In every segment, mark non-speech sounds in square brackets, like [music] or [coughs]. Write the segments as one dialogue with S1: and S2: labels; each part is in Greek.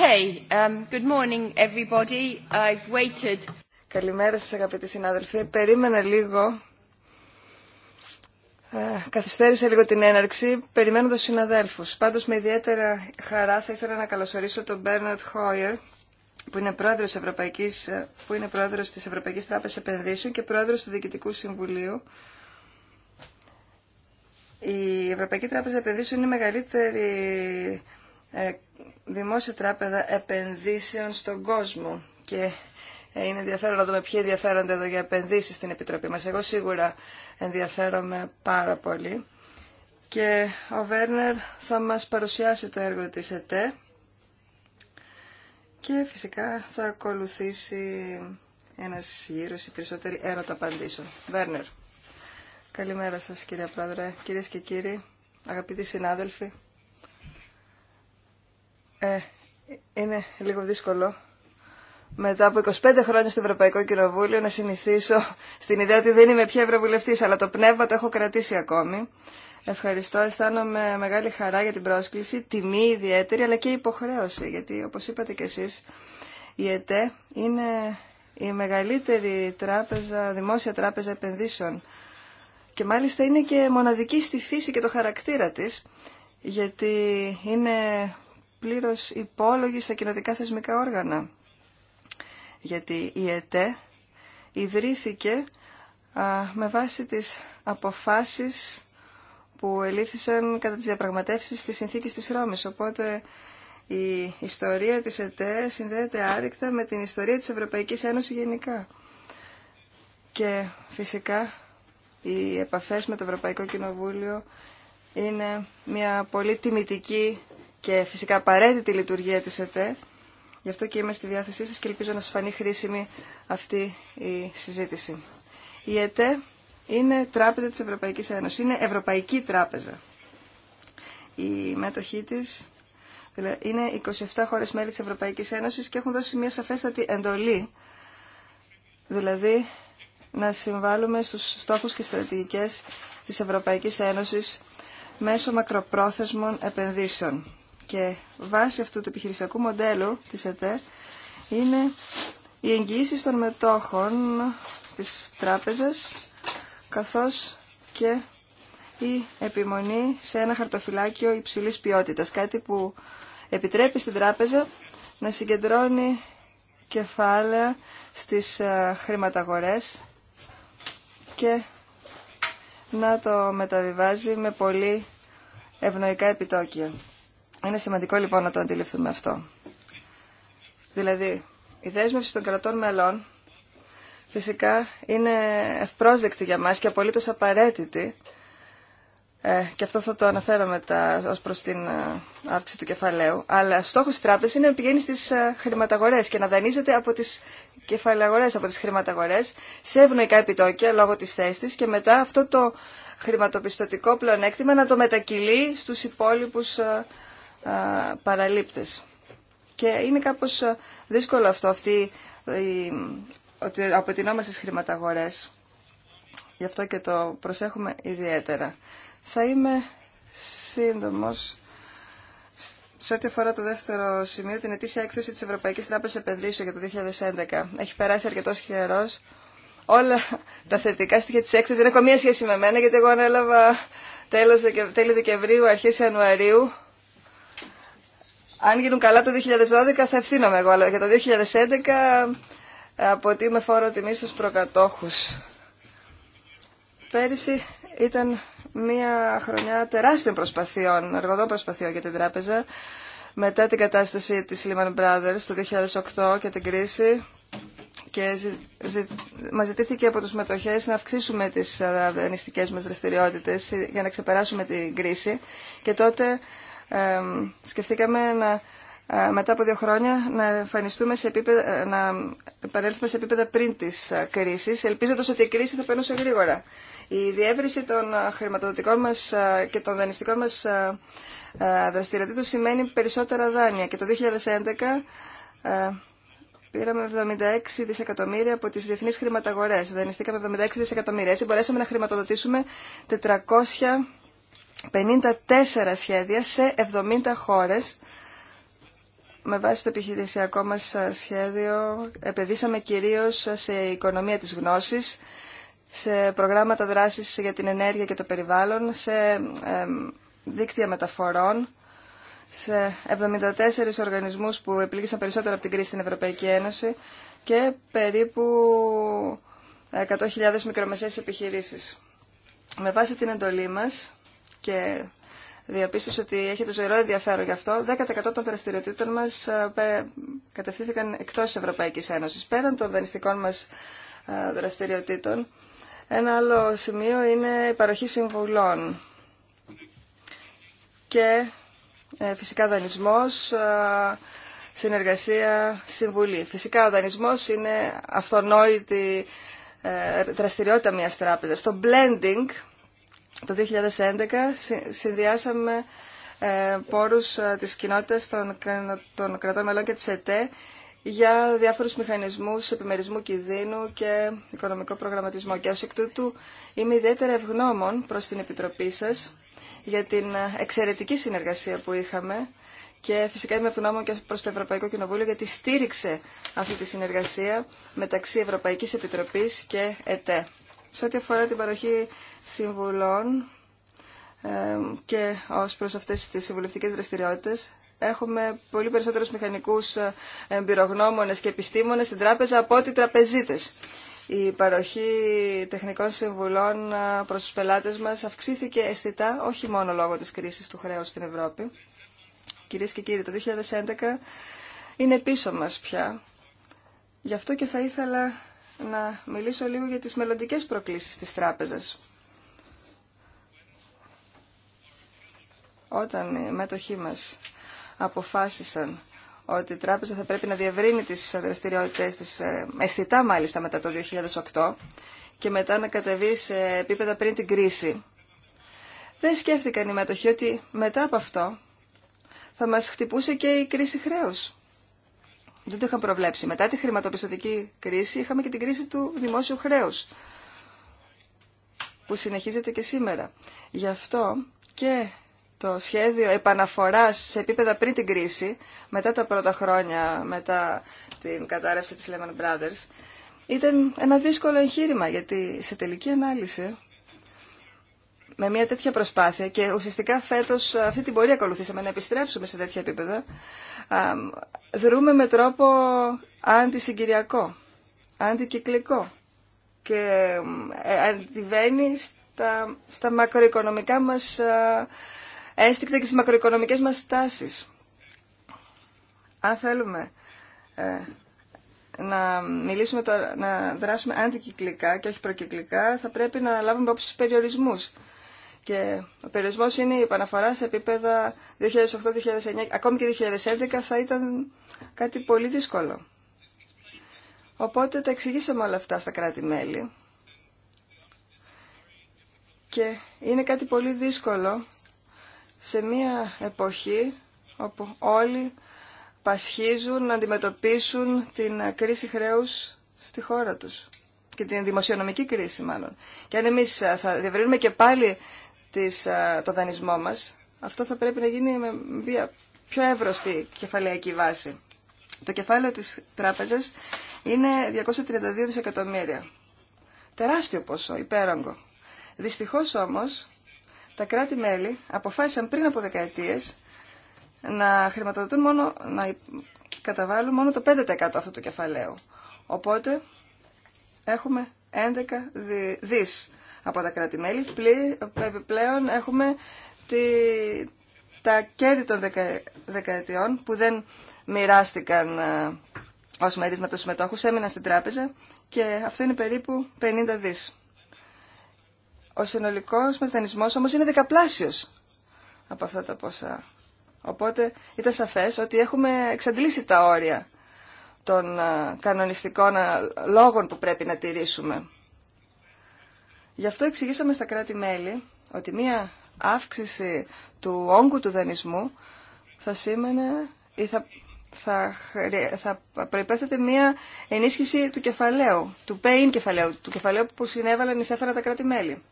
S1: Okay, um, good morning everybody. I've waited. Καλημέρα σας αγαπητοί συνάδελφοι. Ε, περίμενα λίγο. Ε, καθυστέρησα λίγο την έναρξη, περιμένω τους συναδέλφους. Πάντως με ιδιαίτερα χαρά θα ήθελα να καλωσορίσω τον Μπέρναρτ Χόιερ, που είναι πρόεδρος, Ευρωπαϊκής, ε, που είναι πρόεδρος της Ευρωπαϊκής Τράπεζας Επενδύσεων και πρόεδρος του Διοικητικού Συμβουλίου. Η Ευρωπαϊκή Τράπεζα Επενδύσεων είναι η μεγαλύτερη ε, δημόσια Τράπεδα επενδύσεων στον κόσμο και ε, είναι ενδιαφέρον να δούμε ποιοι ενδιαφέρονται εδώ για επενδύσεις στην Επιτροπή μας. Εγώ σίγουρα ενδιαφέρομαι πάρα πολύ και ο Βέρνερ θα μας παρουσιάσει το έργο της ΕΤΕ και φυσικά θα ακολουθήσει ένας γύρος ή περισσότεροι έρωτα απαντήσεων. Βέρνερ. Καλημέρα σας κύριε Πρόεδρε, κυρίες και κύριοι, αγαπητοί συνάδελφοι. Ε, είναι λίγο δύσκολο μετά από 25 χρόνια στο Ευρωπαϊκό Κοινοβούλιο να συνηθίσω στην ιδέα ότι δεν είμαι πια ευρωβουλευτής, αλλά το πνεύμα το έχω κρατήσει ακόμη. Ευχαριστώ, αισθάνομαι μεγάλη χαρά για την πρόσκληση, τιμή ιδιαίτερη, αλλά και υποχρέωση, γιατί όπως είπατε κι εσείς, η ΕΤΕ είναι η μεγαλύτερη τράπεζα, δημόσια τράπεζα επενδύσεων και μάλιστα είναι και μοναδική στη φύση και το χαρακτήρα της, γιατί είναι πλήρως υπόλογη στα κοινοτικά θεσμικά όργανα. Γιατί η ΕΤΕ ιδρύθηκε με βάση τις αποφάσεις που ελήφθησαν κατά τις διαπραγματεύσεις της συνθήκης της Ρώμης. Οπότε η ιστορία της ΕΤΕ συνδέεται άρρηκτα με την ιστορία της Ευρωπαϊκής Ένωσης γενικά. Και φυσικά οι επαφές με το Ευρωπαϊκό Κοινοβούλιο είναι μια πολύ τιμητική και φυσικά απαραίτητη λειτουργία της ΕΤΕ. Γι' αυτό και είμαι στη διάθεσή σας και ελπίζω να σας φανεί χρήσιμη αυτή η συζήτηση. Η ΕΤΕ είναι τράπεζα της Ευρωπαϊκής Ένωσης. Είναι Ευρωπαϊκή Τράπεζα. Η μέτοχή της δηλαδή, είναι 27 χώρες μέλη της Ευρωπαϊκής Ένωσης και έχουν δώσει μια σαφέστατη εντολή, δηλαδή να συμβάλλουμε στους στόχους και στρατηγικές της Ευρωπαϊκής Ένωσης μέσω μακροπρόθεσμων επενδύσεων. Και βάση αυτού του επιχειρησιακού μοντέλου της ΕΤΕ είναι οι εγγυήσει των μετόχων της τράπεζας καθώς και η επιμονή σε ένα χαρτοφυλάκιο υψηλής ποιότητας, κάτι που επιτρέπει στην τράπεζα να συγκεντρώνει κεφάλαια στις ε, χρηματαγορές και να το μεταβιβάζει με πολύ ευνοϊκά επιτόκια. Είναι σημαντικό λοιπόν να το αντιληφθούμε αυτό. Δηλαδή, η δέσμευση των κρατών μελών φυσικά είναι ευπρόσδεκτη για μας και απολύτως απαραίτητη ε, και αυτό θα το αναφέρω μετά ως προς την ε, αύξηση του κεφαλαίου αλλά στόχος της τράπεζας είναι να πηγαίνει στις ε, χρηματαγορές και να δανείζεται από τις κεφαλαγορές, από τις χρηματαγορές σε ευνοϊκά επιτόκια λόγω της θέσης και μετά αυτό το χρηματοπιστωτικό πλεονέκτημα να το μετακυλεί στους υπόλοιπους ε, παραλήπτες. Και είναι κάπως δύσκολο αυτό, αυτή, ε, ότι αποτινόμαστε στις χρηματαγορές. Γι' αυτό και το προσέχουμε ιδιαίτερα. Θα είμαι σύντομος σε ό,τι αφορά το δεύτερο σημείο, την ετήσια έκθεση της Ευρωπαϊκής Τράπεζας Επενδύσεων για το 2011. Έχει περάσει αρκετός καιρό. Όλα τα θετικά στοιχεία της έκθεσης δεν έχουν μία σχέση με μένα, γιατί εγώ ανέλαβα τέλος, τέλη Δεκεμβρίου, αρχές Ιανουαρίου αν γίνουν καλά το 2012 θα ευθύνομαι εγώ, αλλά για το 2011 με φόρο τιμή στους προκατόχους. Πέρυσι ήταν μια χρονιά τεράστιων προσπαθειών, εργοδόν προσπαθειών για την τράπεζα. Μετά την κατάσταση της Lehman Brothers το 2008 και την κρίση και μας ζητήθηκε από τους μετοχές να αυξήσουμε τις δανειστικές μας δραστηριότητες για να ξεπεράσουμε την κρίση και τότε σκεφτήκαμε να ε, μετά από δύο χρόνια να, εμφανιστούμε σε επίπεδα, ε, να επανέλθουμε σε επίπεδα πριν τη ε, κρίση, ελπίζοντα ότι η κρίση θα περνούσε γρήγορα. Η διεύρυνση των χρηματοδοτικών μα και των δανειστικών μα δραστηριοτήτων σημαίνει περισσότερα δάνεια. Και το 2011 πήραμε 76 δισεκατομμύρια από τι διεθνεί χρηματαγορέ. Δανειστήκαμε 76 δισεκατομμύρια. Έτσι μπορέσαμε να χρηματοδοτήσουμε 400 54 σχέδια σε 70 χώρες. Με βάση το επιχειρησιακό μας σχέδιο επενδύσαμε κυρίως σε οικονομία της γνώσης, σε προγράμματα δράσης για την ενέργεια και το περιβάλλον, σε δίκτυα μεταφορών, σε 74 οργανισμούς που επλήγησαν περισσότερο από την κρίση στην Ευρωπαϊκή Ένωση και περίπου 100.000 ε, μικρομεσαίες επιχειρήσεις. Με βάση την εντολή μας, και διαπίστωσε ότι έχετε ζωηρό ενδιαφέρον γι' αυτό, 10% των δραστηριοτήτων μας ε, κατευθύνθηκαν εκτός της Ευρωπαϊκής Ένωσης. Πέραν των δανειστικών μας ε, δραστηριοτήτων, ένα άλλο σημείο είναι η παροχή συμβουλών και ε, φυσικά δανεισμός, συνεργασία, συμβουλή. Φυσικά ο δανεισμός είναι αυτονόητη δραστηριότητα μιας τράπεζας. Το blending το 2011 συνδυάσαμε ε, πόρους ε, της κοινότητας των κρατών μελών και της ΕΤΕ για διάφορους μηχανισμούς επιμερισμού κινδύνου και οικονομικό προγραμματισμό. Και ως εκ τούτου είμαι ιδιαίτερα ευγνώμων προς την Επιτροπή σας για την ε, εξαιρετική συνεργασία που είχαμε και φυσικά είμαι ευγνώμων και προς το Ευρωπαϊκό Κοινοβούλιο γιατί στήριξε αυτή τη συνεργασία μεταξύ Ευρωπαϊκής Επιτροπής και ΕΤΕ. Σε ό,τι αφορά την παροχή συμβουλών ε, και ως προς αυτές τις συμβουλευτικές δραστηριότητες, έχουμε πολύ περισσότερους μηχανικούς ε, εμπειρογνώμονες και επιστήμονες στην τράπεζα από ότι τραπεζίτες. Η παροχή τεχνικών συμβουλών ε, προς τους πελάτες μας αυξήθηκε αισθητά όχι μόνο λόγω της κρίσης του χρέους στην Ευρώπη. Κυρίες και κύριοι, το 2011 είναι πίσω μας πια. Γι' αυτό και θα ήθελα να μιλήσω λίγο για τις μελλοντικές προκλήσεις της τράπεζας. Όταν οι μέτοχοί μας αποφάσισαν ότι η τράπεζα θα πρέπει να διευρύνει τις δραστηριότητες της ε, αισθητά μάλιστα μετά το 2008 και μετά να κατεβεί σε επίπεδα πριν την κρίση. Δεν σκέφτηκαν οι μετοχοί ότι μετά από αυτό θα μας χτυπούσε και η κρίση χρέους δεν το είχαν προβλέψει. Μετά τη χρηματοπιστωτική κρίση είχαμε και την κρίση του δημόσιου χρέους που συνεχίζεται και σήμερα. Γι' αυτό και το σχέδιο επαναφοράς σε επίπεδα πριν την κρίση, μετά τα πρώτα χρόνια, μετά την κατάρρευση της Lehman Brothers, ήταν ένα δύσκολο εγχείρημα, γιατί σε τελική ανάλυση, με μια τέτοια προσπάθεια και ουσιαστικά φέτος αυτή την πορεία ακολουθήσαμε να επιστρέψουμε σε τέτοια επίπεδα, δρούμε με τρόπο αντισυγκυριακό, αντικυκλικό και ε, αντιβαίνει στα, στα μακροοικονομικά μας ένστικτα και στις μακροοικονομικές μας τάσεις. Αν θέλουμε ε, να μιλήσουμε τώρα, να δράσουμε αντικυκλικά και όχι προκυκλικά, θα πρέπει να λάβουμε υπόψη στους περιορισμούς. Και ο περιορισμό είναι η επαναφορά σε επίπεδα 2008-2009, ακόμη και 2011 θα ήταν κάτι πολύ δύσκολο. Οπότε τα εξηγήσαμε όλα αυτά στα κράτη-μέλη. Και είναι κάτι πολύ δύσκολο σε μια εποχή όπου όλοι πασχίζουν να αντιμετωπίσουν την κρίση χρέους στη χώρα τους και την δημοσιονομική κρίση μάλλον. Και αν εμείς θα διευρύνουμε και πάλι της, το δανεισμό μας. Αυτό θα πρέπει να γίνει με μια πιο εύρωστη κεφαλαϊκή βάση. Το κεφάλαιο της τράπεζας είναι 232 δισεκατομμύρια. Τεράστιο ποσό, υπέρογκο. Δυστυχώς όμως, τα κράτη-μέλη αποφάσισαν πριν από δεκαετίες να χρηματοδοτούν μόνο, να καταβάλουν μόνο το 5% αυτού του κεφαλαίου. Οπότε έχουμε 11 δις από τα κράτη-μέλη. Επιπλέον έχουμε τα κέρδη των δεκαετιών που δεν μοιράστηκαν ε, ως μερίσμα των συμμετόχους, έμειναν στην τράπεζα και αυτό είναι περίπου 50 δις. Ο συνολικός μας δανεισμός όμως είναι δεκαπλάσιος από αυτά τα ποσά. Οπότε ήταν σαφές ότι έχουμε εξαντλήσει τα όρια των ε, κανονιστικών ε, λόγων που πρέπει να τηρήσουμε. Γι' αυτό εξηγήσαμε στα κράτη-μέλη ότι μία αύξηση του όγκου του δανεισμού θα σήμαινε ή θα, θα, θα προϋπέθεται μία ενίσχυση του κεφαλαίου, του pay-in κεφαλαίου, του κεφαλαίου που συνέβαλαν εισέφεραν τα κράτη-μέλη.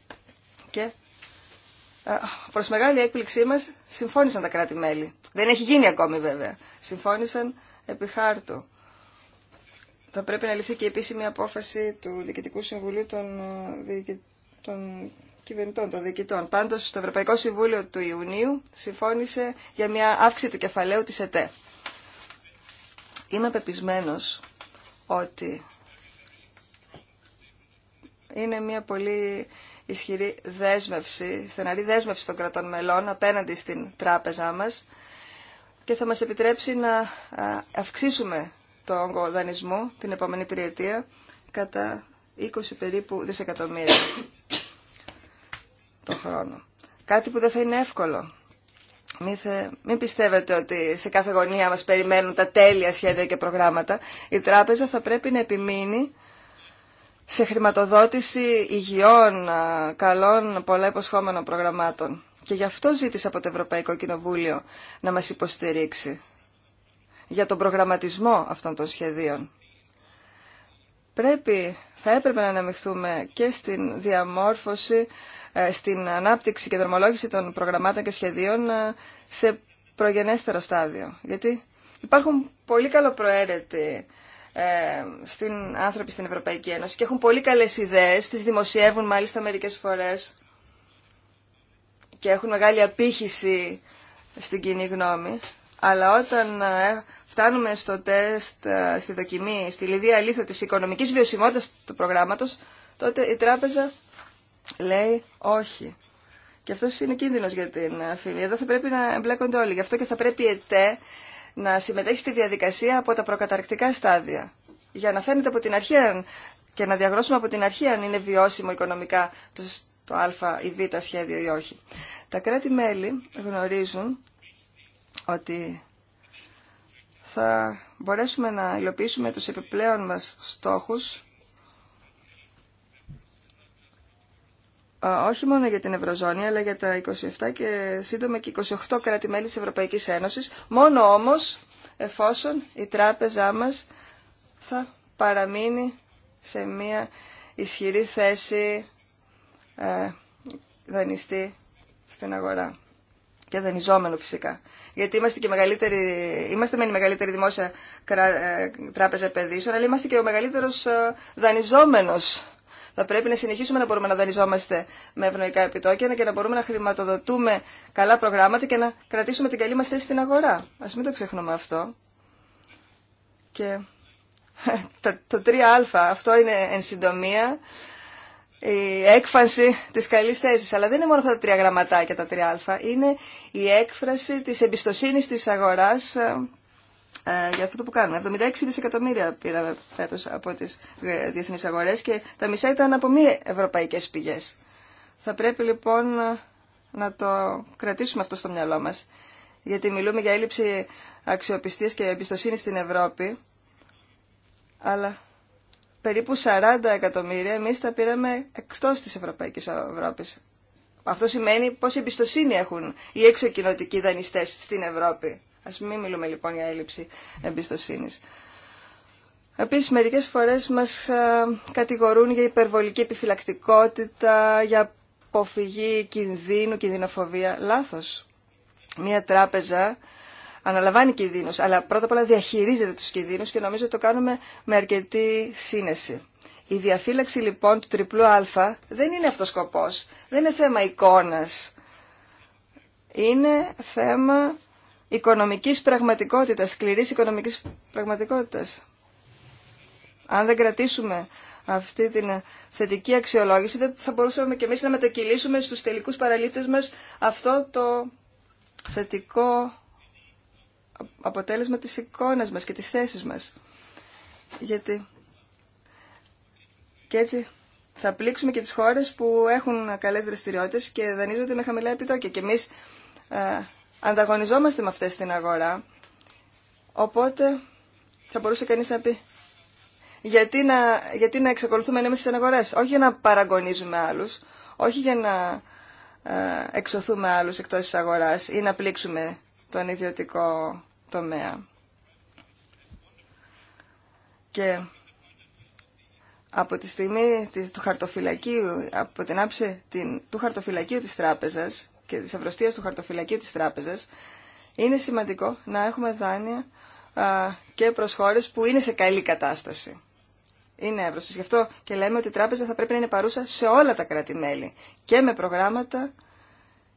S1: Και ε, προς μεγάλη έκπληξή μας συμφώνησαν τα κράτη-μέλη. Δεν έχει γίνει ακόμη βέβαια. Συμφώνησαν επί χάρτου. Θα πρέπει να ληφθεί και η επίσημη απόφαση του Διοικητικού Συμβουλίου των ε, των κυβερνητών, των διοικητών. Πάντως, το Ευρωπαϊκό Συμβούλιο του Ιουνίου συμφώνησε για μια αύξηση του κεφαλαίου της ΕΤΕ. Είμαι πεπισμένος ότι είναι μια πολύ ισχυρή δέσμευση, στεναρή δέσμευση των κρατών μελών απέναντι στην τράπεζά μας και θα μας επιτρέψει να αυξήσουμε το όγκο δανεισμού την επόμενη τριετία κατά 20 περίπου δισεκατομμύρια το χρόνο. Κάτι που δεν θα είναι εύκολο. Μην, Μην πιστεύετε ότι σε κάθε γωνία μας περιμένουν τα τέλεια σχέδια και προγράμματα. Η τράπεζα θα πρέπει να επιμείνει σε χρηματοδότηση υγιών, καλών, πολλά προγραμμάτων. Και γι' αυτό ζήτησα από το Ευρωπαϊκό Κοινοβούλιο να μας υποστηρίξει για τον προγραμματισμό αυτών των σχεδίων. Πρέπει, θα έπρεπε να αναμειχθούμε και στην διαμόρφωση ε, στην ανάπτυξη και δρομολόγηση των προγραμμάτων και σχεδίων ε, σε προγενέστερο στάδιο. Γιατί υπάρχουν πολύ καλοπροαίρετοι ε, στην άνθρωποι στην Ευρωπαϊκή Ένωση και έχουν πολύ καλές ιδέες, τις δημοσιεύουν μάλιστα μερικές φορές και έχουν μεγάλη απήχηση στην κοινή γνώμη. Αλλά όταν φτάνουμε στο τεστ, στη δοκιμή, στη λιδία αλήθεια της οικονομικής βιωσιμότητας του προγράμματος, τότε η τράπεζα λέει όχι. Και αυτό είναι κίνδυνος για την ε, φήμη. Εδώ θα πρέπει να εμπλέκονται όλοι. Γι' αυτό και θα πρέπει η ΕΤΕ να συμμετέχει στη διαδικασία από τα προκαταρκτικά στάδια. Για να φαίνεται από την αρχή και να διαγνώσουμε από την αρχή αν είναι βιώσιμο οικονομικά το, το α ή β σχέδιο ή όχι. Τα κράτη-μέλη γνωρίζουν ότι θα μπορέσουμε να υλοποιήσουμε τους επιπλέον μας στόχους όχι μόνο για την Ευρωζώνη, αλλά για τα 27 και σύντομα και 28 κράτη-μέλη της Ευρωπαϊκής Ένωσης, μόνο όμως εφόσον η τράπεζά μας θα παραμείνει σε μια ισχυρή θέση ε, δανειστή στην αγορά και δανειζόμενο φυσικά. Γιατί είμαστε και μεγαλύτερη, είμαστε μεν η μεγαλύτερη δημόσια ε, τράπεζα επενδύσεων, αλλά είμαστε και ο μεγαλύτερος ε, δανειζόμενος θα πρέπει να συνεχίσουμε να μπορούμε να δανειζόμαστε με ευνοϊκά επιτόκια και να μπορούμε να χρηματοδοτούμε καλά προγράμματα και να κρατήσουμε την καλή μα θέση στην αγορά. Α μην το ξεχνούμε αυτό. Και [laughs] το 3α, αυτό είναι εν συντομία η έκφραση της καλή θέση. Αλλά δεν είναι μόνο αυτά τα τρία γραμματάκια τα 3α, είναι η έκφραση τη εμπιστοσύνη τη αγορά. Ε, ε, για αυτό που κάνουμε. 76 δισεκατομμύρια πήραμε φέτος από τις ε, διεθνείς αγορές και τα μισά ήταν από μη ευρωπαϊκές πηγές. Θα πρέπει λοιπόν να το κρατήσουμε αυτό στο μυαλό μας. Γιατί μιλούμε για έλλειψη αξιοπιστίας και εμπιστοσύνη στην Ευρώπη. Αλλά περίπου 40 εκατομμύρια εμείς τα πήραμε εκτός της Ευρωπαϊκής Ευρώπης. Αυτό σημαίνει πόση εμπιστοσύνη έχουν οι εξωκοινωτικοί δανειστές στην Ευρώπη. Α μην μιλούμε λοιπόν για έλλειψη εμπιστοσύνη. Επίση, μερικέ φορές μας κατηγορούν για υπερβολική επιφυλακτικότητα, για αποφυγή κινδύνου, κινδυνοφοβία. Λάθος. Μία τράπεζα αναλαμβάνει κινδύνους, αλλά πρώτα απ' όλα διαχειρίζεται του κινδύνους και νομίζω ότι το κάνουμε με αρκετή σύνεση. Η διαφύλαξη λοιπόν του τριπλού α δεν είναι αυτός σκοπό. δεν είναι θέμα εικόνα. Είναι θέμα οικονομικής πραγματικότητας, σκληρής οικονομικής πραγματικότητας. Αν δεν κρατήσουμε αυτή την θετική αξιολόγηση, δεν θα μπορούσαμε και εμείς να μετακυλήσουμε στους τελικούς παραλήπτες μας αυτό το θετικό αποτέλεσμα της εικόνας μας και της θέσης μας. Γιατί και έτσι θα πλήξουμε και τις χώρες που έχουν καλές δραστηριότητες και δανείζονται με χαμηλά επιτόκια. Και εμείς ε, ανταγωνιζόμαστε με αυτές την αγορά, οπότε θα μπορούσε κανείς να πει γιατί να, γιατί να εξακολουθούμε να είμαστε στις όχι για να παραγωνίζουμε άλλους, όχι για να ε, εξωθούμε άλλους εκτός της αγοράς ή να πλήξουμε τον ιδιωτικό τομέα. Και από τη στιγμή του χαρτοφυλακίου, από την άψη του χαρτοφυλακίου της τράπεζας, και της ευρωστίας του χαρτοφυλακίου της τράπεζας, είναι σημαντικό να έχουμε δάνεια και προς χώρες που είναι σε καλή κατάσταση. Είναι εύρωσης. Γι' αυτό και λέμε ότι η τράπεζα θα πρέπει να είναι παρούσα σε όλα τα κράτη-μέλη και με προγράμματα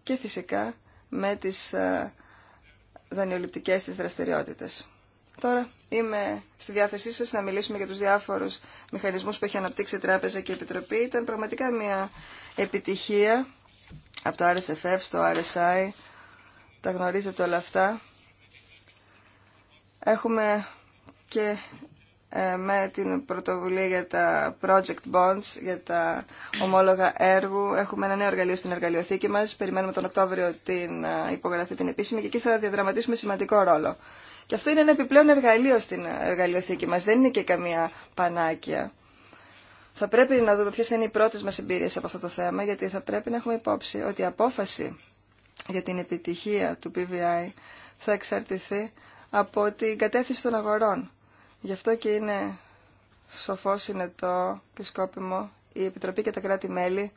S1: και φυσικά με τις δανειοληπτικές της δραστηριότητες. Τώρα είμαι στη διάθεσή σας να μιλήσουμε για τους διάφορους μηχανισμούς που έχει αναπτύξει η Τράπεζα και η Επιτροπή. Ήταν πραγματικά μια επιτυχία από το RSFF στο RSI, τα γνωρίζετε όλα αυτά. Έχουμε και ε, με την πρωτοβουλία για τα project bonds, για τα ομόλογα έργου. Έχουμε ένα νέο εργαλείο στην εργαλειοθήκη μας. Περιμένουμε τον Οκτώβριο την ε, υπογραφή την επίσημη και εκεί θα διαδραματίσουμε σημαντικό ρόλο. Και αυτό είναι ένα επιπλέον εργαλείο στην εργαλειοθήκη μας. Δεν είναι και καμία πανάκια. Θα πρέπει να δούμε ποιε θα είναι οι πρώτε μα εμπειρίε από αυτό το θέμα, γιατί θα πρέπει να έχουμε υπόψη ότι η απόφαση για την επιτυχία του PVI θα εξαρτηθεί από την κατεύθυνση των αγορών. Γι' αυτό και είναι σοφό, συνετό και σκόπιμο η Επιτροπή και τα κράτη-μέλη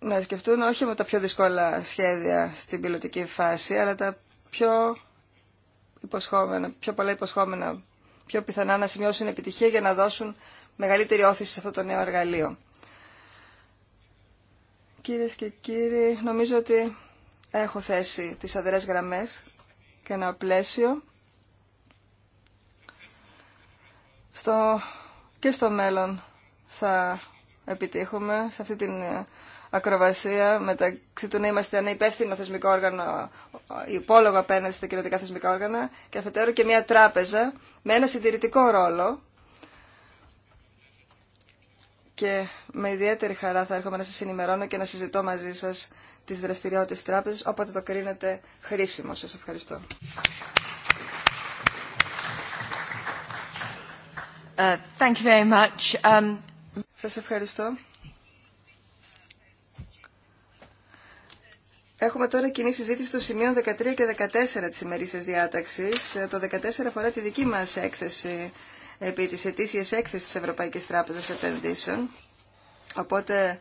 S1: να σκεφτούν όχι με τα πιο δύσκολα σχέδια στην πιλωτική φάση, αλλά τα πιο υποσχόμενα, πιο πολλά υποσχόμενα πιο πιθανά να σημειώσουν επιτυχία για να δώσουν μεγαλύτερη όθηση σε αυτό το νέο εργαλείο. Κυρίες και κύριοι, νομίζω ότι έχω θέσει τις αδερές γραμμές και ένα πλαίσιο στο, και στο μέλλον θα επιτύχουμε σε αυτή την ε, ακροβασία μεταξύ του να είμαστε ένα υπεύθυνο θεσμικό όργανο, υπόλογο απέναντι στα κοινωτικά θεσμικά όργανα και αφετέρου και μια τράπεζα με ένα συντηρητικό ρόλο. Και με ιδιαίτερη χαρά θα έρχομαι να σας ενημερώνω και να συζητώ μαζί σας τις δραστηριότητες τράπεζας, όποτε το κρίνετε χρήσιμο. Σας ευχαριστώ. Uh, thank you very much. Um... Σας ευχαριστώ. Έχουμε τώρα κοινή συζήτηση των σημείων 13 και 14 της ημερήσιας διάταξης. Το 14 αφορά τη δική μας έκθεση επί της ετήσιας έκθεσης της Ευρωπαϊκής Τράπεζας Επενδύσεων. Οπότε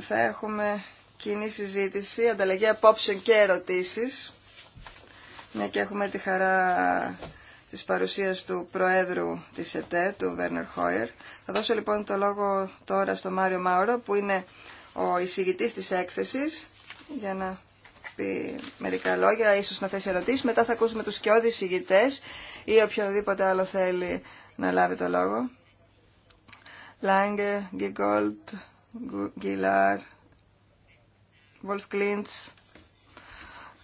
S1: θα έχουμε κοινή συζήτηση, ανταλλαγή απόψεων και ερωτήσεις. Μια και έχουμε τη χαρά της παρουσίας του Προέδρου της ΕΤΕ, του Βέρνερ Χόιερ. Θα δώσω λοιπόν το λόγο τώρα στο Μάριο Μάουρο, που είναι ο εισηγητής της έκθεσης για να πει μερικά λόγια, ίσως να θέσει ερωτήσεις. Μετά θα ακούσουμε τους σκιώδη εισηγητέ ή οποιοδήποτε άλλο θέλει να λάβει το λόγο. Λάγκε, Γκίγκολτ, Γκίλαρ, Βολφ Κλίντς,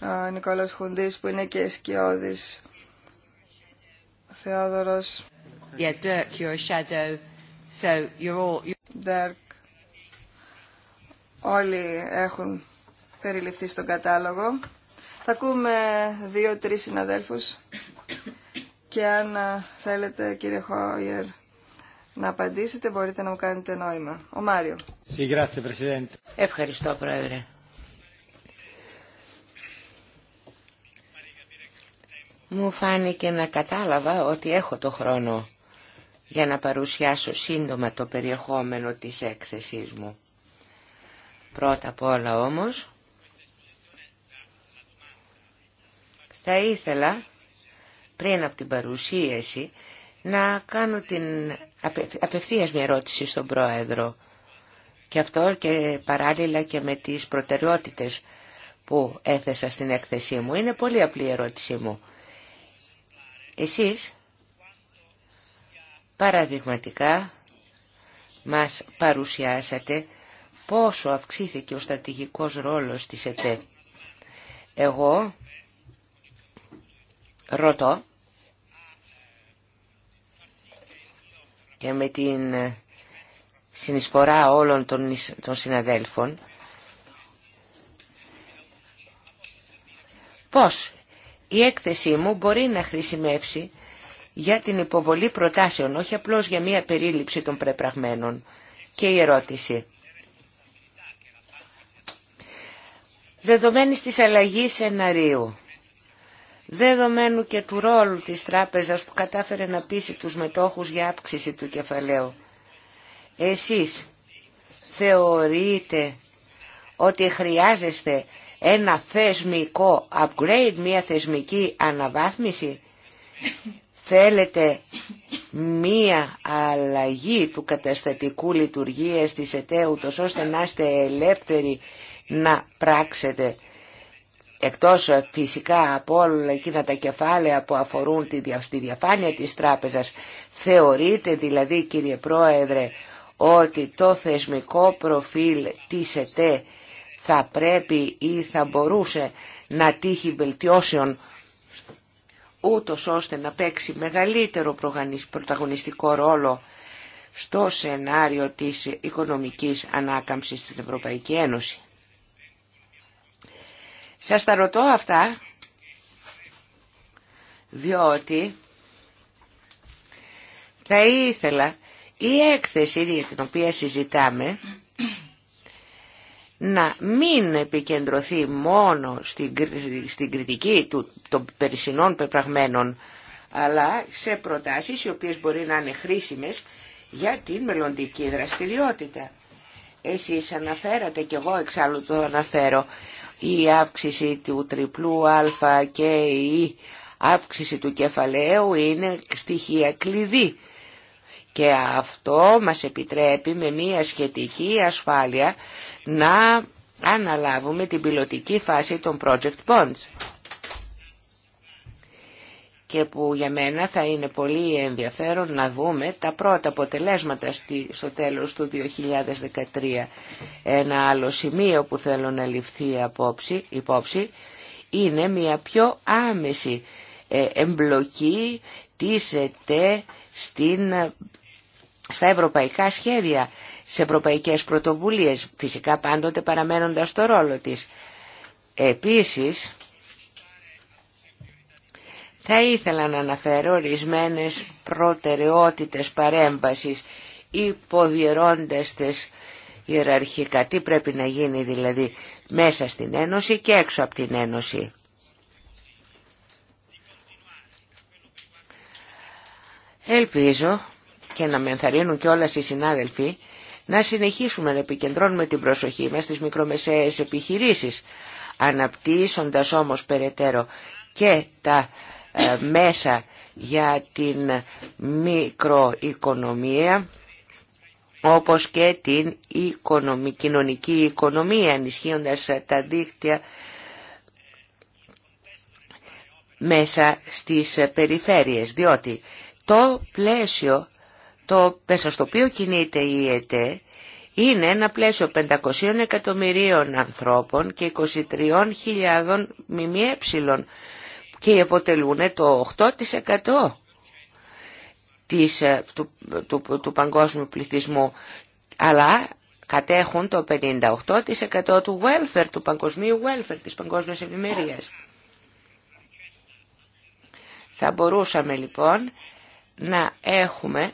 S1: ο Νικόλας Χουντής που είναι και σκιώδης, Θεόδωρος. Yeah, Dirk, you're a shadow, so you're all... Dirk, όλοι έχουν περιληφθεί στον κατάλογο. Θα ακούμε δύο-τρεις συναδέλφους και αν ε, θέλετε κύριε Χόιερ να απαντήσετε μπορείτε να μου κάνετε νόημα. Ο Μάριο.
S2: Ευχαριστώ Πρόεδρε.
S3: Μου φάνηκε να κατάλαβα ότι έχω το χρόνο για να παρουσιάσω σύντομα το περιεχόμενο της έκθεσής μου. Πρώτα απ' όλα όμως, θα ήθελα πριν από την παρουσίαση να κάνω την απευθείας μια ερώτηση στον Πρόεδρο και αυτό και παράλληλα και με τις προτεραιότητες που έθεσα στην έκθεσή μου. Είναι πολύ απλή η ερώτησή μου. Εσείς παραδειγματικά μας παρουσιάσατε πόσο αυξήθηκε ο στρατηγικός ρόλος της ΕΤΕ. Εγώ ρωτώ και με την συνεισφορά όλων των συναδέλφων πώς η έκθεσή μου μπορεί να χρησιμεύσει για την υποβολή προτάσεων, όχι απλώς για μία περίληψη των πρεπραγμένων. Και η ερώτηση δεδομένης της αλλαγής σεναρίου, δεδομένου και του ρόλου της τράπεζας που κατάφερε να πείσει τους μετόχους για αύξηση του κεφαλαίου, εσείς θεωρείτε ότι χρειάζεστε ένα θεσμικό upgrade, μια θεσμική αναβάθμιση. Θέλετε μία αλλαγή του καταστατικού λειτουργίας της ΕΤΕ, ώστε να είστε ελεύθεροι να πράξετε εκτός ε, φυσικά από όλα εκείνα τα κεφάλαια που αφορούν τη διαφάνεια της τράπεζας. Θεωρείτε δηλαδή κύριε Πρόεδρε ότι το θεσμικό προφίλ της ΕΤΕ θα πρέπει ή θα μπορούσε να τύχει βελτιώσεων ούτω ώστε να παίξει μεγαλύτερο πρωταγωνιστικό ρόλο στο σενάριο της οικονομικής ανάκαμψης στην Ευρωπαϊκή Ένωση. Σας τα ρωτώ αυτά, διότι θα ήθελα η έκθεση για την οποία συζητάμε να μην επικεντρωθεί μόνο στην, στην κριτική του, των περισσινών πεπραγμένων αλλά σε προτάσεις οι οποίες μπορεί να είναι χρήσιμες για την μελλοντική δραστηριότητα. Εσείς αναφέρατε και εγώ εξάλλου το αναφέρω η αύξηση του τριπλού αλφα και η αύξηση του κεφαλαίου είναι στοιχεία κλειδί. Και αυτό μας επιτρέπει με μια σχετική ασφάλεια να αναλάβουμε την πιλωτική φάση των project bonds και που για μένα θα είναι πολύ ενδιαφέρον να δούμε τα πρώτα αποτελέσματα στο τέλος του 2013. Ένα άλλο σημείο που θέλω να ληφθεί απόψη, υπόψη είναι μια πιο άμεση ε, εμπλοκή της ΕΤΕ στην, στα ευρωπαϊκά σχέδια, σε ευρωπαϊκές πρωτοβουλίες, φυσικά πάντοτε παραμένοντας το ρόλο της. Επίσης, θα ήθελα να αναφέρω ορισμένες προτεραιότητες παρέμβασης υποδιερώντας τις ιεραρχικά. Τι πρέπει να γίνει δηλαδή μέσα στην Ένωση και έξω από την Ένωση. Ελπίζω και να με ενθαρρύνουν και όλα οι συνάδελφοι να συνεχίσουμε να επικεντρώνουμε την προσοχή μας στις μικρομεσαίες επιχειρήσεις, αναπτύσσοντας όμως περαιτέρω και τα ε, μέσα για την μικροοικονομία όπως και την οικονομική, κοινωνική οικονομία ενισχύοντας τα δίκτυα μέσα στις περιφέρειες διότι το πλαίσιο το, μέσα στο οποίο κινείται η ΕΤΕ είναι ένα πλαίσιο 500 εκατομμυρίων ανθρώπων και 23.000 ΜΜΕ και αποτελούν το 8% της, ε, του, του, παγκόσμιου πληθυσμού αλλά κατέχουν το 58% του welfare, του παγκοσμίου welfare, της παγκόσμιας ευημερίας. Θα μπορούσαμε λοιπόν να έχουμε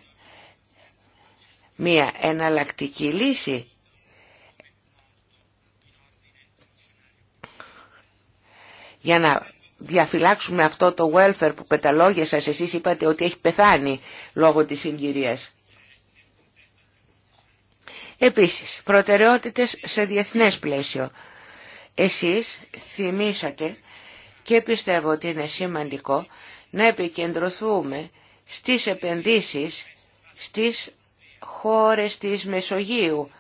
S3: μία εναλλακτική λύση για να διαφυλάξουμε αυτό το welfare που με σας εσείς είπατε ότι έχει πεθάνει λόγω της συγκυρίας. Επίσης, προτεραιότητες σε διεθνές πλαίσιο. Εσείς θυμήσατε και πιστεύω ότι είναι σημαντικό να επικεντρωθούμε στις επενδύσεις στις χώρες της Μεσογείου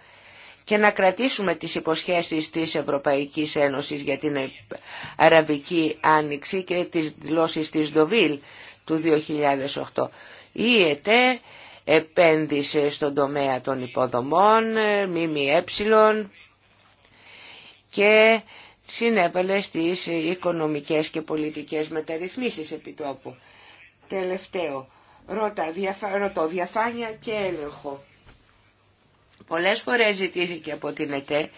S3: και να κρατήσουμε τις υποσχέσεις της Ευρωπαϊκής Ένωσης για την Αραβική Άνοιξη και τις δηλώσεις της Δοβίλ του 2008. Η ΕΤΕ επένδυσε στον τομέα των υποδομών, ΜΜΕ και συνέβαλε στις οικονομικές και πολιτικές μεταρρυθμίσεις επιτόπου. Τελευταίο, ρωτώ διαφάνεια και έλεγχο. Πολλές φορές ζητήθηκε από την ΕΤΕ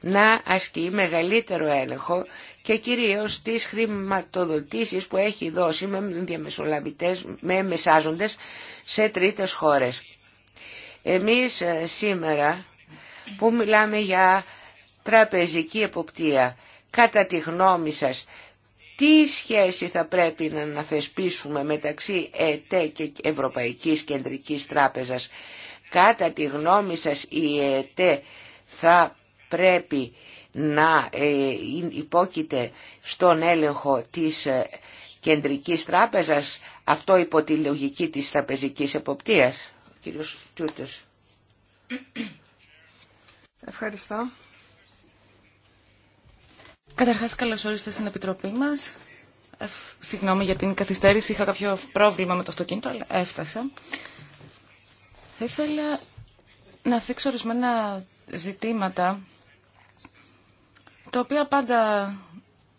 S3: να ασκεί μεγαλύτερο έλεγχο και κυρίως τις χρηματοδοτήσεις που έχει δώσει με διαμεσολαβητές, με μεσάζοντες σε τρίτες χώρες. Εμείς ε, σήμερα που μιλάμε για τραπεζική εποπτεία, κατά τη γνώμη σας, τι σχέση θα πρέπει να θεσπίσουμε μεταξύ ΕΤΕ και Ευρωπαϊκής Κεντρικής Τράπεζας Κατά τη γνώμη σας η ΕΤ θα πρέπει να ε, υπόκειται στον έλεγχο της ε, Κεντρικής Τράπεζας, αυτό υπό τη λογική της τραπεζικής εποπτείας. Ο κύριος
S4: Ευχαριστώ. Καταρχάς καλώς όριστε στην Επιτροπή μας. Συγγνώμη για την καθυστέρηση, είχα κάποιο πρόβλημα με το αυτοκίνητο, αλλά έφτασα. Θα ήθελα να θίξω ορισμένα ζητήματα τα οποία πάντα,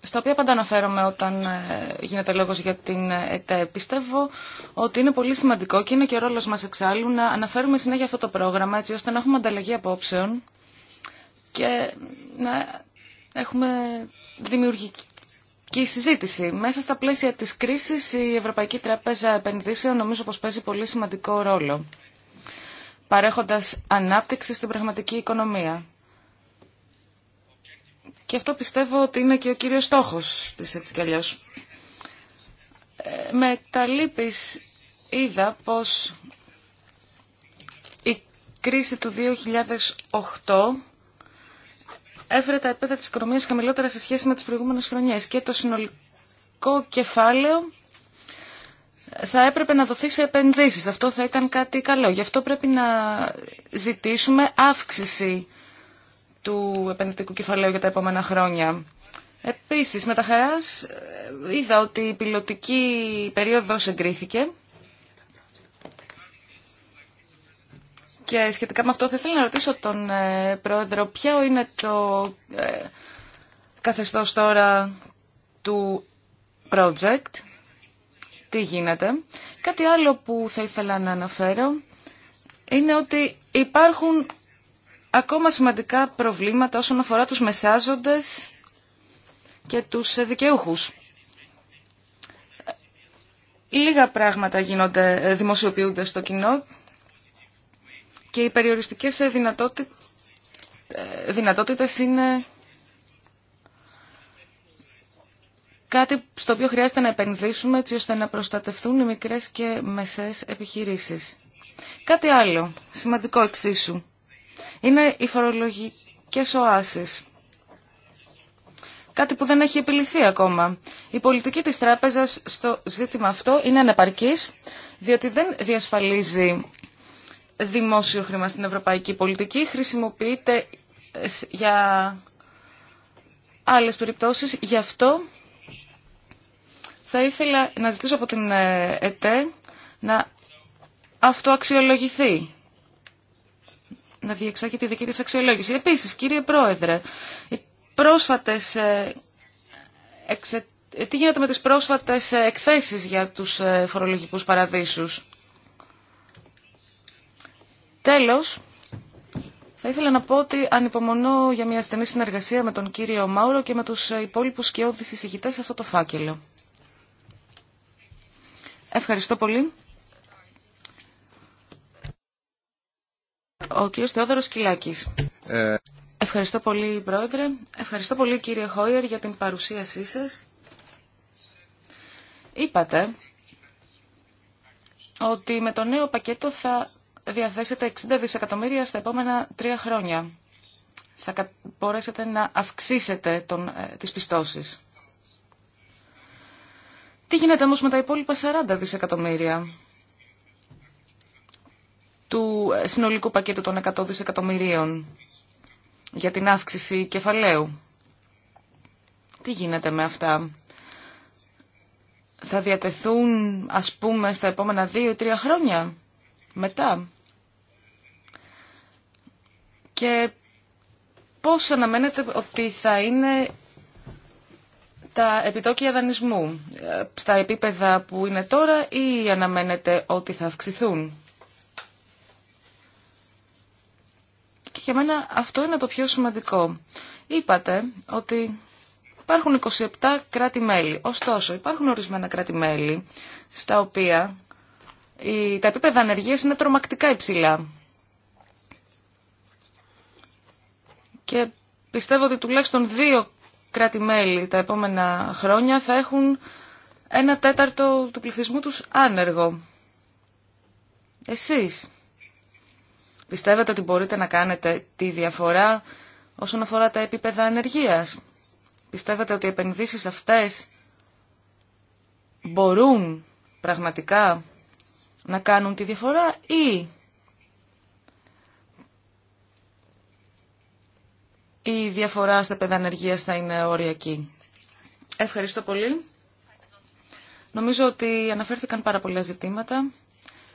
S4: στα οποία πάντα αναφέρομαι όταν ε, γίνεται λόγος για την ε, ΕΤΕ. Πιστεύω ότι είναι πολύ σημαντικό και είναι και ο ρόλος μας εξάλλου να αναφέρουμε συνέχεια αυτό το πρόγραμμα έτσι ώστε να έχουμε ανταλλαγή απόψεων και να έχουμε δημιουργική και η συζήτηση. Μέσα στα πλαίσια της κρίσης η Ευρωπαϊκή Τράπεζα Επενδύσεων νομίζω πως παίζει πολύ σημαντικό ρόλο παρέχοντας ανάπτυξη στην πραγματική οικονομία. Και αυτό πιστεύω ότι είναι και ο κύριος στόχος της έτσι κι αλλιώς. Ε, με τα λύπης είδα πως η κρίση του 2008 έφερε τα επέδα της οικονομίας χαμηλότερα σε σχέση με τις προηγούμενες χρονιές και το συνολικό κεφάλαιο θα έπρεπε να δοθεί σε επενδύσεις. Αυτό θα ήταν κάτι καλό. Γι' αυτό πρέπει να ζητήσουμε αύξηση του επενδυτικού κεφαλαίου για τα επόμενα χρόνια. Επίσης, με τα χαράς ε, είδα ότι η πιλωτική περίοδος εγκρίθηκε και σχετικά με αυτό θα ήθελα να ρωτήσω τον ε, Πρόεδρο ποιο είναι το ε, καθεστώς τώρα του project τι γίνεται. Κάτι άλλο που θα ήθελα να αναφέρω είναι ότι υπάρχουν ακόμα σημαντικά προβλήματα όσον αφορά τους μεσάζοντες και τους δικαιούχους. Λίγα πράγματα γίνονται, δημοσιοποιούνται στο κοινό και οι περιοριστικές δυνατότητες, ε, είναι κάτι στο οποίο χρειάζεται να επενδύσουμε έτσι ώστε να προστατευτούν οι μικρές και μεσές επιχειρήσεις. Κάτι άλλο, σημαντικό εξίσου, είναι οι φορολογικές οάσεις. Κάτι που δεν έχει επιληθεί ακόμα. Η πολιτική της τράπεζας στο ζήτημα αυτό είναι ανεπαρκής, διότι δεν διασφαλίζει δημόσιο χρήμα στην ευρωπαϊκή πολιτική, χρησιμοποιείται για άλλες περιπτώσεις. Γι' αυτό θα ήθελα να ζητήσω από την ε, ΕΤΕ να αυτοαξιολογηθεί να διεξάγει τη δική της αξιολόγηση. Επίσης, κύριε Πρόεδρε, οι πρόσφατες ε, εξε... Ε, τι γίνεται με τις πρόσφατες εκθέσεις για τους φορολογικούς παραδείσους. Τέλος, θα ήθελα να πω ότι ανυπομονώ για μια στενή συνεργασία με τον κύριο Μάουρο και με τους υπόλοιπους σκιώδεις εισηγητές σε αυτό το φάκελο. Ευχαριστώ πολύ. Ο κύριος Θεόδωρος Κυλάκης. Ε. Ευχαριστώ πολύ, Πρόεδρε. Ευχαριστώ πολύ, κύριε Χόιερ, για την παρουσίασή σας. Είπατε ότι με το νέο πακέτο θα διαθέσετε 60 δισεκατομμύρια στα επόμενα τρία χρόνια. Θα μπορέσετε να αυξήσετε τον, ε, τις πιστώσεις. Τι γίνεται όμως με τα υπόλοιπα 40 δισεκατομμύρια του ε, συνολικού πακέτου των 100 δισεκατομμυρίων για την αύξηση κεφαλαίου. Τι γίνεται με αυτά. Θα διατεθούν ας πούμε στα επόμενα 2-3 χρόνια μετά. Και πώς αναμένεται ότι θα είναι τα επιτόκια δανεισμού ε, στα επίπεδα που είναι τώρα ή αναμένεται ότι θα αυξηθούν. Και για μένα αυτό είναι το πιο σημαντικό. Είπατε ότι υπάρχουν 27 κράτη-μέλη. Ωστόσο, υπάρχουν ορισμένα κράτη-μέλη στα οποία τα επίπεδα ανεργίας είναι τρομακτικά υψηλά. Και πιστεύω ότι τουλάχιστον δύο κράτη-μέλη τα επόμενα χρόνια θα έχουν ένα τέταρτο του πληθυσμού τους άνεργο. Εσείς πιστεύετε ότι μπορείτε να κάνετε τη διαφορά όσον αφορά τα επίπεδα ανεργίας. Πιστεύετε ότι οι επενδύσεις αυτές μπορούν πραγματικά να κάνουν τη διαφορά ή η διαφορά στα παιδανεργία θα είναι οριακή. Ευχαριστώ πολύ. Νομίζω ότι αναφέρθηκαν πάρα πολλά ζητήματα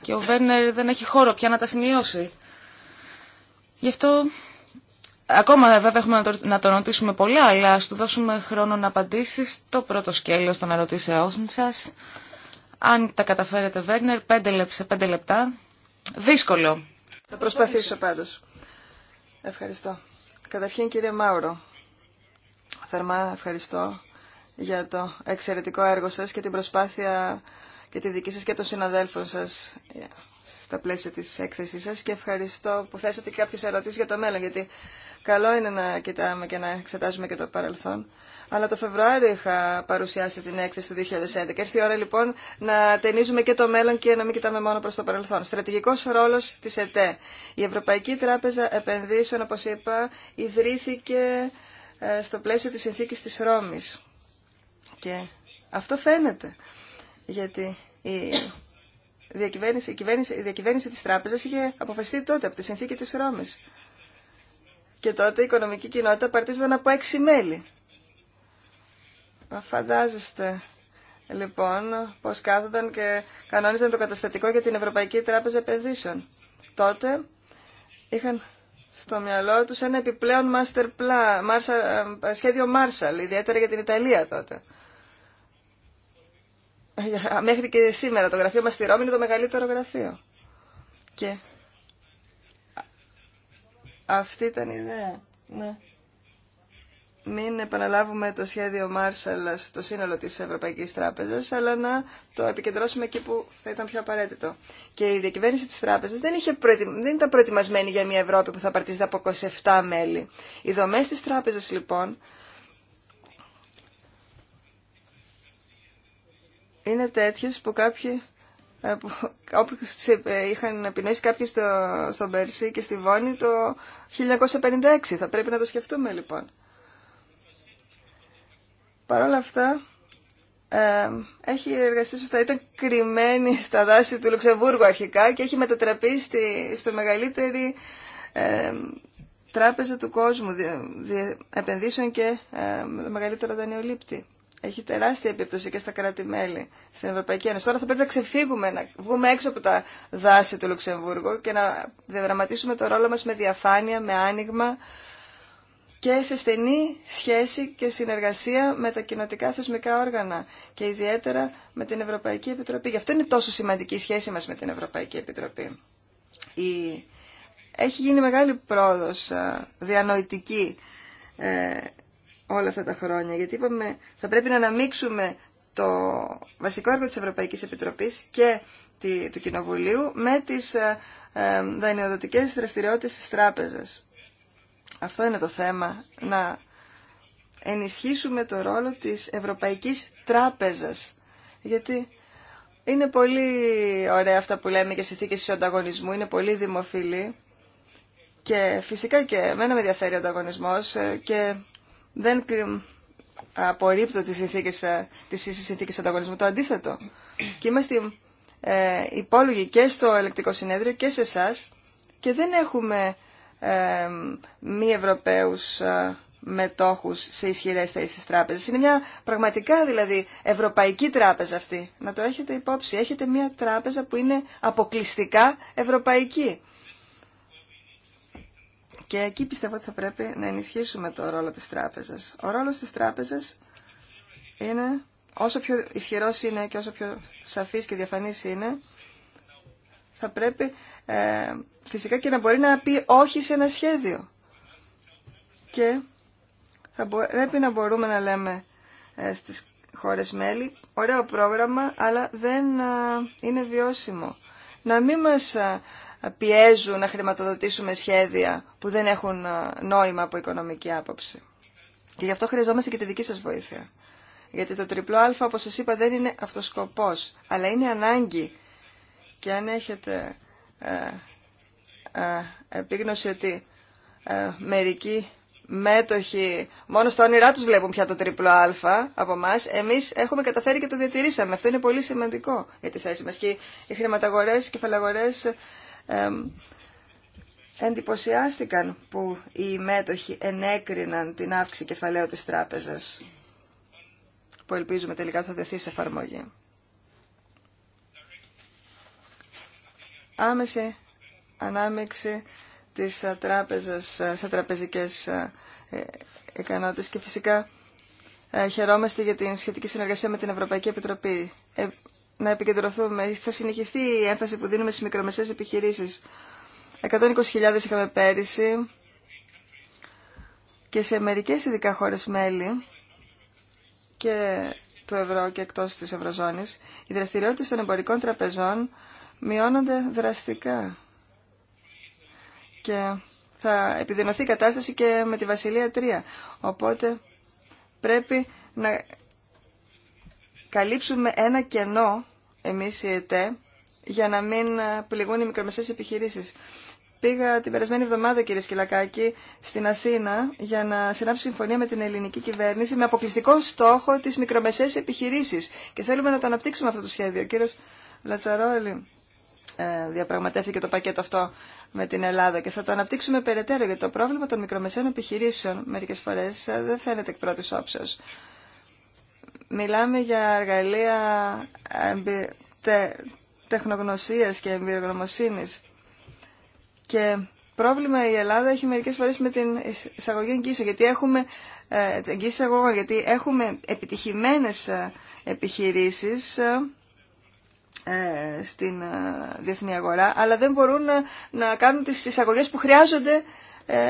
S4: και ο Βέρνερ δεν έχει χώρο πια να τα σημειώσει. Γι' αυτό ακόμα βέβαια έχουμε να τον ρωτήσουμε πολλά, αλλά ας του δώσουμε χρόνο να απαντήσει το πρώτο σκέλος των ερωτήσεών σας. Αν τα καταφέρετε Βέρνερ, πέντε σε πέντε λεπτά. Δύσκολο.
S1: Θα προσπαθήσω πάντως. Ευχαριστώ. Καταρχήν κύριε Μάουρο, θερμά ευχαριστώ για το εξαιρετικό έργο σας και την προσπάθεια και τη δική σας και των συναδέλφων σας στα πλαίσια της έκθεσής σας και ευχαριστώ που θέσατε και κάποιες ερωτήσεις για το μέλλον γιατί Καλό είναι να κοιτάμε και να εξετάζουμε και το παρελθόν. Αλλά το Φεβρουάριο είχα παρουσιάσει την έκθεση του 2011. Έρθει η ώρα λοιπόν να ταινίζουμε και το μέλλον και να μην κοιτάμε μόνο προ το παρελθόν. Στρατηγικό ρόλο τη ΕΤΕ. Η Ευρωπαϊκή Τράπεζα Επενδύσεων, όπω είπα, ιδρύθηκε ε, στο πλαίσιο τη συνθήκη τη Ρώμη. Και αυτό φαίνεται. Γιατί η διακυβέρνηση, η, της τράπεζας είχε αποφασιστεί τότε από τη συνθήκη της Ρώμης. Και τότε η οικονομική κοινότητα παρτίζονταν από έξι μέλη. Φαντάζεστε λοιπόν πως κάθονταν και κανόνιζαν το καταστατικό για την Ευρωπαϊκή Τράπεζα Επενδύσεων. Τότε είχαν στο μυαλό τους ένα επιπλέον master plan, Marshall, ε, σχέδιο Marshall, ιδιαίτερα για την Ιταλία τότε. Ε, μέχρι και σήμερα το γραφείο μας στη Ρώμη είναι το μεγαλύτερο γραφείο. Και αυτή ήταν η ιδέα. Ναι. Μην επαναλάβουμε το σχέδιο Marshall στο σύνολο της Ευρωπαϊκής Τράπεζας, αλλά να το επικεντρώσουμε εκεί που θα ήταν πιο απαραίτητο. Και η διακυβέρνηση της Τράπεζας δεν, είχε δεν ήταν προετοιμασμένη για μια Ευρώπη που θα παρτίζεται από 27 μέλη. Οι δομές της Τράπεζας, λοιπόν, είναι τέτοιες που κάποιοι ε, όπως είχαν επινοήσει κάποιοι στο, στον Περσί και στη Βόνη το 1956. Θα πρέπει να το σκεφτούμε λοιπόν. Παρ' όλα αυτά, ε, έχει εργαστεί σωστά. Ήταν κρυμμένη στα δάση του Λουξεμβούργου αρχικά και έχει μετατραπεί στη, στο μεγαλύτερη ε, τράπεζα του κόσμου δι, δι, επενδύσεων και ε, μεγαλύτερο δανειολήπτη έχει τεράστια επίπτωση και στα κράτη-μέλη στην Ευρωπαϊκή Ένωση. Τώρα θα πρέπει να ξεφύγουμε, να βγούμε έξω από τα δάση του Λουξεμβούργου και να διαδραματίσουμε το ρόλο μας με διαφάνεια, με άνοιγμα και σε στενή σχέση και συνεργασία με τα κοινοτικά θεσμικά όργανα και ιδιαίτερα με την Ευρωπαϊκή Επιτροπή. Γι' αυτό είναι τόσο σημαντική η σχέση μας με την Ευρωπαϊκή Επιτροπή. Έχει γίνει μεγάλη πρόοδος διανοητική ε, όλα αυτά τα χρόνια. Γιατί είπαμε θα πρέπει να αναμίξουμε το βασικό έργο της Ευρωπαϊκής Επιτροπής και τη του Κοινοβουλίου με τις ε, ε, δανειοδοτικές δραστηριότητες της τράπεζας. Αυτό είναι το θέμα, να ενισχύσουμε το ρόλο της Ευρωπαϊκής Τράπεζας. Γιατί είναι πολύ ωραία αυτά που λέμε και συνθήκες του ανταγωνισμού, είναι πολύ δημοφιλή και φυσικά και εμένα με ενδιαφέρει ο ανταγωνισμός ε, και δεν απορρίπτω τις συνθήκες, ε, τις συνθήκες ανταγωνισμού. Το αντίθετο. Και είμαστε ε, υπόλογοι και στο ελεκτικό συνέδριο και σε εσά και δεν έχουμε ε, μη Ευρωπαίους ε, μετόχους σε ισχυρές θέσεις τράπεζες. Είναι μια πραγματικά δηλαδή ευρωπαϊκή τράπεζα αυτή. Να το έχετε υπόψη. Έχετε μια τράπεζα που είναι αποκλειστικά ευρωπαϊκή. Και εκεί πιστεύω ότι θα πρέπει να ενισχύσουμε το ρόλο της τράπεζας. Ο ρόλος της τράπεζας είναι, όσο πιο ισχυρός είναι και όσο πιο σαφής και διαφανής είναι, θα πρέπει ε, φυσικά και να μπορεί να πει όχι σε ένα σχέδιο. Και θα πρέπει να μπορούμε να λέμε ε, στις χώρες μέλη, ωραίο πρόγραμμα, αλλά δεν ε, είναι βιώσιμο. Να μην μας ε, πιέζουν να χρηματοδοτήσουμε σχέδια που δεν έχουν ε, νόημα από οικονομική άποψη. Και γι' αυτό χρειαζόμαστε και τη δική σας βοήθεια. Γιατί το τριπλό α, όπως σας είπα, δεν είναι αυτοσκοπός, αλλά είναι ανάγκη. Και αν έχετε ε, ε, επίγνωση ότι ε, μερικοί μέτοχοι μόνο στα όνειρά τους βλέπουν πια το τριπλό α από εμά. Εμείς έχουμε καταφέρει και το διατηρήσαμε. Αυτό είναι πολύ σημαντικό για τη θέση μας. Και οι χρηματαγορές, οι κεφαλαγορές εντυπωσιάστηκαν που οι μέτοχοι ενέκριναν την αύξηση κεφαλαίου της τράπεζας που ελπίζουμε τελικά θα δεθεί σε εφαρμογή. Άμεση ανάμειξη της ε, τράπεζας ε, σε τραπεζικές ε, ικανότητες και φυσικά χαιρόμαστε για την σχετική συνεργασία με την Ευρωπαϊκή Επιτροπή να επικεντρωθούμε. Θα συνεχιστεί η έμφαση που δίνουμε στις μικρομεσαίες επιχειρήσεις. 120.000 είχαμε πέρυσι και σε μερικές ειδικά χώρες μέλη και του ευρώ και εκτός της ευρωζώνης, οι δραστηριότητες των εμπορικών τραπεζών μειώνονται δραστικά. Και θα επιδεινωθεί η κατάσταση και με τη Βασιλεία 3. Οπότε πρέπει να καλύψουμε ένα κενό, εμείς οι ΕΤΕ, για να μην ε, πληγούν οι μικρομεσαίες επιχειρήσεις. Πήγα την περασμένη εβδομάδα, κύριε Σκυλακάκη, στην Αθήνα για να συνάψω συμφωνία με την ελληνική κυβέρνηση με αποκλειστικό στόχο τι μικρομεσαίε επιχειρήσει. Και θέλουμε να το αναπτύξουμε αυτό το σχέδιο. Ο κύριο Λατσαρόλη ε, διαπραγματεύθηκε το πακέτο αυτό με την Ελλάδα και θα το αναπτύξουμε περαιτέρω γιατί το πρόβλημα των μικρομεσαίων επιχειρήσεων μερικέ φορέ ε, δεν φαίνεται εκ πρώτη όψεω. Μιλάμε για εργαλεία τεχνογνωσίας και εμπειρογνωμοσύνης και πρόβλημα η Ελλάδα έχει μερικές φορές με την εισαγωγή εγγύσεων, γιατί έχουμε επιτυχημένε αγωγών, γιατί έχουμε επιτυχημένες ε, επιχειρήσεις ε, ε, στην διεθνή αγορά, αλλά δεν μπορούν να, κάνουν τις εισαγωγές που χρειάζονται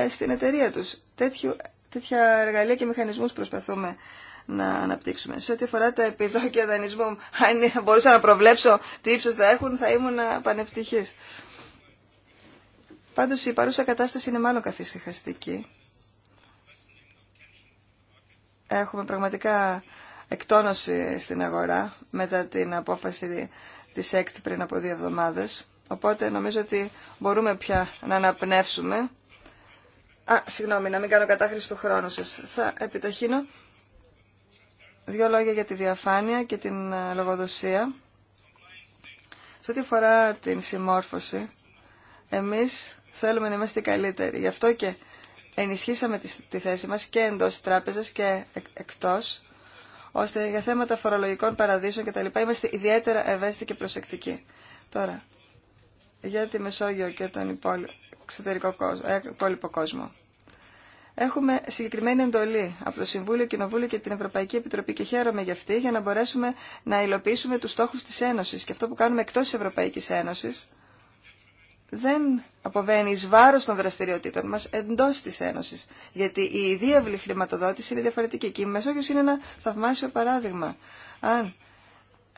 S1: στην εταιρεία τους. Τέτοιου, τέτοια εργαλεία και μηχανισμούς προσπαθούμε να αναπτύξουμε. Σε ό,τι αφορά τα επιδόκια δανεισμού, αν μπορούσα να προβλέψω τι ύψο θα έχουν, θα ήμουν πανευτυχή. Πάντω η παρούσα κατάσταση είναι μάλλον καθησυχαστική. Έχουμε πραγματικά εκτόνωση στην αγορά μετά την απόφαση της ΕΚΤ πριν από δύο εβδομάδες. Οπότε νομίζω ότι μπορούμε πια να αναπνεύσουμε. Α, συγγνώμη, να μην κάνω κατάχρηση του χρόνου σας. Θα επιταχύνω. Δύο λόγια για τη διαφάνεια και την ε, λογοδοσία. Σε ό,τι αφορά την συμμόρφωση, εμείς θέλουμε να είμαστε καλύτεροι. Γι' αυτό και ενισχύσαμε τη θέση μας και εντός της τράπεζας και εκτός, ώστε για θέματα φορολογικών παραδείσων λοιπά είμαστε ιδιαίτερα ευαίσθητοι και προσεκτικοί. Τώρα, για τη Μεσόγειο και τον ε, υπόλοιπο κόσμο. Έχουμε συγκεκριμένη εντολή από το Συμβούλιο, Κοινοβούλιο και την Ευρωπαϊκή Επιτροπή και χαίρομαι για αυτή για να μπορέσουμε να υλοποιήσουμε τους στόχους της Ένωσης. Και αυτό που κάνουμε εκτός της Ευρωπαϊκής Ένωσης δεν αποβαίνει εις βάρος των δραστηριοτήτων μας εντός της Ένωσης. Γιατί η ιδίαυλη χρηματοδότηση είναι διαφορετική και η Μεσόγειος είναι ένα θαυμάσιο παράδειγμα. Αν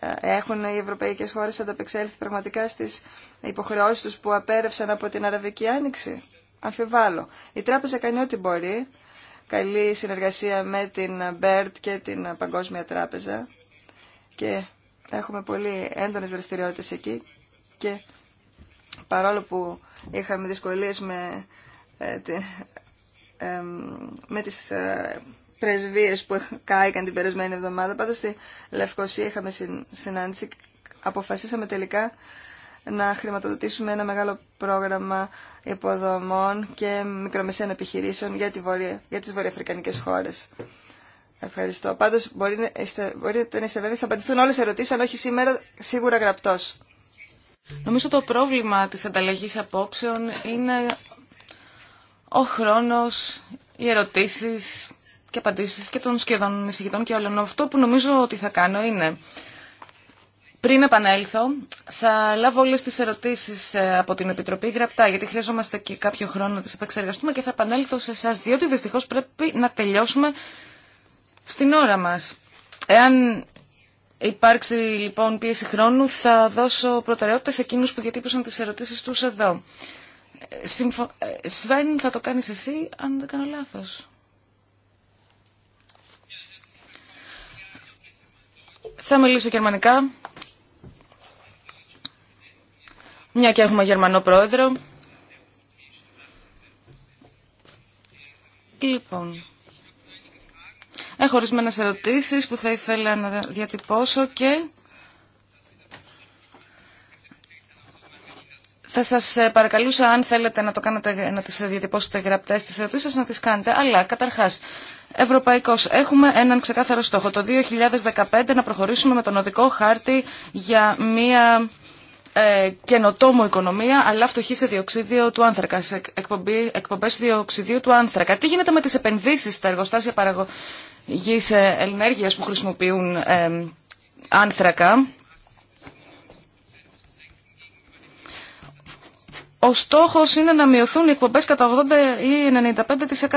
S1: ε, έχουν οι ευρωπαϊκές χώρες ανταπεξέλθει πραγματικά στις υποχρεώσεις τους που απέρευσαν από την Αραβική Άνοιξη. Αφιβάλλω. Η τράπεζα κάνει ό,τι μπορεί. Καλή συνεργασία με την BERT και την Παγκόσμια Τράπεζα. Και έχουμε πολύ έντονες δραστηριότητες εκεί. Και παρόλο που είχαμε δυσκολίες με, ε, με τις ε, πρεσβείες που κάηκαν την περασμένη εβδομάδα, πάντως στη Λευκοσία είχαμε συνάντηση αποφασίσαμε τελικά να χρηματοδοτήσουμε ένα μεγάλο πρόγραμμα υποδομών και μικρομεσαίων επιχειρήσεων για, τη βορεια, για τις βορειοαφρικανικές χώρες. Ευχαριστώ. Πάντως είστε, μπορείτε να είστε βέβαιοι θα απαντηθούν όλες οι ερωτήσεις, αν όχι σήμερα, σίγουρα γραπτός. Νομίζω το
S4: πρόβλημα της ανταλλαγής απόψεων είναι ο χρόνος, οι ερωτήσεις και απαντήσεις και των σχεδόν εισηγητών και όλων. Αυτό που νομίζω ότι θα κάνω είναι πριν επανέλθω, θα λάβω όλες τις ερωτήσεις ε, από την Επιτροπή γραπτά, γιατί χρειαζόμαστε και κάποιο χρόνο να τις επεξεργαστούμε και θα επανέλθω σε εσά, διότι δυστυχώς πρέπει να τελειώσουμε στην ώρα μας. Εάν υπάρξει λοιπόν πίεση χρόνου, θα δώσω προτεραιότητα σε εκείνους που διατύπωσαν τις ερωτήσεις τους εδώ. Ε, συμφω... Ε, Σβέν, θα το κάνεις εσύ, αν δεν κάνω λάθος. Θα μιλήσω γερμανικά. μια και έχουμε Γερμανό πρόεδρο. Λοιπόν, έχω ορισμένε ερωτήσεις που θα ήθελα να διατυπώσω και θα σας παρακαλούσα αν θέλετε να, το κάνετε, να τις διατυπώσετε γραπτές τις ερωτήσεις να τις κάνετε. Αλλά καταρχάς, Ευρωπαϊκός, έχουμε έναν ξεκάθαρο στόχο το 2015 να προχωρήσουμε με τον οδικό χάρτη για μια ε, καινοτόμο οικονομία, αλλά φτωχή σε διοξίδιο του άνθρακα, σε εκπομπή, εκπομπές διοξιδίου του άνθρακα. Τι γίνεται με τις επενδύσεις στα εργοστάσια παραγωγής ε, ενέργειας που χρησιμοποιούν ε, άνθρακα. Ο στόχος είναι να μειωθούν οι εκπομπές κατά 80 ή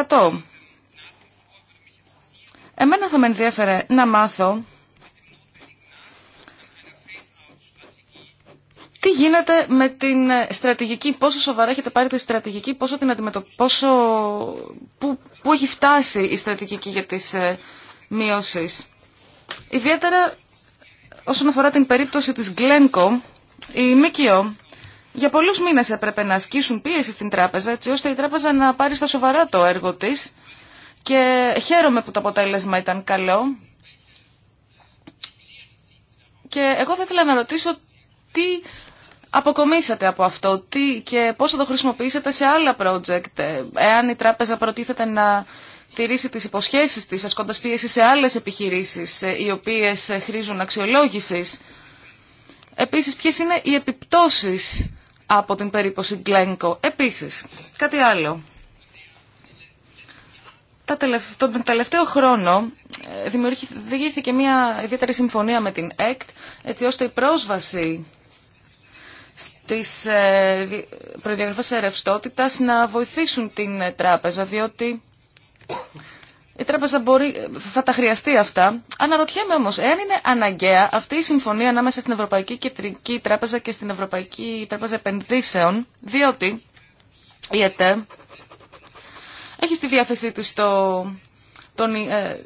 S4: 95%. Εμένα θα με ενδιαφέρε να μάθω Τι γίνεται με την ε, στρατηγική, πόσο σοβαρά έχετε πάρει τη στρατηγική, πόσο την αντιμετωπίζετε, πόσο... Πού, πού έχει φτάσει η στρατηγική για τις ε, μειώσεις. Ιδιαίτερα όσον αφορά την περίπτωση της Γκλένκο, η ΜΚΟ για πολλούς μήνες έπρεπε να ασκήσουν πίεση στην τράπεζα, έτσι ώστε η τράπεζα να πάρει στα σοβαρά το έργο της και χαίρομαι που το αποτέλεσμα ήταν καλό. Και εγώ θα ήθελα να ρωτήσω τι αποκομίσατε από αυτό τι και πώς θα το χρησιμοποιήσετε σε άλλα project, ε, εάν η τράπεζα προτίθεται να τηρήσει τις υποσχέσεις της, ασκώντας πίεση σε άλλες επιχειρήσεις ε, οι οποίες ε, χρήζουν αξιολόγησης. Επίσης, ποιες είναι οι επιπτώσεις από την περίπτωση Γκλένκο. Επίσης, κάτι άλλο. Τον τελευταίο χρόνο δημιουργήθηκε μια ιδιαίτερη συμφωνία με την ΕΚΤ, έτσι ώστε η πρόσβαση στις ε, προδιαγραφές ρευστότητα να βοηθήσουν την ε, τράπεζα, διότι η τράπεζα μπορεί, θα τα χρειαστεί αυτά. Αναρωτιέμαι όμως, εάν είναι αναγκαία αυτή η συμφωνία ανάμεσα στην Ευρωπαϊκή Κεντρική Τράπεζα και στην Ευρωπαϊκή Τράπεζα Επενδύσεων, διότι η ΕΤΕ έχει στη διάθεσή της το, τον, ε,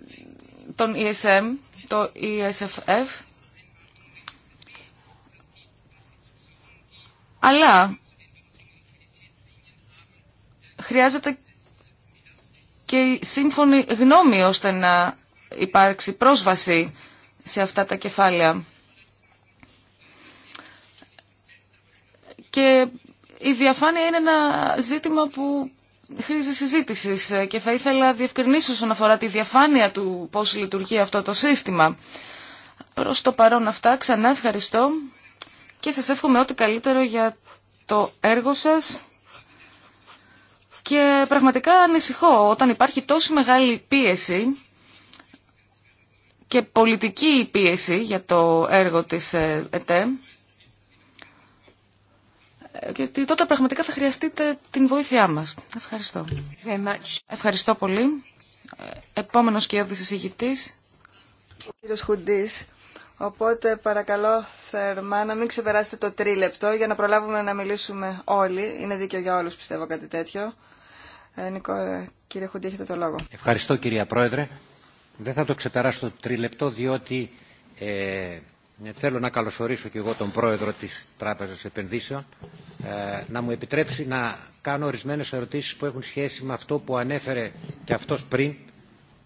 S4: τον ESM, το ESFF, Αλλά χρειάζεται και η σύμφωνη γνώμη ώστε να υπάρξει πρόσβαση σε αυτά τα κεφάλαια. Και η διαφάνεια είναι ένα ζήτημα που χρήζει συζήτηση και θα ήθελα διευκρινίσω όσον αφορά τη διαφάνεια του πώς λειτουργεί αυτό το σύστημα. Προς το παρόν αυτά, ξανά ευχαριστώ και σας εύχομαι ό,τι καλύτερο για το έργο σας. Και πραγματικά ανησυχώ όταν υπάρχει τόση μεγάλη πίεση και πολιτική πίεση για το έργο της ε, ΕΤΕ, ε, γιατί τότε πραγματικά θα χρειαστείτε την βοήθειά μας. Ευχαριστώ. Ευχαριστώ πολύ. Ε, επόμενος και ο εισηγητής.
S1: Ο κύριος Χουντής. Οπότε παρακαλώ θερμά να μην ξεπεράσετε το τρίλεπτο για να προλάβουμε να μιλήσουμε όλοι. Είναι δίκαιο για όλους πιστεύω κάτι τέτοιο. Ε, Νικό, ε, κύριε Χουντή, έχετε το λόγο.
S2: Ευχαριστώ κυρία Πρόεδρε. Δεν θα το ξεπεράσω το τρίλεπτο διότι ε, θέλω να καλωσορίσω και εγώ τον Πρόεδρο της Τράπεζας Επενδύσεων ε, να μου επιτρέψει να κάνω ορισμένες ερωτήσεις που έχουν σχέση με αυτό που ανέφερε και αυτός πριν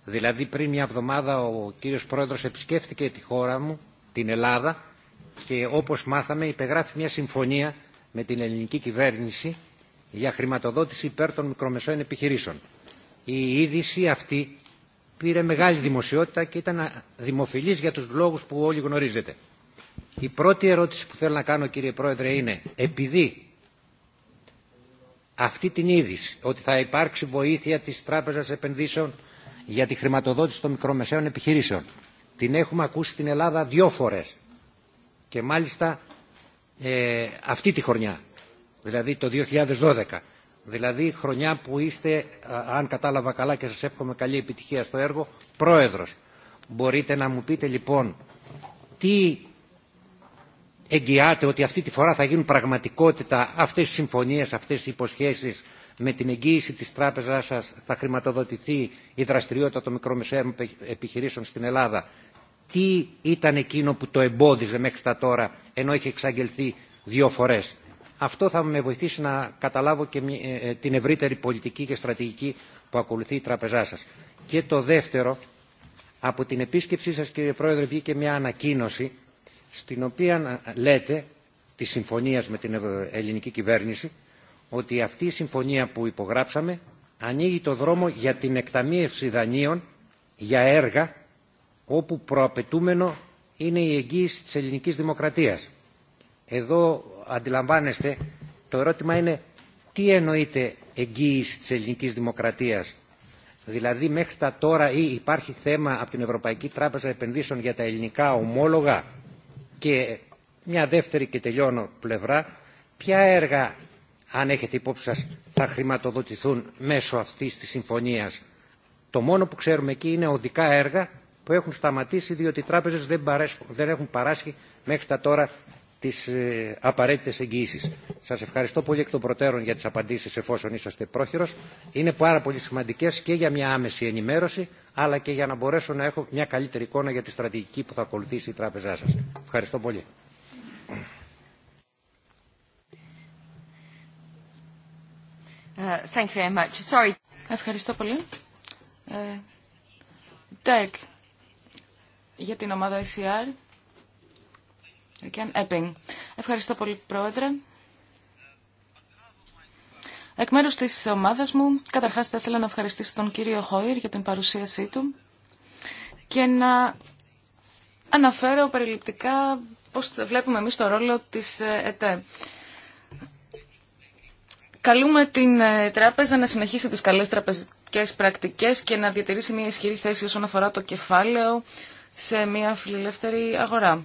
S2: Δηλαδή πριν μια εβδομάδα ο κύριος Πρόεδρος επισκέφθηκε τη χώρα μου, την Ελλάδα, και όπως μάθαμε υπεγράφει μια συμφωνία με την ελληνική κυβέρνηση για χρηματοδότηση υπέρ των μικρομεσαίων επιχειρήσεων. Η είδηση αυτή πήρε μεγάλη δημοσιότητα και ήταν δημοφιλής για τους λόγους που όλοι γνωρίζετε. Η πρώτη ερώτηση που θέλω να κάνω κύριε Πρόεδρε είναι επειδή αυτή την είδηση ότι θα υπάρξει βοήθεια της Τράπεζας Επενδύσεων για τη χρηματοδότηση των μικρομεσαίων επιχειρήσεων. Την έχουμε ακούσει στην Ελλάδα δύο φορές και μάλιστα ε, αυτή τη χρονιά, δηλαδή το 2012. Δηλαδή χρονιά που είστε, αν κατάλαβα καλά και σας εύχομαι καλή επιτυχία στο έργο, πρόεδρος. Μπορείτε να μου πείτε λοιπόν τι εγγυάται ότι αυτή τη φορά θα γίνουν πραγματικότητα αυτές οι συμφωνίες, αυτές οι υποσχέσεις με την εγγύηση της τράπεζάς σας θα χρηματοδοτηθεί η δραστηριότητα των μικρομεσαίων επιχειρήσεων στην Ελλάδα. Τι ήταν εκείνο που το εμπόδιζε μέχρι τα τώρα, ενώ είχε εξαγγελθεί δύο φορές. Αυτό θα με βοηθήσει να καταλάβω και ε, ε, την ευρύτερη πολιτική και στρατηγική που ακολουθεί η τράπεζά σας. Και το δεύτερο, από την επίσκεψή σας κύριε Πρόεδρε βγήκε μια ανακοίνωση στην οποία ε, λέτε τη συμφωνίας με την ελληνική κυβέρνηση ότι αυτή η συμφωνία που υπογράψαμε ανοίγει το δρόμο για την εκταμείευση δανείων για έργα όπου προαπαιτούμενο είναι η εγγύηση της ελληνικής δημοκρατίας. Εδώ αντιλαμβάνεστε, το ερώτημα είναι τι εννοείται εγγύηση της ελληνικής δημοκρατίας. Δηλαδή μέχρι τα τώρα ή υπάρχει θέμα από την Ευρωπαϊκή Τράπεζα Επενδύσεων για τα ελληνικά ομόλογα και μια δεύτερη και τελειώνω πλευρά, ποια έργα αν έχετε υπόψη σας, θα χρηματοδοτηθούν μέσω αυτής της συμφωνίας. Το μόνο που ξέρουμε εκεί είναι οδικά έργα που έχουν σταματήσει διότι οι τράπεζες δεν, δεν έχουν παράσχει μέχρι τα τώρα τις ε, απαραίτητες εγγυήσεις. Σας ευχαριστώ πολύ εκ των προτέρων για τις απαντήσεις εφόσον είσαστε πρόχειρος. Είναι πάρα πολύ σημαντικές και για μια άμεση ενημέρωση αλλά και για να μπορέσω να έχω μια καλύτερη εικόνα για τη στρατηγική που θα ακολουθήσει η τράπεζά σας. Ευχαριστώ πολύ.
S4: Uh, Ευχαριστώ πολύ. Τέκ, ε, για την ομάδα ICR. Ευχαριστώ πολύ, Πρόεδρε. Εκ μέρους της ομάδας μου, καταρχάς θα ήθελα να ευχαριστήσω τον κύριο Χόιρ για την παρουσίασή του και να αναφέρω περιληπτικά πώς βλέπουμε εμείς το ρόλο της ε, ΕΤΕ καλούμε την ε, τράπεζα να συνεχίσει τις καλές τραπεζικές πρακτικές και να διατηρήσει μια ισχυρή θέση όσον αφορά το κεφάλαιο σε μια φιλελεύθερη αγορά.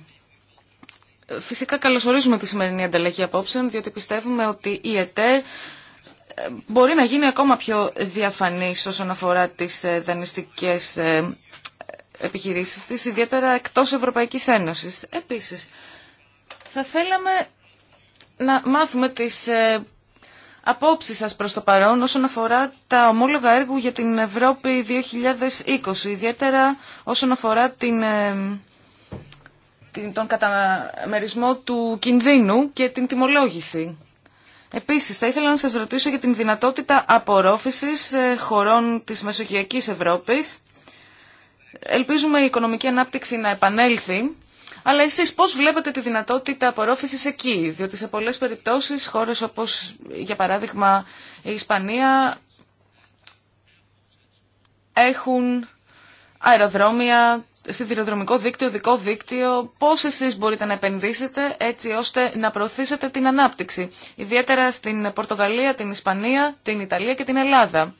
S4: Ε, φυσικά καλωσορίζουμε τη σημερινή ανταλλαγή απόψεων, διότι πιστεύουμε ότι η ΕΤΕ ε, μπορεί να γίνει ακόμα πιο διαφανής όσον αφορά τις δανειστικές επιχειρήσεις της, ιδιαίτερα εκτός Ευρωπαϊκής Ένωσης. Επίσης, θα θέλαμε να μάθουμε τις απόψεις σας προς το παρόν όσον αφορά τα ομόλογα έργου για την Ευρώπη 2020, ιδιαίτερα όσον αφορά την, ε, την, τον καταμερισμό του κινδύνου και την τιμολόγηση. Επίσης, θα ήθελα να σας ρωτήσω για την δυνατότητα απορρόφησης ε, χωρών της Μεσογειακής Ευρώπης. Ελπίζουμε η οικονομική ανάπτυξη να επανέλθει αλλά εσείς πώς βλέπετε τη δυνατότητα απορρόφησης εκεί, διότι σε πολλές περιπτώσεις χώρες όπως για παράδειγμα η Ισπανία έχουν αεροδρόμια, σιδηροδρομικό δίκτυο, δικό δίκτυο, πώς εσείς μπορείτε να επενδύσετε έτσι ώστε να προωθήσετε την ανάπτυξη, ιδιαίτερα στην Πορτογαλία, την Ισπανία, την Ιταλία και την Ελλάδα.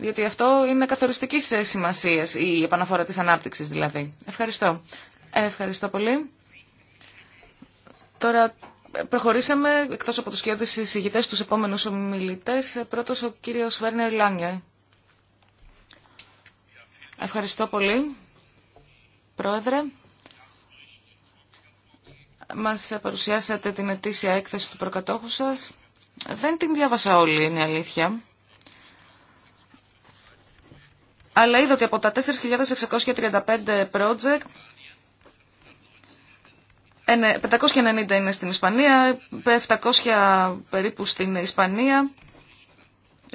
S4: Διότι αυτό είναι καθοριστική σημασία, η επαναφορά τη ανάπτυξη δηλαδή. Ευχαριστώ. Ευχαριστώ πολύ. Τώρα προχωρήσαμε, εκτός από τους κοιότητες συζητητές, τους επόμενους ομιλητές. Πρώτος ο κύριος Βέρνερ Λάνια. Ευχαριστώ πολύ, Πρόεδρε. Μας παρουσιάσατε την ετήσια έκθεση του προκατόχου σας. Δεν την διάβασα όλη, είναι αλήθεια. Αλλά είδα ότι από τα 4.635 project 590 είναι στην Ισπανία, 700 περίπου στην Ισπανία,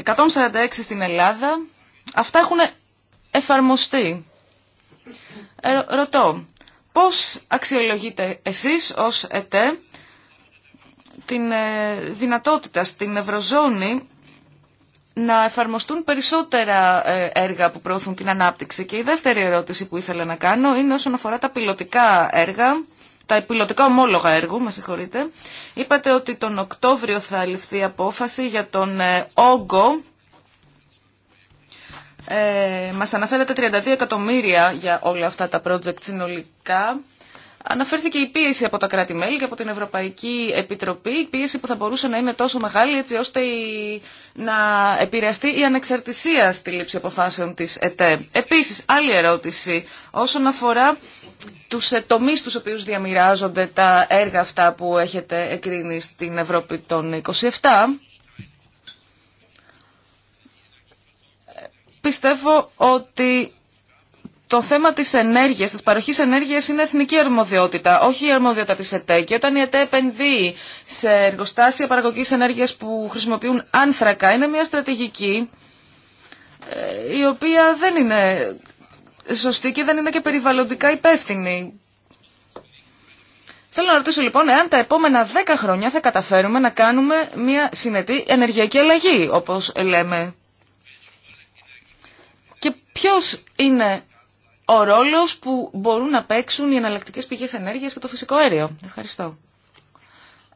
S4: 146 στην Ελλάδα. Αυτά έχουν εφαρμοστεί. Ε, ρωτώ, πώς αξιολογείτε εσείς ως ΕΤΕ την ε, δυνατότητα στην Ευρωζώνη να εφαρμοστούν περισσότερα ε, έργα που προωθούν την ανάπτυξη. Και η δεύτερη ερώτηση που ήθελα να κάνω είναι όσον αφορά τα πιλωτικά έργα τα επιλοτικά ομόλογα έργου, με συγχωρείτε. Είπατε ότι τον Οκτώβριο θα ληφθεί απόφαση για τον ε, όγκο. Ε, μας αναφέρατε 32 εκατομμύρια για όλα αυτά τα project συνολικά. Αναφέρθηκε η πίεση από τα κράτη-μέλη και από την Ευρωπαϊκή Επιτροπή, η πίεση που θα μπορούσε να είναι τόσο μεγάλη έτσι ώστε να επηρεαστεί η ανεξαρτησία στη λήψη αποφάσεων της ΕΤΕ. Επίσης, άλλη ερώτηση όσον αφορά τους ε, τομείς του οποίους διαμοιράζονται τα έργα αυτά που έχετε εκρίνει στην Ευρώπη των 27, πιστεύω ότι το θέμα της ενέργειας, της παροχής ενέργειας είναι εθνική αρμοδιότητα, όχι η αρμοδιότητα της ΕΤΕ. Και όταν η ΕΤΕ επενδύει σε εργοστάσια παραγωγής ενέργειας που χρησιμοποιούν άνθρακα, είναι μια στρατηγική ε, η οποία δεν είναι σωστή και δεν είναι και περιβαλλοντικά υπεύθυνη. Θέλω να ρωτήσω λοιπόν εάν τα επόμενα δέκα χρόνια θα καταφέρουμε να κάνουμε μια συνετή ενεργειακή αλλαγή, όπως λέμε. Και ποιος είναι ο ρόλος που μπορούν να παίξουν οι εναλλακτικέ πηγές ενέργειας και το φυσικό αέριο. Ευχαριστώ.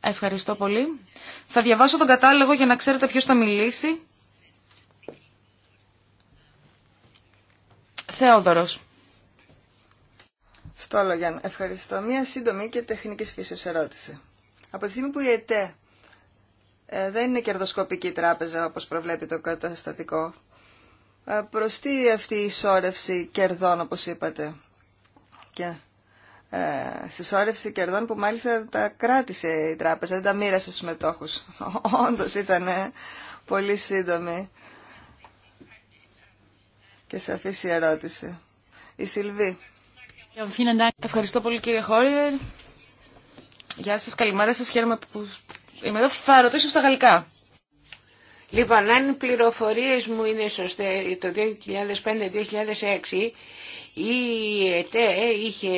S4: Ευχαριστώ πολύ. Θα διαβάσω τον κατάλογο για να ξέρετε ποιος θα μιλήσει.
S1: Θεόδωρος. Στόλογιαν, ευχαριστώ. Μία σύντομη και τεχνική φύση ερώτηση. Από τη στιγμή που η ΕΤΕ δεν είναι κερδοσκοπική τράπεζα όπως προβλέπει το καταστατικό, ε, προς τι αυτή η ισόρευση κερδών όπως είπατε και ε, συσσόρευση κερδών που μάλιστα τα κράτησε η τράπεζα, δεν τα μοίρασε στους μετόχους. [laughs] Όντως ήταν πολύ σύντομη και αφήσει η ερώτηση. Η Σιλβή.
S4: Ευχαριστώ πολύ κύριε Χόριερ. Γεια σας, καλημέρα σας, χαίρομαι που είμαι εδώ. Θα ρωτήσω στα γαλλικά. Λοιπόν, αν οι πληροφορίες μου είναι σωστέ
S3: το 2005-2006 η ΕΤΕ είχε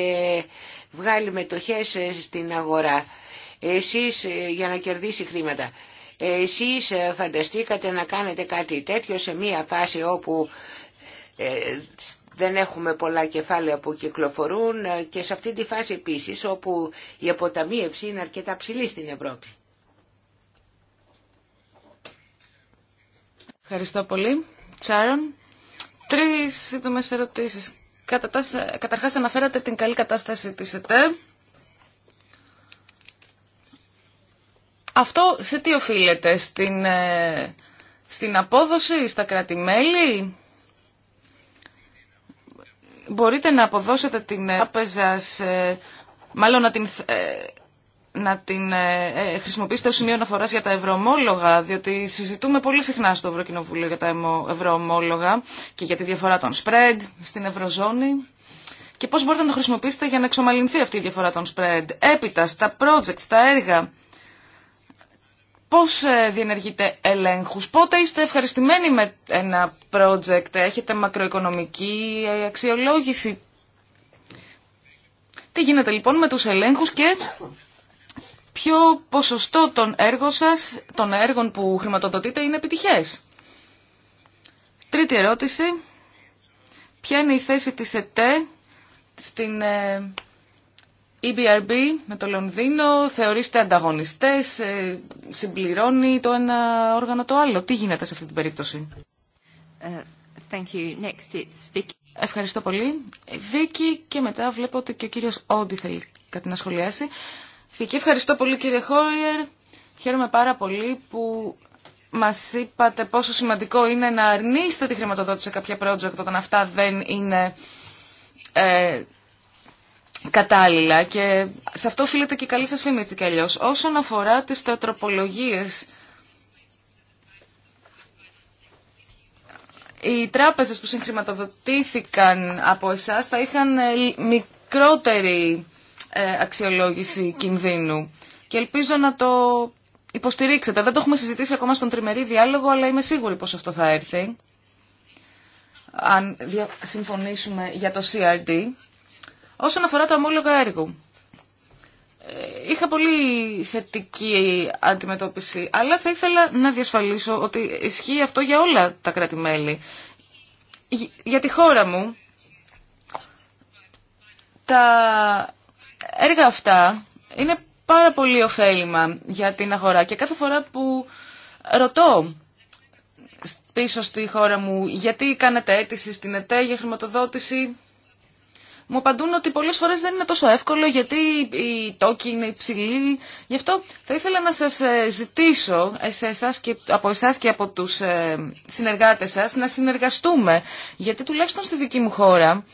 S3: βγάλει μετοχές ε, στην αγορά εσείς ε, για να κερδίσει χρήματα. Εσείς ε, φανταστήκατε να κάνετε κάτι τέτοιο σε μία φάση όπου ε, δεν έχουμε πολλά κεφάλαια που κυκλοφορούν ε, και σε αυτή τη φάση επίσης όπου η αποταμίευση είναι αρκετά ψηλή στην Ευρώπη.
S4: Ευχαριστώ πολύ. Τσάρον, τρεις σύντομε ερωτήσεις. Καταρχάς αναφέρατε την καλή κατάσταση της ΕΤΕ. Αυτό σε τι οφείλεται, στην, ε, στην απόδοση, στα κρατη μπορείτε να αποδώσετε την ε, τράπεζα, μάλλον να την, ε, να την ε, χρησιμοποιήσετε ως σημείο αναφοράς για τα ευρωομόλογα, διότι συζητούμε πολύ συχνά στο Ευρωκοινοβούλιο για τα ευρωομόλογα και για τη διαφορά των spread στην Ευρωζώνη. Και πώς μπορείτε να το χρησιμοποιήσετε για να εξομαλυνθεί αυτή η διαφορά των spread. Έπειτα, στα projects, στα έργα, πώς ε, διενεργείτε ελέγχους, πότε είστε ευχαριστημένοι με ένα project, έχετε μακροοικονομική ε, αξιολόγηση. Τι γίνεται λοιπόν με τους ελέγχους και ποιο ποσοστό των έργων σας, των έργων που χρηματοδοτείτε είναι επιτυχές. Τρίτη ερώτηση. Ποια είναι η θέση της ΕΤΕ στην ε, EBRB με το Λονδίνο θεωρείστε ανταγωνιστές, ε, συμπληρώνει το ένα όργανο το άλλο. Τι γίνεται σε αυτή την περίπτωση. Ε, ευχαριστώ πολύ. Βίκη και μετά βλέπω ότι και ο κύριος Όντι θέλει κάτι να σχολιάσει. Βίκη, ευχαριστώ πολύ κύριε Χόριερ. Χαίρομαι πάρα πολύ που μας είπατε πόσο σημαντικό είναι να αρνείστε τη χρηματοδότηση σε κάποια project όταν αυτά δεν είναι ε, κατάλληλα και σε αυτό οφείλεται και η καλή σας φήμη έτσι και αλλιώς. Όσον αφορά τις τετροπολογίες, οι τράπεζες που συγχρηματοδοτήθηκαν από εσάς θα είχαν ε, μικρότερη ε, αξιολόγηση κινδύνου. Και ελπίζω να το υποστηρίξετε. Δεν το έχουμε συζητήσει ακόμα στον τριμερή διάλογο, αλλά είμαι σίγουρη πως αυτό θα έρθει. Αν συμφωνήσουμε για το CRD. Όσον αφορά το ομόλογα έργου, ε, είχα πολύ θετική αντιμετώπιση, αλλά θα ήθελα να διασφαλίσω ότι ισχύει αυτό για όλα τα κράτη-μέλη. Για τη χώρα μου, τα έργα αυτά είναι πάρα πολύ ωφέλιμα για την αγορά και κάθε φορά που ρωτώ πίσω στη χώρα μου γιατί κάνετε αίτηση στην ΕΤΕ για χρηματοδότηση μου απαντούν ότι πολλές φορές δεν είναι τόσο εύκολο γιατί η τόκοι είναι υψηλή. Γι' αυτό θα ήθελα να σας ε, ζητήσω και, από εσάς και από τους ε, συνεργάτες σας να συνεργαστούμε. Γιατί τουλάχιστον στη δική μου χώρα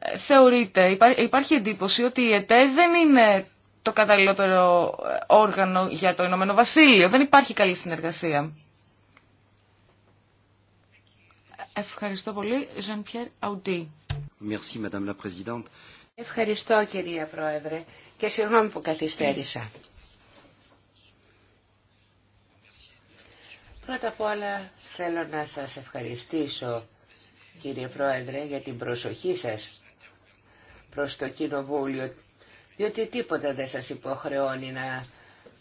S4: ε, θεωρείται, υπάρχει εντύπωση ότι η ΕΤΕ δεν είναι το καταλληλότερο όργανο για το Ηνωμένο Βασίλειο. Δεν υπάρχει καλή συνεργασία. Ευχαριστώ πολύ, Jean-Pierre Ευχαριστώ κυρία
S3: Πρόεδρε και συγγνώμη που καθυστέρησα. Πρώτα απ' όλα θέλω να σας ευχαριστήσω κύριε Πρόεδρε για την προσοχή σας προς το Κοινοβούλιο διότι τίποτα δεν σας υποχρεώνει να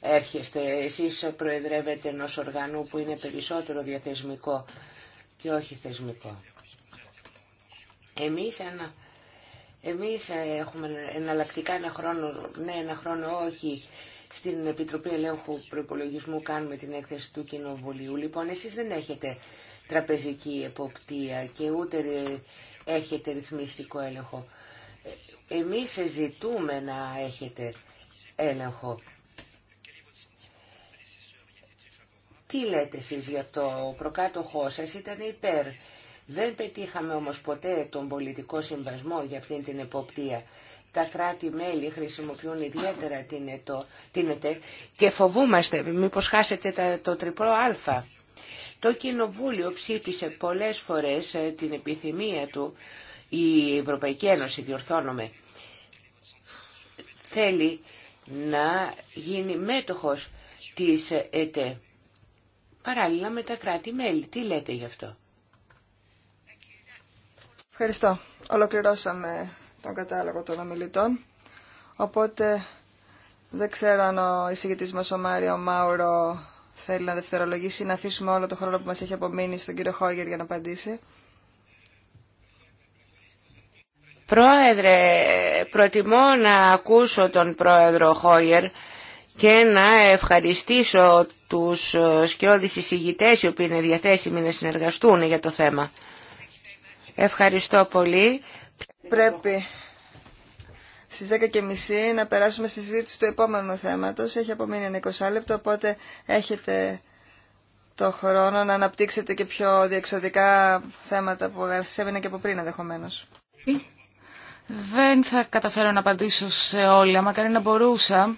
S3: έρχεστε. Εσείς προεδρεύετε ενό οργανού που είναι περισσότερο διαθεσμικό και όχι θεσμικό. Εμείς, ένα εμείς ε, έχουμε εναλλακτικά ένα χρόνο, ναι ένα χρόνο όχι, στην Επιτροπή Ελέγχου Προπολογισμού κάνουμε την έκθεση του Κοινοβουλίου. Λοιπόν, εσείς δεν έχετε τραπεζική εποπτεία και ούτε έχετε ρυθμιστικό έλεγχο. Ε, εμείς ζητούμε να έχετε έλεγχο. Τι λέτε εσείς γι' αυτό, ο προκάτοχός σας ήταν υπέρ δεν πετύχαμε όμως ποτέ τον πολιτικό συμβασμό για αυτήν την εποπτεία. Τα κράτη-μέλη χρησιμοποιούν ιδιαίτερα την, ετο, την ΕΤΕ και φοβούμαστε μήπως χάσετε το τριπλό α. Το Κοινοβούλιο ψήφισε πολλές φορές ε, την επιθυμία του, η Ευρωπαϊκή Ένωση διορθώνομαι, θέλει να γίνει μέτοχος της ΕΤΕ παράλληλα με τα κράτη-μέλη. Τι λέτε γι' αυτό.
S1: Ευχαριστώ. Ολοκληρώσαμε τον κατάλογο των ομιλητών. Οπότε δεν ξέρω αν ο εισηγητής μας ο Μάριο Μάουρο θέλει να δευτερολογήσει, να αφήσουμε όλο το χρόνο που μας έχει απομείνει στον κύριο Χόγερ για να απαντήσει.
S3: Πρόεδρε, προτιμώ να ακούσω τον πρόεδρο Χόγερ και να ευχαριστήσω τους σκιώδεις εισηγητές οι οποίοι είναι διαθέσιμοι να συνεργαστούν για το θέμα.
S1: Ευχαριστώ πολύ. Πρέπει στις 10.30 να περάσουμε στη συζήτηση του επόμενου θέματος. Έχει απομείνει ένα 20 λεπτό, οπότε έχετε το χρόνο να αναπτύξετε και πιο διεξοδικά θέματα που έμειναν και από πριν ενδεχομένω.
S4: Δεν θα καταφέρω να απαντήσω σε όλα, μακάρι να μπορούσα.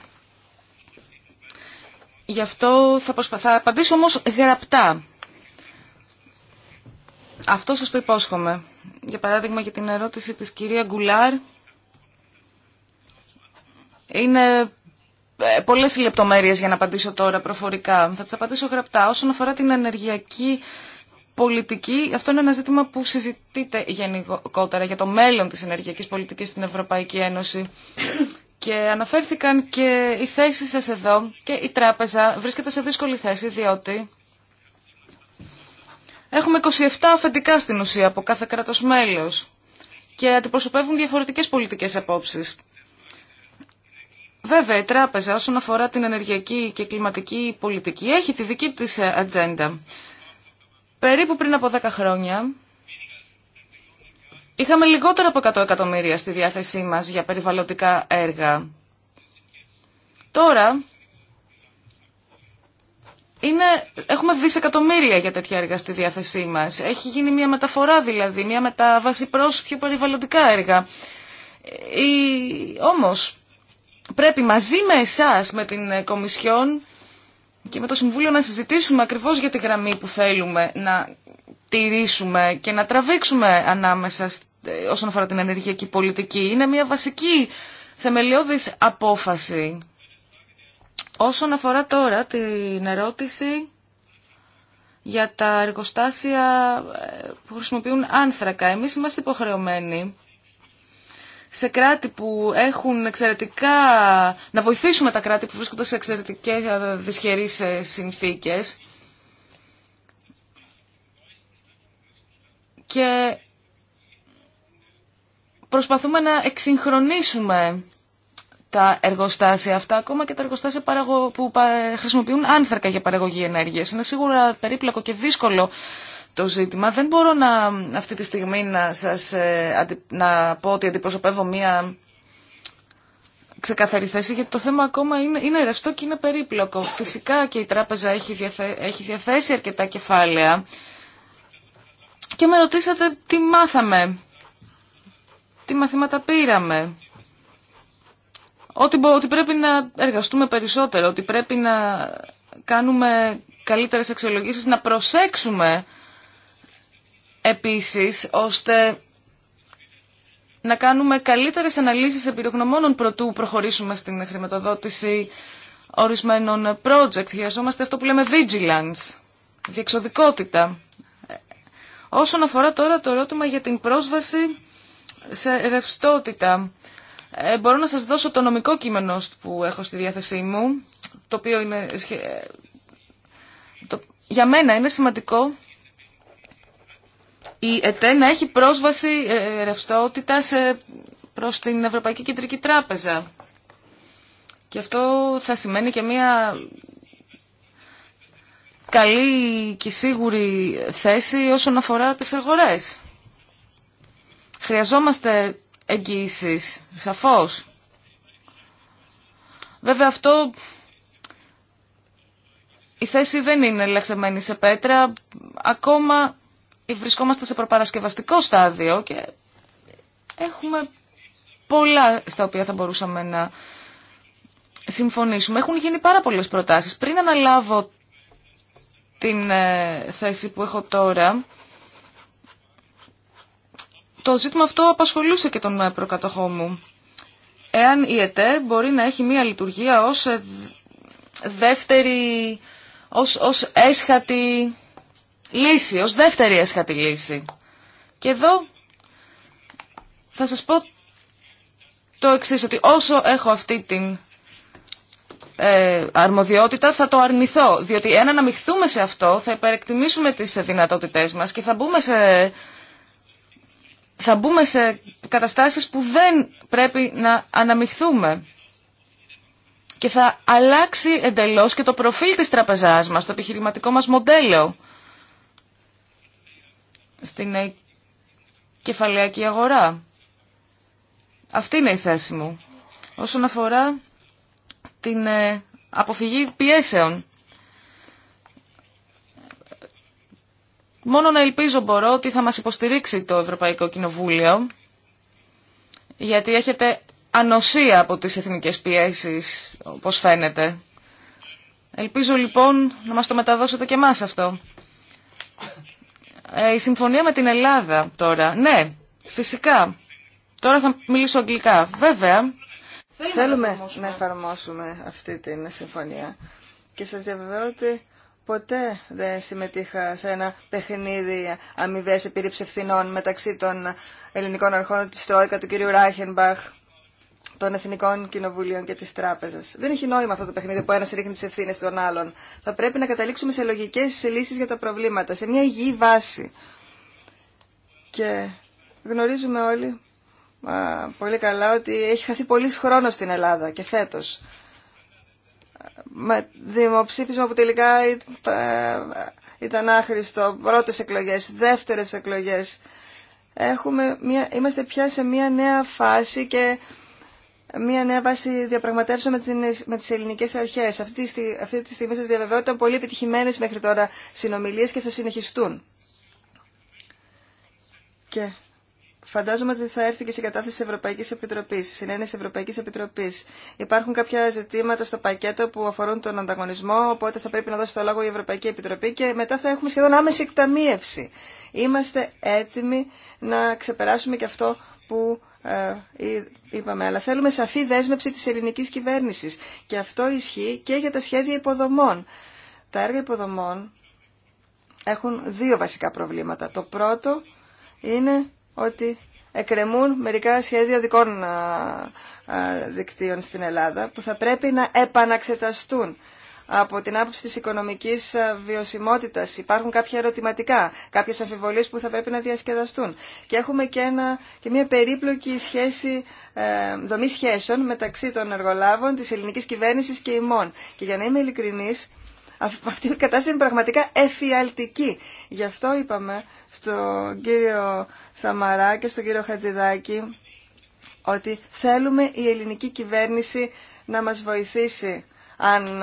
S4: Γι' αυτό θα προσπαθώ. Θα απαντήσω όμως γραπτά. Αυτό σας το υπόσχομαι. Για παράδειγμα για την ερώτηση της κυρία Γκουλάρ. Είναι ε, πολλές λεπτομέρειες για να απαντήσω τώρα προφορικά. Θα τις απαντήσω γραπτά. Όσον αφορά την ενεργειακή πολιτική, αυτό είναι ένα ζήτημα που συζητείται γενικότερα για το μέλλον της ενεργειακής πολιτικής στην Ευρωπαϊκή Ένωση. Και αναφέρθηκαν και οι θέσεις σας εδώ και η τράπεζα βρίσκεται σε δύσκολη θέση διότι Έχουμε 27 αφεντικά στην ουσία από κάθε κράτος μέλος και αντιπροσωπεύουν διαφορετικές πολιτικές απόψεις. Βέβαια, η τράπεζα όσον αφορά την ενεργειακή και κλιματική πολιτική έχει τη δική της ατζέντα. Περίπου πριν από 10 χρόνια είχαμε λιγότερο από 100 εκατομμύρια στη διάθεσή μας για περιβαλλοντικά έργα. Τώρα είναι, έχουμε δισεκατομμύρια για τέτοια έργα στη διάθεσή μας. Έχει γίνει μια μεταφορά δηλαδή, μια μετάβαση προ πιο περιβαλλοντικά έργα. Ή, ε, όμως πρέπει μαζί με εσάς, με την ε, Κομισιόν και με το Συμβούλιο να συζητήσουμε ακριβώς για τη γραμμή που θέλουμε να τηρήσουμε και να τραβήξουμε ανάμεσα ε, όσον αφορά την ενεργειακή πολιτική. Είναι μια βασική θεμελιώδης απόφαση Όσον αφορά τώρα την ερώτηση για τα εργοστάσια ε, που χρησιμοποιούν άνθρακα, εμείς είμαστε υποχρεωμένοι σε κράτη που έχουν εξαιρετικά... να βοηθήσουμε τα κράτη που βρίσκονται σε εξαιρετικέ ε, δυσχερείς ε, συνθήκες και προσπαθούμε να εξυγχρονίσουμε τα εργοστάσια αυτά, ακόμα και τα εργοστάσια που χρησιμοποιούν άνθρακα για παραγωγή ενέργειας. Είναι σίγουρα περίπλοκο και δύσκολο το ζήτημα. Δεν μπορώ να, αυτή τη στιγμή να, σας, ε, να πω ότι αντιπροσωπεύω μία ξεκαθαρή θέση, γιατί το θέμα ακόμα είναι, είναι ρευστό και είναι περίπλοκο. Φυσικά και η τράπεζα έχει, έχει διαθέσει αρκετά κεφάλαια. Και με ρωτήσατε τι μάθαμε, τι μαθήματα πήραμε ότι, πρέπει να εργαστούμε περισσότερο, ότι πρέπει να κάνουμε καλύτερες αξιολογήσεις, να προσέξουμε επίσης, ώστε να κάνουμε καλύτερες αναλύσεις επιρρογνωμόνων προτού προχωρήσουμε στην χρηματοδότηση ορισμένων project. Χρειαζόμαστε αυτό που λέμε vigilance, διεξοδικότητα. Ε, όσον αφορά τώρα το ερώτημα για την πρόσβαση σε ρευστότητα, ε, μπορώ να σας δώσω το νομικό κείμενο που έχω στη διάθεσή μου, το οποίο είναι... για μένα είναι σημαντικό η ΕΤΕ να έχει πρόσβαση ε, ρευστότητας προς την Ευρωπαϊκή Κεντρική Τράπεζα. Και αυτό θα σημαίνει και μια καλή και σίγουρη θέση όσον αφορά τις αγορές. Χρειαζόμαστε Εγγύησης. σαφώς. Βέβαια αυτό η θέση δεν είναι λεξεμένη σε πέτρα, ακόμα βρισκόμαστε σε προπαρασκευαστικό στάδιο και έχουμε πολλά στα οποία θα μπορούσαμε να συμφωνήσουμε. Έχουν γίνει πάρα πολλές προτάσεις. Πριν αναλάβω την ε, θέση που έχω τώρα, το ζήτημα αυτό απασχολούσε και τον ε, προκατοχό μου. Εάν η ΕΤΕ μπορεί να έχει μία λειτουργία ως ε, δεύτερη, ως, ως έσχατη λύση, ως δεύτερη έσχατη λύση. Και εδώ θα σας πω το εξής, ότι όσο έχω αυτή την ε, αρμοδιότητα θα το αρνηθώ, διότι εάν μειχθούμε σε αυτό θα υπερεκτιμήσουμε τις δυνατότητές μας και θα μπούμε σε θα μπούμε σε καταστάσεις που δεν πρέπει να αναμειχθούμε. Και θα αλλάξει εντελώς και το προφίλ της τραπεζάς μας, το επιχειρηματικό μας μοντέλο στην ε, κεφαλαιακή αγορά. Αυτή είναι η θέση μου. Όσον αφορά την ε, αποφυγή πιέσεων. Μόνο να ελπίζω μπορώ ότι θα μας υποστηρίξει το Ευρωπαϊκό Κοινοβούλιο, γιατί έχετε ανοσία από τις εθνικές πιέσεις, όπως φαίνεται. Ελπίζω λοιπόν να μας το μεταδώσετε και εμάς αυτό. Ε, η συμφωνία με την Ελλάδα τώρα. Ναι, φυσικά. Τώρα θα μιλήσω αγγλικά. Βέβαια.
S1: Θέλουμε να εφαρμόσουμε αυτή την συμφωνία. Και σας διαβεβαιώ ότι ποτέ δεν συμμετείχα σε ένα παιχνίδι αμοιβέ επίρρηψη ευθυνών μεταξύ των ελληνικών αρχών της Τρόικα, του κυρίου Ράχενμπαχ, των Εθνικών Κοινοβουλίων και της Τράπεζας. Δεν έχει νόημα αυτό το παιχνίδι που ένας ρίχνει τις ευθύνες των άλλων. Θα πρέπει να καταλήξουμε σε λογικές λύσεις για τα προβλήματα, σε μια υγιή βάση. Και γνωρίζουμε όλοι πολύ καλά ότι έχει χαθεί πολύς χρόνο στην Ελλάδα και φέτος με δημοψήφισμα που τελικά ήταν άχρηστο, πρώτες εκλογές, δεύτερες εκλογές. Έχουμε μια, είμαστε πια σε μια νέα φάση και μια νέα βάση διαπραγματεύσεων με, τις, με τις ελληνικές αρχές. Αυτή, αυτή τη στιγμή σας διαβεβαιώ ήταν πολύ επιτυχημένες μέχρι τώρα συνομιλίες και θα συνεχιστούν. Και Φαντάζομαι ότι θα έρθει και σε κατάθεση Ευρωπαϊκή Επιτροπή, συνένεση Ευρωπαϊκή Επιτροπή. Υπάρχουν κάποια ζητήματα στο πακέτο που αφορούν τον ανταγωνισμό, οπότε θα πρέπει να δώσει το λόγο η Ευρωπαϊκή Επιτροπή και μετά θα έχουμε σχεδόν άμεση εκταμείευση. Είμαστε έτοιμοι να ξεπεράσουμε και αυτό που ε, είπαμε. Αλλά θέλουμε σαφή δέσμευση τη ελληνική κυβέρνηση. Και αυτό ισχύει και για τα σχέδια υποδομών. Τα έργα υποδομών έχουν δύο βασικά προβλήματα. Το πρώτο είναι ότι εκρεμούν μερικά σχέδια δικών δικτύων στην Ελλάδα που θα πρέπει να επαναξεταστούν από την άποψη της οικονομικής βιωσιμότητας. Υπάρχουν κάποια ερωτηματικά, κάποιες αμφιβολίες που θα πρέπει να διασκεδαστούν. Και έχουμε και, μια περίπλοκη σχέση, ε, δομή σχέσεων μεταξύ των εργολάβων, της ελληνικής κυβέρνησης και ημών. Και για να είμαι ειλικρινής, αυτή η κατάσταση είναι πραγματικά εφιαλτική. Γι' αυτό είπαμε στον κύριο Σαμαρά και στον κύριο Χατζηδάκη ότι θέλουμε η ελληνική κυβέρνηση να μας βοηθήσει αν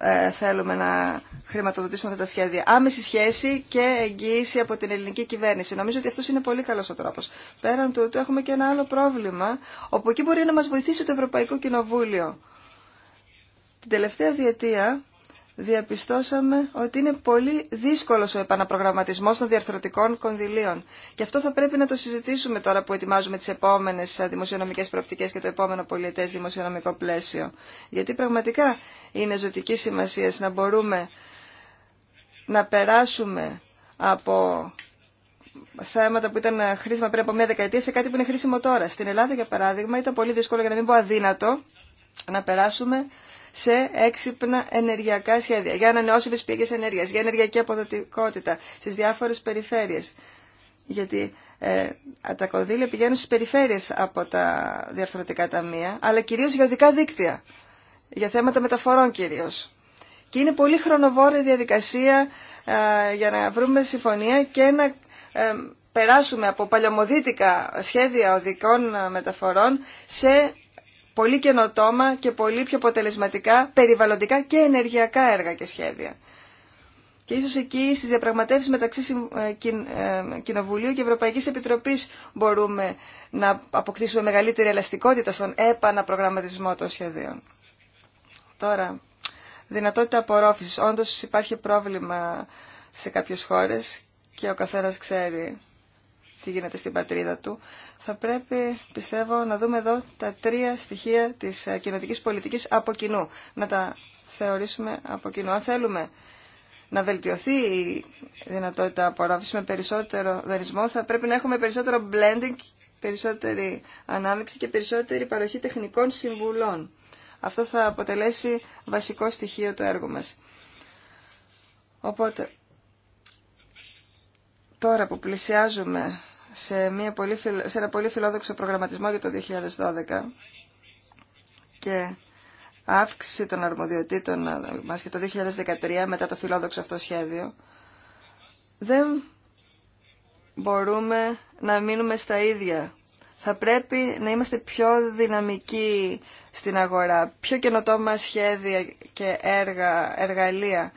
S1: ε, θέλουμε να χρηματοδοτήσουμε αυτά τα σχέδια. Άμεση σχέση και εγγύηση από την ελληνική κυβέρνηση. Νομίζω ότι αυτό είναι πολύ καλός ο τρόπος. Πέραν τούτου έχουμε και ένα άλλο πρόβλημα, όπου εκεί μπορεί να μας βοηθήσει το Ευρωπαϊκό Κοινοβούλιο. Την τελευταία διετία διαπιστώσαμε ότι είναι πολύ δύσκολος ο επαναπρογραμματισμός των διαρθρωτικών κονδυλίων. Και αυτό θα πρέπει να το συζητήσουμε τώρα που ετοιμάζουμε τις επόμενες δημοσιονομικές προοπτικές και το επόμενο πολιετές δημοσιονομικό πλαίσιο. Γιατί πραγματικά είναι ζωτική σημασία να μπορούμε να περάσουμε από θέματα που ήταν χρήσιμα πριν από μια δεκαετία σε κάτι που είναι χρήσιμο τώρα. Στην Ελλάδα, για παράδειγμα, ήταν πολύ δύσκολο, για να μην πω αδύνατο, να περάσουμε σε έξυπνα ενεργειακά σχέδια, για ανανεώσιμε πηγέ ενέργεια, για ενεργειακή αποδοτικότητα στι διάφορε περιφέρειε. Γιατί ε, τα κονδύλια πηγαίνουν στι περιφέρειε από τα διαρθρωτικά ταμεία, αλλά κυρίω για οδικά δίκτυα. Για θέματα μεταφορών κυρίω. Και είναι πολύ χρονοβόρη διαδικασία ε, για να βρούμε συμφωνία και να ε, περάσουμε από παλαιομοδίτικα σχέδια οδικών ε, μεταφορών σε πολύ καινοτόμα και πολύ πιο αποτελεσματικά περιβαλλοντικά και ενεργειακά έργα και σχέδια. Και ίσως εκεί στις διαπραγματεύσεις μεταξύ ε, ε, Κοινοβουλίου και Ευρωπαϊκής Επιτροπής μπορούμε να αποκτήσουμε μεγαλύτερη ελαστικότητα στον επαναπρογραμματισμό των σχεδίων. Τώρα, δυνατότητα απορρόφησης. Όντως υπάρχει πρόβλημα σε κάποιες χώρες και ο καθένας ξέρει τι γίνεται στην πατρίδα του. Θα πρέπει, πιστεύω, να δούμε εδώ τα τρία στοιχεία της ε, κοινωτικής πολιτικής από κοινού. Να τα θεωρήσουμε από κοινού. Αν θέλουμε να βελτιωθεί η δυνατότητα απορρόφησης με περισσότερο δανεισμό, θα πρέπει να έχουμε περισσότερο blending, περισσότερη ανάμειξη και περισσότερη παροχή τεχνικών συμβουλών. Αυτό θα αποτελέσει βασικό στοιχείο του έργου μας. Οπότε, τώρα που πλησιάζουμε σε, μια πολύ σε ένα πολύ φιλόδοξο προγραμματισμό για το 2012 και αύξηση των αρμοδιοτήτων ε, μας και το 2013 μετά το φιλόδοξο αυτό σχέδιο, δεν μπορούμε να μείνουμε στα ίδια. Θα πρέπει να είμαστε πιο δυναμικοί στην αγορά, πιο καινοτόμα σχέδια και έργα, εργαλεία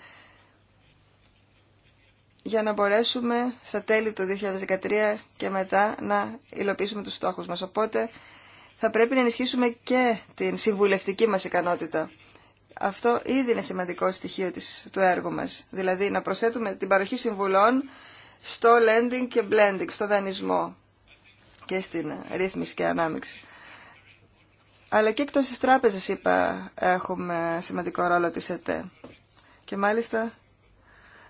S1: για να μπορέσουμε στα τέλη του 2013 και μετά να υλοποιήσουμε τους στόχους μας. Οπότε θα πρέπει να ενισχύσουμε και την συμβουλευτική μας ικανότητα. Αυτό ήδη είναι σημαντικό στοιχείο της, του έργου μας. Δηλαδή να προσθέτουμε την παροχή συμβουλών στο lending και blending, στο δανεισμό και στην ρύθμιση και ανάμειξη. Αλλά και εκτός της τράπεζας, είπα, έχουμε σημαντικό ρόλο της ΕΤΕ. Και μάλιστα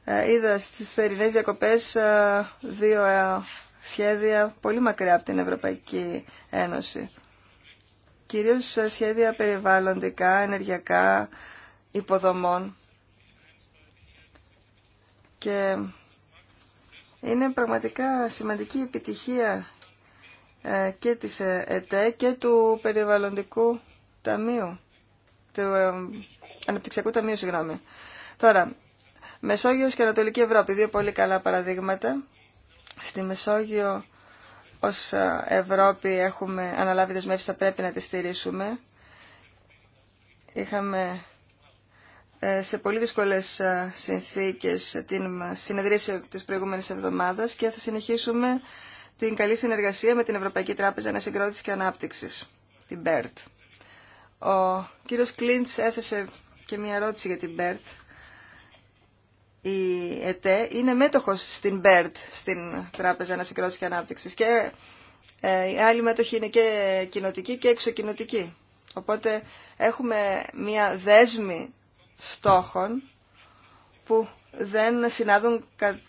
S1: ε, είδα στις θερινές διακοπές ε, δύο ε, σχέδια πολύ μακριά από την Ευρωπαϊκή Ένωση. Κυρίως σχέδια περιβαλλοντικά, ενεργειακά, υποδομών. Και είναι πραγματικά σημαντική επιτυχία και της ΕΤΕ και του Περιβαλλοντικού Ταμείου, του Αναπτυξιακού Ταμείου, συγγνώμη. Τώρα, Μεσόγειος και Ανατολική Ευρώπη, δύο πολύ καλά παραδείγματα. Στη Μεσόγειο ως ε, Ευρώπη έχουμε αναλάβει δεσμεύσεις, θα πρέπει να τις στηρίσουμε. Είχαμε ε, σε πολύ δύσκολες ε, συνθήκες την συνεδρίαση της προηγούμενης εβδομάδας και θα συνεχίσουμε την καλή συνεργασία με την Ευρωπαϊκή Τράπεζα Ανασυγκρότησης και Ανάπτυξης, την BERT. Ο κύριος Κλίντς έθεσε και μια ερώτηση για την BERT η ΕΤΕ είναι μέτοχος στην BERT, στην Τράπεζα Ανασυγκρότησης και Ανάπτυξης και οι ε, άλλοι μέτοχοι είναι και κοινοτικοί και εξοκοινοτικοί. Οπότε έχουμε μία δέσμη στόχων που δεν συνάδουν κατά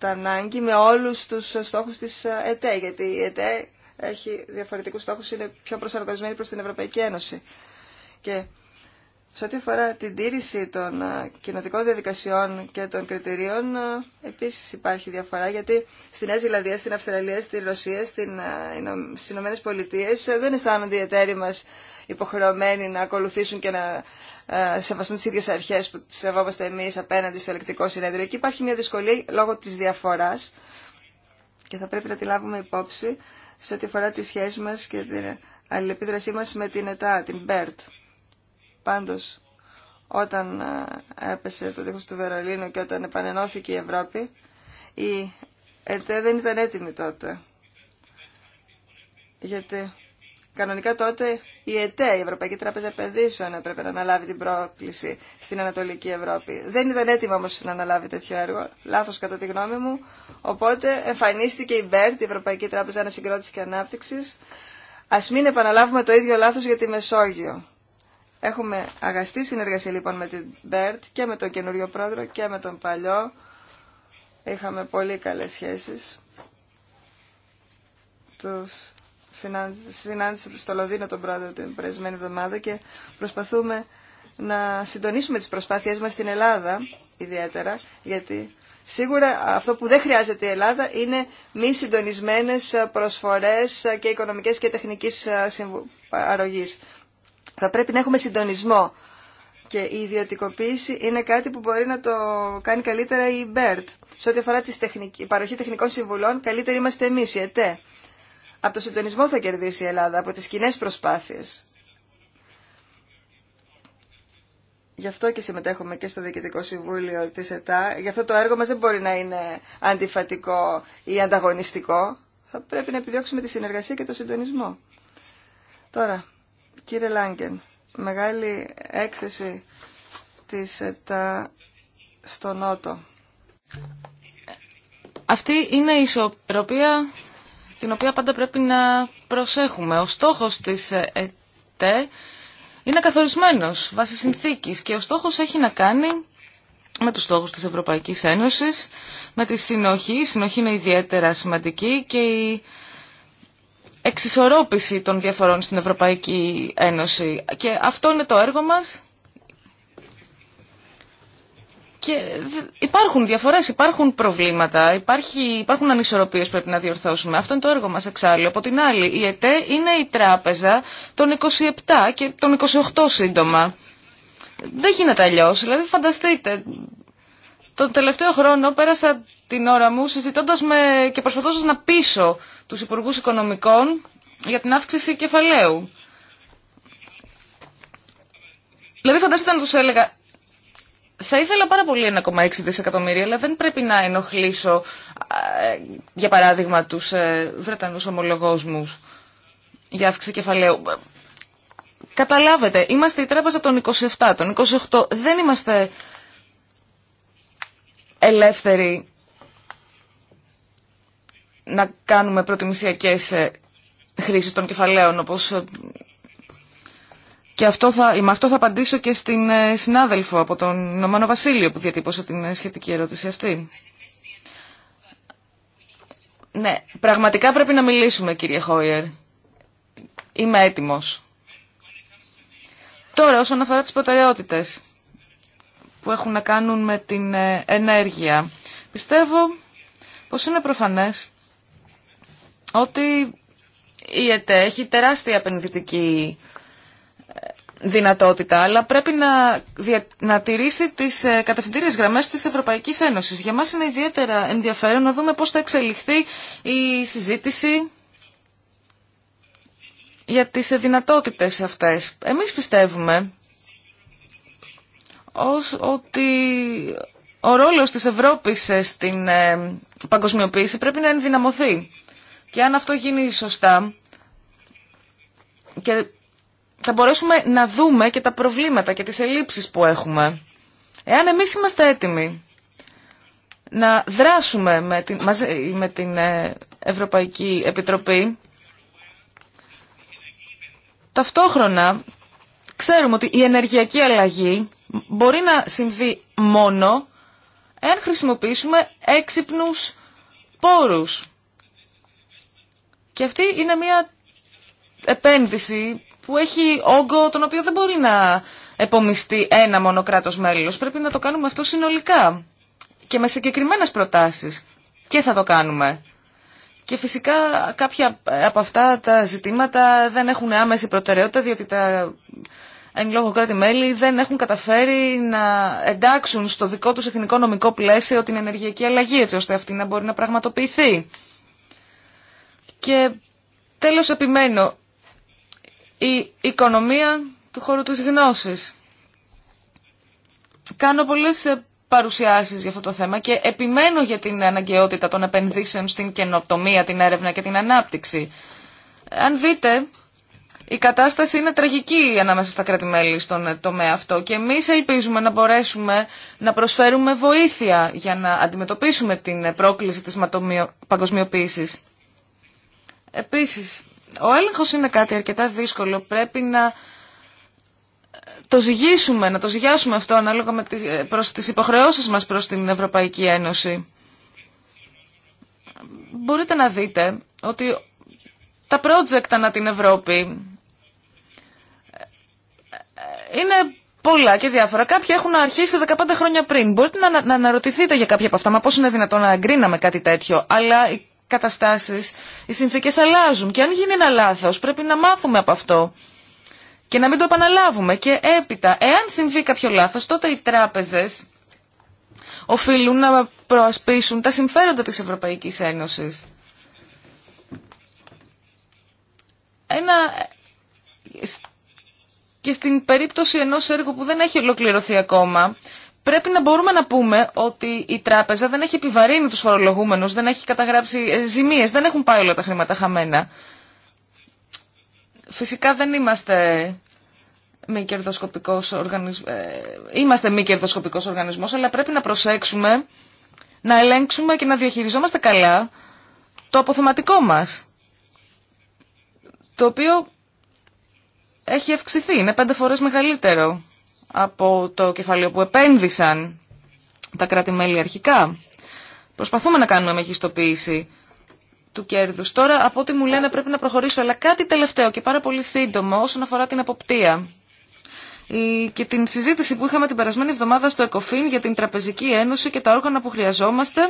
S1: ανάγκη με όλους τους στόχους της ΕΤΕ, γιατί η ΕΤΕ έχει διαφορετικούς στόχους, είναι πιο προσαρμοσμένη προς την Ευρωπαϊκή Ένωση. Και σε ό,τι αφορά την τήρηση των κοινοτικών διαδικασιών και των κριτηρίων, επίση υπάρχει διαφορά, γιατί στη Νέα Ζηλανδία, στην Αυστραλία, στη Ρωσία, στι Ηνωμένε Πολιτείε, ε, δεν αισθάνονται οι εταίροι μα υποχρεωμένοι να ακολουθήσουν και να σεβαστούν τι ίδιε αρχέ που σεβόμαστε εμεί απέναντι στο ελεκτικό συνέδριο. Εκεί υπάρχει μια δυσκολία λόγω τη διαφορά και θα πρέπει να τη λάβουμε υπόψη σε ό,τι αφορά τη σχέση μα και την αλληλεπίδρασή μας με την ΕΤΑ, την BERT. Πάντως, όταν ε, έπεσε το δίχως του Βερολίνου και όταν επανενώθηκε η Ευρώπη, η ΕΤΕ δεν ήταν έτοιμη τότε. Γιατί κανονικά τότε η ΕΤΕ, η Ευρωπαϊκή Τράπεζα Επενδύσεων, έπρεπε να αναλάβει την πρόκληση στην Ανατολική Ευρώπη. Δεν ήταν έτοιμη όμως να αναλάβει τέτοιο έργο, λάθος κατά τη γνώμη μου. Οπότε εμφανίστηκε η ΜΠΕΡΤ, η Ευρωπαϊκή Τράπεζα Ανασυγκρότησης και Ανάπτυξης. Ας μην επαναλάβουμε το ίδιο λάθος για τη Μεσόγειο. Έχουμε αγαστή συνεργασία λοιπόν με την Μπέρτ και με τον καινούριο πρόεδρο και με τον παλιό. Είχαμε πολύ καλές σχέσεις. Τους συνάντησα στο Λονδίνο τον πρόεδρο την περασμένη εβδομάδα και προσπαθούμε να συντονίσουμε τις προσπάθειές μας στην Ελλάδα ιδιαίτερα γιατί Σίγουρα αυτό που δεν χρειάζεται η Ελλάδα είναι μη συντονισμένες προσφορές και οικονομικές και τεχνικής αρρωγής. Θα πρέπει να έχουμε συντονισμό και η ιδιωτικοποίηση είναι κάτι που μπορεί να το κάνει καλύτερα η BERT. Σε ό,τι αφορά τη παροχή τεχνικών συμβουλών, καλύτεροι είμαστε εμεί, η ΕΤΕ. Από το συντονισμό θα κερδίσει η Ελλάδα, από τι κοινέ προσπάθειες. Γι' αυτό και συμμετέχουμε και στο Διοικητικό Συμβούλιο τη ΕΤΑ. Γι' αυτό το έργο μα δεν μπορεί να είναι αντιφατικό ή ανταγωνιστικό. Θα πρέπει να επιδιώξουμε τη συνεργασία και το συντονισμό. Τώρα, Κύριε Λάγκεν, μεγάλη έκθεση της ΕΤΑ στο Νότο. Αυτή είναι η ισορροπία
S4: την οποία πάντα πρέπει να προσέχουμε. Ο στόχος της ε, ΕΤΕ είναι καθορισμένος βάσει συνθήκης και ο στόχος έχει να κάνει με τους στόχους της Ευρωπαϊκής Ένωσης, με τη συνοχή. Η συνοχή είναι ιδιαίτερα σημαντική και η εξισορρόπηση των διαφορών στην Ευρωπαϊκή Ένωση. Και αυτό είναι το έργο μας. Και υπάρχουν διαφορές, υπάρχουν προβλήματα, υπάρχει, υπάρχουν ανισορροπίες που πρέπει να διορθώσουμε. Αυτό είναι το έργο μας εξάλλου. Από την άλλη, η ΕΤΕ είναι η τράπεζα των 27 και των 28 σύντομα. Δεν γίνεται αλλιώ. Δηλαδή, φανταστείτε, τον τελευταίο χρόνο πέρασα την ώρα μου συζητώντας με και προσπαθώντας να πείσω τους Υπουργούς Οικονομικών για την αύξηση κεφαλαίου. Δηλαδή φανταστείτε να τους έλεγα θα ήθελα πάρα πολύ 1,6 δισεκατομμύρια, αλλά δεν πρέπει να ενοχλήσω, ε, για παράδειγμα, τους ε, Βρετανούς ομολογούς μου για αύξηση κεφαλαίου. Καταλάβετε, είμαστε η τράπεζα των 27, των 28. Δεν είμαστε ελεύθεροι να κάνουμε προτιμησιακές ε, χρήσεις των κεφαλαίων, όπως... Ε, και αυτό θα, με αυτό θα απαντήσω και στην ε, συνάδελφο από τον Ινωμένο Βασίλειο που διατύπωσε την σχετική ερώτηση αυτή. Ναι, πραγματικά πρέπει να μιλήσουμε κύριε Χόιερ. Είμαι έτοιμος. Τώρα όσον αφορά τις προτεραιότητες που έχουν να κάνουν με την ενέργεια. Πιστεύω πως είναι προφανές ότι η ΕΤΕ έχει τεράστια επενδυτική ε, δυνατότητα, αλλά πρέπει να, δια... να τηρήσει τις ε, κατευθυντήριες γραμμές της Ευρωπαϊκής Ένωσης. Για μας είναι ιδιαίτερα ενδιαφέρον να δούμε πώς θα εξελιχθεί η συζήτηση για τις ε, δυνατότητες αυτές. Εμείς πιστεύουμε ως ότι ο ρόλος της Ευρώπης ε, στην παγκοσμιοποίηση πρέπει να ενδυναμωθεί. Και αν αυτό γίνει σωστά και θα μπορέσουμε να δούμε και τα προβλήματα και τις ελλείψεις που έχουμε. Εάν εμείς είμαστε έτοιμοι να δράσουμε με την, μαζί με την ε, Ευρωπαϊκή Επιτροπή, ταυτόχρονα ξέρουμε ότι η ενεργειακή αλλαγή μπορεί να συμβεί μόνο εάν χρησιμοποιήσουμε έξυπνους πόρους. Και αυτή είναι μια επένδυση που έχει όγκο τον οποίο δεν μπορεί να επομιστεί ένα μόνο κράτος μέλος. Πρέπει να το κάνουμε αυτό συνολικά και με συγκεκριμένε προτάσεις. Και θα το κάνουμε. Και φυσικά κάποια από αυτά τα ζητήματα δεν έχουν άμεση προτεραιότητα διότι τα εν λόγω κράτη-μέλη δεν έχουν καταφέρει να εντάξουν στο δικό τους εθνικό νομικό πλαίσιο την ενεργειακή αλλαγή έτσι ώστε αυτή να μπορεί να πραγματοποιηθεί. Και τέλος επιμένω, η οικονομία του χώρου της γνώσης. Κάνω πολλές ε, παρουσιάσεις για αυτό το θέμα και επιμένω για την αναγκαιότητα των επενδύσεων στην καινοτομία, την έρευνα και την ανάπτυξη. Αν δείτε, η κατάσταση είναι τραγική ανάμεσα στα κράτη-μέλη στον ε, τομέα αυτό και εμείς ελπίζουμε να μπορέσουμε να προσφέρουμε βοήθεια για να αντιμετωπίσουμε την ε, πρόκληση της παγκοσμιοποίησης. Επίσης, ο έλεγχος είναι κάτι αρκετά δύσκολο. Πρέπει να το ζυγίσουμε, να το ζυγιάσουμε αυτό ανάλογα με προς τις υποχρεώσεις μας προς την Ευρωπαϊκή Ένωση. Μπορείτε να δείτε ότι τα project ανά την Ευρώπη είναι πολλά και διάφορα. Κάποια έχουν αρχίσει 15 χρόνια πριν. Μπορείτε να, να αναρωτηθείτε για κάποια από αυτά, μα πώς είναι δυνατόν να εγκρίναμε κάτι τέτοιο. Αλλά καταστάσεις, οι συνθήκες αλλάζουν και αν γίνει ένα λάθος πρέπει να μάθουμε από αυτό και να μην το επαναλάβουμε. Και έπειτα, εάν συμβεί κάποιο λάθος, τότε οι τράπεζες οφείλουν να προασπίσουν τα συμφέροντα της Ευρωπαϊκής Ένωσης. Ένα... Και στην περίπτωση ενός έργου που δεν έχει ολοκληρωθεί ακόμα, πρέπει να μπορούμε να πούμε ότι η τράπεζα δεν έχει επιβαρύνει τους φορολογούμενους, δεν έχει καταγράψει ε, ζημίες, δεν έχουν πάει όλα τα χρήματα χαμένα. Φυσικά δεν είμαστε μη κερδοσκοπικός οργανισμός, ε, είμαστε μη κερδοσκοπικός οργανισμός, αλλά πρέπει να προσέξουμε, να ελέγξουμε και να διαχειριζόμαστε καλά το αποθεματικό μας, το οποίο έχει αυξηθεί, είναι πέντε φορές μεγαλύτερο από το κεφαλαίο που επένδυσαν τα κράτη-μέλη αρχικά. Προσπαθούμε να κάνουμε μεγιστοποίηση του κέρδου. Τώρα, από ό,τι μου λένε, πρέπει να προχωρήσω. Αλλά κάτι τελευταίο και πάρα πολύ σύντομο όσον αφορά την αποπτία. Και την συζήτηση που είχαμε την περασμένη εβδομάδα στο ΕΚΟΦΗΝ για την Τραπεζική Ένωση και τα όργανα που χρειαζόμαστε.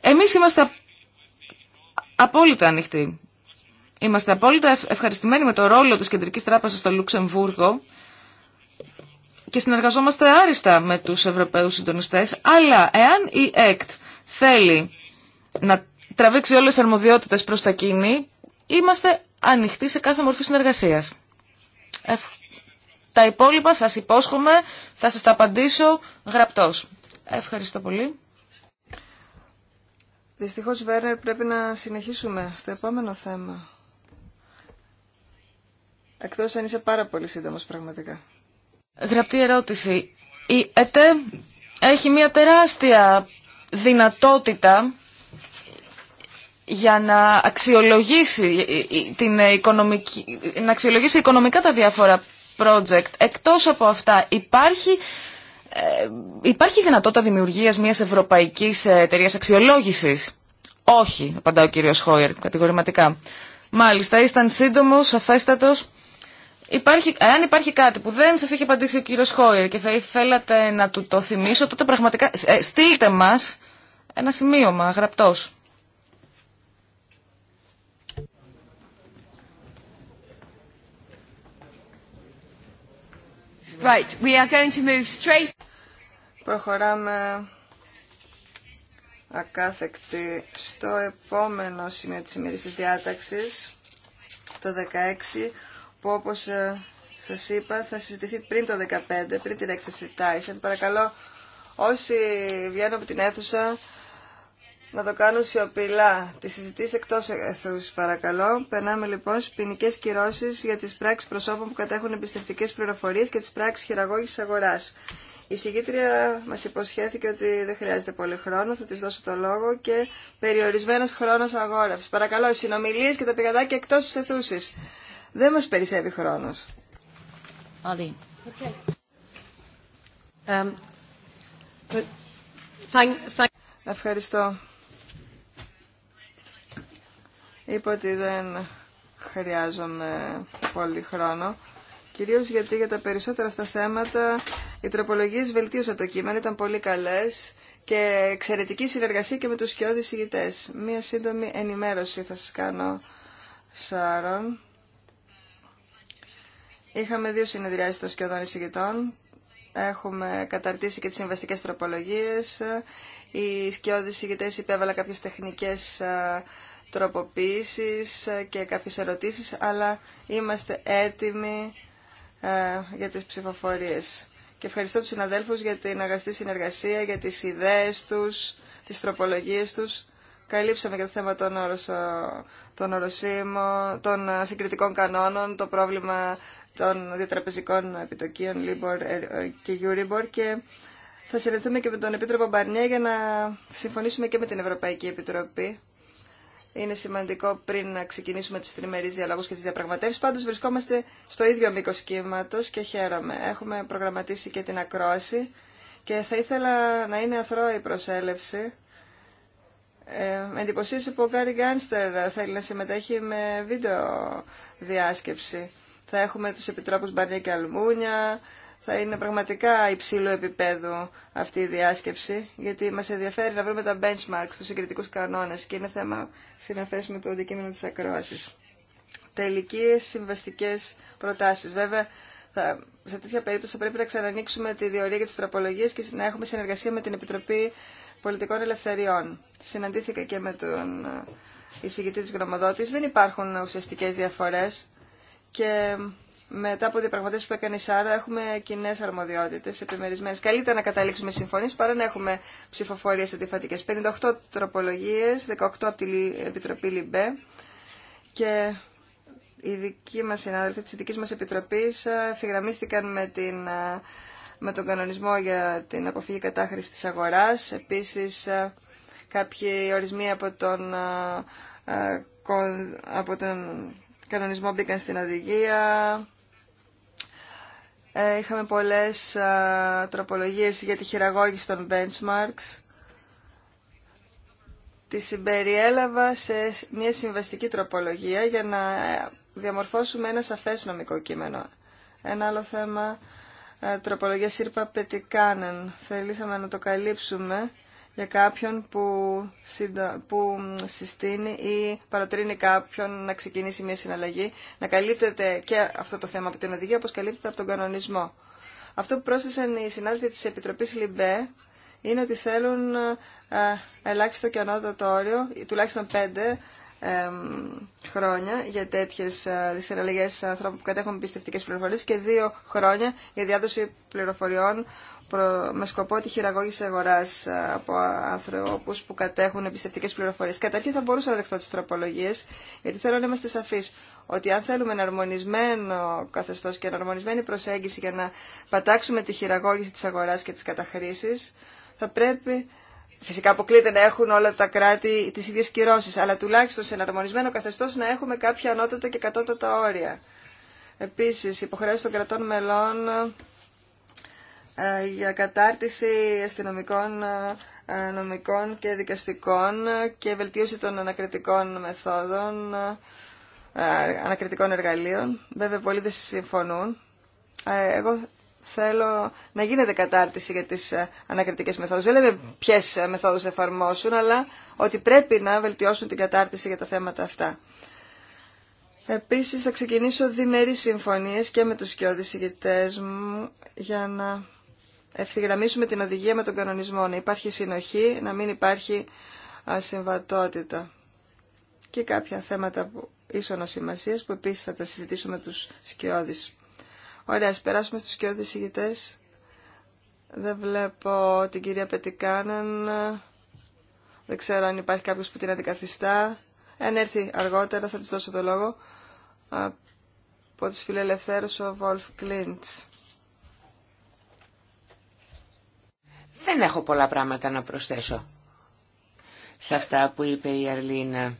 S4: Εμείς είμαστε απόλυτα ανοιχτοί. Είμαστε απόλυτα ευχαριστημένοι με το ρόλο της Κεντρικής Τράπεζας στο Λουξεμβούργο και συνεργαζόμαστε άριστα με τους Ευρωπαίους συντονιστές, αλλά εάν η ΕΚΤ θέλει να τραβήξει όλες τις αρμοδιότητες προς τα κίνη, είμαστε ανοιχτοί σε κάθε μορφή συνεργασίας. Τα υπόλοιπα σας υπόσχομαι, θα σας τα απαντήσω γραπτός.
S1: Ευχαριστώ πολύ. Δυστυχώς, Βέρνερ, πρέπει να συνεχίσουμε στο επόμενο θέμα. Εκτός αν είσαι πάρα πολύ σύντομος πραγματικά.
S4: Γραπτή ερώτηση. Η ΕΤΕ έχει μια τεράστια δυνατότητα για να αξιολογήσει, την οικονομική, να αξιολογήσει οικονομικά τα διάφορα project. Εκτός από αυτά υπάρχει, ε, υπάρχει δυνατότητα δημιουργίας μιας ευρωπαϊκής ε, εταιρείας αξιολόγησης. Όχι, απαντά ο κύριος Χόιερ κατηγορηματικά. Μάλιστα, ήσταν σύντομος, αφέστατος. Υπάρχει, αν υπάρχει κάτι που δεν σας έχει απαντήσει ο κύριος Χόιερ και θα ήθελατε να του το θυμίσω, τότε πραγματικά ε, ε στείλτε μας ένα σημείωμα γραπτός.
S1: Right, we are going to move straight. Προχωράμε ακάθεκτη στο επόμενο σημείο της ημερήσης διάταξης, το 16, που όπως ε, σας είπα θα συζητηθεί πριν το 15, πριν την έκθεση Tyson. Παρακαλώ όσοι βγαίνουν από την αίθουσα να το κάνουν σιωπηλά. Τη συζητήσει εκτός αίθους παρακαλώ. Περνάμε λοιπόν στι ποινικέ κυρώσει για τις πράξεις προσώπων που κατέχουν εμπιστευτικέ πληροφορίε και τις πράξεις χειραγώγηση αγοράς Η συγκήτρια μα υποσχέθηκε ότι δεν χρειάζεται πολύ χρόνο, θα τη δώσω το λόγο και περιορισμένο χρόνο αγόρευση. Παρακαλώ, οι συνομιλίε και τα πηγαδάκια εκτό τη αιθούση. Δεν μας περισσεύει χρόνος. Um, Ευχαριστώ. Είπα ότι δεν χρειάζομαι πολύ χρόνο. Κυρίως γιατί για τα περισσότερα αυτά θέματα οι τροπολογίε βελτίωσαν το κείμενο, ήταν πολύ καλές και εξαιρετική συνεργασία και με τους σκιώδεις ηγητές. Μία σύντομη ενημέρωση θα σας κάνω, Σάρων. Είχαμε δύο συνεδριάσεις των σχεδόν εισηγητών. Έχουμε καταρτήσει και τις συμβαστικές τροπολογίες. Οι σκιώδεις εισηγητές υπέβαλα κάποιες τεχνικές ε, τροποποίησεις ε, και κάποιες ερωτήσεις, αλλά είμαστε έτοιμοι ε, για τις ψηφοφορίες. Και ευχαριστώ τους συναδέλφους για την αγαστή συνεργασία, για τις ιδέες τους, τις τροπολογίες τους. Καλύψαμε και το θέμα των, οροσο... των των συγκριτικών κανόνων, το πρόβλημα των διατραπεζικών επιτοκίων Libor ε, και Euribor και θα συνεχθούμε και με τον Επίτροπο Μπαρνιέ για να συμφωνήσουμε και με την Ευρωπαϊκή Επιτροπή. Είναι σημαντικό πριν να ξεκινήσουμε τους τριμερείς διαλόγους και τις διαπραγματεύσεις. Πάντως βρισκόμαστε στο ίδιο μήκο κύματο και χαίρομαι. Έχουμε προγραμματίσει και την ακρόαση και θα ήθελα να είναι αθρώα η προσέλευση. Ε, εντυπωσίασε που ο Γκάρι Γκάνστερ θέλει να συμμετέχει με βίντεο διάσκεψη θα έχουμε τους επιτρόπους Μπαρνιέ και Αλμούνια, θα είναι πραγματικά υψηλού επίπεδου αυτή η διάσκεψη, γιατί μας ενδιαφέρει να βρούμε τα benchmarks, τους συγκριτικούς κανόνες και είναι θέμα συναφές με το αντικείμενο της ακρόασης. Τελικίες συμβαστικέ προτάσεις. Βέβαια, θα, σε τέτοια περίπτωση θα πρέπει να ξανανοίξουμε τη διορία για τις τροπολογίες και να έχουμε συνεργασία με την Επιτροπή Πολιτικών Ελευθεριών. Συναντήθηκα και με τον ε, εισηγητή της Γνωμοδότης. Δεν υπάρχουν ουσιαστικές διαφορές και μετά από διαπραγματεύσει που έκανε η Σάρα, έχουμε κοινέ αρμοδιότητε, επιμερισμένε. Καλύτερα να καταλήξουμε συμφωνίε παρά να έχουμε ψηφοφορίε αντιφατικέ. 58 τροπολογίε, 18 από την Επιτροπή ΛΙΜΠΕ και οι δικοί μα συνάδελφοι τη δική μα Επιτροπή ε, ευθυγραμμίστηκαν με, την, ε, με τον κανονισμό για την αποφύγη κατάχρηση τη αγορά. Επίση, ε, κάποιοι ορισμοί από τον από τον κανονισμό μπήκαν στην οδηγία. Ε, είχαμε πολλές τροπολογίες για τη χειραγώγηση των benchmarks. Τη συμπεριέλαβα σε μια συμβαστική τροπολογία για να ε, διαμορφώσουμε ένα σαφές νομικό κείμενο. Ένα άλλο θέμα, ε, τροπολογία ΣΥΡΠΑ Πετικάνεν. Θελήσαμε να το καλύψουμε για κάποιον που, συστήνει ή παρατρύνει κάποιον να ξεκινήσει μια συναλλαγή, να καλύπτεται και αυτό το θέμα από την οδηγία, όπως καλύπτεται από τον κανονισμό. Αυτό που πρόσθεσαν οι συνάδελφοι της Επιτροπής ΛΙΜΠΕ είναι ότι θέλουν ε, ε, ελάχιστο και ανώτατο όριο, τουλάχιστον πέντε, χρόνια για τέτοιε ε, δυσυναλλαγέ ανθρώπων που κατέχουν πιστευτικέ πληροφορίε και δύο χρόνια για διάδοση πληροφοριών με σκοπό τη χειραγώγηση αγορά ε, από ανθρώπου που κατέχουν πιστευτικέ πληροφορίε. Καταρχήν θα μπορούσα να δεχτώ τι τροπολογίε, γιατί θέλω να είμαστε σαφεί ότι αν θέλουμε αρμονισμένο καθεστώ και αρμονισμένη προσέγγιση για να πατάξουμε τη χειραγώγηση τη αγορά και τη καταχρήση, θα πρέπει Φυσικά αποκλείται να έχουν όλα τα κράτη τις ίδιες κυρώσεις, αλλά τουλάχιστον σε εναρμονισμένο καθεστώς να έχουμε κάποια ανώτατα και κατώτατα όρια. Επίσης, υποχρέωση των κρατών μελών ε, για κατάρτιση αστυνομικών ε, ε, νομικών και δικαστικών και βελτίωση των ανακριτικών μεθόδων, ανακριτικών εργαλείων. Βέβαια, πολλοί δεν συμφωνούν. Εγώ θέλω να γίνεται κατάρτιση για τις ε, ανακριτικές μεθόδους. Δεν λέμε ποιες ε, μεθόδους εφαρμόσουν, αλλά ότι πρέπει να βελτιώσουν την κατάρτιση για τα θέματα αυτά. Επίσης θα ξεκινήσω διμερείς συμφωνίες και με τους σκιώδεις συγκητές μου για να ευθυγραμμίσουμε την οδηγία με τον κανονισμό. Να υπάρχει συνοχή, να μην υπάρχει ασυμβατότητα. Και κάποια θέματα ίσονος σημασίας που επίσης θα τα συζητήσουμε με τους σκιώδεις Ωραία, ας περάσουμε στους κοιόδης Δεν βλέπω την κυρία Πετικάναν. Δεν ξέρω αν υπάρχει κάποιος που την αντικαθιστά. Εν έρθει αργότερα θα της δώσω το λόγο. Από τους φιλελευθέρους ο Βολφ Κλίντς. Δεν έχω πολλά
S3: πράγματα να προσθέσω σε αυτά που είπε η Αρλίνα.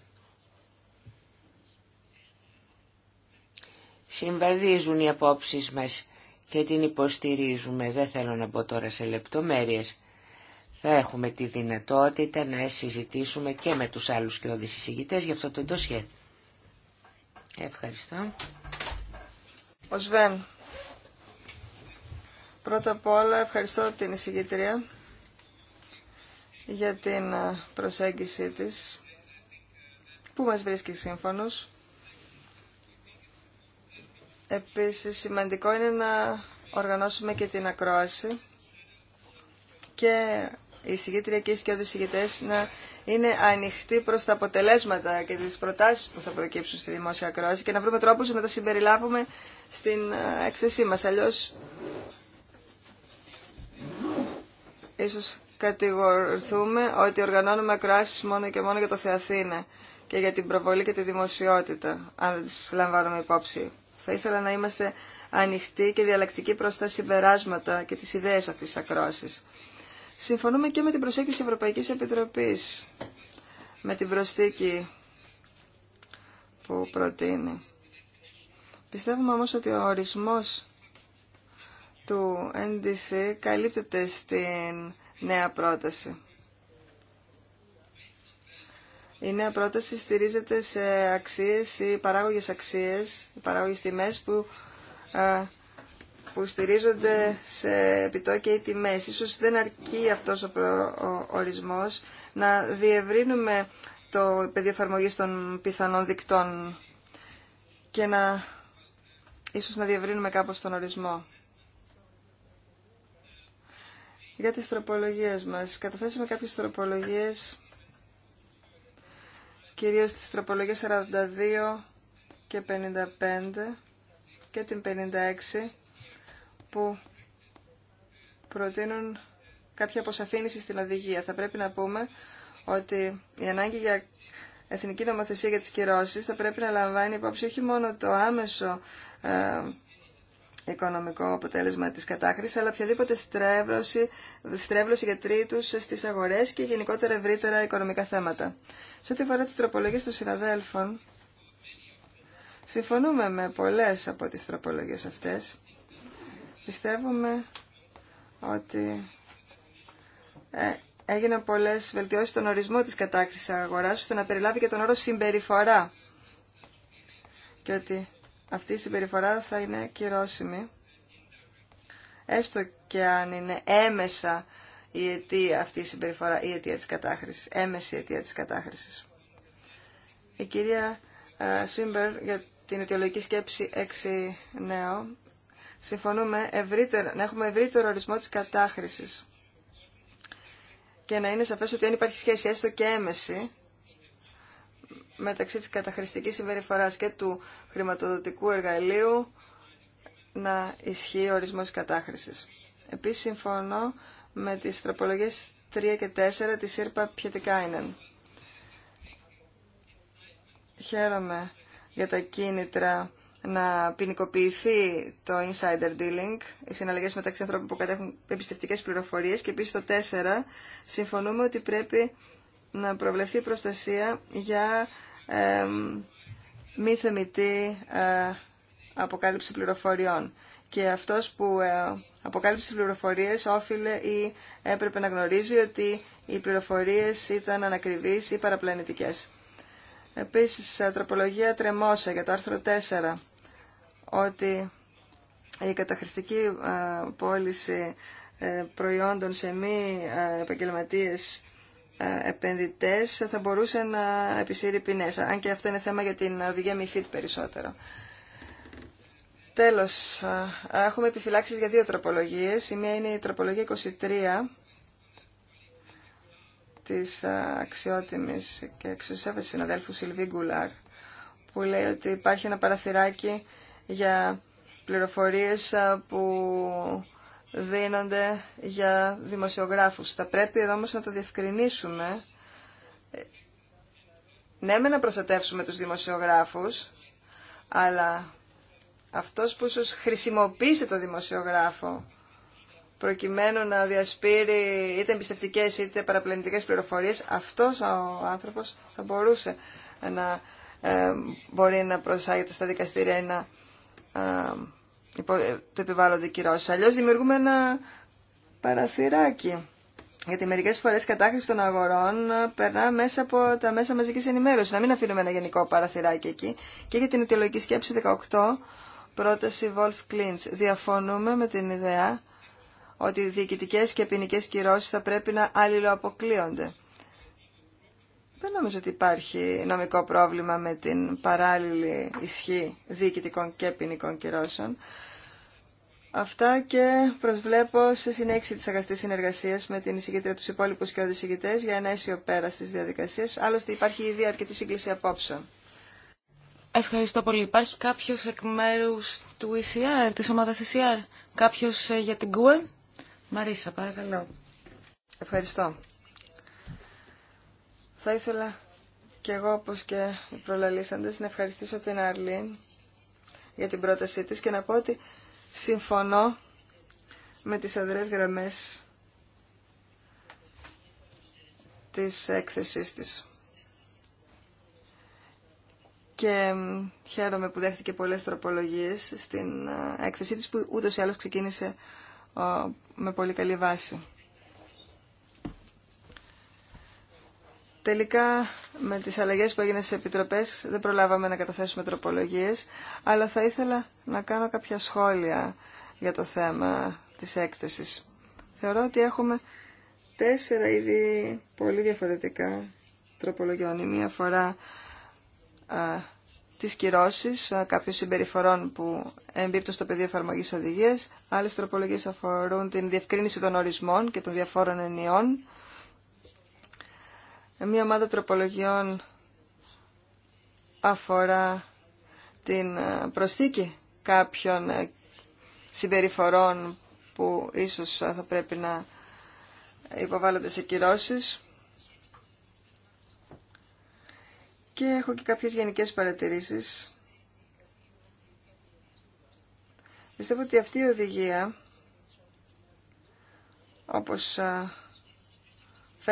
S3: συμβαδίζουν οι απόψεις μας και την υποστηρίζουμε. Δεν θέλω να μπω τώρα σε λεπτομέρειες. Θα έχουμε τη δυνατότητα να συζητήσουμε και με τους άλλους και οδησυσυγητές για αυτό το ντοσιέ. Ευχαριστώ.
S1: Ο Σβέν. Πρώτα απ' όλα ευχαριστώ την εισηγητρία για την ε, προσέγγιση της που μας βρίσκει σύμφωνος. Επίσης σημαντικό είναι να οργανώσουμε και την ακρόαση και οι συγγήτρια και οι συγγητές να είναι ανοιχτοί προς τα αποτελέσματα και τις προτάσεις που θα προκύψουν στη δημόσια ακρόαση και να βρούμε τρόπους να τα συμπεριλάβουμε στην ε, έκθεσή μας. Αλλιώς ίσως κατηγορηθούμε ότι οργανώνουμε ακροάσεις μόνο και μόνο για το Θεαθήνα και για την προβολή και τη δημοσιότητα, αν δεν τις λαμβάνουμε υπόψη. Θα ήθελα να είμαστε ανοιχτοί και διαλλακτικοί προς τα συμπεράσματα και τις ιδέες αυτής της ακρόασης. Συμφωνούμε και με την προσέγγιση Ευρωπαϊκής Επιτροπής, με την προσθήκη που προτείνει. Πιστεύουμε όμως ότι ο ορισμός του NDC καλύπτεται στην νέα πρόταση. Η νέα πρόταση στηρίζεται σε αξίες ή παράγωγες αξίες, παράγωγες τιμές που, που στηρίζονται σε επιτόκια ή τιμές. Ίσως δεν αρκεί αυτός ο, ορισμός να διευρύνουμε το πεδίο εφαρμογή των πιθανών δικτών και να ίσως να διευρύνουμε κάπως τον ορισμό. Για τις τροπολογίες μας. Καταθέσαμε κάποιες τροπολογίες κυρίως τις τροπολογίες 42 και 55 και την 56 που προτείνουν κάποια αποσαφήνιση στην οδηγία. Θα πρέπει να πούμε ότι η ανάγκη για εθνική νομοθεσία για τις κυρώσεις θα πρέπει να λαμβάνει υπόψη όχι μόνο το άμεσο ε, οικονομικό αποτέλεσμα της κατάχρησης, αλλά οποιαδήποτε στρέβλωση, στρέβλωση για τρίτους στις αγορές και γενικότερα ευρύτερα οικονομικά θέματα. Σε ό,τι αφορά τις τροπολογίες των συναδέλφων, συμφωνούμε με πολλές από τις τροπολογίες αυτές. Πιστεύουμε ότι ε, έγιναν πολλές βελτιώσεις στον ορισμό της κατάκρισης αγοράς, ώστε να περιλάβει και τον όρο συμπεριφορά. Και ότι αυτή η συμπεριφορά θα είναι κυρώσιμη, έστω και αν είναι έμεσα η αιτία αυτή η συμπεριφορά, η αιτία της κατάχρησης, έμεση αιτία της κατάχρησης. Η κυρία ε, Σούιμπερ για την αιτιολογική σκέψη 6 νέο, συμφωνούμε να έχουμε ευρύτερο ορισμό της κατάχρησης και να είναι σαφές ότι αν υπάρχει σχέση έστω και έμεση, μεταξύ της καταχρηστικής συμπεριφοράς και του χρηματοδοτικού εργαλείου να ισχύει ο ορισμός κατάχρησης. Επίσης συμφωνώ με τις τροπολογίες 3 και 4 της ΣΥΡΠΑ Πιετικάινεν. Χαίρομαι για τα κίνητρα να ποινικοποιηθεί το insider dealing, οι συναλλαγέ μεταξύ ανθρώπων που κατέχουν εμπιστευτικές πληροφορίες και επίση το 4 συμφωνούμε ότι πρέπει να προβλεφθεί προστασία για μη θεμητή ε, αποκάλυψη πληροφοριών. Και αυτός που ε, αποκάλυψε πληροφορίες όφιλε ή έπρεπε να γνωρίζει ότι οι πληροφορίες ήταν ανακριβείς ή παραπλανητικές. Επίσης, ε, τροπολογία τρεμόσα για το άρθρο 4, ότι η καταχρηστική πώληση προϊόντων σε μη επαγγελματίες ε, επενδυτές θα μπορούσε να επισύρει ποινές, αν και αυτό είναι θέμα για την οδηγία MIFID περισσότερο. Τέλος, έχουμε επιφυλάξεις για δύο τροπολογίες. Η μία είναι η τροπολογία 23 της αξιότιμης και εξουσέφεσης συναδέλφου Σιλβί Γκουλάρ, που λέει ότι υπάρχει ένα παραθυράκι για πληροφορίες που δίνονται για δημοσιογράφους. Θα πρέπει εδώ όμως να το διευκρινίσουμε. Ναι, με να προστατεύσουμε τους δημοσιογράφους, αλλά αυτός που ίσως χρησιμοποίησε το δημοσιογράφο προκειμένου να διασπείρει είτε εμπιστευτικέ είτε παραπλανητικές πληροφορίες, αυτός ο άνθρωπος θα μπορούσε να ε, μπορεί να προσάγεται στα δικαστήρια ή ε, ε, το επιβάλλονται κυρώσει. Αλλιώ δημιουργούμε ένα παραθυράκι. Γιατί μερικέ φορέ η κατάχρηση των αγορών ε, περνά μέσα από τα μέσα μαζική ενημέρωση. Να μην αφήνουμε ένα γενικό παραθυράκι εκεί. Και για την αιτιολογική σκέψη 18, πρόταση Wolf Klintz. Διαφωνούμε με την ιδέα ότι οι διοικητικέ και ποινικέ κυρώσει θα πρέπει να αλληλοαποκλείονται. Δεν νομίζω ότι υπάρχει νομικό πρόβλημα με την παράλληλη ισχύ διοικητικών και ποινικών κυρώσεων. Αυτά και προσβλέπω σε συνέχιση τη αγαστής συνεργασία με την εισηγήτρια του υπόλοιπου και οδησηγητές για ένα αίσιο πέρα στις διαδικασίες. Άλλωστε υπάρχει ήδη αρκετή σύγκληση απόψεων.
S4: Ευχαριστώ πολύ. Υπάρχει κάποιο εκ μέρου του ECR, της ομάδας
S1: ECR, κάποιο ε, για την ΚΟΕ. E? Μαρίσα, παρακαλώ. Ευχαριστώ. Θα ήθελα και εγώ, όπως και οι προλαλήσαντες, να ευχαριστήσω την Αρλίν για την πρότασή της και να πω ότι συμφωνώ με τις αδρές γραμμές της έκθεσής της. Και χαίρομαι που δέχτηκε πολλές τροπολογίες στην ε, έκθεσή της που ούτως ή άλλως ξεκίνησε με πολύ καλή βάση. Τελικά με τις αλλαγές που έγιναν στις επιτροπές δεν προλάβαμε να καταθέσουμε τροπολογίες, αλλά θα ήθελα να κάνω κάποια σχόλια για το θέμα της έκθεσης. Θεωρώ ότι έχουμε τέσσερα είδη πολύ διαφορετικά τροπολογιών. Η μία φορά α, τις κυρώσεις α, κάποιων συμπεριφορών που εμπίπτουν στο πεδίο εφαρμογή οδηγίες. Άλλες τροπολογίες αφορούν την διευκρίνηση των ορισμών και των διαφόρων ενιών. Μία ομάδα τροπολογιών αφορά την ε, προσθήκη κάποιων ε, συμπεριφορών που ίσως ε, θα πρέπει να υποβάλλονται σε κυρώσεις. Και έχω και κάποιες γενικές παρατηρήσεις. Πιστεύω ότι αυτή η οδηγία, όπως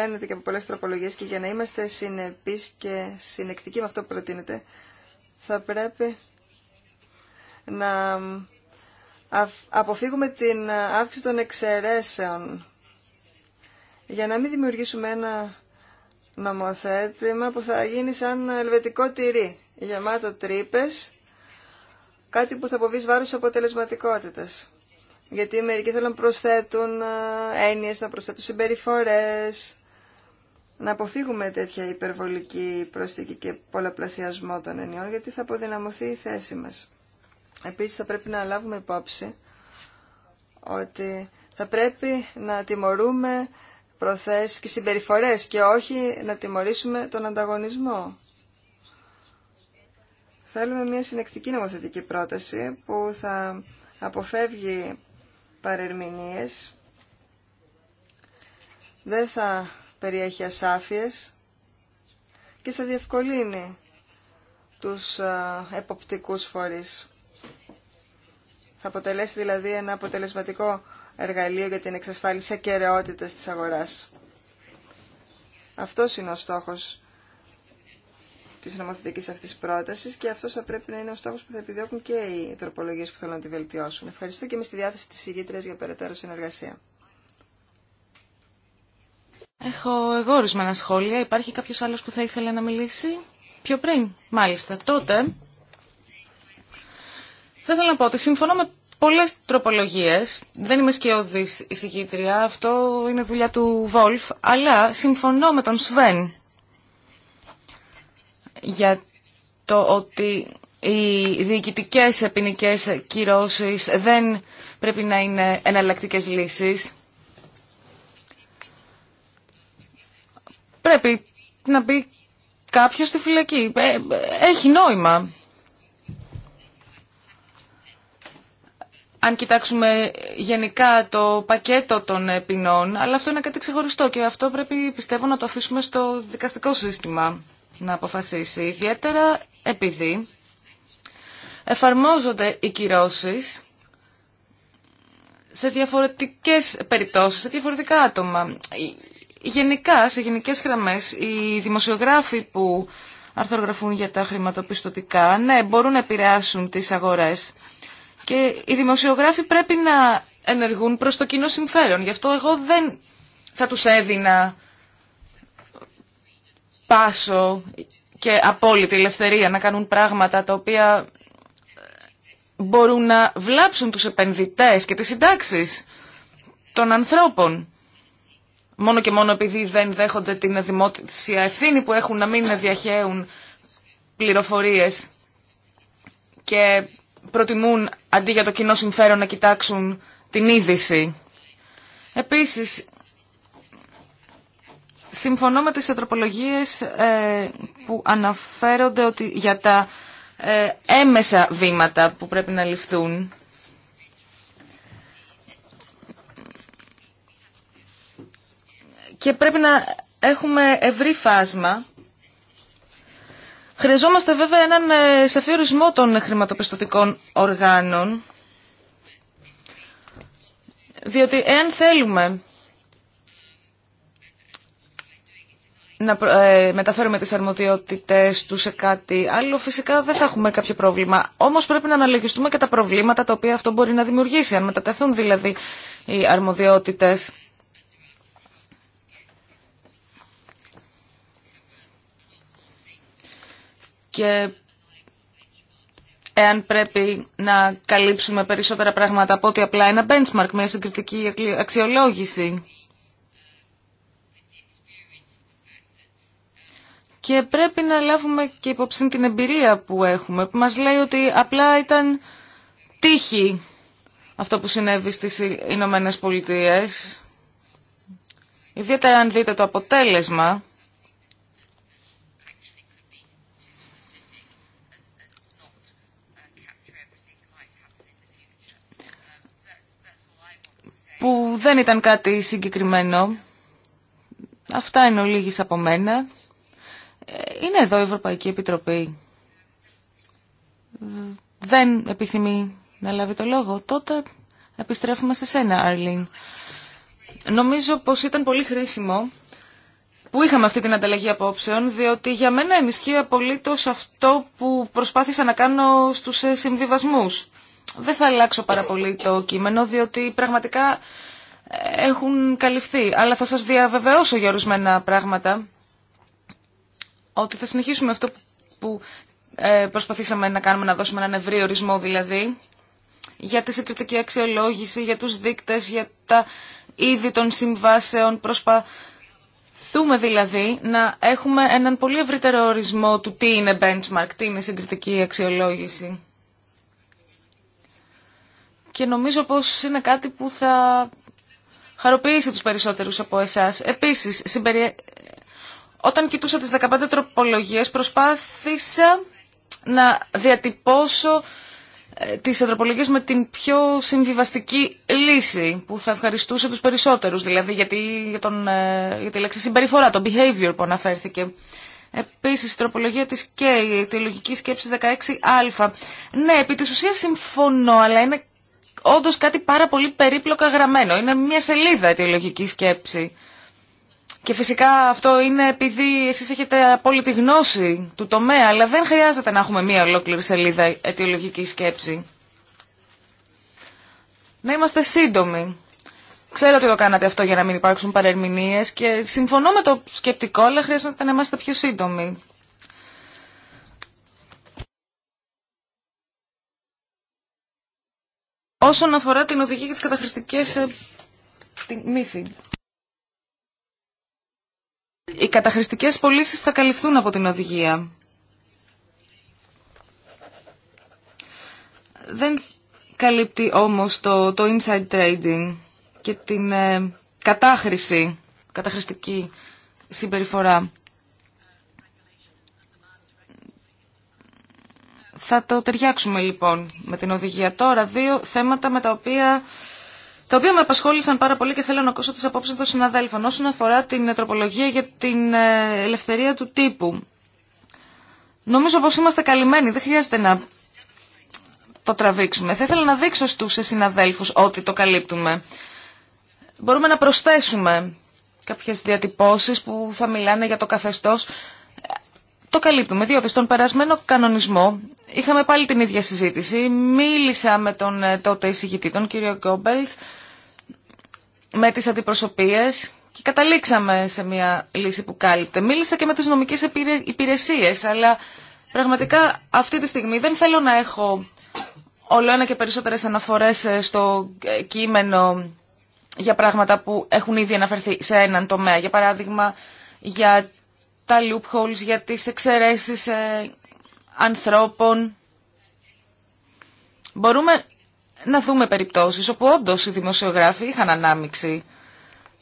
S1: φαίνεται και από πολλές τροπολογίες και για να είμαστε συνεπείς και συνεκτικοί με αυτό που προτείνεται, θα πρέπει να αποφύγουμε την αύξηση των εξαιρέσεων για να μην δημιουργήσουμε ένα νομοθέτημα που θα γίνει σαν ελβετικό τυρί, γεμάτο τρύπε, κάτι που θα αποβεί βάρος αποτελεσματικότητας. Γιατί μερικοί θέλουν να προσθέτουν ε, έννοιε να προσθέτουν συμπεριφορέ να αποφύγουμε τέτοια υπερβολική προσθήκη και πολλαπλασιασμό των ενιών, γιατί θα αποδυναμωθεί η θέση μας. Επίσης θα πρέπει να λάβουμε υπόψη ότι θα πρέπει να τιμωρούμε προθέσεις και συμπεριφορές και όχι να τιμωρήσουμε τον ανταγωνισμό. Θέλουμε μια συνεκτική νομοθετική πρόταση που θα αποφεύγει παρερμηνίες, δεν θα περιέχει ασάφειες και θα διευκολύνει τους ε, εποπτικούς φορείς. Θα αποτελέσει δηλαδή ένα αποτελεσματικό εργαλείο για την εξασφάλιση ακεραιότητας της αγοράς. Αυτός είναι ο στόχος της νομοθετικής αυτής πρότασης και αυτός θα πρέπει να είναι ο στόχος που θα επιδιώκουν και οι τροπολογίες που θέλουν να τη βελτιώσουν. Ευχαριστώ και είμαι στη διάθεση της ηγήτριας για περαιτέρω συνεργασία.
S4: Έχω εγώ ορισμένα σχόλια. Υπάρχει κάποιο άλλος που θα ήθελε να μιλήσει πιο πριν. Μάλιστα, τότε θα ήθελα να πω ότι συμφωνώ με πολλές τροπολογίες. Δεν είμαι η εισηγήτρια, αυτό είναι δουλειά του Βόλφ, αλλά συμφωνώ με τον Σβέν για το ότι οι διοικητικές ποινικέ κυρώσεις δεν πρέπει να είναι εναλλακτικέ λύσεις. πρέπει να μπει κάποιο στη φυλακή. Ε, έχει νόημα. Αν κοιτάξουμε γενικά το πακέτο των ποινών, αλλά αυτό είναι κάτι ξεχωριστό και αυτό πρέπει πιστεύω να το αφήσουμε στο δικαστικό σύστημα να αποφασίσει. Ιδιαίτερα επειδή εφαρμόζονται οι κυρώσεις σε διαφορετικές περιπτώσεις, σε διαφορετικά άτομα γενικά, σε γενικές γραμμές, οι δημοσιογράφοι που αρθρογραφούν για τα χρηματοπιστωτικά, ναι, μπορούν να επηρεάσουν τις αγορές. Και οι δημοσιογράφοι πρέπει να ενεργούν προς το κοινό συμφέρον. Γι' αυτό εγώ δεν θα τους έδινα πάσο και απόλυτη ελευθερία να κάνουν πράγματα τα οποία μπορούν να βλάψουν τους επενδυτές και τις συντάξεις των ανθρώπων μόνο και μόνο επειδή δεν δέχονται την δημόσια ευθύνη που έχουν να μην διαχέουν πληροφορίες και προτιμούν αντί για το κοινό συμφέρον να κοιτάξουν την είδηση. Επίσης, συμφωνώ με τις τροπολογίες ε, που αναφέρονται ότι για τα ε, έμεσα βήματα που πρέπει να ληφθούν. και πρέπει να έχουμε ευρύ φάσμα. Χρειαζόμαστε βέβαια έναν ε, σαφή ορισμό των χρηματοπιστωτικών οργάνων, διότι εάν θέλουμε να ε, μεταφέρουμε τις αρμοδιότητες του σε κάτι άλλο, φυσικά δεν θα έχουμε κάποιο πρόβλημα. Όμως πρέπει να αναλογιστούμε και τα προβλήματα τα οποία αυτό μπορεί να δημιουργήσει, αν μετατεθούν δηλαδή οι αρμοδιότητες και εάν πρέπει να καλύψουμε περισσότερα πράγματα από ότι απλά ένα benchmark, μια συγκριτική αξιολόγηση. Και πρέπει να λάβουμε και υπόψη την εμπειρία που έχουμε, που μας λέει ότι απλά ήταν τύχη αυτό που συνέβη στις Ηνωμένε Πολιτείες. Ιδιαίτερα αν δείτε το αποτέλεσμα, που δεν ήταν κάτι συγκεκριμένο. Αυτά είναι ολίγης από μένα. Ε, είναι εδώ η Ευρωπαϊκή Επιτροπή. Δεν επιθυμεί να λάβει το λόγο. Τότε επιστρέφουμε σε σένα, Αρλίν. Νομίζω πως ήταν πολύ χρήσιμο που είχαμε αυτή την ανταλλαγή απόψεων, διότι για μένα ενισχύει απολύτως αυτό που προσπάθησα να κάνω στους ε, συμβιβασμούς δεν θα αλλάξω πάρα πολύ το κείμενο, διότι πραγματικά ε, έχουν καλυφθεί. Αλλά θα σας διαβεβαιώσω για ορισμένα πράγματα ότι θα συνεχίσουμε αυτό που ε, προσπαθήσαμε να κάνουμε, να δώσουμε έναν ευρύ ορισμό δηλαδή, για τη συγκριτική αξιολόγηση, για τους δείκτες, για τα είδη των συμβάσεων, προσπαθούμε δηλαδή να έχουμε έναν πολύ ευρύτερο ορισμό του τι είναι benchmark, τι είναι συγκριτική αξιολόγηση και νομίζω πως είναι κάτι που θα χαροποιήσει τους περισσότερους από εσάς. Επίσης, όταν κοιτούσα τις 15 τροπολογίες προσπάθησα να διατυπώσω ε, τις ανθρωπολογίες με την πιο συμβιβαστική λύση που θα ευχαριστούσε τους περισσότερους, δηλαδή γιατί για, τον, ε, για τη λέξη συμπεριφορά, το behavior που αναφέρθηκε. Επίσης, η τροπολογία της K, τη λογική σκέψη 16α. Ναι, επί της ουσίας συμφωνώ, αλλά είναι Όντω κάτι πάρα πολύ περίπλοκα γραμμένο. Είναι μια σελίδα αιτιολογική σκέψη. Και φυσικά αυτό είναι επειδή εσεί έχετε απόλυτη γνώση του τομέα, αλλά δεν χρειάζεται να έχουμε μια ολόκληρη σελίδα αιτιολογική σκέψη. Να είμαστε σύντομοι. Ξέρω ότι το κάνατε αυτό για να μην υπάρξουν παρερμηνίε και συμφωνώ με το σκεπτικό, αλλά χρειάζεται να είμαστε πιο σύντομοι. όσον αφορά την οδηγία και τις καταχρηστικές ε, την Οι καταχρηστικές πωλήσει θα καλυφθούν από την οδηγία. Δεν καλύπτει όμως το, το inside trading και την ε, κατάχρηση, καταχρηστική συμπεριφορά. Θα το ταιριάξουμε λοιπόν με την οδηγία. Τώρα δύο θέματα με τα οποία, τα οποία με απασχόλησαν πάρα πολύ και θέλω να ακούσω τις απόψεις των συναδέλφων όσον αφορά την ε, τροπολογία για την ε, ελευθερία του τύπου. Νομίζω πως είμαστε καλυμμένοι, δεν χρειάζεται να το τραβήξουμε. Θα ήθελα να δείξω στους ε, συναδέλφους ότι το καλύπτουμε. Μπορούμε να προσθέσουμε κάποιες διατυπώσεις που θα μιλάνε για το καθεστώς το καλύπτουμε, διότι στον περασμένο κανονισμό είχαμε πάλι την ίδια συζήτηση. Μίλησα με τον ε, τότε εισηγητή, τον κύριο Γκόμπελς, με τις αντιπροσωπείες και καταλήξαμε σε μια λύση που κάλυπτε. Μίλησα και με τις νομικές υπηρεσίες, αλλά πραγματικά αυτή τη στιγμή δεν θέλω να έχω όλο ένα και περισσότερες αναφορές ε, στο κείμενο για πράγματα που έχουν ήδη αναφερθεί σε έναν τομέα. Για παράδειγμα, για τα loopholes, για τις εξαιρέσεις ε, ανθρώπων. Μπορούμε να δούμε περιπτώσεις όπου όντω οι δημοσιογράφοι είχαν ανάμειξη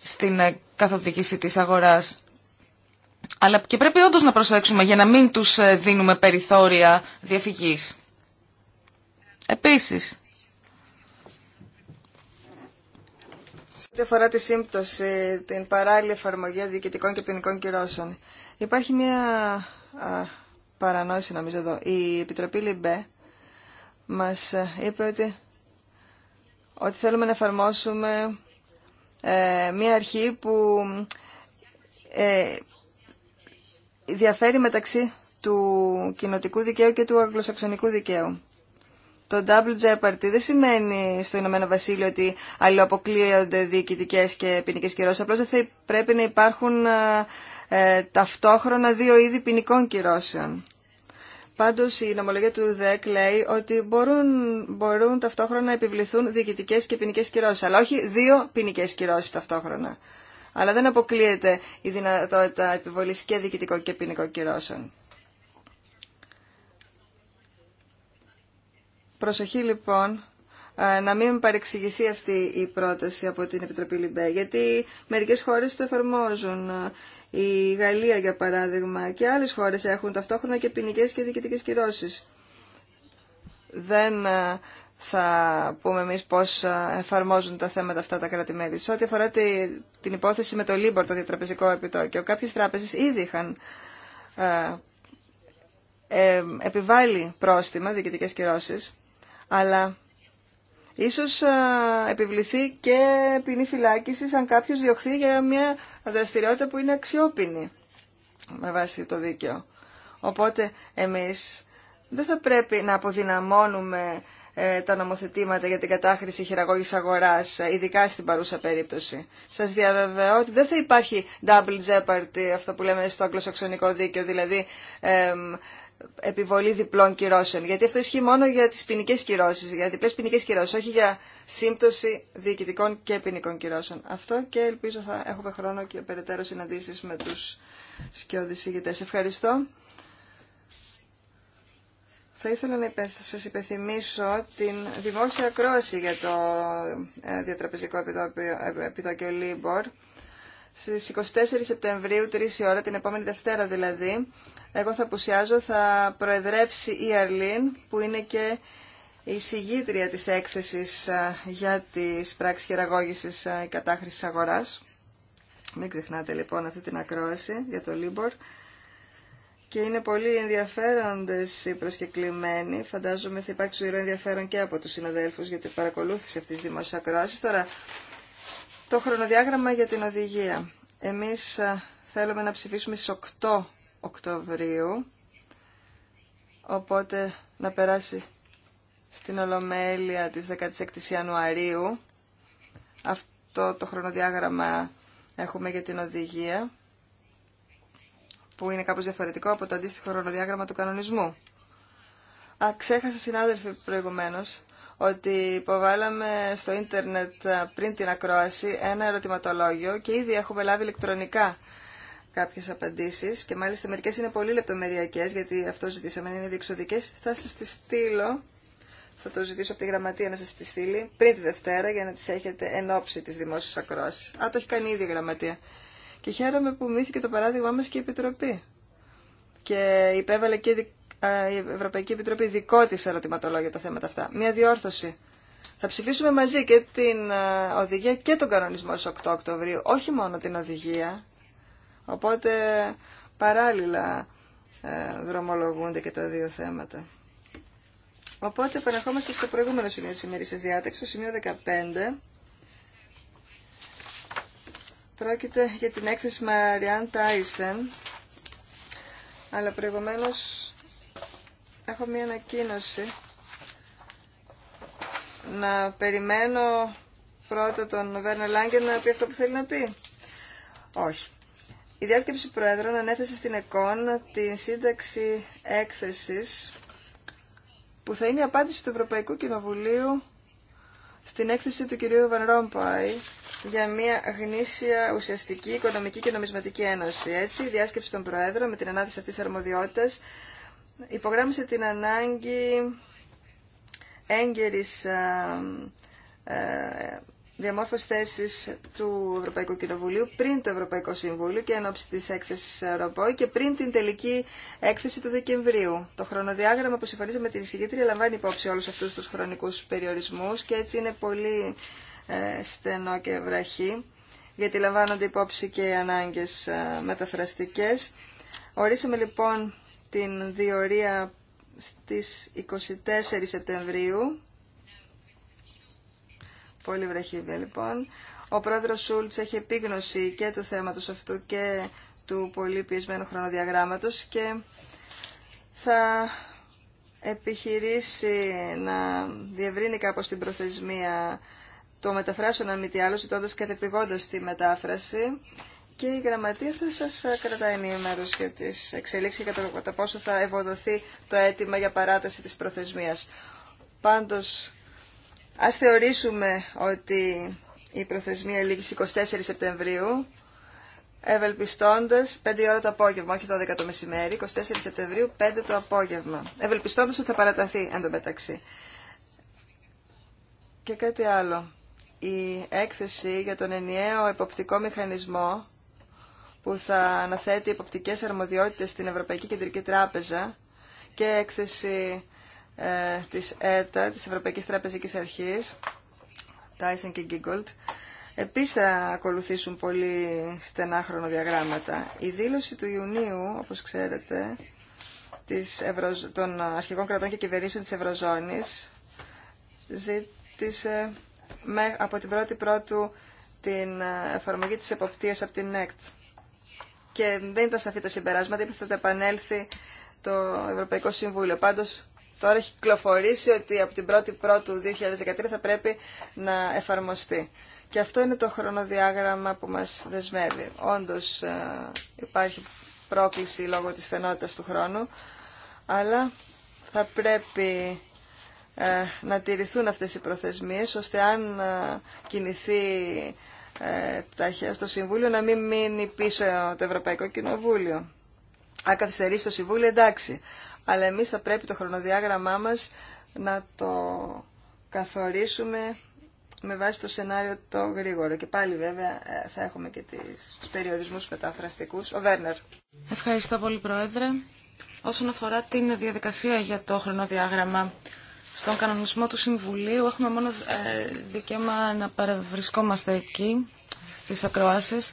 S4: στην ε, καθοδήγηση της αγοράς. Αλλά και πρέπει όντω να προσέξουμε για να μην τους ε, δίνουμε περιθώρια διαφυγής. Επίσης.
S1: Σε ό,τι αφορά τη σύμπτωση, την παράλληλη εφαρμογή διοικητικών και ποινικών κυρώσεων. Υπάρχει μια α, παρανόηση νομίζω εδώ. Η Επιτροπή Λιμπέ μας ε, είπε ότι, θέλουμε να εφαρμόσουμε ε, μια αρχή που ε, διαφέρει μεταξύ του κοινοτικού δικαίου και του αγγλοσαξονικού δικαίου. Το double jeopardy δεν σημαίνει στο Ηνωμένο Βασίλειο ότι αλληλοαποκλείονται διοικητικέ και ποινικέ κυρώσει. Απλώ δεν θα πρέπει να υπάρχουν ε, ε, ταυτόχρονα δύο είδη ποινικών κυρώσεων. Πάντως η νομολογία του ΔΕΚ λέει ότι μπορούν, μπορούν ταυτόχρονα να επιβληθούν διοικητικές και ποινικέ κυρώσεις, αλλά όχι δύο ποινικέ κυρώσεις ταυτόχρονα. Αλλά δεν αποκλείεται η δυνατότητα επιβολής και διοικητικών και ποινικών κυρώσεων. Προσοχή λοιπόν ε, να μην παρεξηγηθεί αυτή η πρόταση από την Επιτροπή Λιμπέ, γιατί μερικές χώρες το εφαρμόζουν η Γαλλία, για παράδειγμα, και άλλες χώρες έχουν ταυτόχρονα και ποινικέ και διοικητικές κυρώσεις. Δεν ε, θα πούμε εμείς πώς ε, εφαρμόζουν τα θέματα αυτά τα κρατη Σε ό,τι αφορά τη, την υπόθεση με το Λίμπορ, το διατραπεζικό επιτόκιο, κάποιες τράπεζες ήδη είχαν ε, ε, επιβάλει πρόστιμα, διοικητικές κυρώσεις, αλλά Ίσως επιβληθεί και ποινή φυλάκισης αν κάποιος διωχθεί για μια δραστηριότητα που είναι αξιόπινη με βάση το δίκαιο. Οπότε εμείς δεν θα πρέπει να αποδυναμώνουμε ε, τα νομοθετήματα για την κατάχρηση χειραγώγης αγοράς, ε, ειδικά στην παρούσα περίπτωση. Σας διαβεβαιώ ότι δεν θα υπάρχει double jeopardy, αυτό που λέμε στο αγγλοσαξονικό δίκαιο, δηλαδή επιβολή διπλών κυρώσεων. Γιατί αυτό ισχύει μόνο για τις ποινικέ κυρώσεις, για διπλέ ποινικέ κυρώσεις, όχι για σύμπτωση διοικητικών και ποινικών κυρώσεων. Αυτό και ελπίζω θα έχουμε χρόνο και περαιτέρω συναντήσεις με τους σκιώδη ηγητέ. Ευχαριστώ. Θα ήθελα να σας υπενθυμίσω την δημόσια κρόση για το ε, διατραπεζικό ε, επιτόκιο Λίμπορ στις 24 Σεπτεμβρίου, 3 η ώρα, την επόμενη Δευτέρα δηλαδή, εγώ θα απουσιάζω, θα προεδρεύσει η Αρλίν, που είναι και η συγγήτρια της έκθεσης για τις πράξεις χειραγώγησης και κατάχρηση αγοράς. Μην ξεχνάτε λοιπόν αυτή την ακρόαση για το Λίμπορ. Και είναι πολύ ενδιαφέροντες οι προσκεκλημένοι. Φαντάζομαι θα υπάρξει ζωηρό ενδιαφέρον και από τους συναδέλφους για την παρακολούθηση αυτής της δημόσιας ακρόασης. Τώρα, το χρονοδιάγραμμα για την οδηγία. Εμείς ε, θέλουμε να ψηφίσουμε στις 8 Οκτωβρίου, οπότε να περάσει στην Ολομέλεια της 16 Ιανουαρίου. Αυτό το χρονοδιάγραμμα έχουμε για την οδηγία, που είναι κάπως διαφορετικό από το αντίστοιχο χρονοδιάγραμμα του κανονισμού. Α, ξέχασα συνάδελφοι προηγουμένως ότι υποβάλαμε στο ίντερνετ ε, πριν την ακρόαση ένα ερωτηματολόγιο και ήδη έχουμε λάβει ηλεκτρονικά κάποιες απαντήσεις και μάλιστα μερικές είναι πολύ λεπτομεριακές γιατί αυτό ζητήσαμε είναι διεξοδικέ. Θα σας τις στείλω, θα το ζητήσω από τη γραμματεία να σας τις στείλει πριν τη Δευτέρα για να τις έχετε εν ώψη της δημόσιας ακρόασης. Α, το έχει κάνει ήδη η γραμματεία. Και χαίρομαι που μύθηκε το παράδειγμά μας και η Επιτροπή. Και υπέβαλε και η Ευρωπαϊκή Επιτροπή δικό της ερωτηματολόγιο τα θέματα αυτά. Μια διόρθωση. Θα ψηφίσουμε μαζί και την οδηγία και τον κανονισμό στις 8 Οκτωβρίου, όχι μόνο την οδηγία. Οπότε παράλληλα ε, δρομολογούνται και τα δύο θέματα. Οπότε επαναρχόμαστε στο προηγούμενο σημείο της σημερινής διάταξης, το σημείο 15. Πρόκειται για την έκθεση Μαριάν Τάισεν, αλλά προηγουμένως έχω μία ανακοίνωση. Να περιμένω πρώτα τον Βέρνερ Λάγκερ να πει αυτό που θέλει να πει. Όχι. Η διάσκεψη Προέδρων ανέθεσε στην ΕΚΟΝ την σύνταξη έκθεσης που θα είναι η απάντηση του Ευρωπαϊκού Κοινοβουλίου στην έκθεση του κυρίου Βαν Ρόμπαϊ για μια γνήσια ουσιαστική οικονομική και νομισματική ένωση. Έτσι, η διάσκεψη των Προέδρων με την ανάθεση αυτής της αρμοδιότητας υπογράμμισε την ανάγκη έγκαιρης ε, ε, διαμόρφωση θέση του Ευρωπαϊκού Κοινοβουλίου πριν το Ευρωπαϊκό Συμβούλιο και εν ώψη τη έκθεση ΡΟΠΟΗ και πριν την τελική έκθεση του Δεκεμβρίου. Το χρονοδιάγραμμα που συμφωνήσαμε με την εισηγήτρια λαμβάνει υπόψη όλου αυτού του χρονικού περιορισμού και έτσι είναι πολύ ε, στενό και βραχή, γιατί λαμβάνονται υπόψη και οι ανάγκε ε, μεταφραστικέ. Ορίσαμε λοιπόν την διορία στις 24 Σεπτεμβρίου. Πολύ βραχύβια λοιπόν. Ο πρόεδρος Σούλτς έχει επίγνωση και του θέματος αυτού και του πολύ πιεσμένου χρονοδιαγράμματος και θα επιχειρήσει να διευρύνει κάπως την προθεσμία το μεταφράσεων να μην τι άλλο, ζητώντας κατεπηγόντως τη μετάφραση και η γραμματεία θα σας κρατάει μέρο για τις εξελίξεις και κατά πόσο θα ευοδοθεί το αίτημα για παράταση τη προθεσμία. Πάντως, ας θεωρήσουμε ότι η προθεσμία λήγει 24 Σεπτεμβρίου, ευελπιστώντα 5 ώρα το απόγευμα, όχι 12 το μεσημέρι, 24 Σεπτεμβρίου, 5 το απόγευμα. Ευελπιστώντα ότι θα παραταθεί εν τω μεταξύ. Και κάτι άλλο. Η έκθεση για τον ενιαίο εποπτικό μηχανισμό που θα αναθέτει υποπτικές αρμοδιότητες στην Ευρωπαϊκή Κεντρική Τράπεζα και έκθεση ε, της ΕΤΑ, της Ευρωπαϊκής Τραπεζικής Αρχής, Tyson και Giggold. Επίσης θα ακολουθήσουν πολύ στενά χρονοδιαγράμματα. Η δήλωση του Ιουνίου, όπως ξέρετε, της των αρχικών κρατών και κυβερνήσεων της Ευρωζώνης ζήτησε από την πρώτη πρώτου την ε, εφαρμογή της εποπτείας από την ΕΚΤ και δεν ήταν σαφή τα συμπεράσματα, είπε θα τα επανέλθει το Ευρωπαϊκό Συμβούλιο. Πάντω τώρα έχει κυκλοφορήσει ότι από την 1η Πρώτου 2013 θα πρέπει να εφαρμοστεί. Και αυτό είναι το χρονοδιάγραμμα που μας δεσμεύει. Όντως ε, υπάρχει πρόκληση λόγω της στενότητας του χρόνου, αλλά θα πρέπει ε, να τηρηθούν αυτές οι προθεσμίες, ώστε αν ε, κινηθεί ε, στο Συμβούλιο, να μην μείνει πίσω το Ευρωπαϊκό Κοινοβούλιο. Αν καθυστερήσει το Συμβούλιο, εντάξει. Αλλά εμείς θα πρέπει το χρονοδιάγραμμά μας να το καθορίσουμε με βάση το σενάριο το γρήγορο. Και πάλι βέβαια ε, θα έχουμε και τις περιορισμούς μεταφραστικούς. Ο Βέρνερ.
S4: Ευχαριστώ πολύ Πρόεδρε. Όσον αφορά την διαδικασία για το χρονοδιάγραμμα, στον κανονισμό του Συμβουλίου έχουμε μόνο ε, δικαίωμα να παραβρισκόμαστε εκεί, στις ακροάσεις.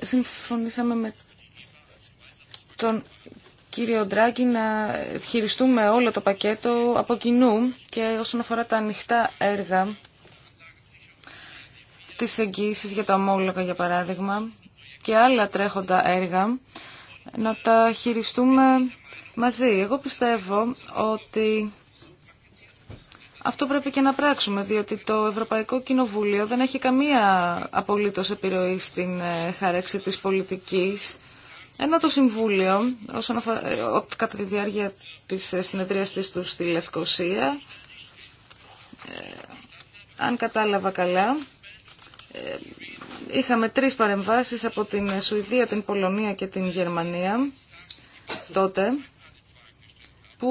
S4: Συμφωνήσαμε με τον κύριο Ντράκη να χειριστούμε όλο το πακέτο από κοινού και όσον αφορά τα ανοιχτά έργα, τις εγγύησεις για τα ομόλογα για παράδειγμα και άλλα τρέχοντα έργα, να τα χειριστούμε μαζί. Εγώ πιστεύω ότι αυτό πρέπει και να πράξουμε, διότι το Ευρωπαϊκό Κοινοβούλιο δεν έχει καμία απολύτως επιρροή στην ε, χαρέξη της πολιτικής, ενώ το Συμβούλιο, όσον αφορά, ε, κατά τη διάρκεια της ε, συνεδρίας της του στη Λευκοσία, αν κατάλαβα καλά, Είχαμε τρεις παρεμβάσεις από την Σουηδία, την Πολωνία και την Γερμανία τότε που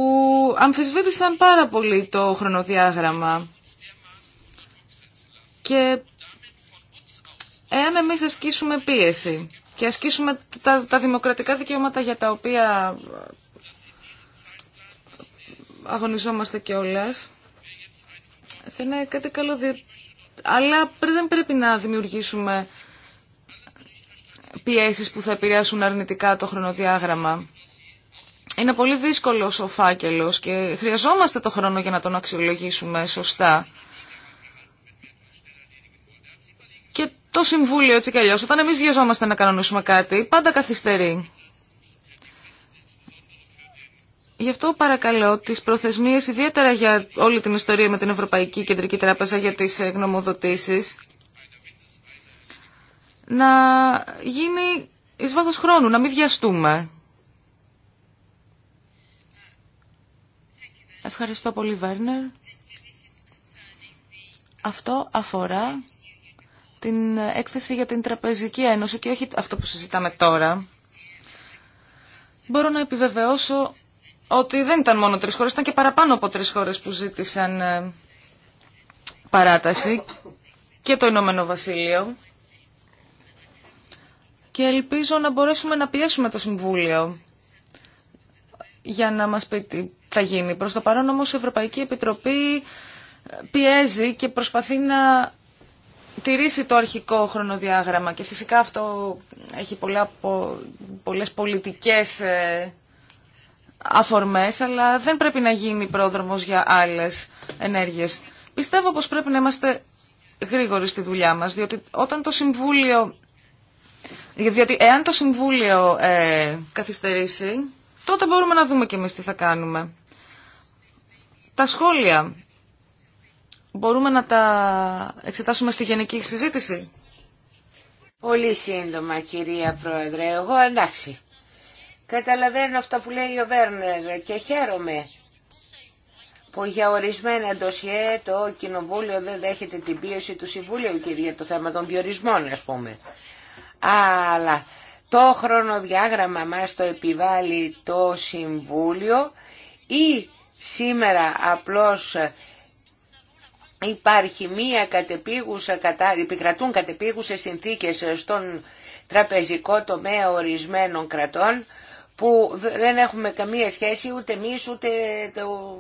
S4: αμφισβήτησαν πάρα πολύ το χρονοδιάγραμμα και εάν εμείς ασκήσουμε πίεση και ασκήσουμε τα, τα δημοκρατικά δικαιώματα για τα οποία αγωνιζόμαστε κιόλας θα είναι κάτι καλό αλλά δεν πρέπει να δημιουργήσουμε πιέσεις που θα επηρεάσουν αρνητικά το χρονοδιάγραμμα. Είναι πολύ δύσκολος ο φάκελος και χρειαζόμαστε το χρόνο για να τον αξιολογήσουμε σωστά. Και το Συμβούλιο έτσι κι αλλιώς, όταν εμείς βιαζόμαστε να κανονίσουμε κάτι, πάντα καθυστερεί. Γι' αυτό παρακαλώ τι προθεσμίε ιδιαίτερα για όλη την ιστορία με την Ευρωπαϊκή Κεντρική Τράπεζα για τι ε, γνωμοδοτήσει, να γίνει εις βάθος χρόνου, να μην βιαστούμε. Ευχαριστώ πολύ, Βέρνερ. Αυτό αφορά την έκθεση για την Τραπεζική Ένωση και όχι αυτό που συζητάμε τώρα. Μπορώ να επιβεβαιώσω ότι δεν ήταν μόνο τρεις χώρες, ήταν και παραπάνω από τρεις χώρες που ζήτησαν ε, παράταση και το Ηνωμένο Βασίλειο. Και ελπίζω να μπορέσουμε να πιέσουμε το Συμβούλιο για να μας πει τι θα γίνει. Προς το παρόν όμως η Ευρωπαϊκή Επιτροπή ε, πιέζει και προσπαθεί να τηρήσει το αρχικό χρονοδιάγραμμα και φυσικά αυτό έχει πολλά, πολλές πολιτικές ε, αφορμές, αλλά δεν πρέπει να γίνει πρόδρομος για άλλες ενέργειες. Πιστεύω πως πρέπει να είμαστε γρήγοροι στη δουλειά μας, διότι όταν το Συμβούλιο... Διότι εάν το Συμβούλιο ε, καθυστερήσει, τότε μπορούμε να δούμε και εμείς τι θα κάνουμε. Τα σχόλια μπορούμε να τα εξετάσουμε στη γενική συζήτηση.
S3: Πολύ σύντομα κυρία Πρόεδρε, εγώ εντάξει. Καταλαβαίνω αυτά που λέει ο Βέρνερ και χαίρομαι που για ορισμένα ντοσιέ το Κοινοβούλιο δεν δέχεται την πίεση του Συμβούλιου και για το θέμα των διορισμών ας πούμε. Αλλά το χρονοδιάγραμμα μας το επιβάλλει το Συμβούλιο ή σήμερα απλώς υπάρχει μία γεπικρατούν επικρατούν κατεπίγουσες συνθήκες στον τραπεζικό τομέα ορισμένων κρατών που δεν έχουμε καμία σχέση ούτε εμείς ούτε το,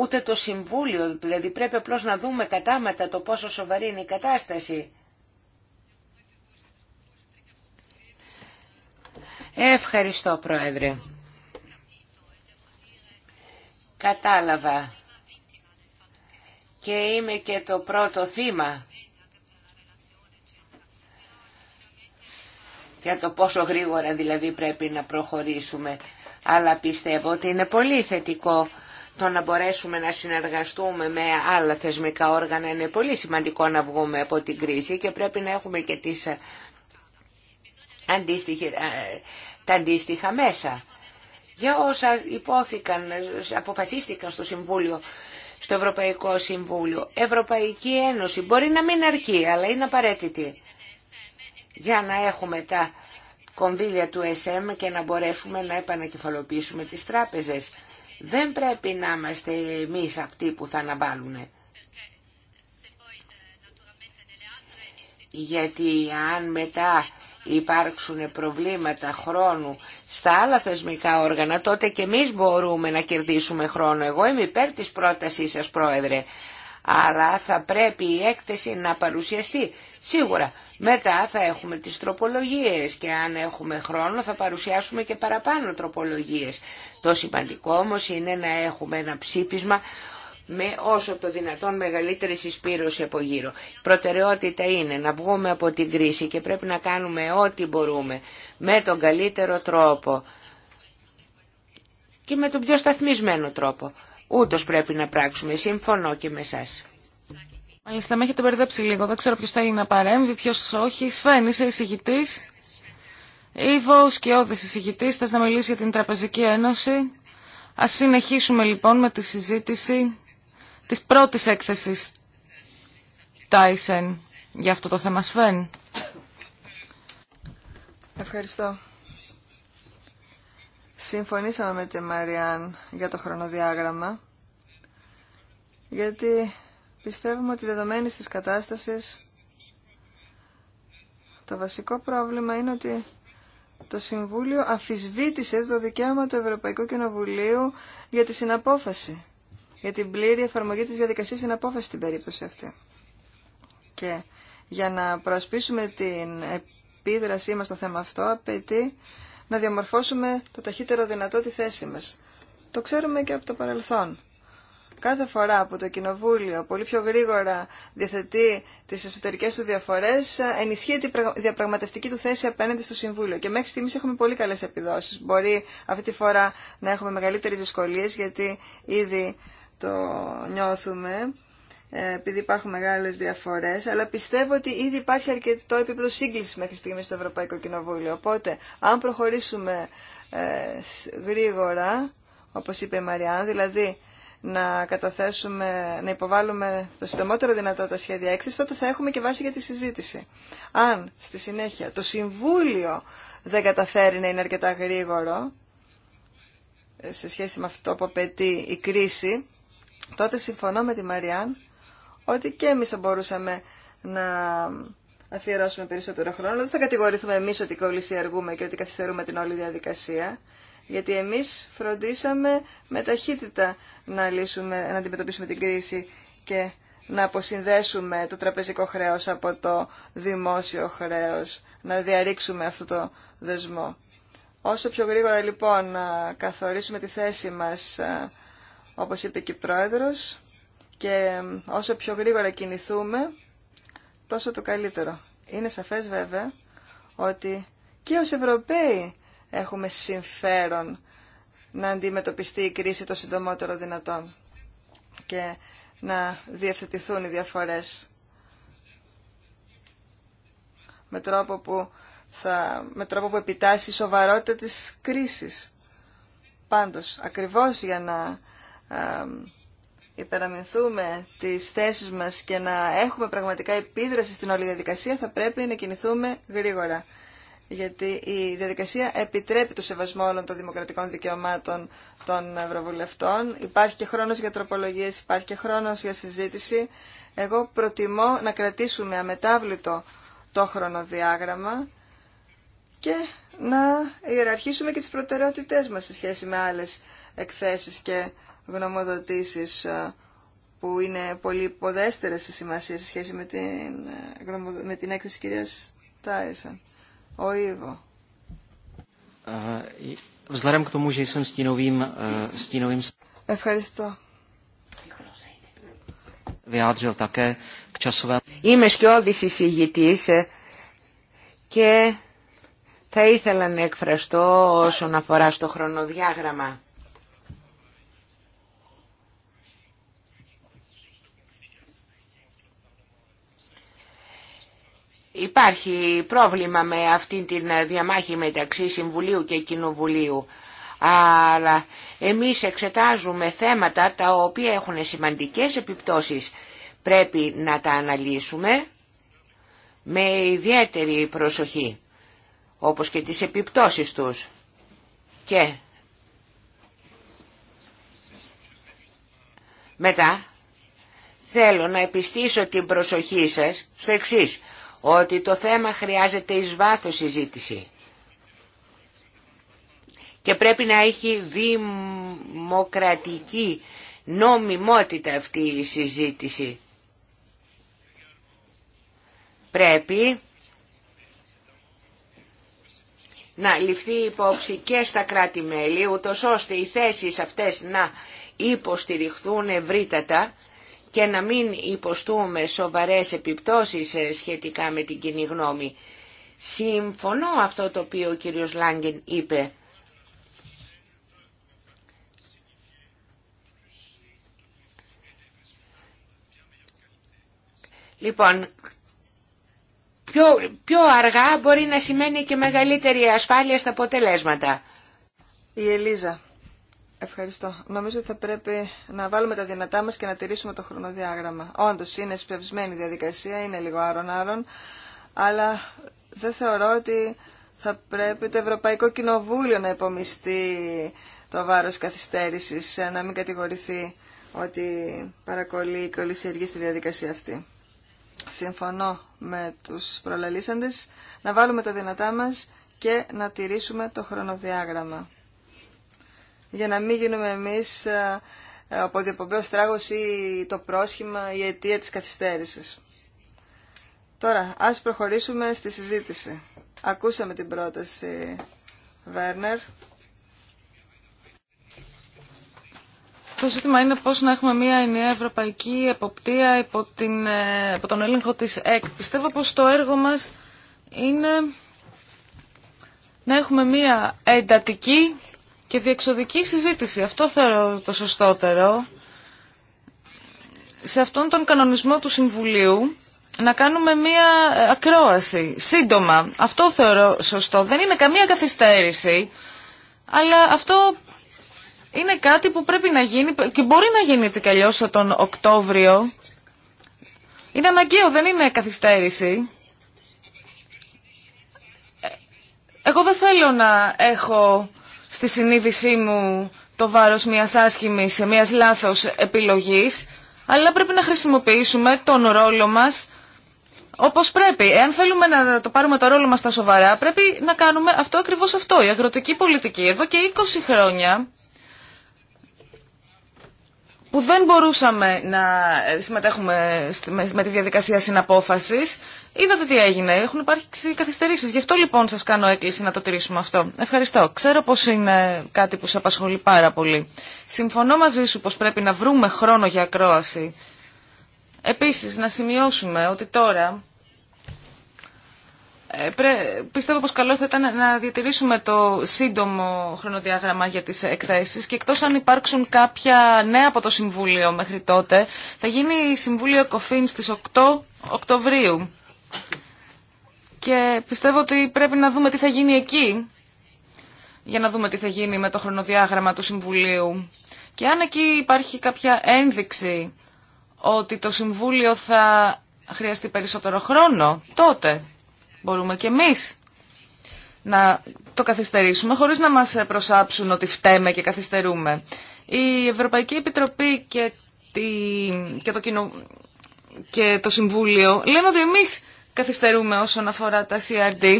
S3: ούτε το Συμβούλιο. Δηλαδή πρέπει απλώς να δούμε κατάματα το πόσο σοβαρή είναι η κατάσταση. Ευχαριστώ Πρόεδρε. Κατάλαβα. Και είμαι και το πρώτο θύμα για το πόσο γρήγορα δηλαδή πρέπει να προχωρήσουμε. Αλλά πιστεύω ότι είναι πολύ θετικό το να μπορέσουμε να συνεργαστούμε με άλλα θεσμικά όργανα. Είναι πολύ σημαντικό να βγούμε από την κρίση και πρέπει να έχουμε και τις ε, ε, τα αντίστοιχα μέσα. Για όσα υπόθηκαν, αποφασίστηκαν στο Συμβούλιο, στο Ευρωπαϊκό Συμβούλιο, Ευρωπαϊκή Ένωση μπορεί να μην αρκεί, αλλά είναι απαραίτητη για να έχουμε τα κονδύλια του SM και να μπορέσουμε να επανακεφαλοποιήσουμε τις τράπεζες. Δεν πρέπει να είμαστε εμείς αυτοί που θα αναβάλουν. Γιατί αν μετά υπάρξουν προβλήματα χρόνου στα άλλα θεσμικά όργανα, τότε και εμείς μπορούμε να κερδίσουμε χρόνο. Εγώ είμαι υπέρ της πρότασής σας, Πρόεδρε, αλλά θα πρέπει η έκθεση να παρουσιαστεί. Σίγουρα μετά θα έχουμε τις τροπολογίες και αν έχουμε χρόνο θα παρουσιάσουμε και παραπάνω τροπολογίες. Το σημαντικό όμως είναι να έχουμε ένα ψήφισμα με όσο το δυνατόν μεγαλύτερη συσπήρωση από γύρω. προτεραιότητα είναι να βγούμε από την κρίση και πρέπει να κάνουμε ό,τι μπορούμε με τον καλύτερο τρόπο και με τον πιο σταθμισμένο τρόπο. Ούτως πρέπει να πράξουμε. Συμφωνώ και
S4: με σας. Μάλιστα, με έχετε μπερδέψει λίγο. Δεν ξέρω ποιο θέλει να παρέμβει, ποιο όχι. Σφέν, είσαι εισηγητή. Ήβο, σκιώδη εισηγητή, θε να μιλήσει για την Τραπεζική Ένωση. Α συνεχίσουμε λοιπόν με τη συζήτηση τη πρώτη έκθεση Τάισεν για αυτό το θέμα, Σφέν.
S1: Ευχαριστώ. Συμφωνήσαμε με τη Μαριάν για το χρονοδιάγραμμα, γιατί Πιστεύουμε ότι δεδομένης της κατάστασης το βασικό πρόβλημα είναι ότι το Συμβούλιο αφισβήτησε το δικαίωμα του Ευρωπαϊκού Κοινοβουλίου για τη συναπόφαση, για την πλήρη εφαρμογή της διαδικασίας συναπόφασης στην περίπτωση αυτή. Και για να προασπίσουμε την επίδρασή μας στο θέμα αυτό απαιτεί να διαμορφώσουμε το ταχύτερο δυνατό τη θέση μας. Το ξέρουμε και από το παρελθόν κάθε φορά που το Κοινοβούλιο πολύ πιο γρήγορα διαθετεί τις εσωτερικές του διαφορές, ενισχύει τη διαπραγματευτική του θέση απέναντι στο Συμβούλιο. Και μέχρι στιγμής έχουμε πολύ καλές επιδόσεις. Μπορεί αυτή τη φορά να έχουμε μεγαλύτερες δυσκολίες, γιατί ήδη το νιώθουμε ε, επειδή υπάρχουν μεγάλες διαφορές. αλλά πιστεύω ότι ήδη υπάρχει αρκετό επίπεδο σύγκληση μέχρι στιγμή στο Ευρωπαϊκό Κοινοβούλιο. Οπότε, αν προχωρήσουμε ε, γρήγορα, όπω είπε η Μαριάν, δηλαδή να καταθέσουμε, να υποβάλουμε το συντομότερο δυνατό τα σχέδια έκθεση, τότε θα έχουμε και βάση για τη συζήτηση. Αν στη συνέχεια το Συμβούλιο δεν καταφέρει να είναι αρκετά γρήγορο ε, σε σχέση με αυτό που απαιτεί η κρίση, τότε συμφωνώ με τη Μαριάν ότι και εμείς θα μπορούσαμε να αφιερώσουμε περισσότερο χρόνο. Δεν θα κατηγορηθούμε εμείς ότι κολλήσει αργούμε και ότι καθυστερούμε την όλη διαδικασία γιατί εμείς φροντίσαμε με ταχύτητα να, λύσουμε, να αντιμετωπίσουμε την κρίση και να αποσυνδέσουμε το τραπεζικό χρέος από το δημόσιο χρέος, να διαρρήξουμε αυτό το δεσμό. Όσο πιο γρήγορα λοιπόν να καθορίσουμε τη θέση μας, όπως είπε και η Πρόεδρος, και όσο πιο γρήγορα κινηθούμε, τόσο το καλύτερο. Είναι σαφές βέβαια ότι και ως Ευρωπαίοι έχουμε συμφέρον να αντιμετωπιστεί η κρίση το συντομότερο δυνατόν και να διευθετηθούν οι διαφορές με τρόπο που, θα, με τρόπο που επιτάσσει η σοβαρότητα της κρίσης. Πάντως, ακριβώς για να α, υπεραμεινθούμε τις θέσεις μας και να έχουμε πραγματικά επίδραση στην όλη διαδικασία θα πρέπει να κινηθούμε γρήγορα γιατί η διαδικασία επιτρέπει το σεβασμό όλων των δημοκρατικών δικαιωμάτων των Ευρωβουλευτών. Υπάρχει και χρόνος για τροπολογίες, υπάρχει και χρόνος για συζήτηση. Εγώ προτιμώ να κρατήσουμε αμετάβλητο το χρονοδιάγραμμα και να ιεραρχήσουμε και τις προτεραιότητές μας σε σχέση με άλλες εκθέσεις και γνωμοδοτήσεις ε, που είναι πολύ υποδέστερες σε σημασία σε σχέση με την, ε, με την έκθεση κυρίας Τάισαν ο Ήβο.
S2: Ε, eh,
S1: Ευχαριστώ.
S3: Είμαι σκιώδης εισηγητής ε, και θα ήθελα να εκφραστώ όσον αφορά στο χρονοδιάγραμμα. Υπάρχει πρόβλημα με αυτήν την διαμάχη μεταξύ Συμβουλίου και Κοινοβουλίου. Αλλά εμείς εξετάζουμε θέματα τα οποία έχουν σημαντικές επιπτώσεις. Πρέπει να τα αναλύσουμε με ιδιαίτερη προσοχή, όπως και τις επιπτώσεις τους. Και μετά θέλω να επιστήσω την προσοχή σας στο εξής ότι το θέμα χρειάζεται εις βάθος συζήτηση και πρέπει να έχει δημοκρατική νομιμότητα αυτή η συζήτηση. Πρέπει να ληφθεί υπόψη και στα κράτη-μέλη, ούτως ώστε οι θέσεις αυτές να υποστηριχθούν ευρύτατα και να μην υποστούμε σοβαρές επιπτώσεις ε, σχετικά με την κοινή γνώμη. Συμφωνώ αυτό το οποίο ο κύριος Λάγκεν είπε. Λοιπόν, πιο, πιο αργά μπορεί να σημαίνει και μεγαλύτερη ασφάλεια στα αποτελέσματα.
S1: Η Ελίζα. Ευχαριστώ. Νομίζω ότι θα πρέπει να βάλουμε τα δυνατά μας και να τηρήσουμε το χρονοδιάγραμμα. Όντως είναι σπευσμένη η διαδικασία, είναι λίγο άρων-άρων, αλλά δεν θεωρώ ότι θα πρέπει το Ευρωπαϊκό Κοινοβούλιο να υπομειστεί το βάρος καθυστέρησης, ε, να μην κατηγορηθεί ότι παρακολεί η κολλησιεργή στη διαδικασία αυτή. Συμφωνώ με τους προλαλήσαντες να βάλουμε τα δυνατά μας και να τηρήσουμε το χρονοδιάγραμμα για να μην γίνουμε εμείς ε, ε, από διαπομπέως τράγος ή το πρόσχημα, η αιτία της καθυστέρησης. Τώρα, ας προχωρήσουμε στη συζήτηση. Ακούσαμε την πρόταση, Βέρνερ.
S4: Το ζήτημα είναι πώς να έχουμε μια ενιαία ευρωπαϊκή εποπτεία υπό, την, προταση βερνερ το ζητημα ειναι πως να εχουμε μια ενιαια ευρωπαικη εποπτεια υπο την τον έλεγχο της ΕΚ. Πιστεύω πως το έργο μας είναι να έχουμε μια εντατική και διεξοδική συζήτηση. Αυτό θεωρώ το σωστότερο. Σε αυτόν τον κανονισμό του Συμβουλίου να κάνουμε μία ε, ακρόαση, σύντομα. Αυτό θεωρώ σωστό. Δεν είναι καμία καθυστέρηση, αλλά αυτό είναι κάτι που πρέπει να γίνει και μπορεί να γίνει έτσι κι τον Οκτώβριο. Είναι αναγκαίο, δεν είναι καθυστέρηση. Ε, εγώ δεν θέλω να έχω στη συνείδησή μου το βάρος μιας άσχημης, μιας λάθος επιλογής, αλλά πρέπει να χρησιμοποιήσουμε τον ρόλο μας όπως πρέπει. Εάν θέλουμε να το πάρουμε το ρόλο μας στα σοβαρά, πρέπει να κάνουμε αυτό ακριβώς αυτό. Η αγροτική πολιτική εδώ και 20 χρόνια που δεν μπορούσαμε να ε, συμμετέχουμε με τη διαδικασία συναπόφασης. Είδατε τι έγινε, έχουν υπάρξει καθυστερήσεις. Γι' αυτό λοιπόν σας κάνω έκκληση να το τηρήσουμε αυτό. Ευχαριστώ. Ξέρω πως είναι κάτι που σε απασχολεί πάρα πολύ. Συμφωνώ μαζί σου πως πρέπει να βρούμε χρόνο για ακρόαση. Επίσης, να σημειώσουμε ότι τώρα ε, πιστεύω πως καλό θα ήταν να διατηρήσουμε το σύντομο χρονοδιάγραμμα για τις εκθέσεις και εκτός αν υπάρξουν κάποια νέα από το Συμβούλιο μέχρι τότε, θα γίνει η Συμβούλιο Κοφίν στις 8 Οκτωβρίου. Και πιστεύω ότι πρέπει να δούμε τι θα γίνει εκεί, για να δούμε τι θα γίνει με το χρονοδιάγραμμα του Συμβουλίου. Και αν εκεί υπάρχει κάποια ένδειξη ότι το Συμβούλιο θα χρειαστεί περισσότερο χρόνο, τότε Μπορούμε και εμείς να το καθυστερήσουμε χωρίς να μας προσάψουν ότι φταίμε και καθυστερούμε. Η Ευρωπαϊκή Επιτροπή και, και, το, και το Συμβούλιο λένε ότι εμείς καθυστερούμε όσον αφορά τα CRD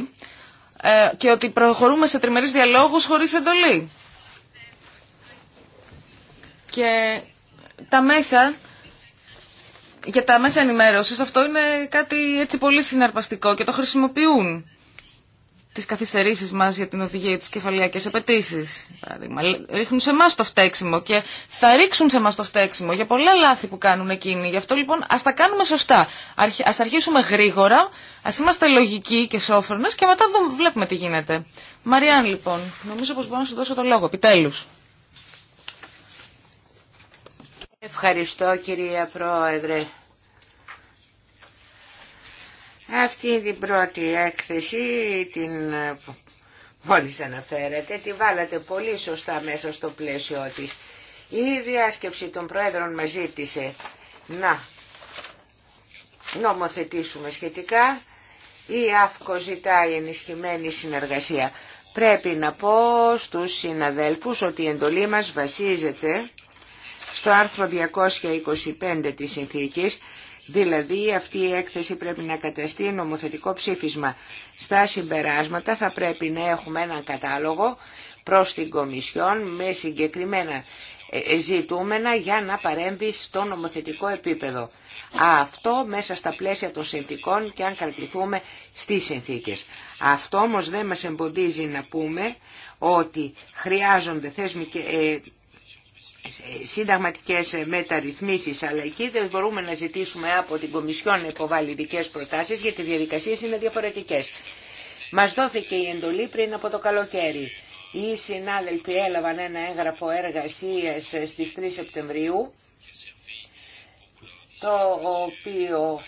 S4: ε, και ότι προχωρούμε σε τριμερείς διαλόγους χωρίς εντολή. Και τα μέσα για τα μέσα ενημέρωση, αυτό είναι κάτι έτσι πολύ συναρπαστικό και το χρησιμοποιούν τι καθυστερήσει μα για την οδηγία για τι κεφαλιακές απαιτήσει. Ρίχνουν σε εμά το φταίξιμο και θα ρίξουν σε εμά το φταίξιμο για πολλά λάθη που κάνουν εκείνοι. Γι' αυτό λοιπόν ας τα κάνουμε σωστά. Α αρχίσουμε γρήγορα, α είμαστε λογικοί και σόφρονε και μετά δούμε, βλέπουμε τι γίνεται. Μαριάν λοιπόν, νομίζω πω μπορώ να σου δώσω το λόγο, επιτέλου.
S3: Ευχαριστώ κυρία Πρόεδρε. Αυτή την πρώτη έκθεση την μόλις αναφέρατε, τη βάλατε πολύ σωστά μέσα στο πλαίσιο της. Η διάσκεψη των Πρόεδρων μας ζήτησε να νομοθετήσουμε σχετικά. Η ΑΦΚΟ ζητάει ενισχυμένη συνεργασία. Πρέπει να πω στους συναδέλφους ότι η εντολή μας βασίζεται στο άρθρο 225 της συνθήκης, δηλαδή αυτή η έκθεση πρέπει να καταστεί νομοθετικό ψήφισμα. Στα συμπεράσματα θα πρέπει να έχουμε έναν κατάλογο προς την Κομισιόν με συγκεκριμένα ε, ε, ζητούμενα για να παρέμβει στο νομοθετικό επίπεδο. Αυτό μέσα στα πλαίσια των συνθήκων και αν κρατηθούμε στις συνθήκες. Αυτό όμως δεν μας εμποδίζει να πούμε ότι χρειάζονται θεσμικές, ε, συνταγματικές μεταρρυθμίσεις αλλά εκεί δεν μπορούμε να ζητήσουμε από την Κομισιόν να υποβάλει προτάσεις γιατί οι διαδικασίες είναι διαφορετικές. Μας δόθηκε η εντολή πριν από το καλοκαίρι. Οι συνάδελφοι έλαβαν ένα έγγραφο εργασίας στις 3 Σεπτεμβρίου το οποίο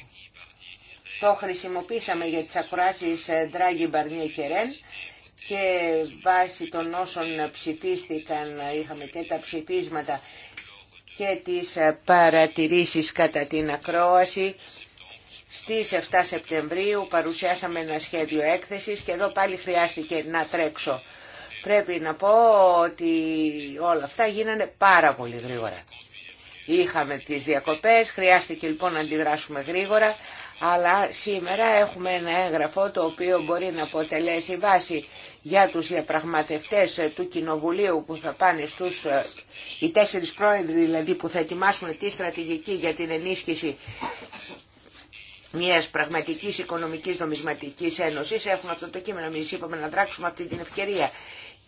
S3: το χρησιμοποίησαμε για τις ακουράσεις Ντράγκη Μπαρνιέ και Ρεν και βάσει των όσων ψηφίστηκαν είχαμε και τα ψηφίσματα και τις παρατηρήσεις κατά την ακρόαση. Στις 7 Σεπτεμβρίου παρουσιάσαμε ένα σχέδιο έκθεσης και εδώ πάλι χρειάστηκε να τρέξω. Πρέπει να πω ότι όλα αυτά γίνανε πάρα πολύ γρήγορα. Είχαμε τις διακοπές, χρειάστηκε λοιπόν να αντιδράσουμε γρήγορα, αλλά σήμερα έχουμε ένα έγγραφο το οποίο μπορεί να αποτελέσει βάση για τους διαπραγματευτές του Κοινοβουλίου που θα πάνε στους, ε, οι τέσσερις πρόεδροι δηλαδή που θα ετοιμάσουν τη στρατηγική για την ενίσχυση μιας πραγματικής οικονομικής νομισματικής ένωσης. Έχουμε αυτό το κείμενο, εμείς είπαμε να δράξουμε αυτή την ευκαιρία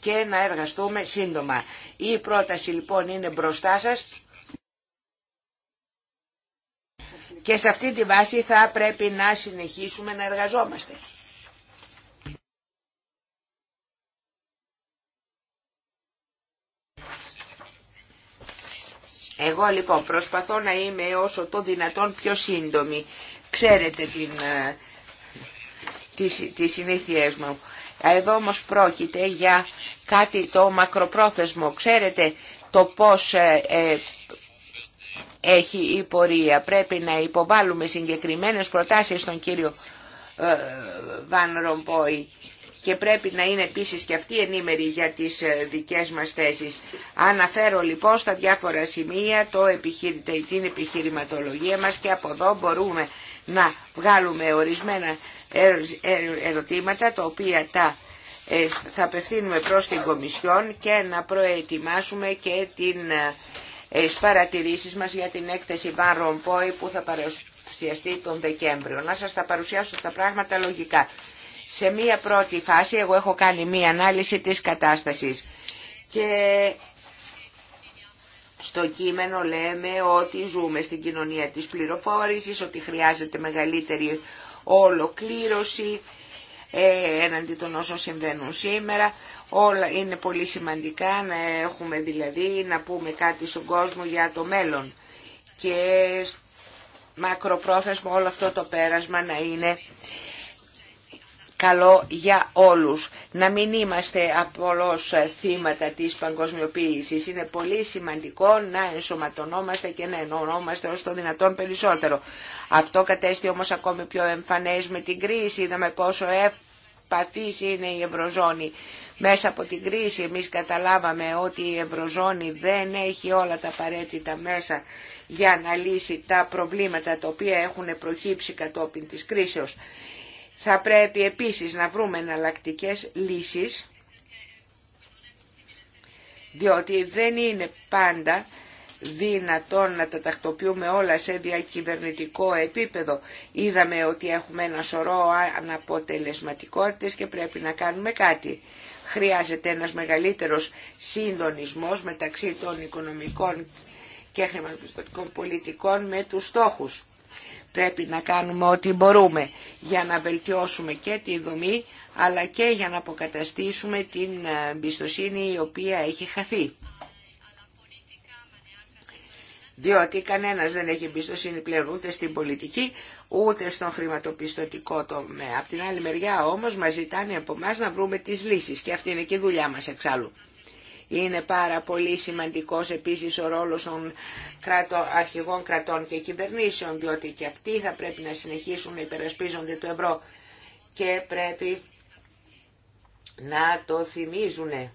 S3: και να εργαστούμε σύντομα. Η πρόταση λοιπόν είναι μπροστά σας Και σε αυτή τη βάση θα πρέπει να συνεχίσουμε να εργαζόμαστε. Εγώ λοιπόν προσπαθώ να είμαι όσο το δυνατόν πιο σύντομη. Ξέρετε την, ε, τις, συνήθειές μου. Εδώ όμως πρόκειται για κάτι το μακροπρόθεσμο. Ξέρετε το πώς ε, ε, έχει η πορεία. Πρέπει να υποβάλουμε συγκεκριμένες προτάσεις στον κύριο ε, Βαν Ρομπόη και πρέπει να είναι επίση και αυτή ενήμερη για τις ε, δικές μας θέσεις. Αναφέρω λοιπόν στα διάφορα σημεία το την επιχειρηματολογία μας και από εδώ μπορούμε να βγάλουμε ορισμένα ερωτήματα τα οποία τα ε, θα απευθύνουμε προς την Κομισιόν και να προετοιμάσουμε και την στις παρατηρήσεις μας για την έκθεση Van Rompuy που θα παρουσιαστεί τον Δεκέμβριο. Να σας τα παρουσιάσω τα πράγματα λογικά. Σε μία πρώτη φάση εγώ έχω κάνει μία ανάλυση της κατάστασης και στο κείμενο λέμε ότι ζούμε στην κοινωνία της πληροφόρησης, ότι χρειάζεται μεγαλύτερη ολοκλήρωση ε, έναντι των όσων συμβαίνουν σήμερα, Όλα είναι πολύ σημαντικά να έχουμε δηλαδή να πούμε κάτι στον κόσμο για το μέλλον και μακροπρόθεσμα όλο αυτό το πέρασμα να είναι καλό για όλους. Να μην είμαστε απολώς θύματα της παγκοσμιοποίησης. Είναι πολύ σημαντικό να ενσωματωνόμαστε και να ενωνόμαστε ως το δυνατόν περισσότερο. Αυτό κατέστη όμως ακόμη πιο εμφανές με την κρίση. Είδαμε πόσο ευπαθής είναι η Ευρωζώνη μέσα από την κρίση εμείς καταλάβαμε ότι η Ευρωζώνη δεν έχει όλα τα απαραίτητα μέσα για να λύσει τα προβλήματα τα οποία έχουν προχύψει κατόπιν της κρίσεως. Θα πρέπει επίσης να βρούμε εναλλακτικέ λύσεις, διότι δεν είναι πάντα δυνατόν να τα τακτοποιούμε όλα σε διακυβερνητικό επίπεδο. Είδαμε ότι έχουμε ένα σωρό αναποτελεσματικότητες και πρέπει να κάνουμε κάτι. Χρειάζεται ένας μεγαλύτερος συντονισμός μεταξύ των οικονομικών και χρηματοπιστωτικών πολιτικών με τους στόχους. Πρέπει να κάνουμε ό,τι μπορούμε για να βελτιώσουμε και τη δομή αλλά και για να αποκαταστήσουμε την εμπιστοσύνη η οποία έχει χαθεί διότι κανένας δεν έχει εμπιστοσύνη πλέον ούτε στην πολιτική, ούτε στον χρηματοπιστωτικό τομέα. Απ' την άλλη μεριά όμως μας ζητάνε από εμά να βρούμε τις λύσεις και αυτή είναι και η δουλειά μας εξάλλου. Είναι πάρα πολύ σημαντικός επίσης ο ρόλος των αρχηγών κρατών και κυβερνήσεων, διότι και αυτοί θα πρέπει να συνεχίσουν να υπερασπίζονται το ευρώ και πρέπει να το θυμίζουνε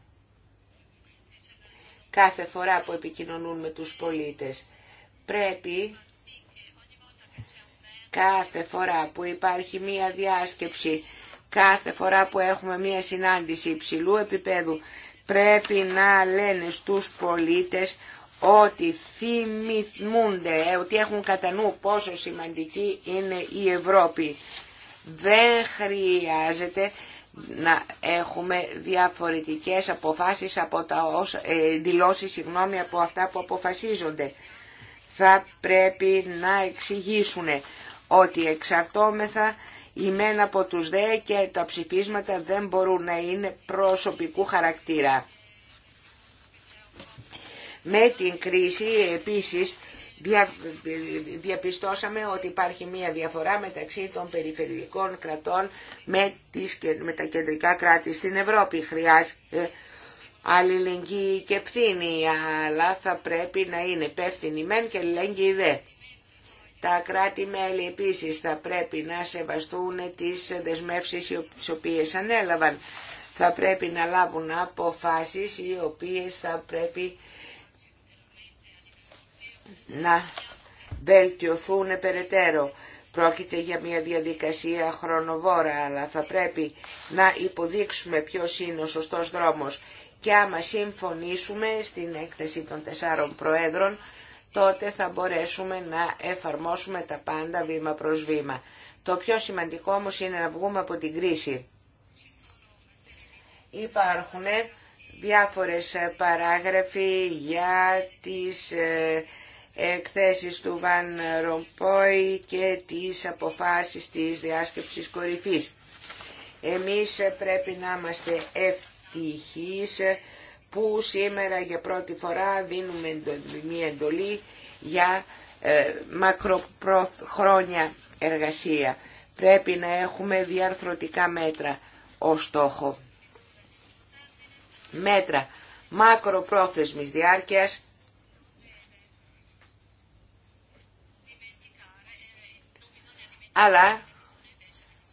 S3: κάθε φορά που επικοινωνούν με τους πολίτες πρέπει κάθε φορά που υπάρχει μία διάσκεψη, κάθε φορά που έχουμε μία συνάντηση υψηλού επίπεδου, πρέπει να λένε στους πολίτες ότι θυμούνται, ε, ότι έχουν κατά νου πόσο σημαντική είναι η Ευρώπη. Δεν χρειάζεται να έχουμε διαφορετικές αποφάσεις από τα όσα, ε, συγγνώμη, από αυτά που αποφασίζονται θα πρέπει να εξηγήσουν ότι εξαρτώμεθα ημένα από τους ΔΕ και τα ψηφίσματα δεν μπορούν να είναι προσωπικού χαρακτήρα. Με την κρίση επίσης διαπιστώσαμε ότι υπάρχει μία διαφορά μεταξύ των περιφερειακών κρατών με, τις, με τα κεντρικά κράτη στην Ευρώπη. Χρειάζεται αλληλεγγύη και ευθύνη, αλλά θα πρέπει να είναι υπεύθυνη μεν και αλληλεγγύη δε. Τα κράτη-μέλη επίσης θα πρέπει να σεβαστούν τις δεσμεύσεις τις οποίες ανέλαβαν. Θα πρέπει να λάβουν αποφάσεις οι οποίες θα πρέπει να βελτιωθούν περαιτέρω. Πρόκειται για μια διαδικασία χρονοβόρα, αλλά θα πρέπει να υποδείξουμε ποιος είναι ο σωστός δρόμος και άμα συμφωνήσουμε στην έκθεση των τεσσάρων προέδρων, τότε θα μπορέσουμε να εφαρμόσουμε τα πάντα βήμα προς βήμα. Το πιο σημαντικό όμως είναι να βγούμε από την κρίση. Υπάρχουν διάφορες παράγραφοι για τις ε, εκθέσεις του Βαν Ρομπόη και τις αποφάσεις της διάσκεψης κορυφής. Εμείς πρέπει να είμαστε ευτυχείς που σήμερα για πρώτη φορά δίνουμε μια εντολή για ε, μακροχρόνια εργασία. Πρέπει να έχουμε διαρθρωτικά μέτρα ως στόχο. Μέτρα μακροπρόθεσμης διάρκειας αλλά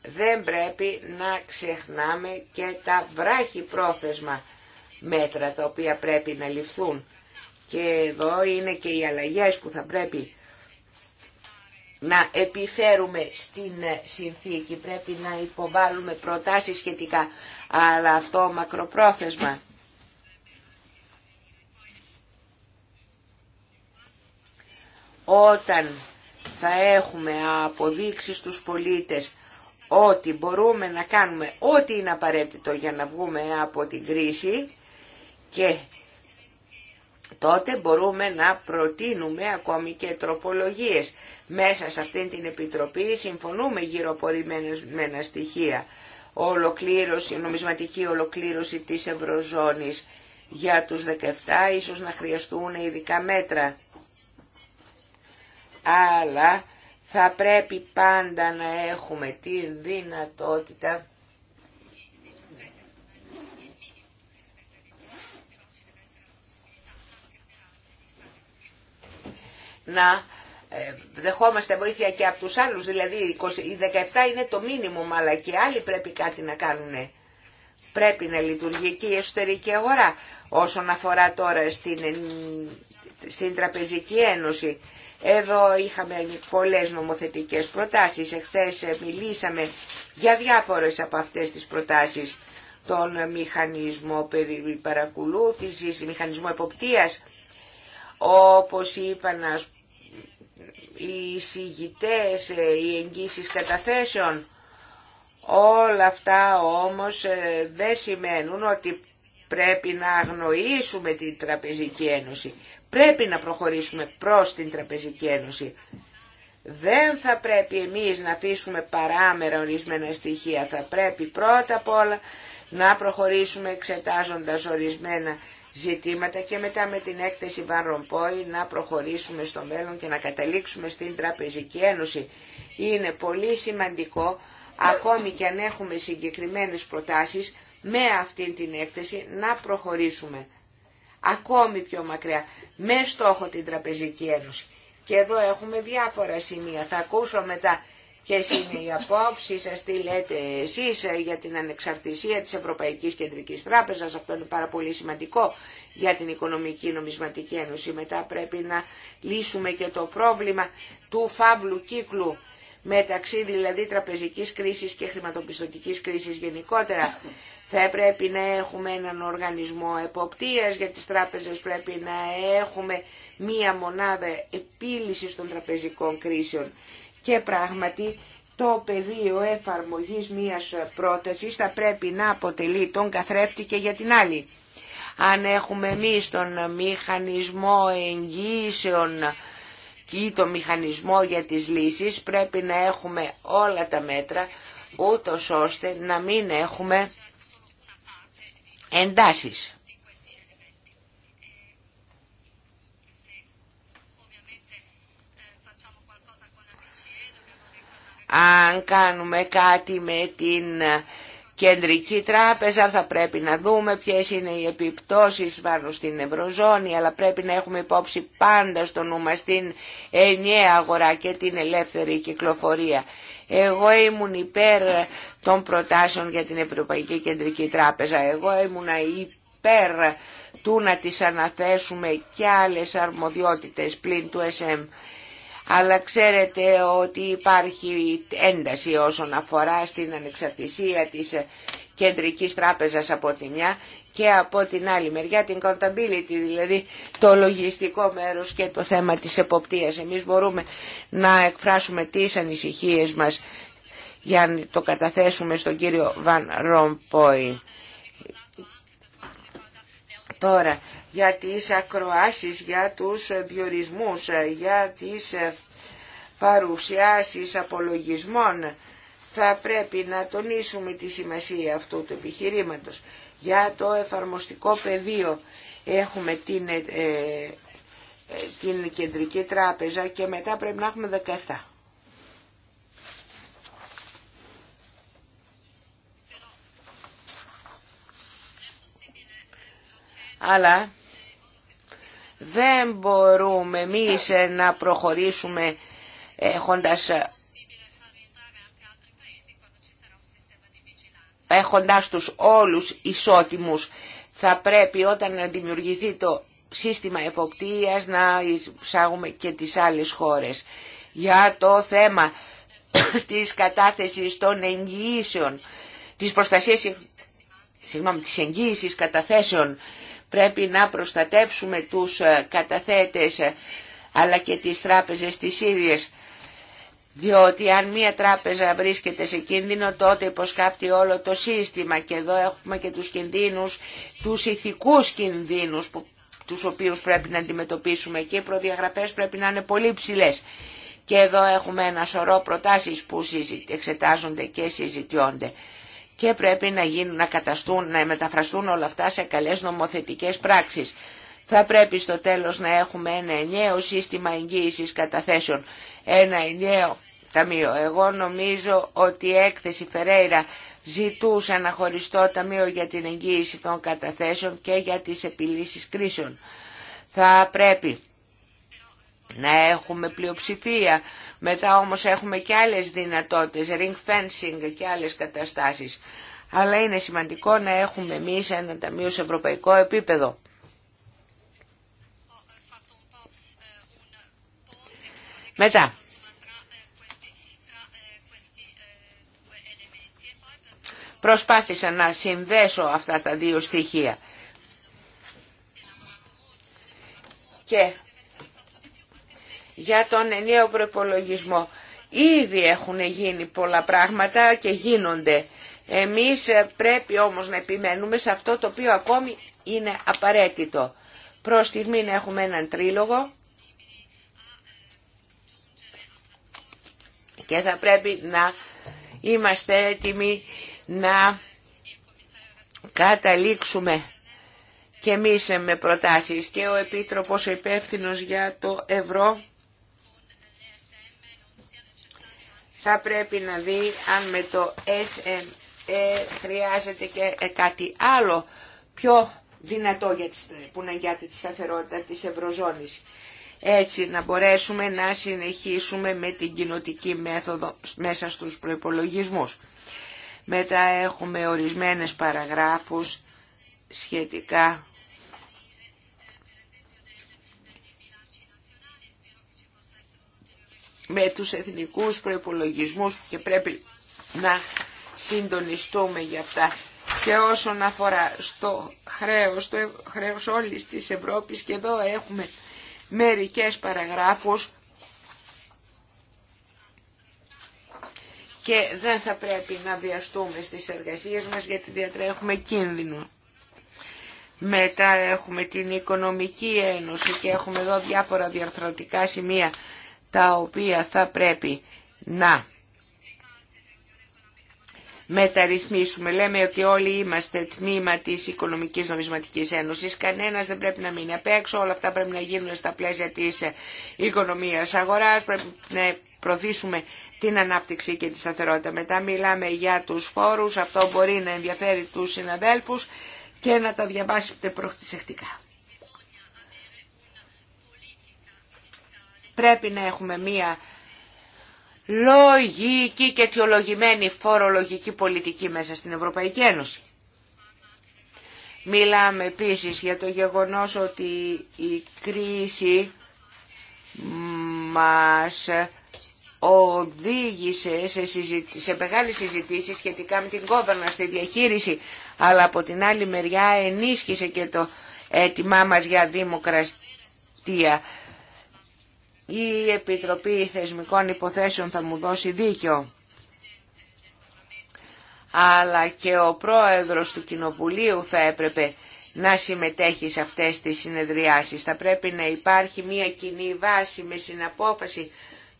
S3: δεν πρέπει να ξεχνάμε και τα βράχη πρόθεσμα μέτρα τα οποία πρέπει να ληφθούν. Και εδώ είναι και οι αλλαγές που θα πρέπει να επιφέρουμε στην ε, συνθήκη. Πρέπει να υποβάλουμε προτάσεις σχετικά, αλλά αυτό μακροπρόθεσμα. Όταν θα έχουμε αποδείξει στους πολίτες ότι μπορούμε να κάνουμε ό,τι είναι απαραίτητο για να βγούμε από την κρίση και τότε μπορούμε να προτείνουμε ακόμη και τροπολογίες. Μέσα σε αυτήν την Επιτροπή συμφωνούμε γύρω από ορισμένα στοιχεία. Ολοκλήρωση, νομισματική ολοκλήρωση της Ευρωζώνης για τους 17 ίσως να χρειαστούν ειδικά μέτρα. Αλλά θα πρέπει πάντα να έχουμε τη δυνατότητα να ε, δεχόμαστε βοήθεια και από τους άλλους, δηλαδή οι 17 είναι το μήνυμο, αλλά και άλλοι πρέπει κάτι να κάνουν. Πρέπει να λειτουργεί και η εσωτερική αγορά. Όσον αφορά τώρα στην, στην Τραπεζική Ένωση, εδώ είχαμε πολλές νομοθετικές προτάσεις. Εχθές ε, μιλήσαμε για διάφορες από αυτές τις προτάσεις. Τον μηχανισμό παρακολούθησης, μηχανισμό εποπτείας. Όπως είπαν οι συγητές, ε, οι εγγύσεις καταθέσεων. Όλα αυτά όμως ε, δεν σημαίνουν ότι πρέπει να αγνοήσουμε την Τραπεζική Ένωση πρέπει να προχωρήσουμε προς την Τραπεζική Ένωση. Δεν θα πρέπει εμείς να αφήσουμε παράμερα ορισμένα στοιχεία. Θα πρέπει πρώτα απ' όλα να προχωρήσουμε εξετάζοντας ορισμένα ζητήματα και μετά με την έκθεση Βαν Ρομπόη να προχωρήσουμε στο μέλλον και να καταλήξουμε στην Τραπεζική Ένωση. Είναι πολύ σημαντικό, ακόμη και αν έχουμε συγκεκριμένες προτάσεις, με αυτή την έκθεση να προχωρήσουμε ακόμη πιο μακριά, με στόχο την Τραπεζική Ένωση. Και εδώ έχουμε διάφορα σημεία. Θα ακούσω μετά και είναι οι απόψει σας, τι λέτε εσεί για την ανεξαρτησία τη Ευρωπαϊκή Κεντρική Τράπεζα. Αυτό είναι πάρα πολύ σημαντικό για την Οικονομική Νομισματική Ένωση. Μετά πρέπει να λύσουμε και το πρόβλημα του φαύλου κύκλου μεταξύ δηλαδή τραπεζικής κρίσης και χρηματοπιστωτικής κρίσης γενικότερα θα πρέπει να έχουμε έναν οργανισμό εποπτείας για τις τράπεζες, πρέπει να έχουμε μία μονάδα επίλυσης των τραπεζικών κρίσεων. Και πράγματι το πεδίο εφαρμογής μίας πρότασης θα πρέπει να αποτελεί τον καθρέφτη και για την άλλη. Αν έχουμε εμεί τον μηχανισμό εγγύσεων ή το μηχανισμό για τις λύσεις, πρέπει να έχουμε όλα τα μέτρα, ούτως ώστε να μην έχουμε εντάσεις. Αν κάνουμε κάτι με την κεντρική τράπεζα θα πρέπει να δούμε ποιες είναι οι επιπτώσεις πάνω στην Ευρωζώνη αλλά πρέπει να έχουμε υπόψη πάντα στο νου μας την ενιαία αγορά και την ελεύθερη κυκλοφορία. Εγώ ήμουν υπέρ των προτάσεων για την Ευρωπαϊκή Κεντρική Τράπεζα. Εγώ ήμουν υπέρ του να τις αναθέσουμε και άλλες αρμοδιότητες πλην του SM. Αλλά ξέρετε ότι υπάρχει ένταση όσον αφορά στην ανεξαρτησία της Κεντρικής Τράπεζας από τη μια και από την άλλη μεριά την accountability, δηλαδή το λογιστικό μέρος και το θέμα της εποπτείας. Εμείς μπορούμε να εκφράσουμε τις ανησυχίες μας για να το καταθέσουμε στον κύριο Βαν Ρομπόι. Τώρα, για τις ακροάσεις, για τους διορισμούς, για τις παρουσιάσεις απολογισμών, θα πρέπει να τονίσουμε τη σημασία αυτού του επιχειρήματος. Για το εφαρμοστικό πεδίο έχουμε ε, ε, την, κεντρική τράπεζα και μετά πρέπει να έχουμε 17. Αλλά δεν μπορούμε εμείς να προχωρήσουμε έχοντας έχοντάς τους όλους ισότιμους. Θα πρέπει όταν δημιουργηθεί το σύστημα εποπτείας να εισάγουμε και τις άλλες χώρες. Για το θέμα [coughs] της κατάθεσης των εγγυήσεων, της προστασίας, συγγνώμη, της εγγύησης καταθέσεων, πρέπει να προστατεύσουμε τους καταθέτες ε, αλλά και τις τράπεζες τις ίδιες διότι αν μία τράπεζα βρίσκεται σε κίνδυνο τότε υποσκάφτει όλο το σύστημα και εδώ έχουμε και τους κινδύνους, τους ηθικούς κινδύνους που, τους οποίους πρέπει να αντιμετωπίσουμε και οι προδιαγραφές πρέπει να είναι πολύ ψηλέ. Και εδώ έχουμε ένα σωρό προτάσεις που εξετάζονται και συζητιώνται και πρέπει να, γίνουν, να καταστούν, να μεταφραστούν όλα αυτά σε καλές νομοθετικές πράξεις θα πρέπει στο τέλος να έχουμε ένα ενιαίο σύστημα εγγύησης καταθέσεων, ένα ενιαίο ταμείο. Εγώ νομίζω ότι η έκθεση Φερέιρα ζητούσε ένα χωριστό ταμείο για την εγγύηση των καταθέσεων και για τις επιλύσεις κρίσεων. Θα πρέπει να έχουμε πλειοψηφία, μετά όμως έχουμε και άλλες δυνατότητες, ring fencing και άλλες καταστάσεις. Αλλά είναι σημαντικό να έχουμε εμείς ένα ταμείο σε ευρωπαϊκό επίπεδο. Μετά. Προσπάθησα να συνδέσω αυτά τα δύο στοιχεία. Και για τον ενιαίο προπολογισμό. Ήδη έχουν γίνει πολλά πράγματα και γίνονται. Εμείς ε, πρέπει όμως να επιμένουμε σε αυτό το οποίο ακόμη είναι απαραίτητο. Προς στιγμή έχουμε έναν τρίλογο και θα πρέπει να είμαστε έτοιμοι να καταλήξουμε και εμεί με προτάσεις και ο Επίτροπος ο υπεύθυνο για το ευρώ θα πρέπει να δει αν με το SME χρειάζεται και κάτι άλλο πιο δυνατό για τις, που να γιάται τη σταθερότητα της Ευρωζώνης έτσι να μπορέσουμε να συνεχίσουμε με την κοινοτική μέθοδο μέσα στους προϋπολογισμούς. Μετά έχουμε ορισμένες παραγράφους σχετικά με τους εθνικούς προϋπολογισμούς και πρέπει να συντονιστούμε για αυτά. Και όσον αφορά στο χρέος, το χρέος όλης της Ευρώπης και εδώ έχουμε μερικές παραγράφους και δεν θα πρέπει να βιαστούμε στις εργασίες μας γιατί διατρέχουμε κίνδυνο. Μετά έχουμε την Οικονομική Ένωση και έχουμε εδώ διάφορα διαρθρωτικά σημεία τα οποία θα πρέπει να μεταρρυθμίσουμε. Λέμε ότι όλοι είμαστε τμήμα της Οικονομικής Νομισματικής Ένωσης. Κανένας δεν πρέπει να μείνει απ' έξω. Όλα αυτά πρέπει να γίνουν στα πλαίσια της οικονομίας αγοράς. Πρέπει να προωθήσουμε την ανάπτυξη και τη σταθερότητα. Μετά μιλάμε για τους φόρους. Αυτό μπορεί να ενδιαφέρει τους συναδέλφους και να τα διαβάσετε προσεκτικά. Πρέπει να έχουμε μία λογική και αιτιολογημένη φορολογική πολιτική μέσα στην Ευρωπαϊκή Ένωση. Μιλάμε επίσης για το γεγονός ότι η κρίση μας οδήγησε σε, συζητη... σε σχετικά με την κόβερνα στη διαχείριση, αλλά από την άλλη μεριά ενίσχυσε και το αίτημά μας για δημοκρατία. Η Επιτροπή Θεσμικών Υποθέσεων θα μου δώσει δίκιο. Αλλά και ο πρόεδρος του Κοινοβουλίου θα έπρεπε να συμμετέχει σε αυτές τις συνεδριάσεις. Θα πρέπει να υπάρχει μια κοινή βάση με συναπόφαση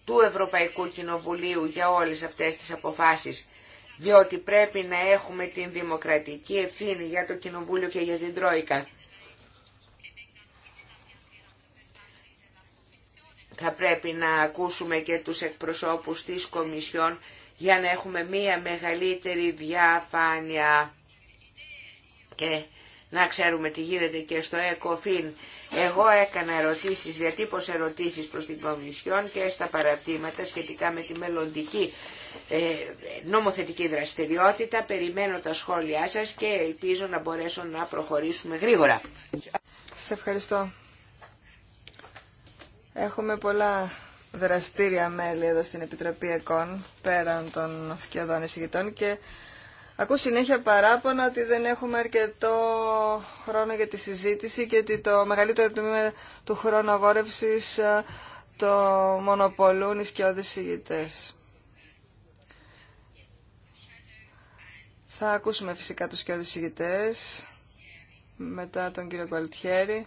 S3: του Ευρωπαϊκού Κοινοβουλίου για όλες αυτές τις αποφάσεις. Διότι πρέπει να έχουμε την δημοκρατική ευθύνη για το Κοινοβούλιο και για την Τρόικα. θα πρέπει να ακούσουμε και τους εκπροσώπους της Κομισιόν για να έχουμε μία μεγαλύτερη διαφάνεια και να ξέρουμε τι γίνεται και στο ΕΚΟΦΗΝ. Εγώ έκανα ερωτήσεις, διατύπωσα ερωτήσεις προς την Κομισιόν και στα παρατήματα σχετικά με τη μελλοντική ε, νομοθετική δραστηριότητα. Περιμένω τα σχόλιά σας και ελπίζω να μπορέσω να προχωρήσουμε γρήγορα.
S1: Σας ευχαριστώ. Έχουμε πολλά δραστήρια μέλη εδώ στην Επιτροπή ΕΚΟΝ, πέραν των σκιωδών εισηγητών και ακούω συνέχεια παράπονα ότι δεν έχουμε αρκετό χρόνο για τη συζήτηση και ότι το μεγαλύτερο τμήμα του χρόνου αγόρευσης ε, το μονοπολούν οι σκιώδεις εισηγητές. Θα ακούσουμε φυσικά τους σκιώδεις εισηγητές μετά τον κύριο Κουαλτιέρη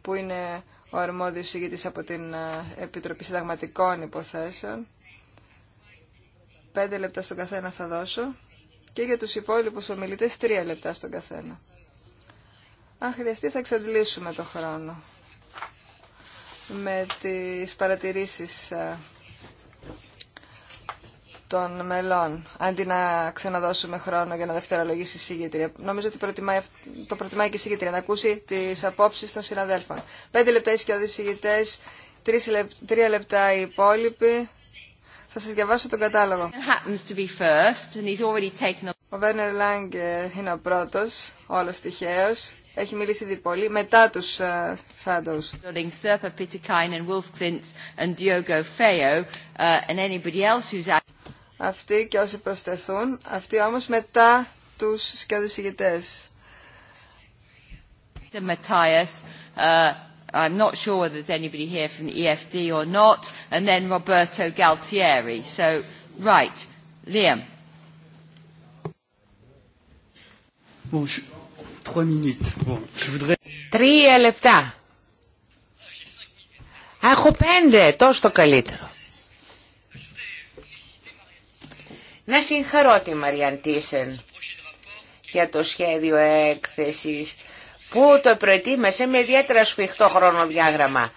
S1: που είναι ο αρμόδιος ηγητής από την ε, Επιτροπή Συνταγματικών Υποθέσεων. Πέντε λεπτά στον καθένα θα δώσω και για τους υπόλοιπους ομιλητές τρία λεπτά στον καθένα. Αν χρειαστεί θα εξαντλήσουμε το χρόνο με τις παρατηρήσεις ε, των μελών, αντί να ξαναδώσουμε χρόνο για να δευτερολογήσει η Νομίζω ότι προτιμάει, το προτιμάει και η συγγετρία να ακούσει τι απόψει των συναδέλφων. Πέντε λεπτά οι σκιώδει συγγετές, τρία λεπτά οι υπόλοιποι. Θα σα διαβάσω τον κατάλογο. Ο Βέρνερ Λάγκ είναι ο πρώτος, όλο τυχαίος. Έχει μιλήσει ήδη πολύ. Μετά τους ε, uh, αυτοί και όσοι προσθεθούν, αυτοί όμως μετά τους σκιώδους ηγητές. Ματάιας uh,
S3: I'm not sure whether there's anybody here from the EFD or not, and then Roberto Galtieri. So, right, Liam.
S2: Bon, je... Trois minutes. Bon, je voudrais...
S3: Τρία λεπτά. Έχω πέντε, τόσο το καλύτερο. Να συγχαρώ τη Μαριάν για το σχέδιο έκθεσης που το προετοίμασε με ιδιαίτερα σφιχτό χρονοδιάγραμμα.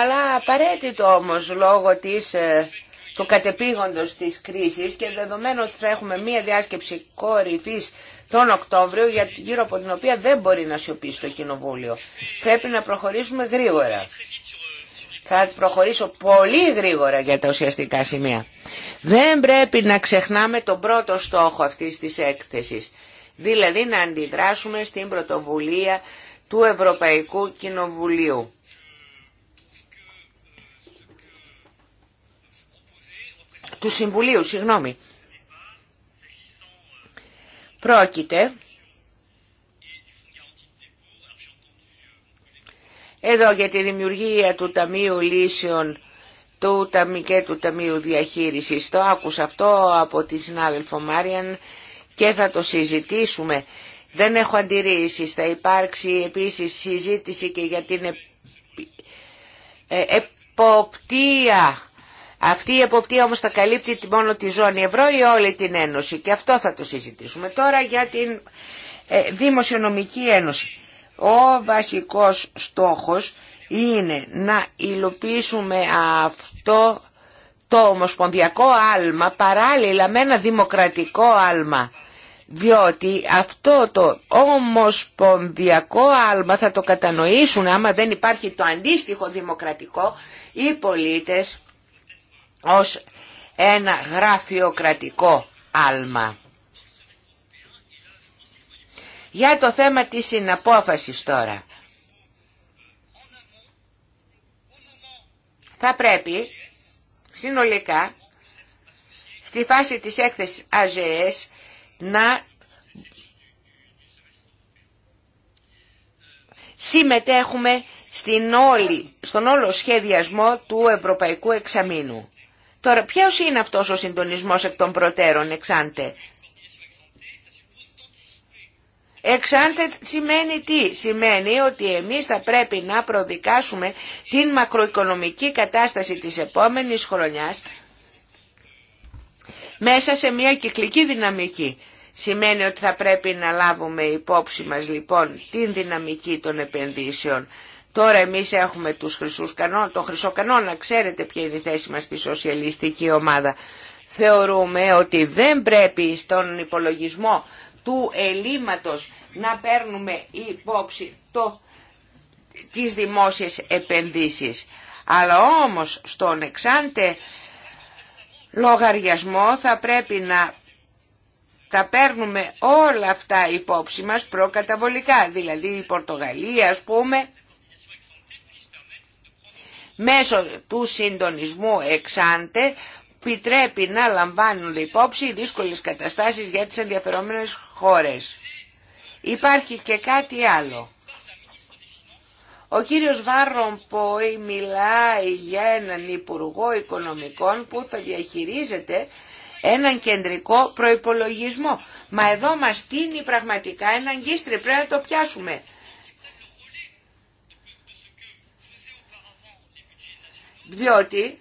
S3: Αλλά απαραίτητο όμως λόγω της, ε, του κατεπήγοντος της κρίσης και δεδομένου ότι θα έχουμε μία διάσκεψη κορυφής τον Οκτώβριο γύρω από την οποία δεν μπορεί να σιωπήσει το Κοινοβούλιο. Πρέπει να προχωρήσουμε γρήγορα. Θα προχωρήσω πολύ γρήγορα για τα ουσιαστικά σημεία. Δεν πρέπει να ξεχνάμε τον πρώτο στόχο αυτής της έκθεσης, δηλαδή να αντιδράσουμε στην πρωτοβουλία του Ευρωπαϊκού Κοινοβουλίου. Του Συμβουλίου, συγγνώμη. Πρόκειται Εδώ για τη δημιουργία του Ταμείου Λύσεων του, και του Ταμείου Διαχείρισης. Το άκουσα αυτό από τη συνάδελφο Μάριαν και θα το συζητήσουμε. Δεν έχω αντιρρήσεις. Θα υπάρξει επίσης συζήτηση και για την ε, εποπτεία. Αυτή η εποπτεία όμως θα καλύπτει μόνο τη ζώνη ευρώ ή όλη την ένωση. Και αυτό θα το συζητήσουμε τώρα για την ε, Δημοσιονομική Ένωση. Ο βασικός στόχος είναι να υλοποιήσουμε αυτό το ομοσπονδιακό άλμα παράλληλα με ένα δημοκρατικό άλμα. Διότι αυτό το ομοσπονδιακό άλμα θα το κατανοήσουν άμα δεν υπάρχει το αντίστοιχο δημοκρατικό οι πολίτες ως ένα γραφειοκρατικό άλμα. Για το θέμα της συναπόφασης τώρα. Θα πρέπει συνολικά στη φάση της έκθεσης ΑΖΕΕΣ να συμμετέχουμε στην όλη, στον όλο σχεδιασμό του Ευρωπαϊκού Εξαμήνου. Τώρα ποιος είναι αυτός ο συντονισμός εκ των προτέρων εξάντε. Εξάντε σημαίνει τι. Σημαίνει ότι εμείς θα πρέπει να προδικάσουμε την μακροοικονομική κατάσταση της επόμενης χρονιάς μέσα σε μια κυκλική δυναμική. Σημαίνει ότι θα πρέπει να λάβουμε υπόψη μας λοιπόν την δυναμική των επενδύσεων. Τώρα εμείς έχουμε τους χρυσούς κανόνες. Το χρυσό κανόνα, ξέρετε ποια είναι η θέση μας στη σοσιαλιστική ομάδα. Θεωρούμε ότι δεν πρέπει στον υπολογισμό του ελίματος να παίρνουμε υπόψη το, τις δημόσιες επενδύσεις. Αλλά όμως στον εξάντε λογαριασμό θα πρέπει να τα παίρνουμε όλα αυτά υπόψη μας προκαταβολικά. Δηλαδή η Πορτογαλία ας πούμε μέσω του συντονισμού εξάντε επιτρέπει να λαμβάνουν υπόψη οι δύσκολες καταστάσεις για τις ενδιαφερόμενες Υπάρχει και κάτι άλλο. Ο κύριος που μιλάει για έναν Υπουργό Οικονομικών που θα διαχειρίζεται έναν κεντρικό προϋπολογισμό. Μα εδώ μας τίνει πραγματικά έναν κίστρι, πρέπει να το πιάσουμε. Διότι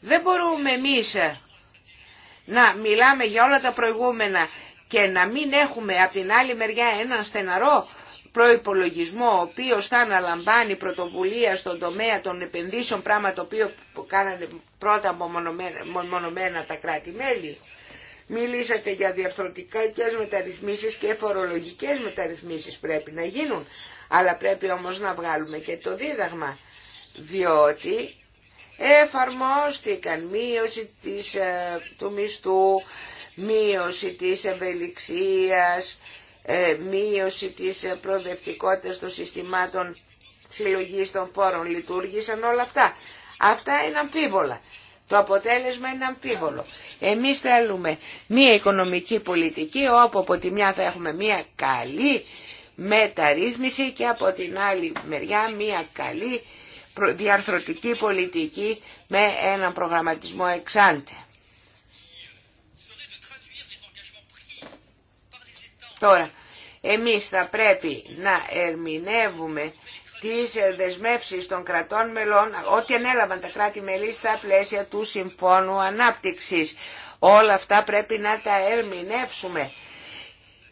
S3: δεν μπορούμε εμείς να μιλάμε για όλα τα προηγούμενα και να μην έχουμε από την άλλη μεριά έναν στεναρό προϋπολογισμό ο οποίος θα αναλαμβάνει πρωτοβουλία στον τομέα των επενδύσεων πράγμα το οποίο κάνανε πρώτα μονομένα τα κράτη-μέλη. Μιλήσατε για διαρθρωτικές μεταρρυθμίσεις και φορολογικές μεταρρυθμίσεις πρέπει να γίνουν. Αλλά πρέπει όμως να βγάλουμε και το δίδαγμα, διότι εφαρμόστηκαν μείωση της, ε, του μισθού, μείωση της ευελιξίας, ε, μείωση της προοδευτικότητας των συστημάτων συλλογής των φόρων λειτουργήσαν όλα αυτά. Αυτά είναι αμφίβολα. Το αποτέλεσμα είναι αμφίβολο. Εμείς θέλουμε μία οικονομική πολιτική όπου από τη μια θα έχουμε μία καλή μεταρρύθμιση και από την άλλη μεριά μία καλή διαρθρωτική πολιτική με έναν προγραμματισμό εξάντια. Τώρα, εμείς θα πρέπει να ερμηνεύουμε τις δεσμεύσεις των κρατών μελών, ό,τι ανέλαβαν τα κράτη-μελή στα πλαίσια του Συμφώνου Ανάπτυξης. Όλα αυτά πρέπει να τα ερμηνεύσουμε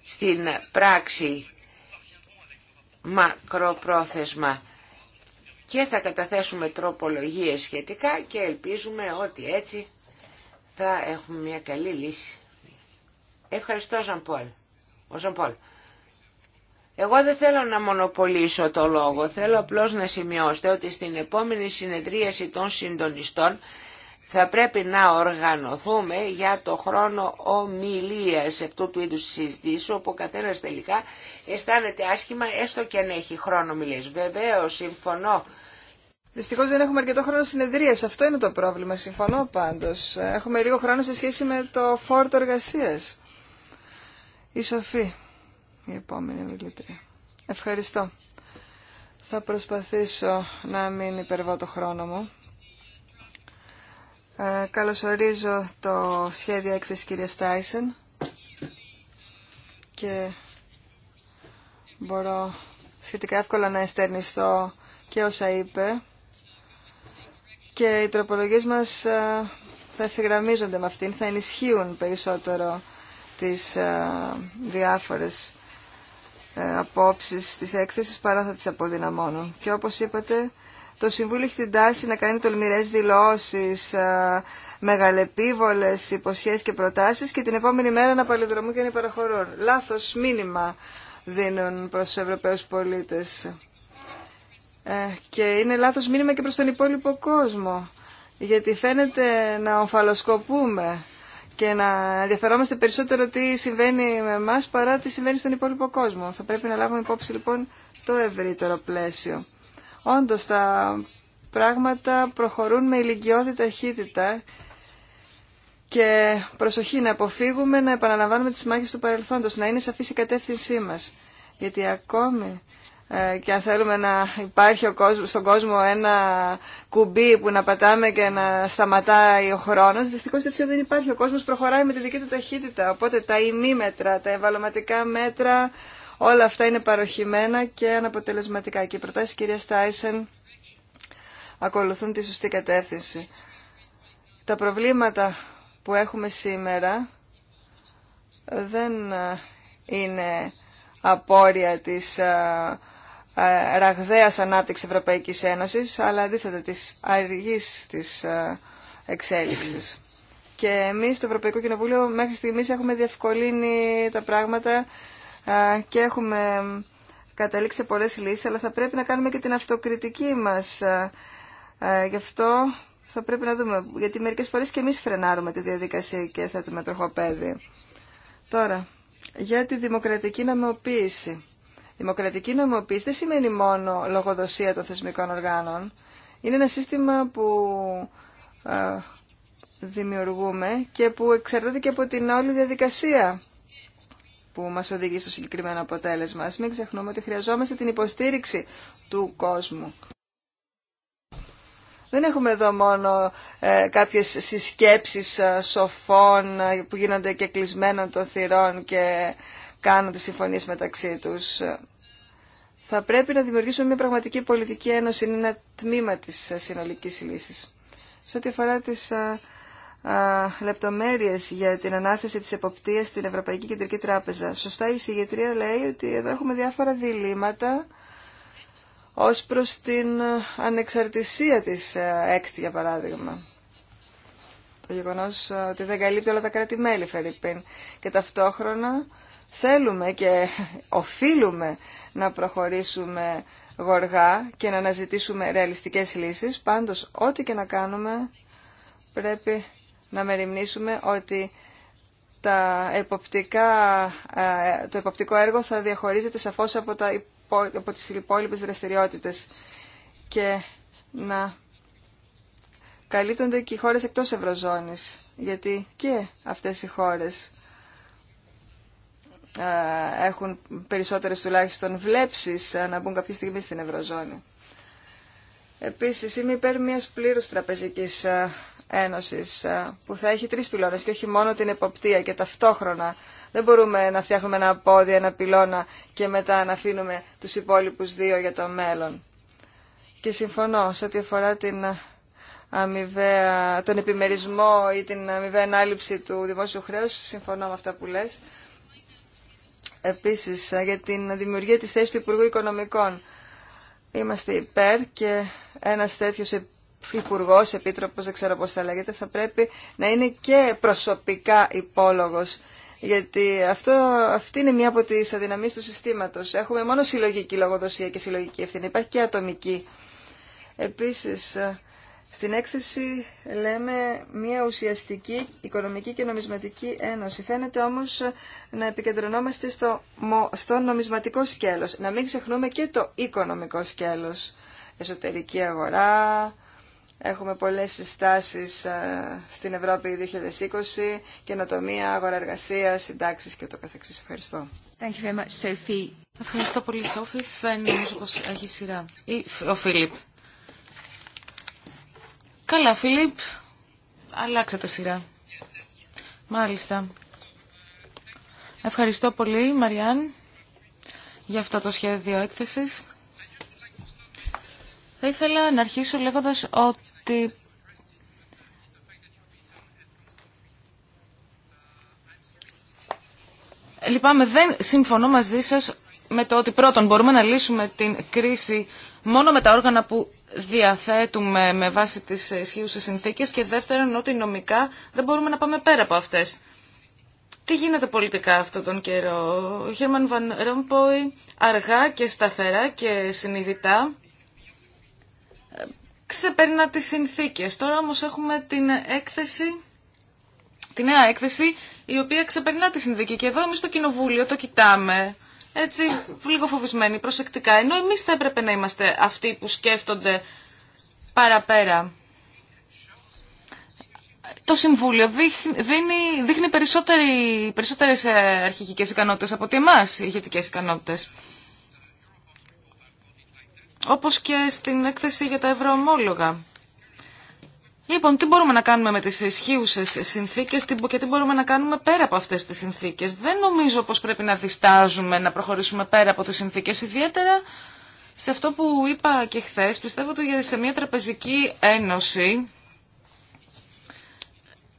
S3: στην πράξη μακροπρόθεσμα και θα καταθέσουμε τροπολογίες σχετικά και ελπίζουμε ότι έτσι θα έχουμε μια καλή λύση. Ευχαριστώ Ζανπόλ. Ο Ζομπόλ. Εγώ δεν θέλω να μονοπολίσω το λόγο, θέλω απλώς να σημειώσετε ότι στην επόμενη συνεδρίαση των συντονιστών θα πρέπει να οργανωθούμε για το χρόνο ομιλίας αυτού του είδους συζητήσεων, όπου ο καθένας τελικά αισθάνεται άσχημα έστω και αν έχει χρόνο ομιλίας. Βεβαίω, συμφωνώ.
S1: Δυστυχώ δεν έχουμε αρκετό χρόνο συνεδρία. Αυτό είναι το πρόβλημα. Συμφωνώ πάντω. Έχουμε λίγο χρόνο σε σχέση με το φόρτο εργασία. Η Σοφή, η επόμενη μιλήτρια. Ευχαριστώ. Θα προσπαθήσω να μην υπερβώ το χρόνο μου. Ε, καλωσορίζω το σχέδιο έκθεση κυρια Τάισεν και μπορώ σχετικά εύκολα να εστερνιστώ και όσα είπε και οι τροπολογίες μας ε, θα ευθυγραμμίζονται με αυτήν, θα ενισχύουν περισσότερο τις ε, διάφορες ε, απόψεις της έκθεσης παρά θα τις αποδυναμώνουν. Και όπως είπατε, το Συμβούλιο έχει την τάση να κάνει τολμηρές δηλώσεις, ε, μεγαλεπίβολες υποσχέσεις και προτάσεις και την επόμενη μέρα να παλιδρομούν και να υπαραχωρούν. Λάθος μήνυμα δίνουν προς τους Ευρωπαίους πολίτες. και είναι λάθος μήνυμα και προς τον υπόλοιπο κόσμο, γιατί φαίνεται να ομφαλοσκοπούμε και να ενδιαφερόμαστε περισσότερο τι συμβαίνει με εμά παρά τι συμβαίνει στον υπόλοιπο κόσμο. Θα πρέπει να λάβουμε υπόψη λοιπόν το ευρύτερο πλαίσιο. Όντω τα πράγματα προχωρούν με ηλικιώδη ταχύτητα και προσοχή να αποφύγουμε να επαναλαμβάνουμε τις μάχες του παρελθόντος, να είναι σαφής η κατεύθυνσή μας. Γιατί ακόμη ε, και αν θέλουμε να υπάρχει ο κόσμος, στον κόσμο ένα κουμπί που να πατάμε και να σταματάει ο χρόνος, δυστυχώς τέτοιο δεν υπάρχει. Ο κόσμος προχωράει με τη δική του ταχύτητα, οπότε τα ημίμετρα, τα ευαλωματικά μέτρα, όλα αυτά είναι παροχημένα και αναποτελεσματικά. Και οι προτάσεις κυρία Τάισεν ακολουθούν τη σωστή κατεύθυνση. Τα προβλήματα που έχουμε σήμερα δεν ε, είναι απόρρια της ε, ε, ραγδαίας ανάπτυξης Ευρωπαϊκής Ένωσης, αλλά αντίθετα της αργής της ε, εξέλιξης. Και εμείς στο Ευρωπαϊκό Κοινοβούλιο μέχρι στιγμής έχουμε διευκολύνει τα πράγματα ε, και έχουμε καταλήξει σε πολλές λύσεις, αλλά θα πρέπει να κάνουμε και την αυτοκριτική μας. Γι' αυτό θα πρέπει να δούμε, γιατί μερικές φορές και εμείς φρενάρουμε τη διαδικασία και θα το τροχοπέδι. Τώρα, για τη δημοκρατική νομοποίηση. Δημοκρατική νομοποίηση δεν σημαίνει μόνο λογοδοσία των θεσμικών οργάνων. Είναι ένα σύστημα που ε, δημιουργούμε και που εξαρτάται και από την όλη διαδικασία που μας οδηγεί στο συγκεκριμένο αποτέλεσμα. Ας μην ξεχνούμε ότι χρειαζόμαστε την υποστήριξη του κόσμου. Δεν έχουμε εδώ μόνο ε, κάποιες συσκέψεις ε, σοφών ε, που γίνονται και κλεισμένων των θυρών και κάνουν τις συμφωνίες μεταξύ τους. Θα πρέπει να δημιουργήσουμε μια πραγματική πολιτική ένωση, είναι ένα τμήμα της ε, συνολικής λύσης. Σε ό,τι αφορά τις α, ε, ε, λεπτομέρειες για την ανάθεση της εποπτείας στην Ευρωπαϊκή Κεντρική Τράπεζα, σωστά η συγγετρία λέει ότι εδώ έχουμε διάφορα διλήμματα ως προς την ανεξαρτησία της έκτη, για παράδειγμα. Το γεγονός ότι δεν καλύπτει όλα τα κράτη-μέλη, Φερρυπίν. Και ταυτόχρονα θέλουμε και οφείλουμε να προχωρήσουμε γοργά και να αναζητήσουμε ρεαλιστικές λύσεις. Πάντως, ό,τι και να κάνουμε, πρέπει να μεριμνήσουμε ότι τα εποπτικά, ε, το εποπτικό έργο θα διαχωρίζεται σαφώς από, τα, από τις υπόλοιπε δραστηριότητες και να καλύπτονται και οι χώρες εκτός Ευρωζώνης, γιατί και αυτές οι χώρες έχουν περισσότερες τουλάχιστον βλέψεις να μπουν κάποια στιγμή στην Ευρωζώνη. Επίσης, είμαι υπέρ μιας πλήρους τραπεζικής Ένωσης που θα έχει τρεις πυλώνες και όχι μόνο την εποπτεία και ταυτόχρονα δεν μπορούμε να φτιάχνουμε ένα πόδι, ένα πυλώνα και μετά να αφήνουμε τους υπόλοιπους δύο για το μέλλον. Και συμφωνώ σε ό,τι αφορά την αμοιβαία, τον επιμερισμό ή την αμοιβαία ανάληψη του δημόσιου χρέους, συμφωνώ με αυτά που λες επίσης ε, για την δημιουργία της θέσης του Υπουργού Οικονομικών. Είμαστε υπέρ και ένας τέτοιος υπουργό, επίτροπος, δεν ξέρω πώς θα λέγεται, θα πρέπει να είναι και προσωπικά υπόλογος. Γιατί αυτό, αυτή είναι μία από τις αδυναμίες του συστήματος. Έχουμε μόνο συλλογική λογοδοσία και συλλογική ευθύνη. Υπάρχει και ατομική. Επίσης, ε, στην έκθεση λέμε μια ουσιαστική οικονομική και νομισματική ένωση. Φαίνεται όμως να επικεντρωνόμαστε στο, νομισματικό σκέλος. Να μην ξεχνούμε και το οικονομικό σκέλος. Εσωτερική αγορά, έχουμε πολλές συστάσεις ε, στην Ευρώπη 2020, καινοτομία, αγορά εργασία, συντάξεις και το καθεξής. Ευχαριστώ. Thank you
S4: very much, Ευχαριστώ πολύ, Σόφη. Φαίνεται όμως πως έχει σειρά. ο Φίλιπ. Καλά, Φίλιπ. Αλλάξατε σειρά. Μάλιστα. Ευχαριστώ πολύ, Μαριάν, για αυτό το σχέδιο έκθεσης. Θα ήθελα να αρχίσω λέγοντας ότι Λυπάμαι, δεν συμφωνώ μαζί σας με το ότι πρώτον μπορούμε να λύσουμε την κρίση μόνο με τα όργανα που διαθέτουμε με βάση τις ισχύουσες συνθήκες και δεύτερον ότι νομικά δεν μπορούμε να πάμε πέρα από αυτές. Τι γίνεται πολιτικά αυτόν τον καιρό. Ο Χέρμαν Βαν Ρόμποϊ αργά και σταθερά και συνειδητά ε, ξεπερνά τις συνθήκες. Τώρα όμως έχουμε την έκθεση, τη νέα έκθεση η οποία ξεπερνά τη συνθήκη και εδώ εμείς στο κοινοβούλιο το κοιτάμε έτσι λίγο φοβισμένοι, προσεκτικά, ενώ εμείς θα έπρεπε να είμαστε αυτοί που σκέφτονται παραπέρα. Το Συμβούλιο δείχνει περισσότερη, περισσότερες ε, αρχικικές ικανότητες από ότι εμάς, ηγετικές ικανότητες. Όπως και στην έκθεση για τα ευρωομόλογα. Λοιπόν, τι μπορούμε να κάνουμε με τις ισχύουσε συνθήκες και τι μπορούμε να κάνουμε πέρα από αυτές τις συνθήκες. Δεν νομίζω πως πρέπει να διστάζουμε να προχωρήσουμε πέρα από τις συνθήκες, ιδιαίτερα σε αυτό που είπα και χθε, πιστεύω ότι σε μια τραπεζική ένωση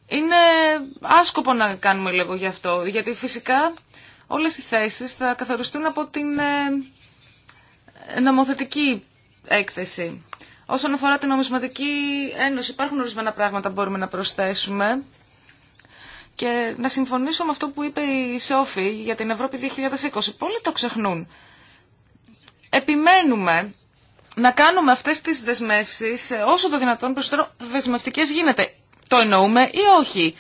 S4: είναι άσκοπο να κάνουμε λίγο γι' αυτό, γιατί φυσικά όλες οι θέσεις θα καθοριστούν από την ε, νομοθετική έκθεση. Όσον αφορά την νομισματική ένωση, υπάρχουν ορισμένα πράγματα που μπορούμε να προσθέσουμε. Και να συμφωνήσω με αυτό που είπε η Σόφη για την Ευρώπη 2020. Πολλοί το ξεχνούν. Επιμένουμε να κάνουμε αυτές τις δεσμεύσεις όσο το δυνατόν περισσότερο δεσμευτικές γίνεται. Το εννοούμε ή όχι.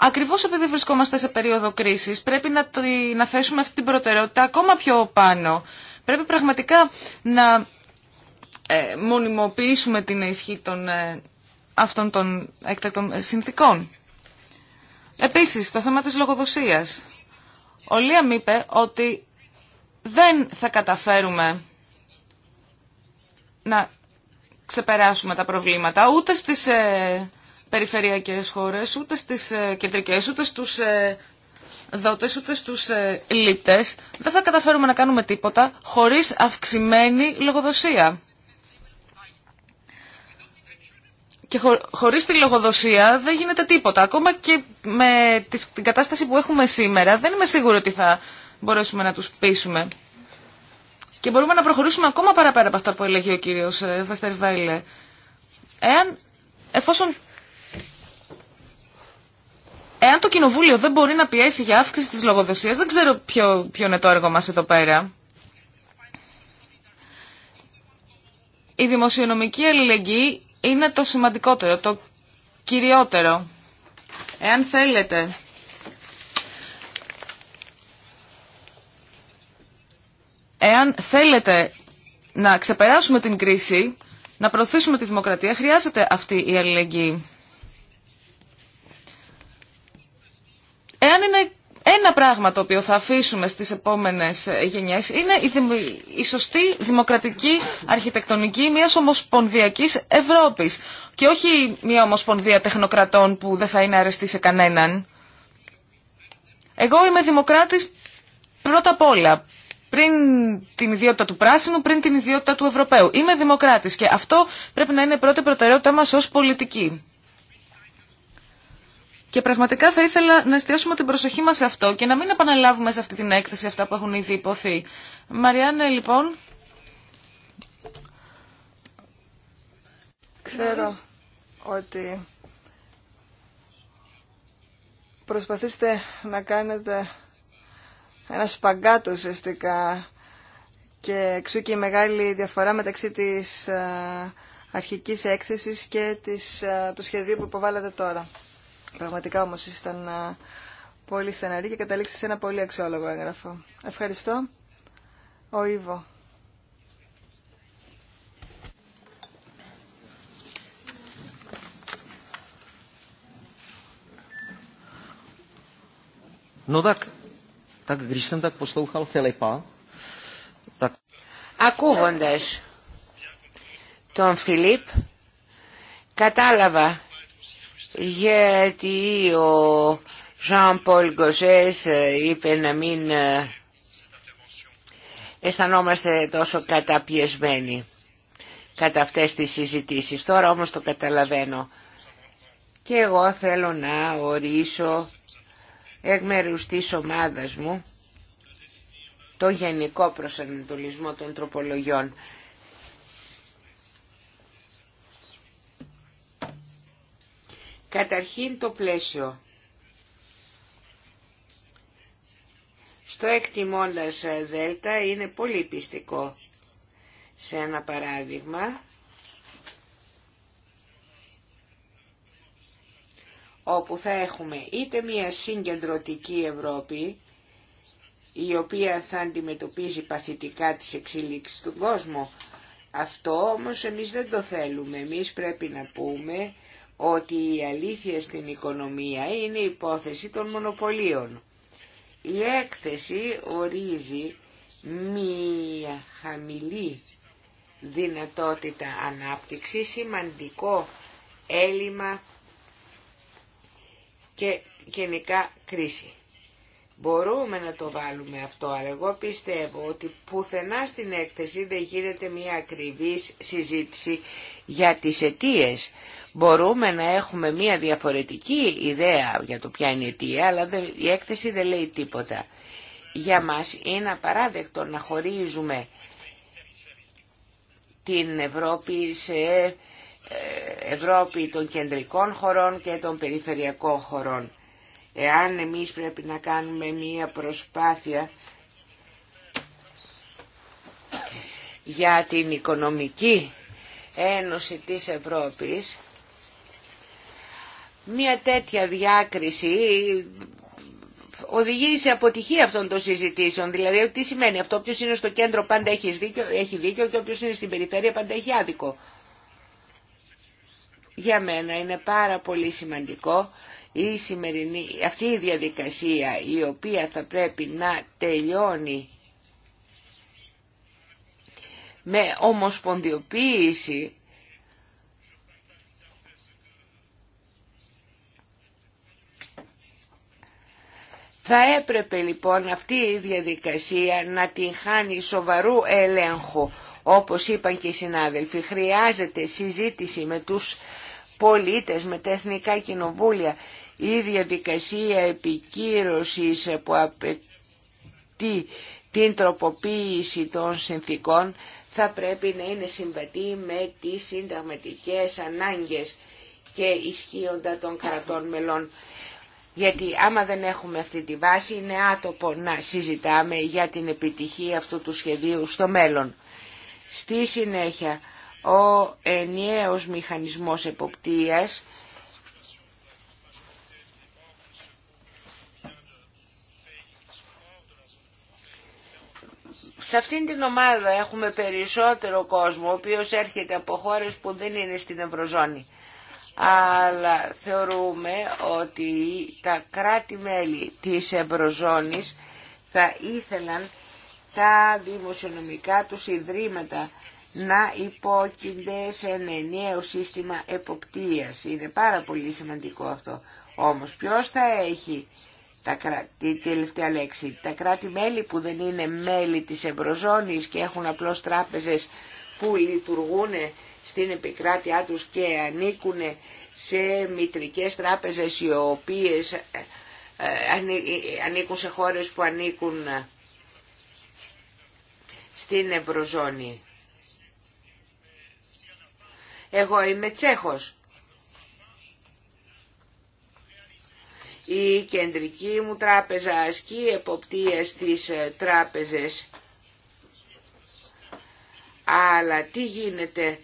S4: Ακριβώς επειδή βρισκόμαστε σε περίοδο κρίσης πρέπει να, να θέσουμε αυτή την προτεραιότητα ακόμα πιο πάνω. Πρέπει πραγματικά να ε, μονιμοποιήσουμε την ισχύ των, ε, αυτών των έκτακτων ε, συνθήκων. Επίσης, το θέμα της λογοδοσίας. Ο Λίαμ είπε ότι δεν θα καταφέρουμε να ξεπεράσουμε τα προβλήματα ούτε στις ε, περιφερειακές χώρες, ούτε στις ε, κεντρικές, ούτε στους ε, δότες, ούτε στους ε, Δεν θα καταφέρουμε να κάνουμε τίποτα χωρίς αυξημένη λογοδοσία. Και χω, χωρίς τη λογοδοσία δεν γίνεται τίποτα. Ακόμα και με την κατάσταση που έχουμε σήμερα δεν είμαι σίγουρη ότι θα μπορέσουμε να τους πείσουμε. Και μπορούμε να προχωρήσουμε ακόμα παραπέρα από αυτά που έλεγε ο κύριος Βεστέρ Εάν, εφόσον Εάν το κοινοβούλιο δεν μπορεί να πιέσει για αύξηση της λογοδοσίας, δεν ξέρω ποιο, ποιο είναι το έργο μας εδώ πέρα. Η δημοσιονομική αλληλεγγύη είναι το σημαντικότερο, το κυριότερο. Εάν θέλετε εάν θέλετε να ξεπεράσουμε την κρίση, να προωθήσουμε τη δημοκρατία, χρειάζεται αυτή η αλληλεγγύη. Εάν είναι ένα πράγμα το οποίο θα αφήσουμε στις επόμενες ε, γενιές είναι η, σωστή δημοκρατική αρχιτεκτονική μιας ομοσπονδιακής Ευρώπης και όχι μια ομοσπονδία τεχνοκρατών που δεν θα είναι αρεστή σε κανέναν. Εγώ είμαι δημοκράτης πρώτα απ' όλα πριν την ιδιότητα του πράσινου, πριν την ιδιότητα του Ευρωπαίου. Είμαι δημοκράτης και αυτό πρέπει να είναι πρώτη προτεραιότητά μας ως πολιτική. Και πραγματικά θα ήθελα να εστιάσουμε την προσοχή μας σε αυτό και να μην επαναλάβουμε σε αυτή την έκθεση αυτά που έχουν ήδη υποθεί. Μαριάννα, λοιπόν...
S1: Ξέρω ότι προσπαθήστε να κάνετε ένα σπαγκάτο ουσιαστικά και εξού και η μεγάλη διαφορά μεταξύ της ε, αρχικής έκθεσης και της, ε, του σχεδίου που υποβάλλατε τώρα. Πραγματικά όμως ήσταν πολύ στεναρή και καταλήξατε σε ένα πολύ αξιόλογο έγγραφο. Ευχαριστώ. Ο Ήβο.
S2: No tak, tak když jsem tak poslouchal Filipa, tak... Ακούγοντας τον
S3: Φιλίπ, κατάλαβα γιατί ο Ζαν Πολ Γκοζές είπε να μην ε, αισθανόμαστε τόσο καταπιεσμένοι κατά αυτές τις συζητήσεις. Τώρα όμως το καταλαβαίνω. Και εγώ θέλω να ορίσω εκ μέρους της ομάδας μου το γενικό προσανατολισμό των τροπολογιών. Καταρχήν το πλαίσιο. Στο εκτιμώντας ε, δέλτα είναι πολύ πιστικό. Σε ένα παράδειγμα, όπου θα έχουμε είτε μια συγκεντρωτική Ευρώπη, η οποία θα αντιμετωπίζει παθητικά τις εξελίξεις του κόσμου. Αυτό όμως εμείς δεν το θέλουμε. Εμείς πρέπει να πούμε ότι η αλήθεια στην οικονομία είναι η υπόθεση των μονοπωλίων. Η έκθεση ορίζει μία χαμηλή δυνατότητα ανάπτυξη, σημαντικό έλλειμμα και γενικά κρίση. Μπορούμε να το βάλουμε αυτό, αλλά εγώ πιστεύω ότι πουθενά στην έκθεση δεν γίνεται μια ακριβής συζήτηση για τις αιτίες... Μπορούμε να έχουμε μία διαφορετική ιδέα για το ποια είναι η αιτία, αλλά η έκθεση δεν λέει τίποτα. Για μας είναι απαράδεκτο να χωρίζουμε την Ευρώπη σε ε, Ευρώπη των κεντρικών χωρών και των περιφερειακών χωρών. Εάν εμείς πρέπει να κάνουμε μία προσπάθεια για την οικονομική ένωση της Ευρώπης, Μία τέτοια διάκριση οδηγεί σε αποτυχία αυτών των συζητήσεων. Δηλαδή, τι σημαίνει αυτό, όποιο είναι στο κέντρο πάντα έχει δίκιο, έχει δίκιο και όποιος είναι στην περιφέρεια πάντα έχει άδικο. Για μένα είναι πάρα πολύ σημαντικό η σημερινή, αυτή η διαδικασία η οποία θα πρέπει να τελειώνει με ομοσπονδιοποίηση Θα έπρεπε λοιπόν αυτή η διαδικασία να την χάνει σοβαρού ελέγχου. Όπως είπαν και οι συνάδελφοι, χρειάζεται συζήτηση με τους πολίτες, με τα εθνικά κοινοβούλια. Η διαδικασία επικύρωσης που απαιτεί την τροποποίηση των συνθήκων θα πρέπει να είναι συμβατή με τις συνταγματικές ανάγκες και ισχύοντα των κρατών μελών γιατί άμα δεν έχουμε αυτή τη βάση είναι άτοπο να συζητάμε για την επιτυχία αυτού του σχεδίου στο μέλλον. Στη συνέχεια, ο ενιαίος μηχανισμός εποπτείας Σε αυτήν την ομάδα έχουμε περισσότερο κόσμο, ο οποίος έρχεται από χώρες που δεν είναι στην Ευρωζώνη αλλά θεωρούμε ότι τα κράτη-μέλη της εμπροζώνης θα ήθελαν τα δημοσιονομικά τους ιδρύματα να υπόκεινται σε ένα νέο σύστημα εποπτείας. Είναι πάρα πολύ σημαντικό αυτό. Όμως ποιος θα έχει τα τη τελευταία λέξη, τα κράτη-μέλη που δεν είναι μέλη της εμπροζώνης και έχουν απλώς τράπεζες που λειτουργούν στην επικράτειά τους και ανήκουν σε μητρικές τράπεζες οι οποίες ε, ε, ε, ανήκουν σε χώρες που ανήκουν στην Ευρωζώνη. Εγώ είμαι Τσέχος. Η κεντρική μου τράπεζα ασκεί εποπτεία στις τράπεζες. Αλλά τι γίνεται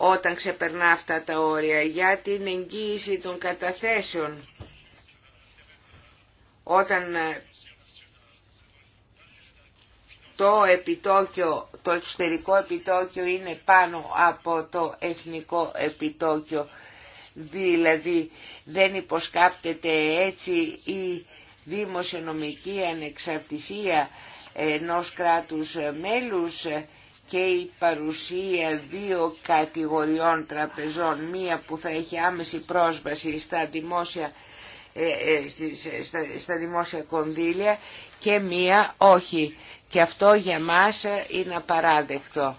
S3: όταν ξεπερνά αυτά τα όρια, για την εγγύηση των καταθέσεων, όταν ε, το επιτόκιο, το εξωτερικό επιτόκιο είναι πάνω από το εθνικό επιτόκιο, δηλαδή δεν υποσκάπτεται έτσι η δημοσιονομική ανεξαρτησία ενός κράτους μέλους και η παρουσία δύο κατηγοριών τραπεζών, μία που θα έχει άμεση πρόσβαση στα δημόσια, ε, ε, ε, στα δημόσια κονδύλια και μία όχι. Και αυτό για μας είναι απαράδεκτο.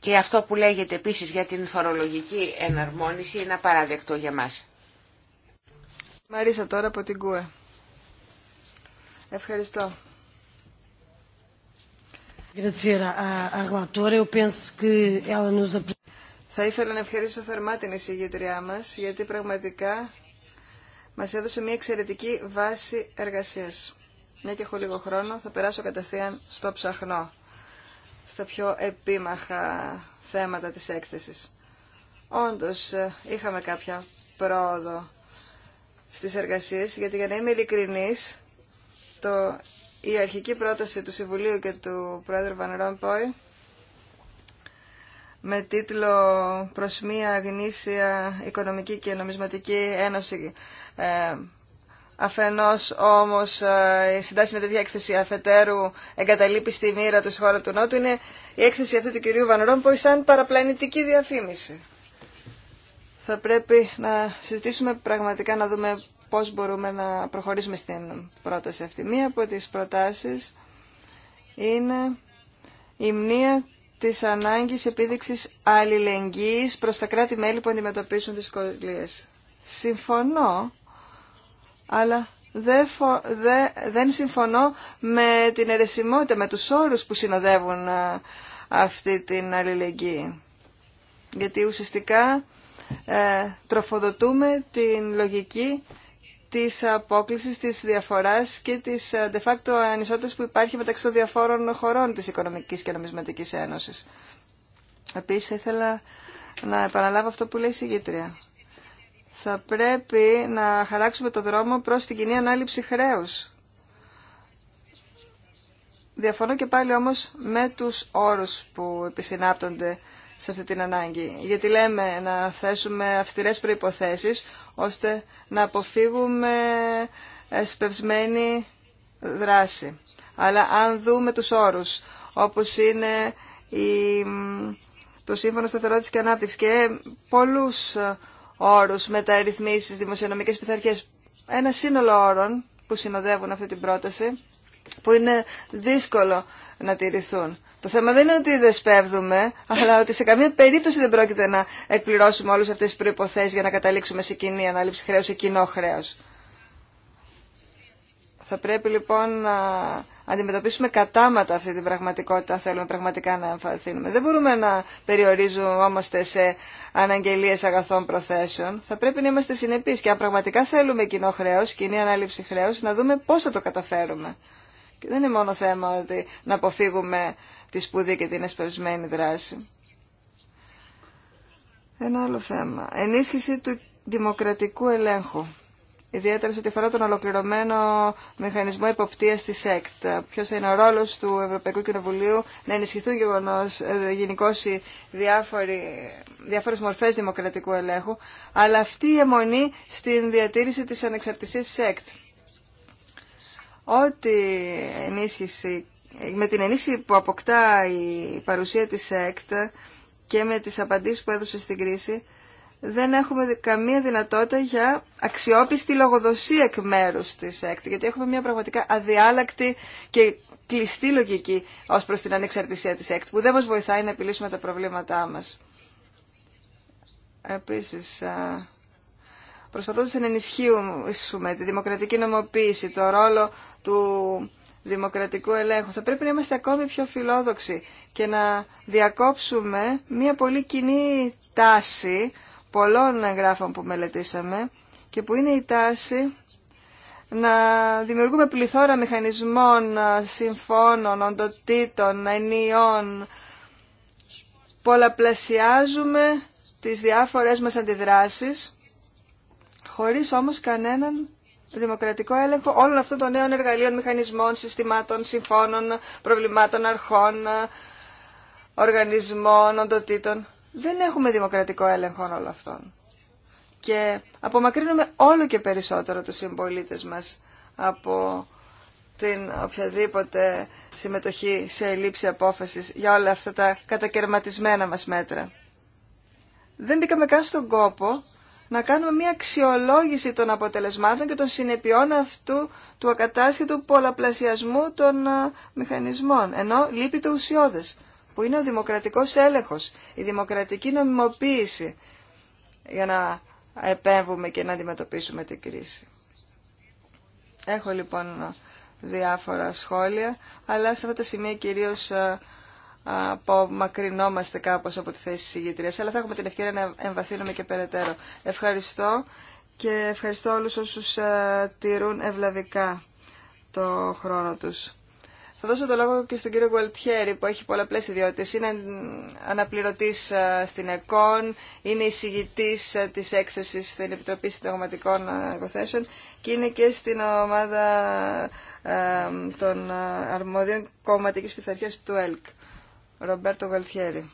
S3: Και αυτό που λέγεται επίσης για την φορολογική εναρμόνιση είναι απαράδεκτο για μας.
S1: Μαρίσα τώρα από την ΚΟΕ. Ευχαριστώ. Θα ήθελα να ευχαριστήσω θερμά την εισηγήτριά μας, γιατί πραγματικά μας έδωσε μια εξαιρετική βάση εργασίας. Μια και έχω λίγο χρόνο, θα περάσω κατευθείαν στο ψαχνό, στα πιο επίμαχα θέματα της έκθεσης. Όντως, ε, είχαμε κάποια πρόοδο στις εργασίες, γιατί για να είμαι ειλικρινής, το, η αρχική πρόταση του Συμβουλίου και του Πρόεδρου Βαν Ρόμποϊ με τίτλο «Προς μία γνήσια οικονομική και νομισματική ένωση». Ε, αφενός όμως ε, η συντάση με τέτοια έκθεση αφετέρου εγκαταλείπει στη μοίρα του χώρα του Νότου είναι η έκθεση αυτή του κυρίου Βαν σαν παραπλανητική διαφήμιση θα πρέπει να συζητήσουμε πραγματικά να δούμε πώς μπορούμε να προχωρήσουμε στην πρόταση αυτή. Μία από τις προτάσεις είναι η μνήμα της ανάγκης επίδειξης αλληλεγγύης προς τα κράτη-μέλη που αντιμετωπίσουν δυσκολίες. Συμφωνώ, αλλά δεν, δεν συμφωνώ με την αιρεσιμότητα, με τους όρους που συνοδεύουν ε, αυτή την αλληλεγγύη. Γιατί ουσιαστικά ε, τροφοδοτούμε την λογική της απόκλησης, της διαφοράς και της ε, de facto ανισότητας που υπάρχει μεταξύ των διαφόρων χωρών της Οικονομικής και Νομισματικής Ένωσης. Επίσης, ήθελα να επαναλάβω αυτό που λέει η συγκήτρια. Θα πρέπει να χαράξουμε το δρόμο προς την κοινή ανάληψη χρέους. Διαφωνώ και πάλι όμως με τους όρους που επισυνάπτονται σε αυτή την ανάγκη. Γιατί λέμε να θέσουμε αυστηρές προϋποθέσεις ώστε να αποφύγουμε εσπευσμένη δράση. Αλλά αν δούμε τους όρους, όπως είναι η, το Σύμφωνο Σταθερότητας και Ανάπτυξης και πολλούς όρους, μεταρρυθμίσεις, δημοσιονομικές πειθαρχίες, ένα σύνολο όρων που συνοδεύουν αυτή την πρόταση, που είναι δύσκολο να τηρηθούν. Το θέμα δεν είναι ότι δεσπεύδουμε, αλλά ότι σε καμία περίπτωση δεν πρόκειται να εκπληρώσουμε όλε αυτέ τις προποθέσει για να καταλήξουμε σε κοινή ανάληψη χρέους ή κοινό χρέο. Θα πρέπει λοιπόν να αντιμετωπίσουμε κατάματα αυτή την πραγματικότητα, αν θέλουμε πραγματικά να εμφανθύνουμε. Δεν μπορούμε να περιορίζουμε περιορίζουμε σε αναγγελίες αγαθών προθέσεων. Θα πρέπει να είμαστε συνεπείς και αν πραγματικά θέλουμε κοινό χρέος, κοινή ανάληψη χρέους, να δούμε πώς θα το καταφέρουμε. Και δεν είναι μόνο θέμα ότι να αποφύγουμε τη σπουδή και την εσπευσμένη δράση. Ένα άλλο θέμα. Ενίσχυση του δημοκρατικού ελέγχου. Ιδιαίτερα σε ό,τι αφορά τον ολοκληρωμένο μηχανισμό υποπτία τη ΕΚΤ. Ποιο είναι ο ρόλο του Ευρωπαϊκού Κοινοβουλίου να ενισχυθούν γενικώ ε, οι διάφορε μορφέ δημοκρατικού ελέγχου, αλλά αυτή η αιμονή στην διατήρηση τη ανεξαρτησία τη ΕΚΤ. Ό,τι ενίσχυση με την ενίσχυση που αποκτά η παρουσία της ΕΚΤ και με τις απαντήσεις που έδωσε στην κρίση, δεν έχουμε καμία δυνατότητα για αξιόπιστη λογοδοσία εκ μέρους της ΕΚΤ, γιατί έχουμε μια πραγματικά αδιάλακτη και κλειστή λογική ως προς την ανεξαρτησία της ΕΚΤ, που δεν μας βοηθάει να επιλύσουμε τα προβλήματά μας. Επίσης, προσπαθώντας να ενισχύσουμε τη δημοκρατική νομοποίηση, το ρόλο του δημοκρατικού ελέγχου. Θα πρέπει να είμαστε ακόμη πιο φιλόδοξοι και να διακόψουμε μια πολύ κοινή τάση πολλών εγγράφων που μελετήσαμε και που είναι η τάση να δημιουργούμε πληθώρα μηχανισμών, συμφώνων, οντοτήτων, ενιών. Πολλαπλασιάζουμε τις διάφορες μας αντιδράσεις χωρίς όμως κανέναν δημοκρατικό έλεγχο όλων αυτών των νέων εργαλείων, μηχανισμών, συστημάτων, συμφώνων, προβλημάτων, αρχών, οργανισμών, οντοτήτων. Δεν έχουμε δημοκρατικό έλεγχο όλων αυτών. Και απομακρύνουμε όλο και περισσότερο τους συμπολίτε μας από την οποιαδήποτε συμμετοχή σε λήψη απόφασης για όλα αυτά τα κατακαιρματισμένα μας μέτρα. Δεν μπήκαμε καν στον κόπο να κάνουμε μια αξιολόγηση των αποτελεσμάτων και των συνεπειών αυτού του ακατάσχετου πολλαπλασιασμού των ε, μηχανισμών. Ενώ λείπει το ουσιώδες, που είναι ο δημοκρατικός έλεγχος, η δημοκρατική νομιμοποίηση για να επέμβουμε και να αντιμετωπίσουμε την κρίση. Έχω λοιπόν διάφορα σχόλια, αλλά σε αυτά τα σημεία κυρίως ε, απομακρυνόμαστε κάπως από τη θέση της αλλά θα έχουμε την ευκαιρία να εμβαθύνουμε και περαιτέρω. Ευχαριστώ και ευχαριστώ όλους όσους ε, τηρούν ευλαβικά το χρόνο τους. Θα δώσω το λόγο και στον κύριο Γκουαλτιέρη που έχει πολλαπλές ιδιότητες. Είναι αναπληρωτής ε, στην ΕΚΟΝ, είναι εισηγητής ε, της έκθεσης στην Επιτροπή Συνταγματικών Υποθέσεων και είναι και στην ομάδα των αρμόδιων κομματικής πειθαρχία του ΕΛΚ. Ρομπέρτο Γαλτιέρη.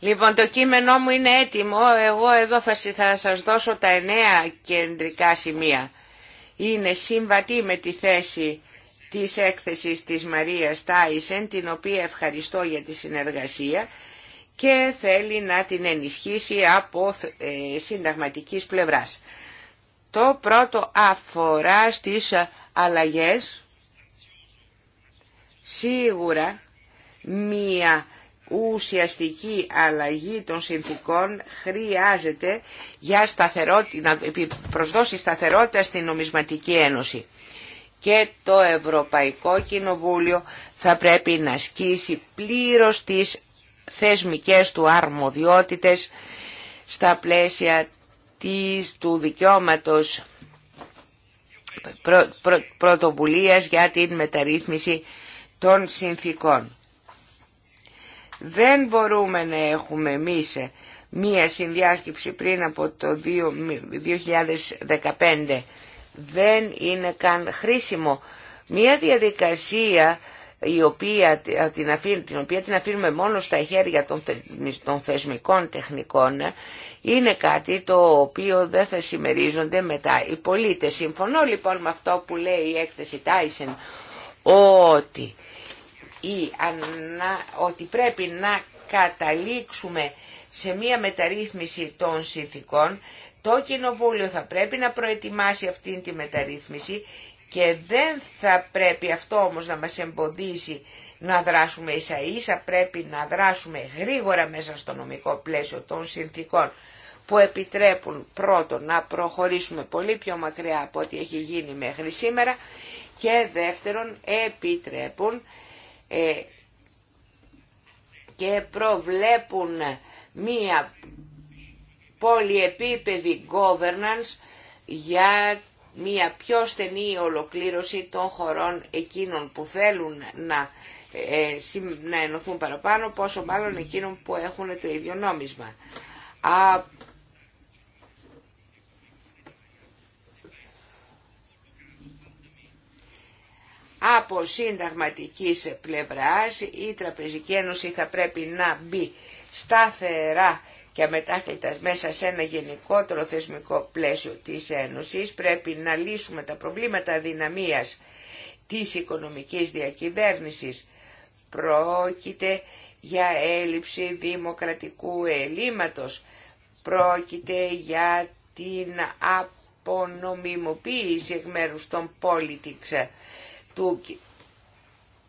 S3: Λοιπόν, το κείμενό μου είναι έτοιμο. Εγώ εδώ θα, θα σας δώσω τα εννέα κεντρικά σημεία. Είναι συμβατή με τη θέση της έκθεσης της Μαρίας Τάισεν, την οποία ευχαριστώ για τη συνεργασία και θέλει να την ενισχύσει από ε, συνταγματικής πλευράς. Το πρώτο αφορά στις αλλαγές. Σίγουρα μία ουσιαστική αλλαγή των συνθήκων χρειάζεται για σταθερότητα, να προσδώσει σταθερότητα στην νομισματική ένωση. Και το Ευρωπαϊκό Κοινοβούλιο θα πρέπει να ασκήσει πλήρως τις θεσμικές του αρμοδιότητες στα πλαίσια της, του δικαιώματος πρω, πρωτοβουλίας για την μεταρρύθμιση των συνθήκων. Δεν μπορούμε να έχουμε εμείς μία συνδιάσκεψη πριν από το 2015. Δεν είναι καν χρήσιμο. Μία διαδικασία η οποία, την, την οποία την αφήνουμε μόνο στα χέρια των, θε, θεσμικών τεχνικών ε, είναι κάτι το οποίο δεν θα συμμερίζονται μετά οι πολίτες. Συμφωνώ λοιπόν με αυτό που λέει η έκθεση Τάισεν, ότι, η, ότι πρέπει να καταλήξουμε σε μία μεταρρύθμιση των συνθήκων το Κοινοβούλιο θα πρέπει να προετοιμάσει αυτήν τη μεταρρύθμιση και δεν θα πρέπει αυτό όμως να μας εμποδίζει να δράσουμε ίσα ίσα, πρέπει να δράσουμε γρήγορα μέσα στο νομικό πλαίσιο των συνθήκων που επιτρέπουν πρώτον να προχωρήσουμε πολύ πιο μακριά από ό,τι έχει γίνει μέχρι σήμερα και δεύτερον επιτρέπουν ε, και προβλέπουν μία πολυεπίπεδη governance για μία πιο στενή ολοκλήρωση των χωρών εκείνων που θέλουν να, ε, να ενωθούν παραπάνω, πόσο μάλλον εκείνων που έχουν το ίδιο νόμισμα. Α, από συνταγματικής πλευράς η Τραπεζική Ένωση θα πρέπει να μπει σταθερά και αμετάκλητας μέσα σε ένα γενικότερο θεσμικό πλαίσιο της Ένωσης πρέπει να λύσουμε τα προβλήματα δυναμίας της οικονομικής διακυβέρνησης. Πρόκειται για έλλειψη δημοκρατικού ελλείμματος. Πρόκειται για την απονομιμοποίηση εκ μέρους των πολιτικς του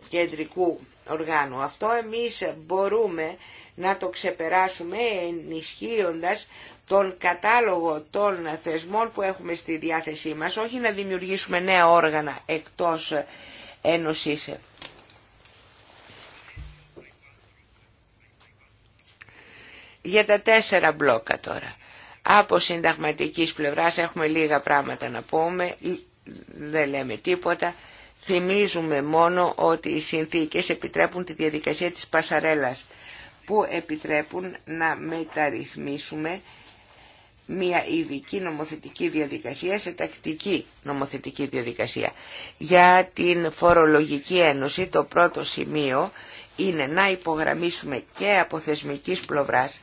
S3: κεντρικού οργάνου. Αυτό εμείς μπορούμε να το ξεπεράσουμε ενισχύοντας τον κατάλογο των θεσμών που έχουμε στη διάθεσή μας, όχι να δημιουργήσουμε νέα όργανα εκτός ένωσης. Για τα τέσσερα μπλόκα τώρα. Από συνταγματικής πλευράς έχουμε λίγα πράγματα να πούμε, δεν λέμε τίποτα. Θυμίζουμε μόνο ότι οι συνθήκες επιτρέπουν τη διαδικασία της πασαρέλας που επιτρέπουν να μεταρρυθμίσουμε μια ειδική νομοθετική διαδικασία σε τακτική νομοθετική διαδικασία. Για την φορολογική ένωση το πρώτο σημείο είναι να υπογραμμίσουμε και από θεσμικής πλευράς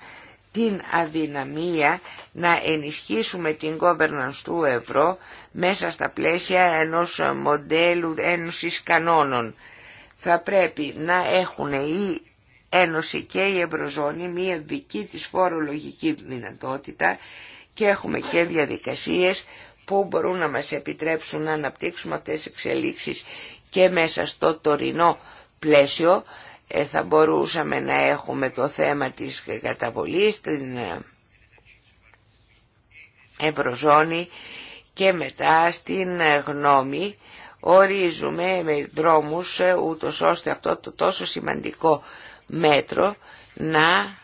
S3: την αδυναμία να ενισχύσουμε την governance του ευρώ μέσα στα πλαίσια ενός μοντέλου ένωσης κανόνων. Θα πρέπει να έχουν Ένωση και η Ευρωζώνη μία δική της φορολογική δυνατότητα και έχουμε και διαδικασίες που μπορούν να μας επιτρέψουν να αναπτύξουμε αυτές τις εξελίξεις και μέσα στο τωρινό πλαίσιο ε, θα μπορούσαμε να έχουμε το θέμα της καταβολής στην ε, Ευρωζώνη και μετά στην ε, γνώμη ορίζουμε με δρόμους ούτως ώστε αυτό το τόσο σημαντικό μέτρο να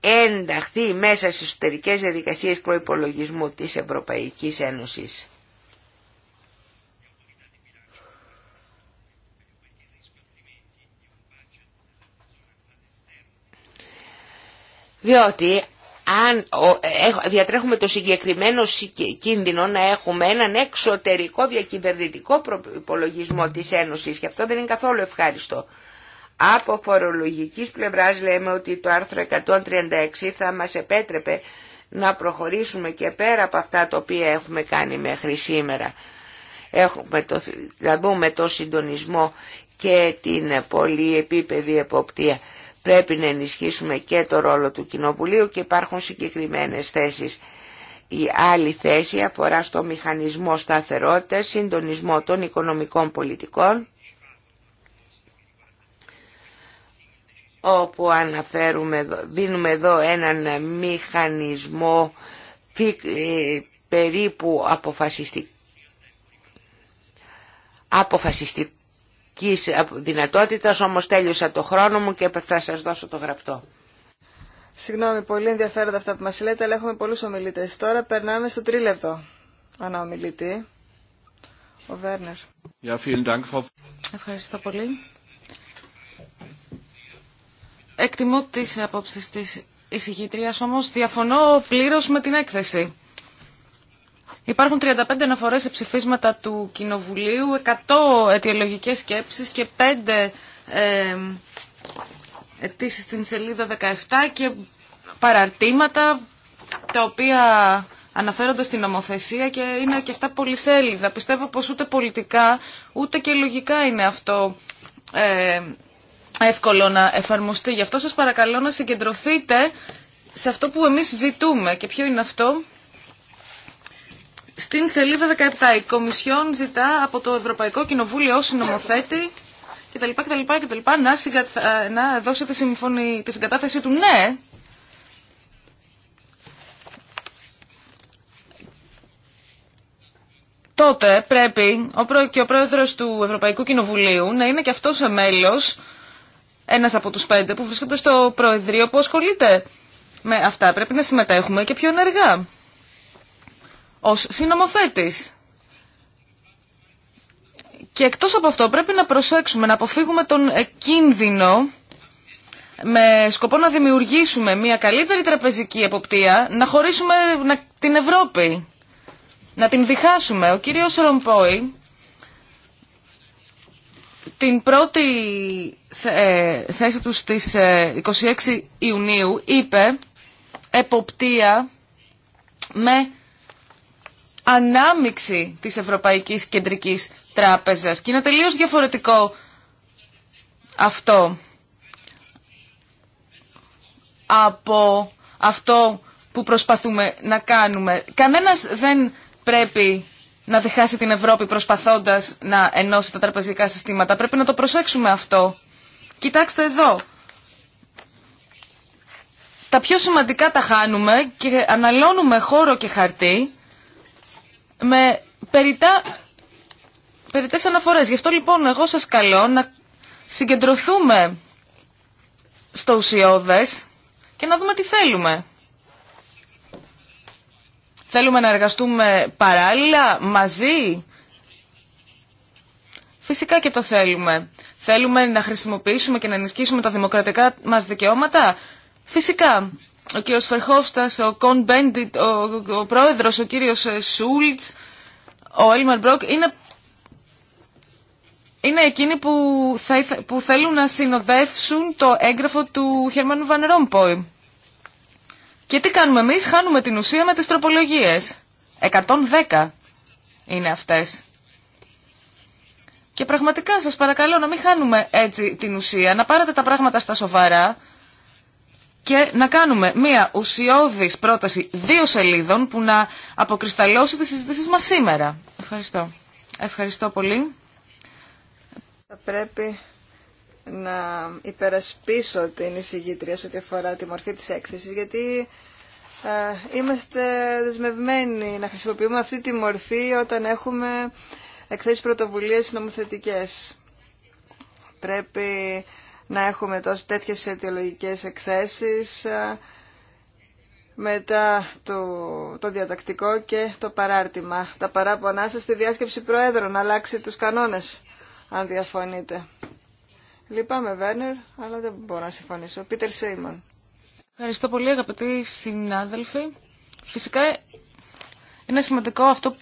S3: ενταχθεί μέσα στις εσωτερικές διαδικασίες προϋπολογισμού της Ευρωπαϊκής Ένωσης. Διότι αν διατρέχουμε το συγκεκριμένο κίνδυνο να έχουμε έναν εξωτερικό διακυβερνητικό υπολογισμό της Ένωσης και αυτό δεν είναι καθόλου ευχάριστο. Από φορολογικής πλευράς λέμε ότι το άρθρο 136 θα μας επέτρεπε να προχωρήσουμε και πέρα από αυτά τα οποία έχουμε κάνει μέχρι σήμερα. Έχουμε το, να δούμε το συντονισμό και την επίπεδη εποπτεία. Πρέπει να ενισχύσουμε και το ρόλο του Κοινοβουλίου και υπάρχουν συγκεκριμένες θέσεις. Η άλλη θέση αφορά στο μηχανισμό σταθερότητας, συντονισμό των οικονομικών πολιτικών, όπου αναφέρουμε, δίνουμε εδώ έναν μηχανισμό περίπου αποφασιστικό, αποφασιστικό δυνατότητας, όμως τέλειωσα το χρόνο μου και
S1: θα σας δώσω το γραπτό. Συγγνώμη, πολύ ενδιαφέροντα αυτά που μας λέτε, αλλά έχουμε πολλούς ομιλητές. Τώρα περνάμε στο τρίλεπτο αναομιλητή. Ο Βέρνερ. Ευχαριστώ πολύ.
S4: Εκτιμώ τις απόψεις της ησυχητρίας όμως διαφωνώ πλήρως με την έκθεση. Υπάρχουν 35 αναφορές σε ψηφίσματα του Κοινοβουλίου, 100 αιτιολογικές σκέψεις και 5 ε, αιτήσει στην σελίδα 17 και παραρτήματα τα οποία αναφέρονται στην νομοθεσία και είναι και αυτά πολυσέλιδα. Πιστεύω πως ούτε πολιτικά ούτε και λογικά είναι αυτό εύκολο να εφαρμοστεί. Γι' αυτό σας παρακαλώ να συγκεντρωθείτε σε αυτό που εμείς ζητούμε. Και ποιο είναι αυτό? Στην σελίδα 17 η Κομισιόν ζητά από το Ευρωπαϊκό Κοινοβούλιο ως συνομοθέτη κτλ. κτλ, κτλ να, συγκατα... να δώσει τη, συμφωνή... τη συγκατάθεσή του ναι. Τότε πρέπει ο και ο πρόεδρος του Ευρωπαϊκού Κοινοβουλίου να είναι και αυτός ο μέλος, ένας από τους πέντε που βρίσκονται στο Προεδρείο που ασχολείται με αυτά. Πρέπει να συμμετέχουμε και πιο ενεργά ως συνομοθέτης. Και εκτός από αυτό πρέπει να προσέξουμε, να αποφύγουμε τον κίνδυνο με σκοπό να δημιουργήσουμε μια καλύτερη τραπεζική εποπτεία, να χωρίσουμε την Ευρώπη, να την διχάσουμε. Ο κύριος Ρομπόη την πρώτη ε, θέση του στις 26 ε, Ιουνίου είπε εποπτεία με ανάμιξη της Ευρωπαϊκής Κεντρικής Τράπεζας και είναι τελείως διαφορετικό αυτό από αυτό που προσπαθούμε να κάνουμε. Κανένας δεν πρέπει να διχάσει την Ευρώπη προσπαθώντας να ενώσει τα τραπεζικά συστήματα. Πρέπει να το προσέξουμε αυτό. Κοιτάξτε εδώ. Τα πιο σημαντικά τα χάνουμε και αναλώνουμε χώρο και χαρτί με περιτά, περιτές αναφορές. Γι' αυτό λοιπόν εγώ σας καλώ να συγκεντρωθούμε στο ουσιώδες και να δούμε τι θέλουμε. Θέλουμε να εργαστούμε παράλληλα, μαζί. Φυσικά και το θέλουμε. Θέλουμε να χρησιμοποιήσουμε και να ενισχύσουμε τα δημοκρατικά μας δικαιώματα. Φυσικά ο κύριος Φερχόφστας, ο Κον Μπέντιτ, ο, ο πρόεδρος, ο κύριος ε, Σούλτς, ο Έλμαρ Μπρόκ, είναι, εκείνοι που, θέλουν να συνοδεύσουν το έγγραφο του Χερμάνου Βαν Ρόμποϊ. Και τι κάνουμε εμείς, χάνουμε την ουσία με τις τροπολογίες. 110 είναι αυτές. Και πραγματικά σας παρακαλώ να μην χάνουμε έτσι την ουσία, να πάρετε τα πράγματα στα σοβαρά και να κάνουμε μία ουσιώδης πρόταση δύο σελίδων που να αποκρισταλώσει τις συζητήσεις μας σήμερα. Ευχαριστώ. Ευχαριστώ πολύ.
S1: Θα πρέπει να υπερασπίσω την εισηγήτρια σε ό,τι αφορά τη μορφή της έκθεσης, γιατί ε, είμαστε δεσμευμένοι να χρησιμοποιούμε αυτή τη μορφή όταν έχουμε εκθέσεις πρωτοβουλίες νομοθετικές. Πρέπει να έχουμε τόσο τέτοιες αιτιολογικές εκθέσεις ε, μετά το, το διατακτικό και το παράρτημα. Τα παράπονά σας στη διάσκεψη Προέδρων, αλλάξει τους κανόνες, αν διαφωνείτε. Λυπάμαι, Βέρνερ, αλλά δεν μπορώ να συμφωνήσω. Πίτερ Σέιμον. Ευχαριστώ πολύ, αγαπητοί συνάδελφοι. Φυσικά,
S4: είναι σημαντικό αυτό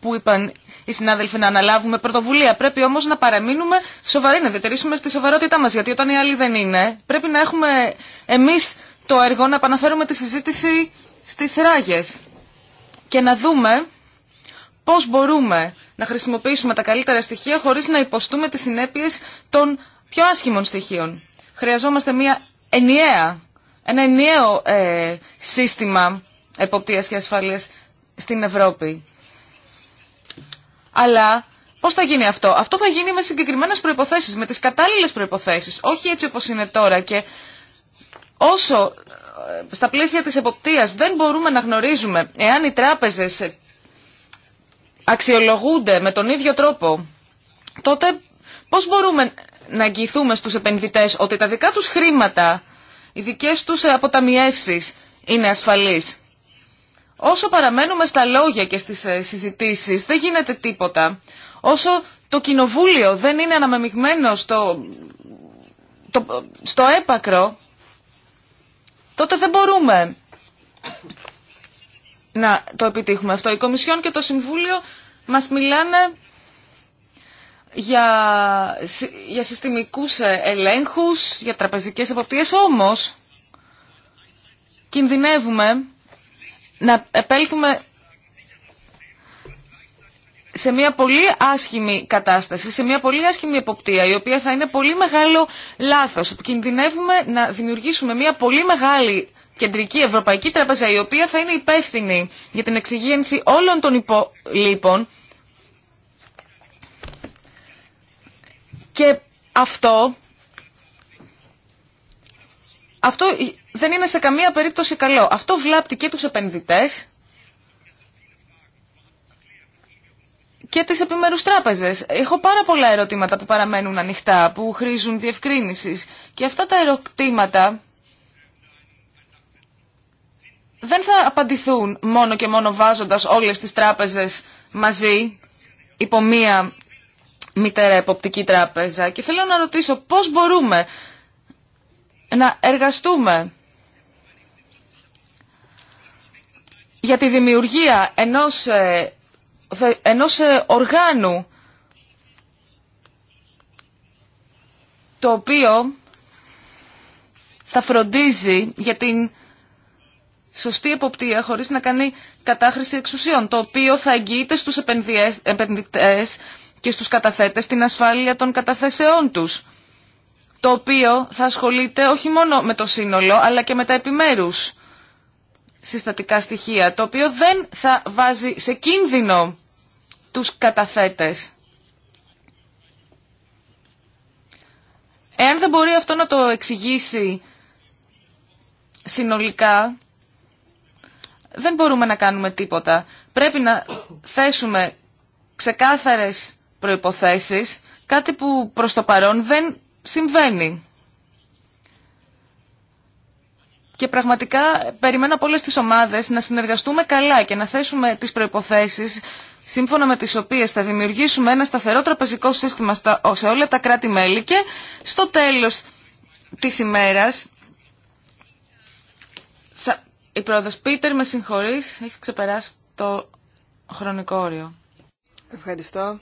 S4: που είπαν οι συνάδελφοι να αναλάβουμε πρωτοβουλία. Πρέπει όμω να παραμείνουμε σοβαροί, να διατηρήσουμε στη σοβαρότητά μα, γιατί όταν οι άλλοι δεν είναι, πρέπει να έχουμε εμεί το έργο να επαναφέρουμε τη συζήτηση στι ράγες και να δούμε πώ μπορούμε να χρησιμοποιήσουμε τα καλύτερα στοιχεία χωρί να υποστούμε τι συνέπειε των πιο άσχημων στοιχείων. Χρειαζόμαστε μια ενιαία, ένα ενιαίο ε, σύστημα εποπτείας και ασφάλειας στην Ευρώπη. Αλλά Πώ θα γίνει αυτό, Αυτό θα γίνει με συγκεκριμένε προποθέσει, με τι κατάλληλε προποθέσει, όχι έτσι όπω είναι τώρα. Και όσο ε, στα πλαίσια τη εποπτεία δεν μπορούμε να γνωρίζουμε εάν οι τράπεζε αξιολογούνται με τον ίδιο τρόπο, τότε πώ μπορούμε να αγγιθούμε στου επενδυτέ ότι τα δικά του χρήματα, οι δικέ του ε, αποταμιεύσει είναι ασφαλείς. Όσο παραμένουμε στα λόγια και στις ε, συζητήσεις δεν γίνεται τίποτα. Όσο το κοινοβούλιο δεν είναι αναμεμειγμένο στο, στο έπακρο, τότε δεν μπορούμε να το επιτύχουμε αυτό. Η Κομισιόν και το Συμβούλιο μας μιλάνε για, για συστημικούς ε, ελέγχους, για τραπεζικές εποπτείες, όμως κινδυνεύουμε να επέλθουμε σε μια πολύ άσχημη κατάσταση, σε μια πολύ άσχημη εποπτεία, η οποία θα είναι πολύ μεγάλο λάθος. Κινδυνεύουμε να δημιουργήσουμε μια πολύ μεγάλη κεντρική ευρωπαϊκή τραπεζά, η οποία θα είναι υπεύθυνη για την εξυγίανση όλων των υπολείπων. Και αυτό, αυτό δεν είναι σε καμία περίπτωση καλό. Αυτό βλάπτει και τους επενδυτές και τις επιμέρους τράπεζες. Έχω πάρα πολλά ερωτήματα που παραμένουν ανοιχτά, που χρήζουν διευκρίνησης. Και αυτά τα ερωτήματα δεν θα απαντηθούν μόνο και μόνο βάζοντας όλες τις τράπεζες μαζί υπό μία μητέρα εποπτική τράπεζα. Και θέλω να ρωτήσω πώς μπορούμε να εργαστούμε για τη δημιουργία ενός, ε, ενός ε, οργάνου το οποίο θα φροντίζει για την σωστή εποπτεία χωρίς να κάνει κατάχρηση εξουσιών, το οποίο θα εγγύεται στους επενδυτές και στους καταθέτες την ασφάλεια των καταθέσεών τους, το οποίο θα ασχολείται όχι μόνο με το σύνολο αλλά και με τα επιμέρους συστατικά στοιχεία, το οποίο δεν θα βάζει σε κίνδυνο τους καταθέτες. Εάν δεν μπορεί αυτό να το εξηγήσει συνολικά, δεν μπορούμε να κάνουμε τίποτα. Πρέπει να θέσουμε ξεκάθαρες προϋποθέσεις, κάτι που προς το παρόν δεν συμβαίνει. Και πραγματικά περιμένω από όλες τις ομάδες να συνεργαστούμε καλά και να θέσουμε τις προϋποθέσεις σύμφωνα με τις οποίες θα δημιουργήσουμε ένα σταθερό τραπεζικό σύστημα σε όλα τα κράτη-μέλη και στο τέλος της ημέρας η πρόεδρος Πίτερ με συγχωρείς,
S1: έχει ξεπεράσει το χρονικό όριο. Ευχαριστώ.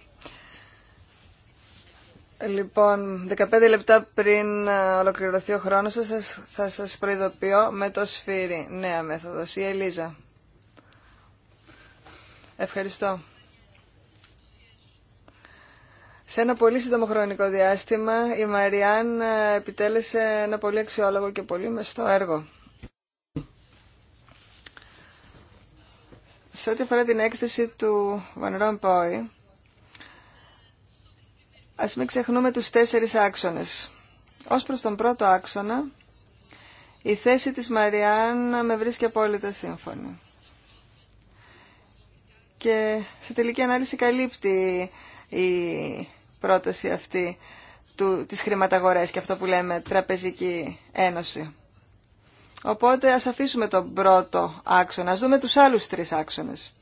S1: Λοιπόν, 15 λεπτά πριν ε, ολοκληρωθεί ο χρόνος σας, θα σας προειδοποιώ με το σφύρι. Νέα μέθοδος. Η Ελίζα. Ευχαριστώ. Σε ένα πολύ σύντομο χρονικό διάστημα η Μαριάν ε, επιτέλεσε ένα πολύ αξιόλογο και πολύ μεστό έργο. Σε ό,τι αφορά την έκθεση του Βαν Ρομπόι, Ας μην ξεχνούμε τους τέσσερις άξονες. Ως προς τον πρώτο άξονα, η θέση της Μαριάννα με βρίσκει απόλυτα σύμφωνη. Και σε τελική ανάλυση καλύπτει η πρόταση αυτή του, της χρηματαγορές και αυτό που λέμε τραπεζική ένωση. Οπότε ας αφήσουμε τον πρώτο άξονα, ας δούμε τους άλλους τρεις άξονες.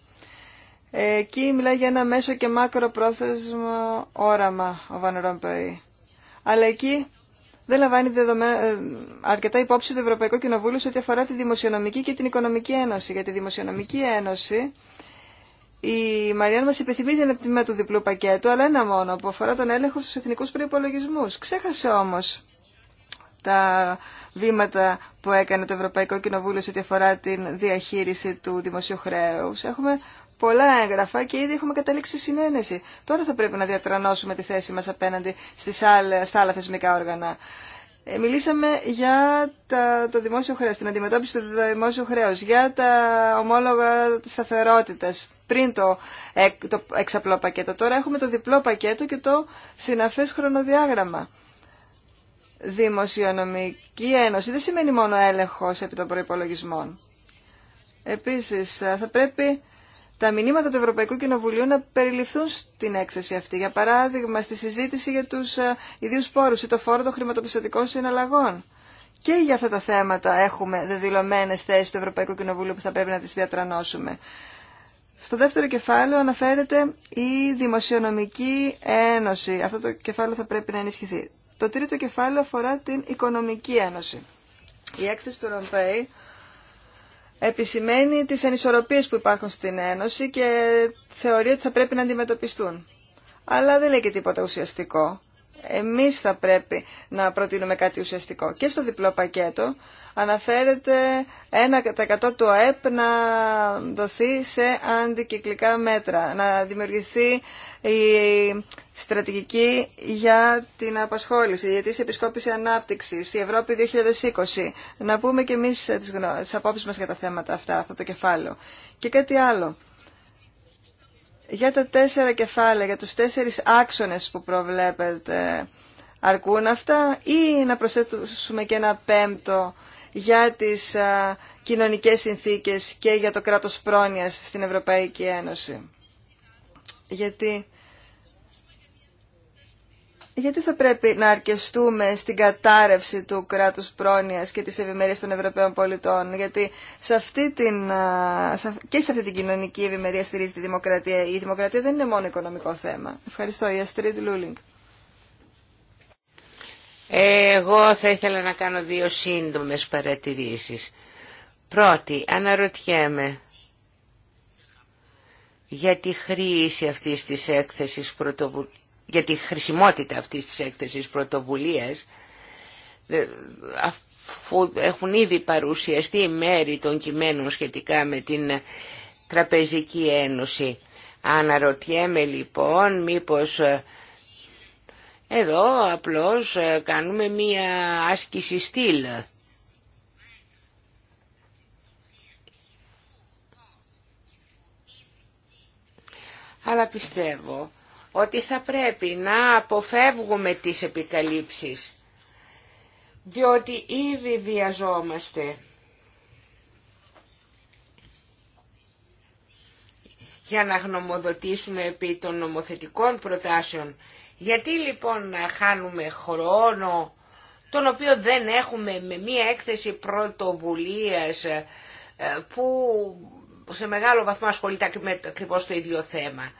S1: Εκεί μιλάει για ένα μέσο και μάκρο πρόθεσμο όραμα ο Βαν Ρομπέη. Αλλά εκεί δεν λαμβάνει ε, αρκετά υπόψη το Ευρωπαϊκό Κοινοβούλιο σε ό,τι αφορά τη Δημοσιονομική και την Οικονομική Ένωση. Για τη Δημοσιονομική Ένωση η Μαριάν μα υπενθυμίζει ένα τμήμα του διπλού πακέτου, αλλά ένα μόνο που αφορά τον έλεγχο στου εθνικού προπολογισμού. Ξέχασε όμω τα βήματα που έκανε το Ευρωπαϊκό Κοινοβούλιο σε ό,τι αφορά την διαχείριση του δημοσίου χρέου. Έχουμε πολλά έγγραφα και ήδη έχουμε καταλήξει συνένεση. Τώρα θα πρέπει να διατρανώσουμε τη θέση μας απέναντι στις στα άλλα θεσμικά όργανα. Ε, μιλήσαμε για τα, το δημόσιο χρέος, την αντιμετώπιση του δημόσιου χρέους, για τα ομόλογα σταθερότητα πριν το, το εξαπλό πακέτο. Τώρα έχουμε το διπλό πακέτο και το συναφές χρονοδιάγραμμα. Δημοσιονομική ένωση δεν σημαίνει μόνο έλεγχος επί των προϋπολογισμών. Επίσης, θα πρέπει τα μηνύματα του Ευρωπαϊκού Κοινοβουλίου να περιληφθούν στην έκθεση αυτή. Για παράδειγμα, στη συζήτηση για τους ε, ιδίους πόρους ή το φόρο των χρηματοπιστωτικών συναλλαγών. Και για αυτά τα θέματα έχουμε δεδηλωμένες θέσεις του Ευρωπαϊκού Κοινοβουλίου που θα πρέπει να τις διατρανώσουμε. Στο δεύτερο κεφάλαιο αναφέρεται η Δημοσιονομική Ένωση. Αυτό το κεφάλαιο θα πρέπει να ενισχυθεί. Το τρίτο κεφάλαιο αφορά την Οικονομική Ένωση. Η έκθεση του Ρομπέη επισημαίνει τις ανισορροπίες που υπάρχουν στην Ένωση και θεωρεί ότι θα πρέπει να αντιμετωπιστούν. Αλλά δεν λέει και τίποτα ουσιαστικό εμείς θα πρέπει να προτείνουμε κάτι ουσιαστικό. Και στο διπλό πακέτο αναφέρεται 1% του ΑΕΠ να δοθεί σε αντικυκλικά μέτρα, να δημιουργηθεί η στρατηγική για την απασχόληση, γιατί σε επισκόπηση ανάπτυξης, η Ευρώπη 2020. Να πούμε και εμείς τις, γνώ... τις απόψεις μας για τα θέματα αυτά, αυτό το κεφάλαιο. Και κάτι άλλο. Για τα τέσσερα κεφάλαια, για τους τέσσερις άξονες που προβλέπετε, αρκούν αυτά ή να προσθέσουμε και ένα πέμπτο για τις κοινωνικές συνθήκες και για το κράτος πρόνοιας στην Ευρωπαϊκή Ένωση. Γιατί γιατί θα πρέπει να αρκεστούμε στην κατάρρευση του κράτους πρόνοιας και της ευημερίας των Ευρωπαίων πολιτών, γιατί σε αυτή την, και σε αυτή την κοινωνική ευημερία στηρίζεται η δημοκρατία. Η δημοκρατία δεν είναι μόνο οικονομικό θέμα. Ευχαριστώ. Η Αστρίδη Λούλινγκ.
S3: Εγώ θα ήθελα να κάνω δύο σύντομες παρατηρήσεις. Πρώτη, αναρωτιέμαι για τη χρήση αυτής της έκθεσης πρωτοβουλίας για τη χρησιμότητα αυτής της έκθεσης πρωτοβουλίας αφού έχουν ήδη παρουσιαστεί μέρη των κειμένων σχετικά με την Τραπεζική Ένωση. Αναρωτιέμαι λοιπόν μήπως ε, εδώ απλώς ε, κάνουμε μία άσκηση στυλ. Αλλά πιστεύω ότι θα πρέπει να αποφεύγουμε τις επικαλύψεις, διότι ήδη βιαζόμαστε. για να γνωμοδοτήσουμε επί των νομοθετικών προτάσεων. Γιατί λοιπόν να χάνουμε χρόνο, τον οποίο δεν έχουμε με μία έκθεση πρωτοβουλίας ε, που σε μεγάλο βαθμό ασχολείται ακριβώς το ίδιο θέμα.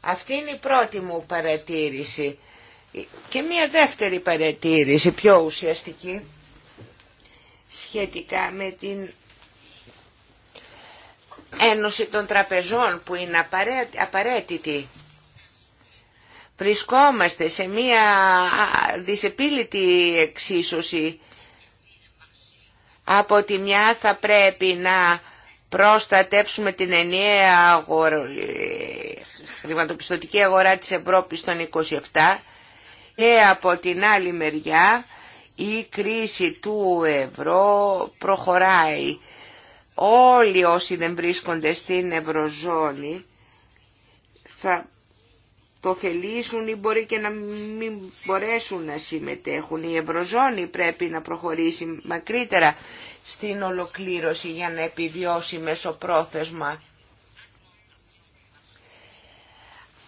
S3: Αυτή είναι η πρώτη μου παρατήρηση. Και μία δεύτερη παρατήρηση, πιο ουσιαστική, σχετικά με την Ένωση των Τραπεζών που είναι απαραίτητη. Βρισκόμαστε σε μία δυσεπίλητη εξίσωση. Από τη μια θα πρέπει να προστατεύσουμε την ενιαία χρηματοπιστωτική αγορά της Ευρώπης των 27 και από την άλλη μεριά η κρίση του ευρώ προχωράει. Όλοι όσοι δεν βρίσκονται στην ευρωζώνη θα το θελήσουν ή μπορεί και να μην μπορέσουν να συμμετέχουν. Η Ευρωζώνη πρέπει να προχωρήσει μακρύτερα στην ολοκλήρωση για να επιβιώσει μεσοπρόθεσμα.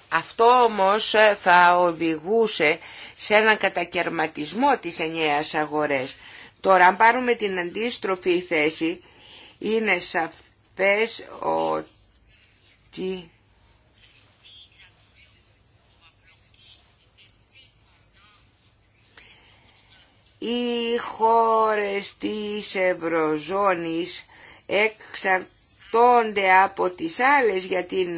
S3: Αυτό όμως ε, θα οδηγούσε σε έναν κατακαιρματισμό της ενιαίας αγορές. Τώρα αν πάρουμε την αντίστροφη θέση είναι σαφές ότι οι χώρες της Ευρωζώνης εξαρτώνται από τις άλλες για την,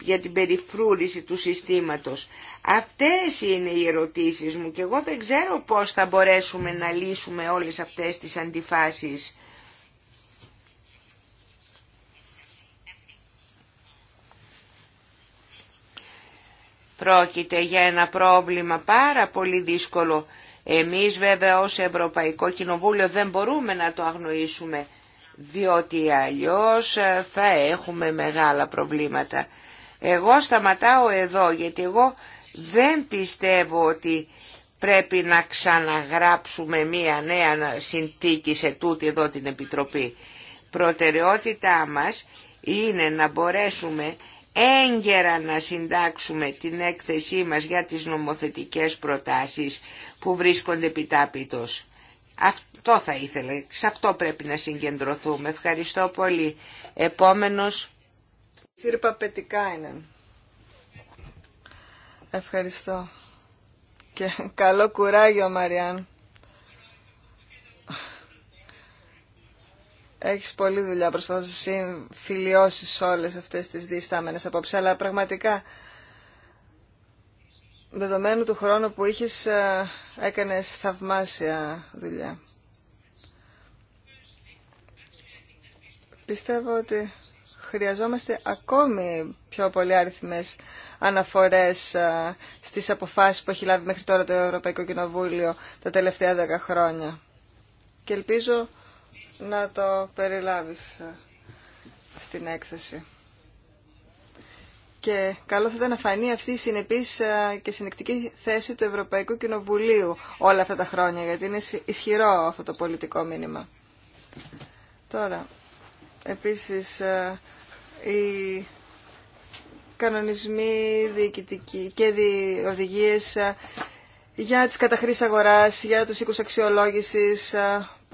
S3: για την περιφρούρηση του συστήματος. Αυτές είναι οι ερωτήσεις μου και εγώ δεν ξέρω πώς θα μπορέσουμε να λύσουμε όλες αυτές τις αντιφάσεις. Πρόκειται για ένα πρόβλημα πάρα πολύ δύσκολο εμείς βέβαια ως Ευρωπαϊκό Κοινοβούλιο δεν μπορούμε να το αγνοήσουμε, διότι αλλιώς ε, θα έχουμε μεγάλα προβλήματα. Εγώ σταματάω εδώ, γιατί εγώ δεν πιστεύω ότι πρέπει να ξαναγράψουμε μία νέα συνθήκη σε τούτη εδώ την Επιτροπή. Προτεραιότητά μας είναι να μπορέσουμε έγκαιρα να συντάξουμε την έκθεσή μας για τις νομοθετικές προτάσεις που βρίσκονται επιτάπητος. Αυτό θα ήθελε. Σε αυτό πρέπει να συγκεντρωθούμε. Ευχαριστώ πολύ.
S1: Επόμενος. Σύρπα Πετικάινεν. Ευχαριστώ. Και καλό κουράγιο Μαριάν. Έχεις πολλή δουλειά προσπαθώ να συμφιλιώσεις όλες αυτές τις διστάμενες απόψεις, αλλά πραγματικά δεδομένου του χρόνου που είχες ε, έκανες θαυμάσια δουλειά. Πιστεύω ότι χρειαζόμαστε ακόμη πιο πολλοί αριθμές αναφορές ε, στις αποφάσεις που έχει λάβει μέχρι τώρα το Ευρωπαϊκό Κοινοβούλιο τα τελευταία δέκα χρόνια. Και ελπίζω να το περιλάβεις ε, στην έκθεση. Και καλό θα ήταν να φανεί αυτή η συνεπής ε, και συνεκτική θέση του Ευρωπαϊκού Κοινοβουλίου όλα αυτά τα χρόνια, γιατί είναι ισχυρό αυτό το πολιτικό μήνυμα. Τώρα, επίσης, ε, οι κανονισμοί και οι οδηγίες για τις καταχρήσεις αγοράς, για τους οίκους αξιολόγησης,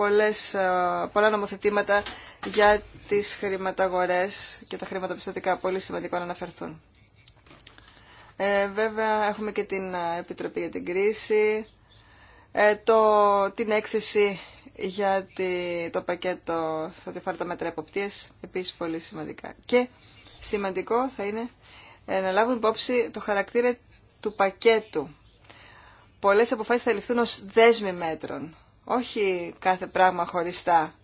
S1: πολλές, ε, πολλά νομοθετήματα για τις χρηματαγορές και τα χρηματοπιστωτικά. Πολύ σημαντικό να αναφερθούν. Ε, βέβαια, έχουμε και την ε, Επιτροπή για την Κρίση, το, την έκθεση για το πακέτο θα τη τα μέτρα εποπτείας, επίσης πολύ σημαντικά. Και σημαντικό θα είναι να λάβουμε υπόψη το χαρακτήρα του πακέτου. Πολλές αποφάσεις θα ληφθούν ως δέσμη μέτρων όχι κάθε πράγμα χωριστά.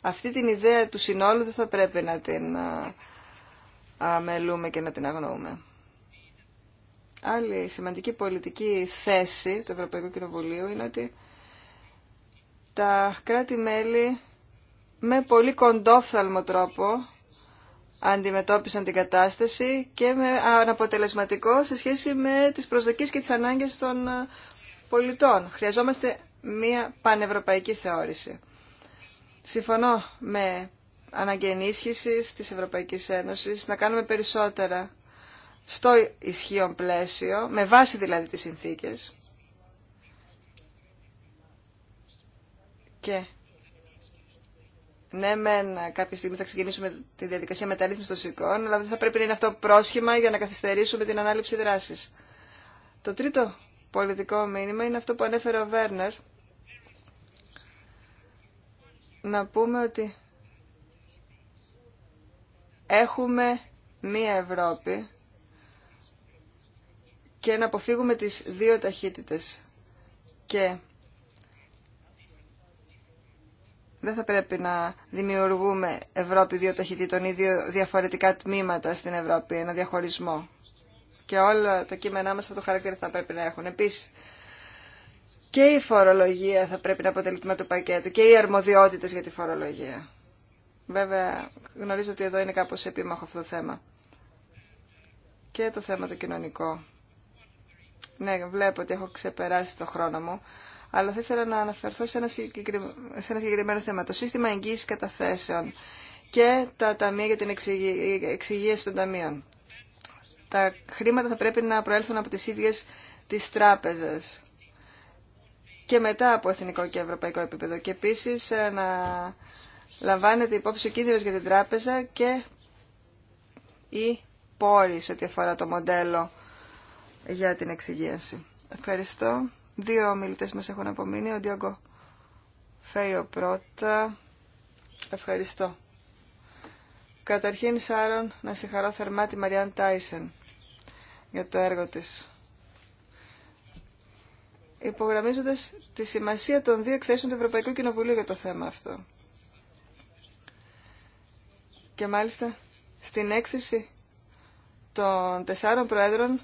S1: Αυτή την ιδέα του συνόλου δεν θα πρέπει να την ε, αμελούμε και να την αγνοούμε. Άλλη σημαντική πολιτική θέση του Ευρωπαϊκού Κοινοβουλίου είναι ότι τα κράτη-μέλη με πολύ κοντόφθαλμο τρόπο αντιμετώπισαν την κατάσταση και με αναποτελεσματικό σε σχέση με τις προσδοκίες και τις ανάγκες των ε, πολιτών. Χρειαζόμαστε μία πανευρωπαϊκή θεώρηση. Συμφωνώ με αναγκαία ενίσχυση της Ευρωπαϊκής Ένωσης, να κάνουμε περισσότερα στο ισχύον πλαίσιο, με βάση δηλαδή τις συνθήκες. Και ναι, μεν κάποια στιγμή θα ξεκινήσουμε τη διαδικασία μεταρρύθμισης των σηκών, αλλά δεν θα πρέπει να είναι αυτό πρόσχημα για να καθυστερήσουμε την ανάληψη δράσης. Το τρίτο πολιτικό μήνυμα είναι αυτό που ανέφερε ο Βέρνερ, να πούμε ότι έχουμε μία Ευρώπη και να αποφύγουμε τις δύο ταχύτητες και δεν θα πρέπει να δημιουργούμε Ευρώπη δύο ταχυτήτων ή δύο διαφορετικά τμήματα στην Ευρώπη, ένα διαχωρισμό. Και όλα τα κείμενά μας αυτό το χαρακτήρα θα πρέπει να έχουν. Επίσης, και η φορολογία θα πρέπει να αποτελεί το του πακέτου και οι αρμοδιότητες για τη φορολογία. Βέβαια, γνωρίζω ότι εδώ είναι κάπως επίμαχο αυτό το θέμα. Και το θέμα το κοινωνικό. Ναι, βλέπω ότι έχω ξεπεράσει το χρόνο μου, αλλά θα ήθελα να αναφερθώ σε ένα, σε ένα συγκεκριμένο θέμα. Το σύστημα εγγύησης καταθέσεων και τα ταμεία για την εξυγίαση των ταμείων. Τα χρήματα θα πρέπει να προέλθουν από τις ίδιες τις τράπεζες και μετά από εθνικό και ευρωπαϊκό επίπεδο. Και επίση ε, να λαμβάνεται υπόψη ο κίνδυνος για την τράπεζα και η πόροι σε ό,τι αφορά το μοντέλο για την εξυγίαση. Ευχαριστώ. Δύο ομιλητές μας έχουν απομείνει. Ο Ντιόγκο Φέιο πρώτα. Ευχαριστώ. Καταρχήν, Σάρων, να συγχαρώ θερμά τη Μαριάν Τάισεν για το έργο της υπογραμμίζοντας τη σημασία των δύο εκθέσεων του Ευρωπαϊκού Κοινοβουλίου για το θέμα αυτό. Και μάλιστα στην έκθεση των τεσσάρων πρόεδρων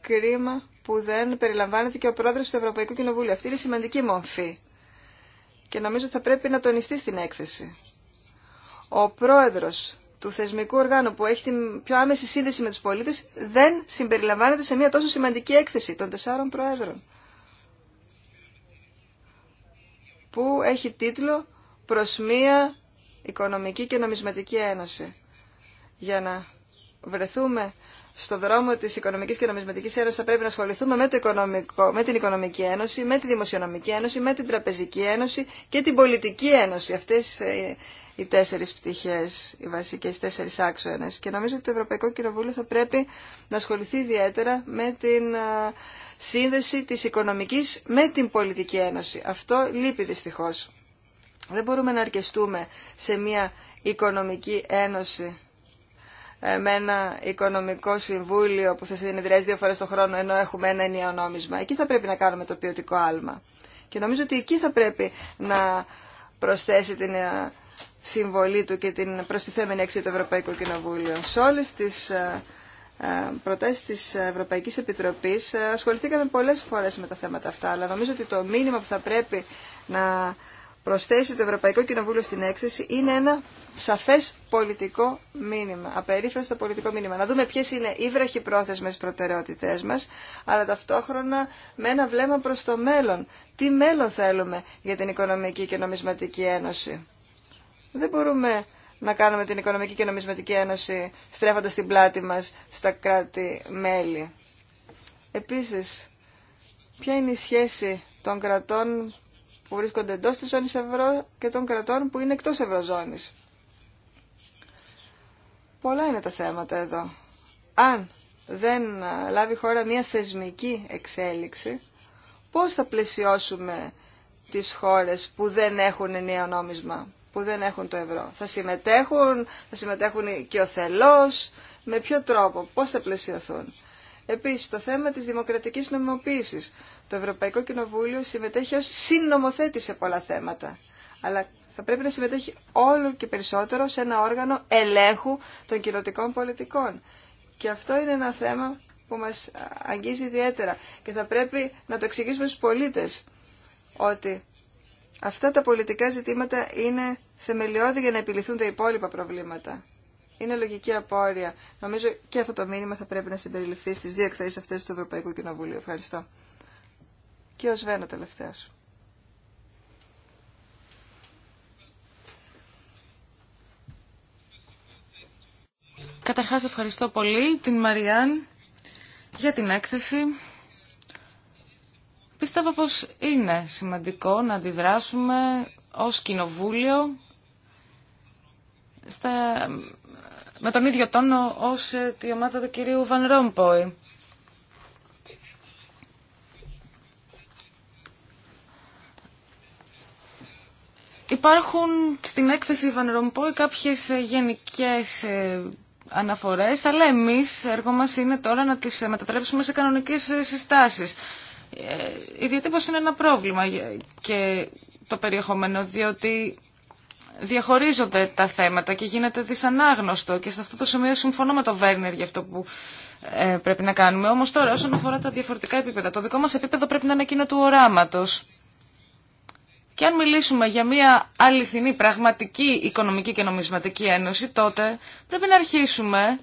S1: κρίμα που δεν περιλαμβάνεται και ο πρόεδρος του Ευρωπαϊκού Κοινοβουλίου. Αυτή είναι η σημαντική μορφή και νομίζω ότι θα πρέπει να τονιστεί στην έκθεση. Ο πρόεδρος του θεσμικού οργάνου που έχει την πιο άμεση σύνδεση με τους πολίτες δεν συμπεριλαμβάνεται σε μια τόσο σημαντική έκθεση των τεσσάρων πρόεδρων. που έχει τίτλο «Προς μία οικονομική και νομισματική ένωση». Για να βρεθούμε στο δρόμο της οικονομικής και νομισματικής ένωσης θα πρέπει να ασχοληθούμε με, το οικονομικό, με την οικονομική ένωση, με τη δημοσιονομική ένωση, με την τραπεζική ένωση και την πολιτική ένωση. Αυτές είναι οι τέσσερις πτυχές, οι βασικές οι τέσσερις άξονες. Και νομίζω ότι το Ευρωπαϊκό Κοινοβούλιο θα πρέπει να ασχοληθεί ιδιαίτερα με την ε, σύνδεση της οικονομικής με την πολιτική ένωση. Αυτό λείπει δυστυχώς. Δεν μπορούμε να αρκεστούμε σε μια οικονομική ένωση ε, με ένα οικονομικό συμβούλιο που θα συνεδριάζει δύο φορές το χρόνο ενώ έχουμε ένα ενιαίο νόμισμα. Εκεί θα πρέπει να κάνουμε το ποιοτικό άλμα. Και νομίζω ότι εκεί θα πρέπει να προσθέσει την ε, συμβολή του και την προστιθέμενη αξία του Ευρωπαϊκού Κοινοβούλιο. Σε όλες τις ε, ε, προτάσεις της Ευρωπαϊκής Επιτροπής ε, ασχοληθήκαμε πολλές φορές με τα θέματα αυτά, αλλά νομίζω ότι το μήνυμα που θα πρέπει να προσθέσει το Ευρωπαϊκό Κοινοβούλιο στην έκθεση είναι ένα σαφές πολιτικό μήνυμα, απερίφραστο πολιτικό μήνυμα. Να δούμε ποιες είναι οι πρόθεσμες προτεραιότητές μας, αλλά ταυτόχρονα με ένα βλέμμα προς το μέλλον. Τι μέλλον θέλουμε για την Οικονομική και Νομισματική Ένωση. Δεν μπορούμε να κάνουμε την Οικονομική και Νομισματική Ένωση στρέφοντας την πλάτη μας στα κράτη-μέλη. Επίσης, ποια είναι η σχέση των κρατών που βρίσκονται εντός της ζώνης ευρώ και των κρατών που είναι εκτός ευρωζώνης. Πολλά είναι τα θέματα εδώ. Αν δεν λάβει η χώρα μια θεσμική εξέλιξη, πώς θα πλαισιώσουμε τις χώρες που δεν έχουν νέο νόμισμα που δεν έχουν το ευρώ. Θα συμμετέχουν, θα συμμετέχουν και ο θελός, με ποιο τρόπο, πώς θα πλαισιωθούν. Επίσης, το θέμα της δημοκρατικής νομιμοποίησης. Το Ευρωπαϊκό Κοινοβούλιο συμμετέχει ως συνομοθέτη σε πολλά θέματα. Αλλά θα πρέπει να συμμετέχει όλο και περισσότερο σε ένα όργανο ελέγχου των κοινωτικών πολιτικών. Και αυτό είναι ένα θέμα που μας αγγίζει ιδιαίτερα. Και θα πρέπει να το εξηγήσουμε στους πολίτες ότι Αυτά τα πολιτικά ζητήματα είναι θεμελιώδη για να επιληθούν τα υπόλοιπα προβλήματα. Είναι λογική απόρρεια. Νομίζω και αυτό το μήνυμα θα πρέπει να συμπεριληφθεί στις δύο εκθέσεις αυτές του Ευρωπαϊκού Κοινοβουλίου. Ευχαριστώ. Και ο Σβένα τελευταίος.
S4: Καταρχάς ευχαριστώ πολύ την Μαριάν για την έκθεση. Πιστεύω πως είναι σημαντικό να αντιδράσουμε ως κοινοβούλιο με τον ίδιο τόνο ως ε, τη ομάδα του κυρίου Βαν Ρόμποη. Υπάρχουν στην έκθεση Βαν Ρόμποη κάποιες ε, γενικές ε, αναφορές, αλλά εμείς έργο μας είναι τώρα να τις μετατρέψουμε σε κανονικές συστάσεις. Ε, η διατύπωση είναι ένα πρόβλημα και το περιεχόμενο, διότι διαχωρίζονται τα θέματα και γίνεται δυσανάγνωστο και σε αυτό το σημείο συμφωνώ με τον Βέρνερ για αυτό που ε, πρέπει να κάνουμε. Όμως τώρα όσον αφορά τα διαφορετικά επίπεδα, το δικό μας επίπεδο πρέπει να είναι εκείνο του οράματος. Και αν μιλήσουμε για μια αληθινή, πραγματική οικονομική και νομισματική ένωση, τότε πρέπει να αρχίσουμε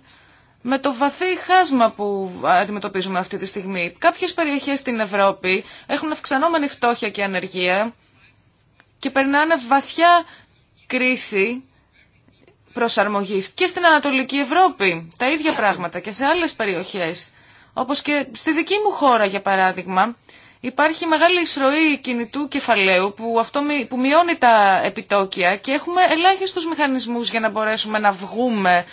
S4: με το βαθύ χάσμα που αντιμετωπίζουμε αυτή τη στιγμή. Κάποιες περιοχές στην Ευρώπη έχουν αυξανόμενη φτώχεια και ανεργία και περνάνε βαθιά κρίση προσαρμογής και στην Ανατολική Ευρώπη. Τα ίδια πράγματα και σε άλλες περιοχές. Όπως και στη δική μου χώρα, για παράδειγμα, υπάρχει μεγάλη ισροή κινητού κεφαλαίου που, που μειώνει τα επιτόκια και έχουμε ελάχιστους μηχανισμούς για να μπορέσουμε να βγούμε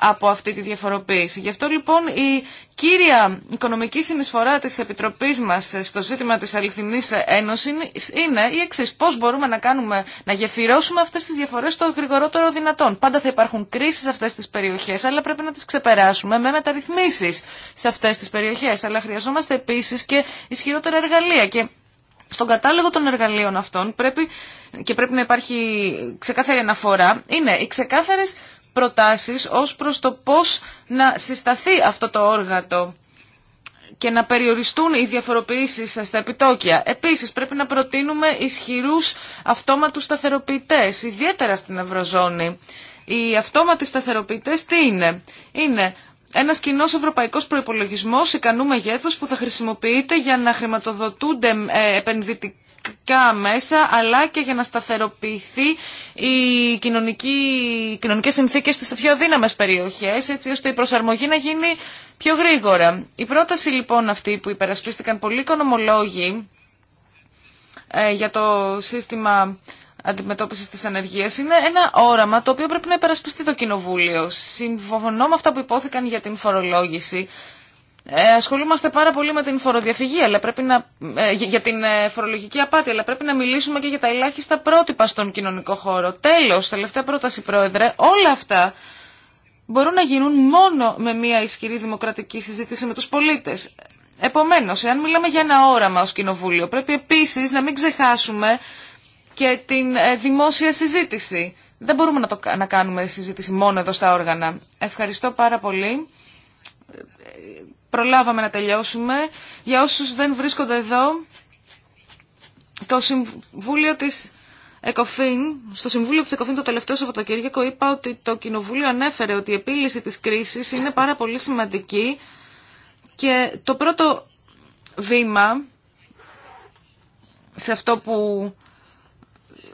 S4: από αυτή τη διαφοροποίηση. Γι' αυτό λοιπόν η κύρια οικονομική συνεισφορά της Επιτροπής μας στο ζήτημα της αληθινής ένωσης είναι η εξή. Πώς μπορούμε να, κάνουμε, να γεφυρώσουμε αυτές τις διαφορές το γρηγορότερο δυνατόν. Πάντα θα υπάρχουν κρίσεις σε αυτές τις περιοχές, αλλά πρέπει να τις ξεπεράσουμε με μεταρρυθμίσεις σε αυτές τις περιοχές. Αλλά χρειαζόμαστε επίσης και ισχυρότερα εργαλεία. Και στον κατάλογο των εργαλείων αυτών πρέπει, και πρέπει να υπάρχει ξεκάθαρη αναφορά, είναι οι ξεκάθαρες προτάσεις ως προς το πώς να συσταθεί αυτό το όργατο και να περιοριστούν οι διαφοροποιήσεις στα επιτόκια. Επίσης πρέπει να προτείνουμε ισχυρούς αυτόματους σταθεροποιητές, ιδιαίτερα στην Ευρωζώνη. Οι αυτόματοι σταθεροποιητές τι είναι. Είναι ένας κοινό ευρωπαϊκός προϋπολογισμός ικανού μεγέθου που θα χρησιμοποιείται για να χρηματοδοτούνται ε, επενδυτικά μέσα αλλά και για να σταθεροποιηθεί οι, κοινωνικοί, οι κοινωνικές συνθήκες στις πιο δύναμες περιοχές έτσι ώστε η προσαρμογή να γίνει πιο γρήγορα. Η πρόταση λοιπόν αυτή που υπερασπίστηκαν πολλοί οικονομολόγοι ε, για το σύστημα Αντιμετώπιση τη ανεργία είναι ένα όραμα το οποίο πρέπει να υπερασπιστεί το Κοινοβούλιο. Συμφωνώ με αυτά που υπόθηκαν για την φορολόγηση. Ε, ασχολούμαστε πάρα πολύ με την φοροδιαφυγή, αλλά πρέπει να, ε, για την ε, φορολογική απάτη, αλλά πρέπει να μιλήσουμε και για τα ελάχιστα πρότυπα στον κοινωνικό χώρο. Τέλος, τελευταία πρόταση, Πρόεδρε, όλα αυτά μπορούν να γίνουν μόνο με μια ισχυρή δημοκρατική συζήτηση με του πολίτε. Επομένω, εάν μιλάμε για ένα όραμα ω Κοινοβούλιο, πρέπει επίση να μην ξεχάσουμε και την ε, δημόσια συζήτηση. Δεν μπορούμε να, το, να κάνουμε συζήτηση μόνο εδώ στα όργανα. Ευχαριστώ πάρα πολύ. Προλάβαμε να τελειώσουμε. Για όσους δεν βρίσκονται εδώ, το Συμβούλιο της ΕΚΟΦΗΝ, στο Συμβούλιο της ΕΚΟΦΗΝ το τελευταίο Σαββατοκύριακο είπα ότι το Κοινοβούλιο ανέφερε ότι η επίλυση της κρίσης είναι πάρα πολύ σημαντική και το πρώτο βήμα σε αυτό που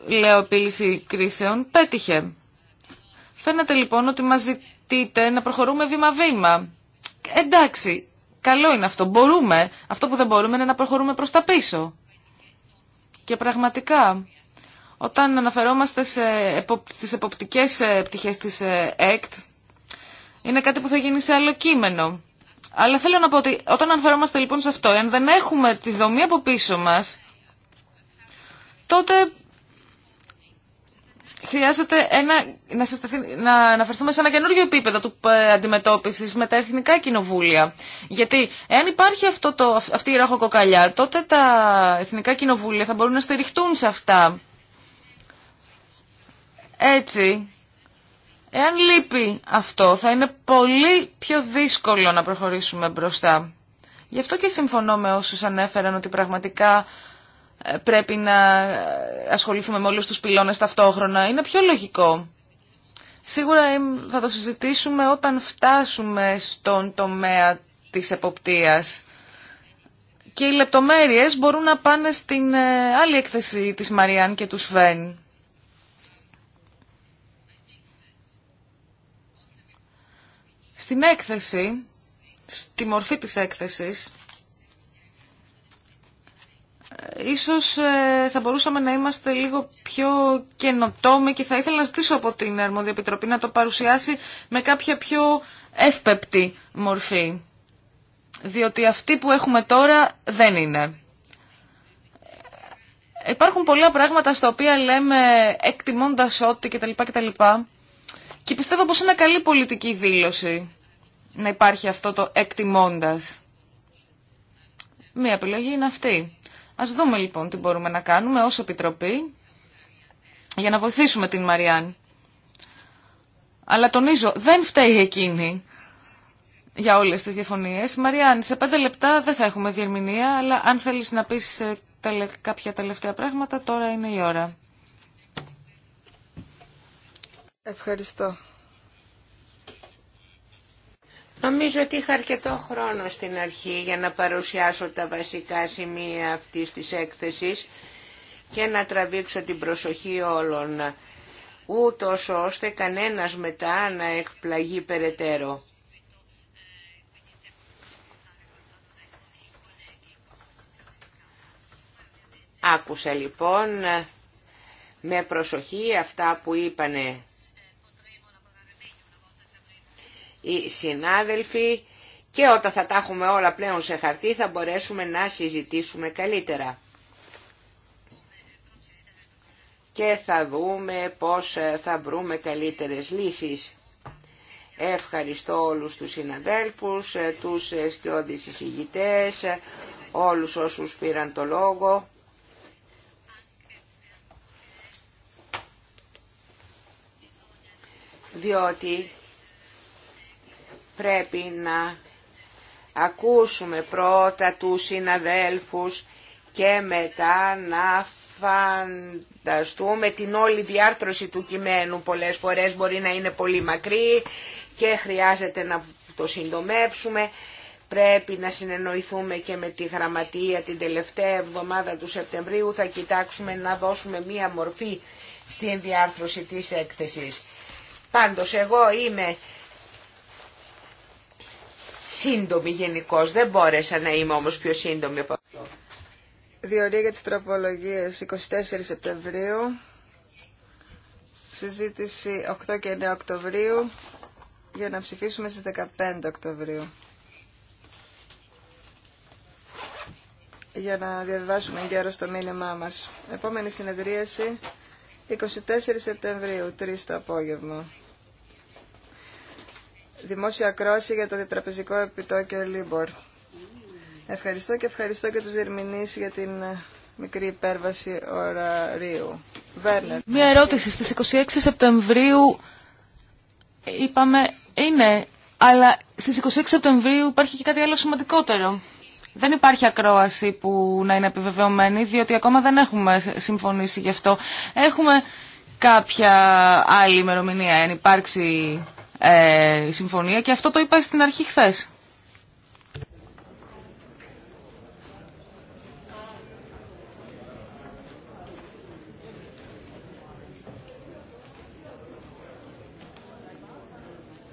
S4: λέω επίλυση κρίσεων, πέτυχε. Φαίνεται λοιπόν ότι μας ζητείτε να προχωρούμε βήμα-βήμα. Εντάξει, καλό είναι αυτό, μπορούμε. Αυτό που δεν μπορούμε είναι να προχωρούμε προς τα πίσω. Και πραγματικά, όταν αναφερόμαστε σε, στις εποπτικές ε, πτυχές της ε, ΕΚΤ, είναι κάτι που θα γίνει σε άλλο κείμενο. Αλλά θέλω να πω ότι όταν αναφερόμαστε λοιπόν σε αυτό, αν δεν έχουμε τη δομή από πίσω μας, τότε χρειάζεται ένα, να, συσταθεί, να αναφερθούμε σε ένα καινούργιο επίπεδο του ε, αντιμετώπισης με τα εθνικά κοινοβούλια. Γιατί εάν υπάρχει αυτό το, αυτή η ραχοκοκαλιά, τότε τα εθνικά κοινοβούλια θα μπορούν να στηριχτούν σε αυτά. Έτσι, εάν λείπει αυτό, θα είναι πολύ πιο δύσκολο να προχωρήσουμε μπροστά. Γι' αυτό και συμφωνώ με όσους ανέφεραν ότι πραγματικά πρέπει να ασχοληθούμε με όλους τους πυλώνες ταυτόχρονα. Είναι πιο λογικό. Σίγουρα θα το συζητήσουμε όταν φτάσουμε στον τομέα της εποπτείας. Και οι λεπτομέρειες μπορούν να πάνε στην ε, άλλη έκθεση της Μαριάν και του Σβέν. Στην έκθεση, στη μορφή της έκθεσης, ίσως ε, θα μπορούσαμε να είμαστε λίγο πιο καινοτόμοι και θα ήθελα να ζητήσω από την Αρμόδια να το παρουσιάσει με κάποια πιο εύπεπτη μορφή. Διότι αυτή που έχουμε τώρα δεν είναι. Υπάρχουν πολλά πράγματα στα οποία λέμε εκτιμώντας ότι κτλ. κτλ. Και πιστεύω πως είναι καλή πολιτική δήλωση να υπάρχει αυτό το εκτιμώντας. Μία επιλογή είναι αυτή. Ας δούμε λοιπόν τι μπορούμε να κάνουμε ως Επιτροπή για να βοηθήσουμε την Μαριάν. Αλλά τονίζω, δεν φταίει εκείνη για όλες τις διαφωνίες. Μαριάν, σε πέντε λεπτά δεν θα έχουμε διερμηνία, αλλά αν θέλεις να πεις ε, κάποια τελευταία πράγματα, τώρα είναι η ώρα.
S1: Ευχαριστώ.
S3: Νομίζω ότι είχα αρκετό χρόνο στην αρχή για να παρουσιάσω τα βασικά σημεία αυτής της έκθεσης και να τραβήξω την προσοχή όλων, ούτω ώστε κανένας μετά να εκπλαγεί περαιτέρω. Άκουσα λοιπόν με προσοχή αυτά που είπανε οι συνάδελφοι και όταν θα τα έχουμε όλα πλέον σε χαρτί θα μπορέσουμε να συζητήσουμε καλύτερα. Και θα δούμε πώς ε, θα βρούμε καλύτερες λύσεις. Ευχαριστώ όλους τους συναδέλφους, ε, τους σκιώδεις εισηγητές, ε, όλους όσους πήραν το λόγο. Διότι Πρέπει να ακούσουμε πρώτα τους συναδέλφους και μετά να φανταστούμε την όλη διάρθρωση του κειμένου. Πολλές φορές μπορεί να είναι πολύ μακρύ και χρειάζεται να το συντομεύσουμε. Πρέπει να συνεννοηθούμε και με τη γραμματεία την τελευταία εβδομάδα του Σεπτεμβρίου. Θα κοιτάξουμε να δώσουμε μία μορφή στην διάρθρωση της έκθεσης. Πάντως εγώ είμαι σύντομη γενικώ. Δεν μπόρεσα να είμαι όμω
S1: πιο σύντομη από αυτό. Διορία για τι τροπολογίε 24 Σεπτεμβρίου. Συζήτηση 8 και 9 Οκτωβρίου για να ψηφίσουμε στις 15 Οκτωβρίου. για να διαβάσουμε γέρο το μήνυμά μας. Επόμενη συνεδρίαση 24 Σεπτεμβρίου, 3 το απόγευμα δημόσια ακρόαση για το διατραπεζικό επιτόκιο Λίμπορ. Ευχαριστώ και ευχαριστώ και τους διερμηνείς για την ε, μικρή υπέρβαση ωραρίου. Μία ερώτηση.
S4: Στις 26 Σεπτεμβρίου είπαμε είναι, αλλά στις 26 Σεπτεμβρίου υπάρχει και κάτι άλλο σημαντικότερο. Δεν υπάρχει ακρόαση που να είναι επιβεβαιωμένη, διότι ακόμα δεν έχουμε συμφωνήσει γι' αυτό. Έχουμε κάποια άλλη ημερομηνία, εν υπάρξει ε, συμφωνία και αυτό το είπα στην αρχή χθες.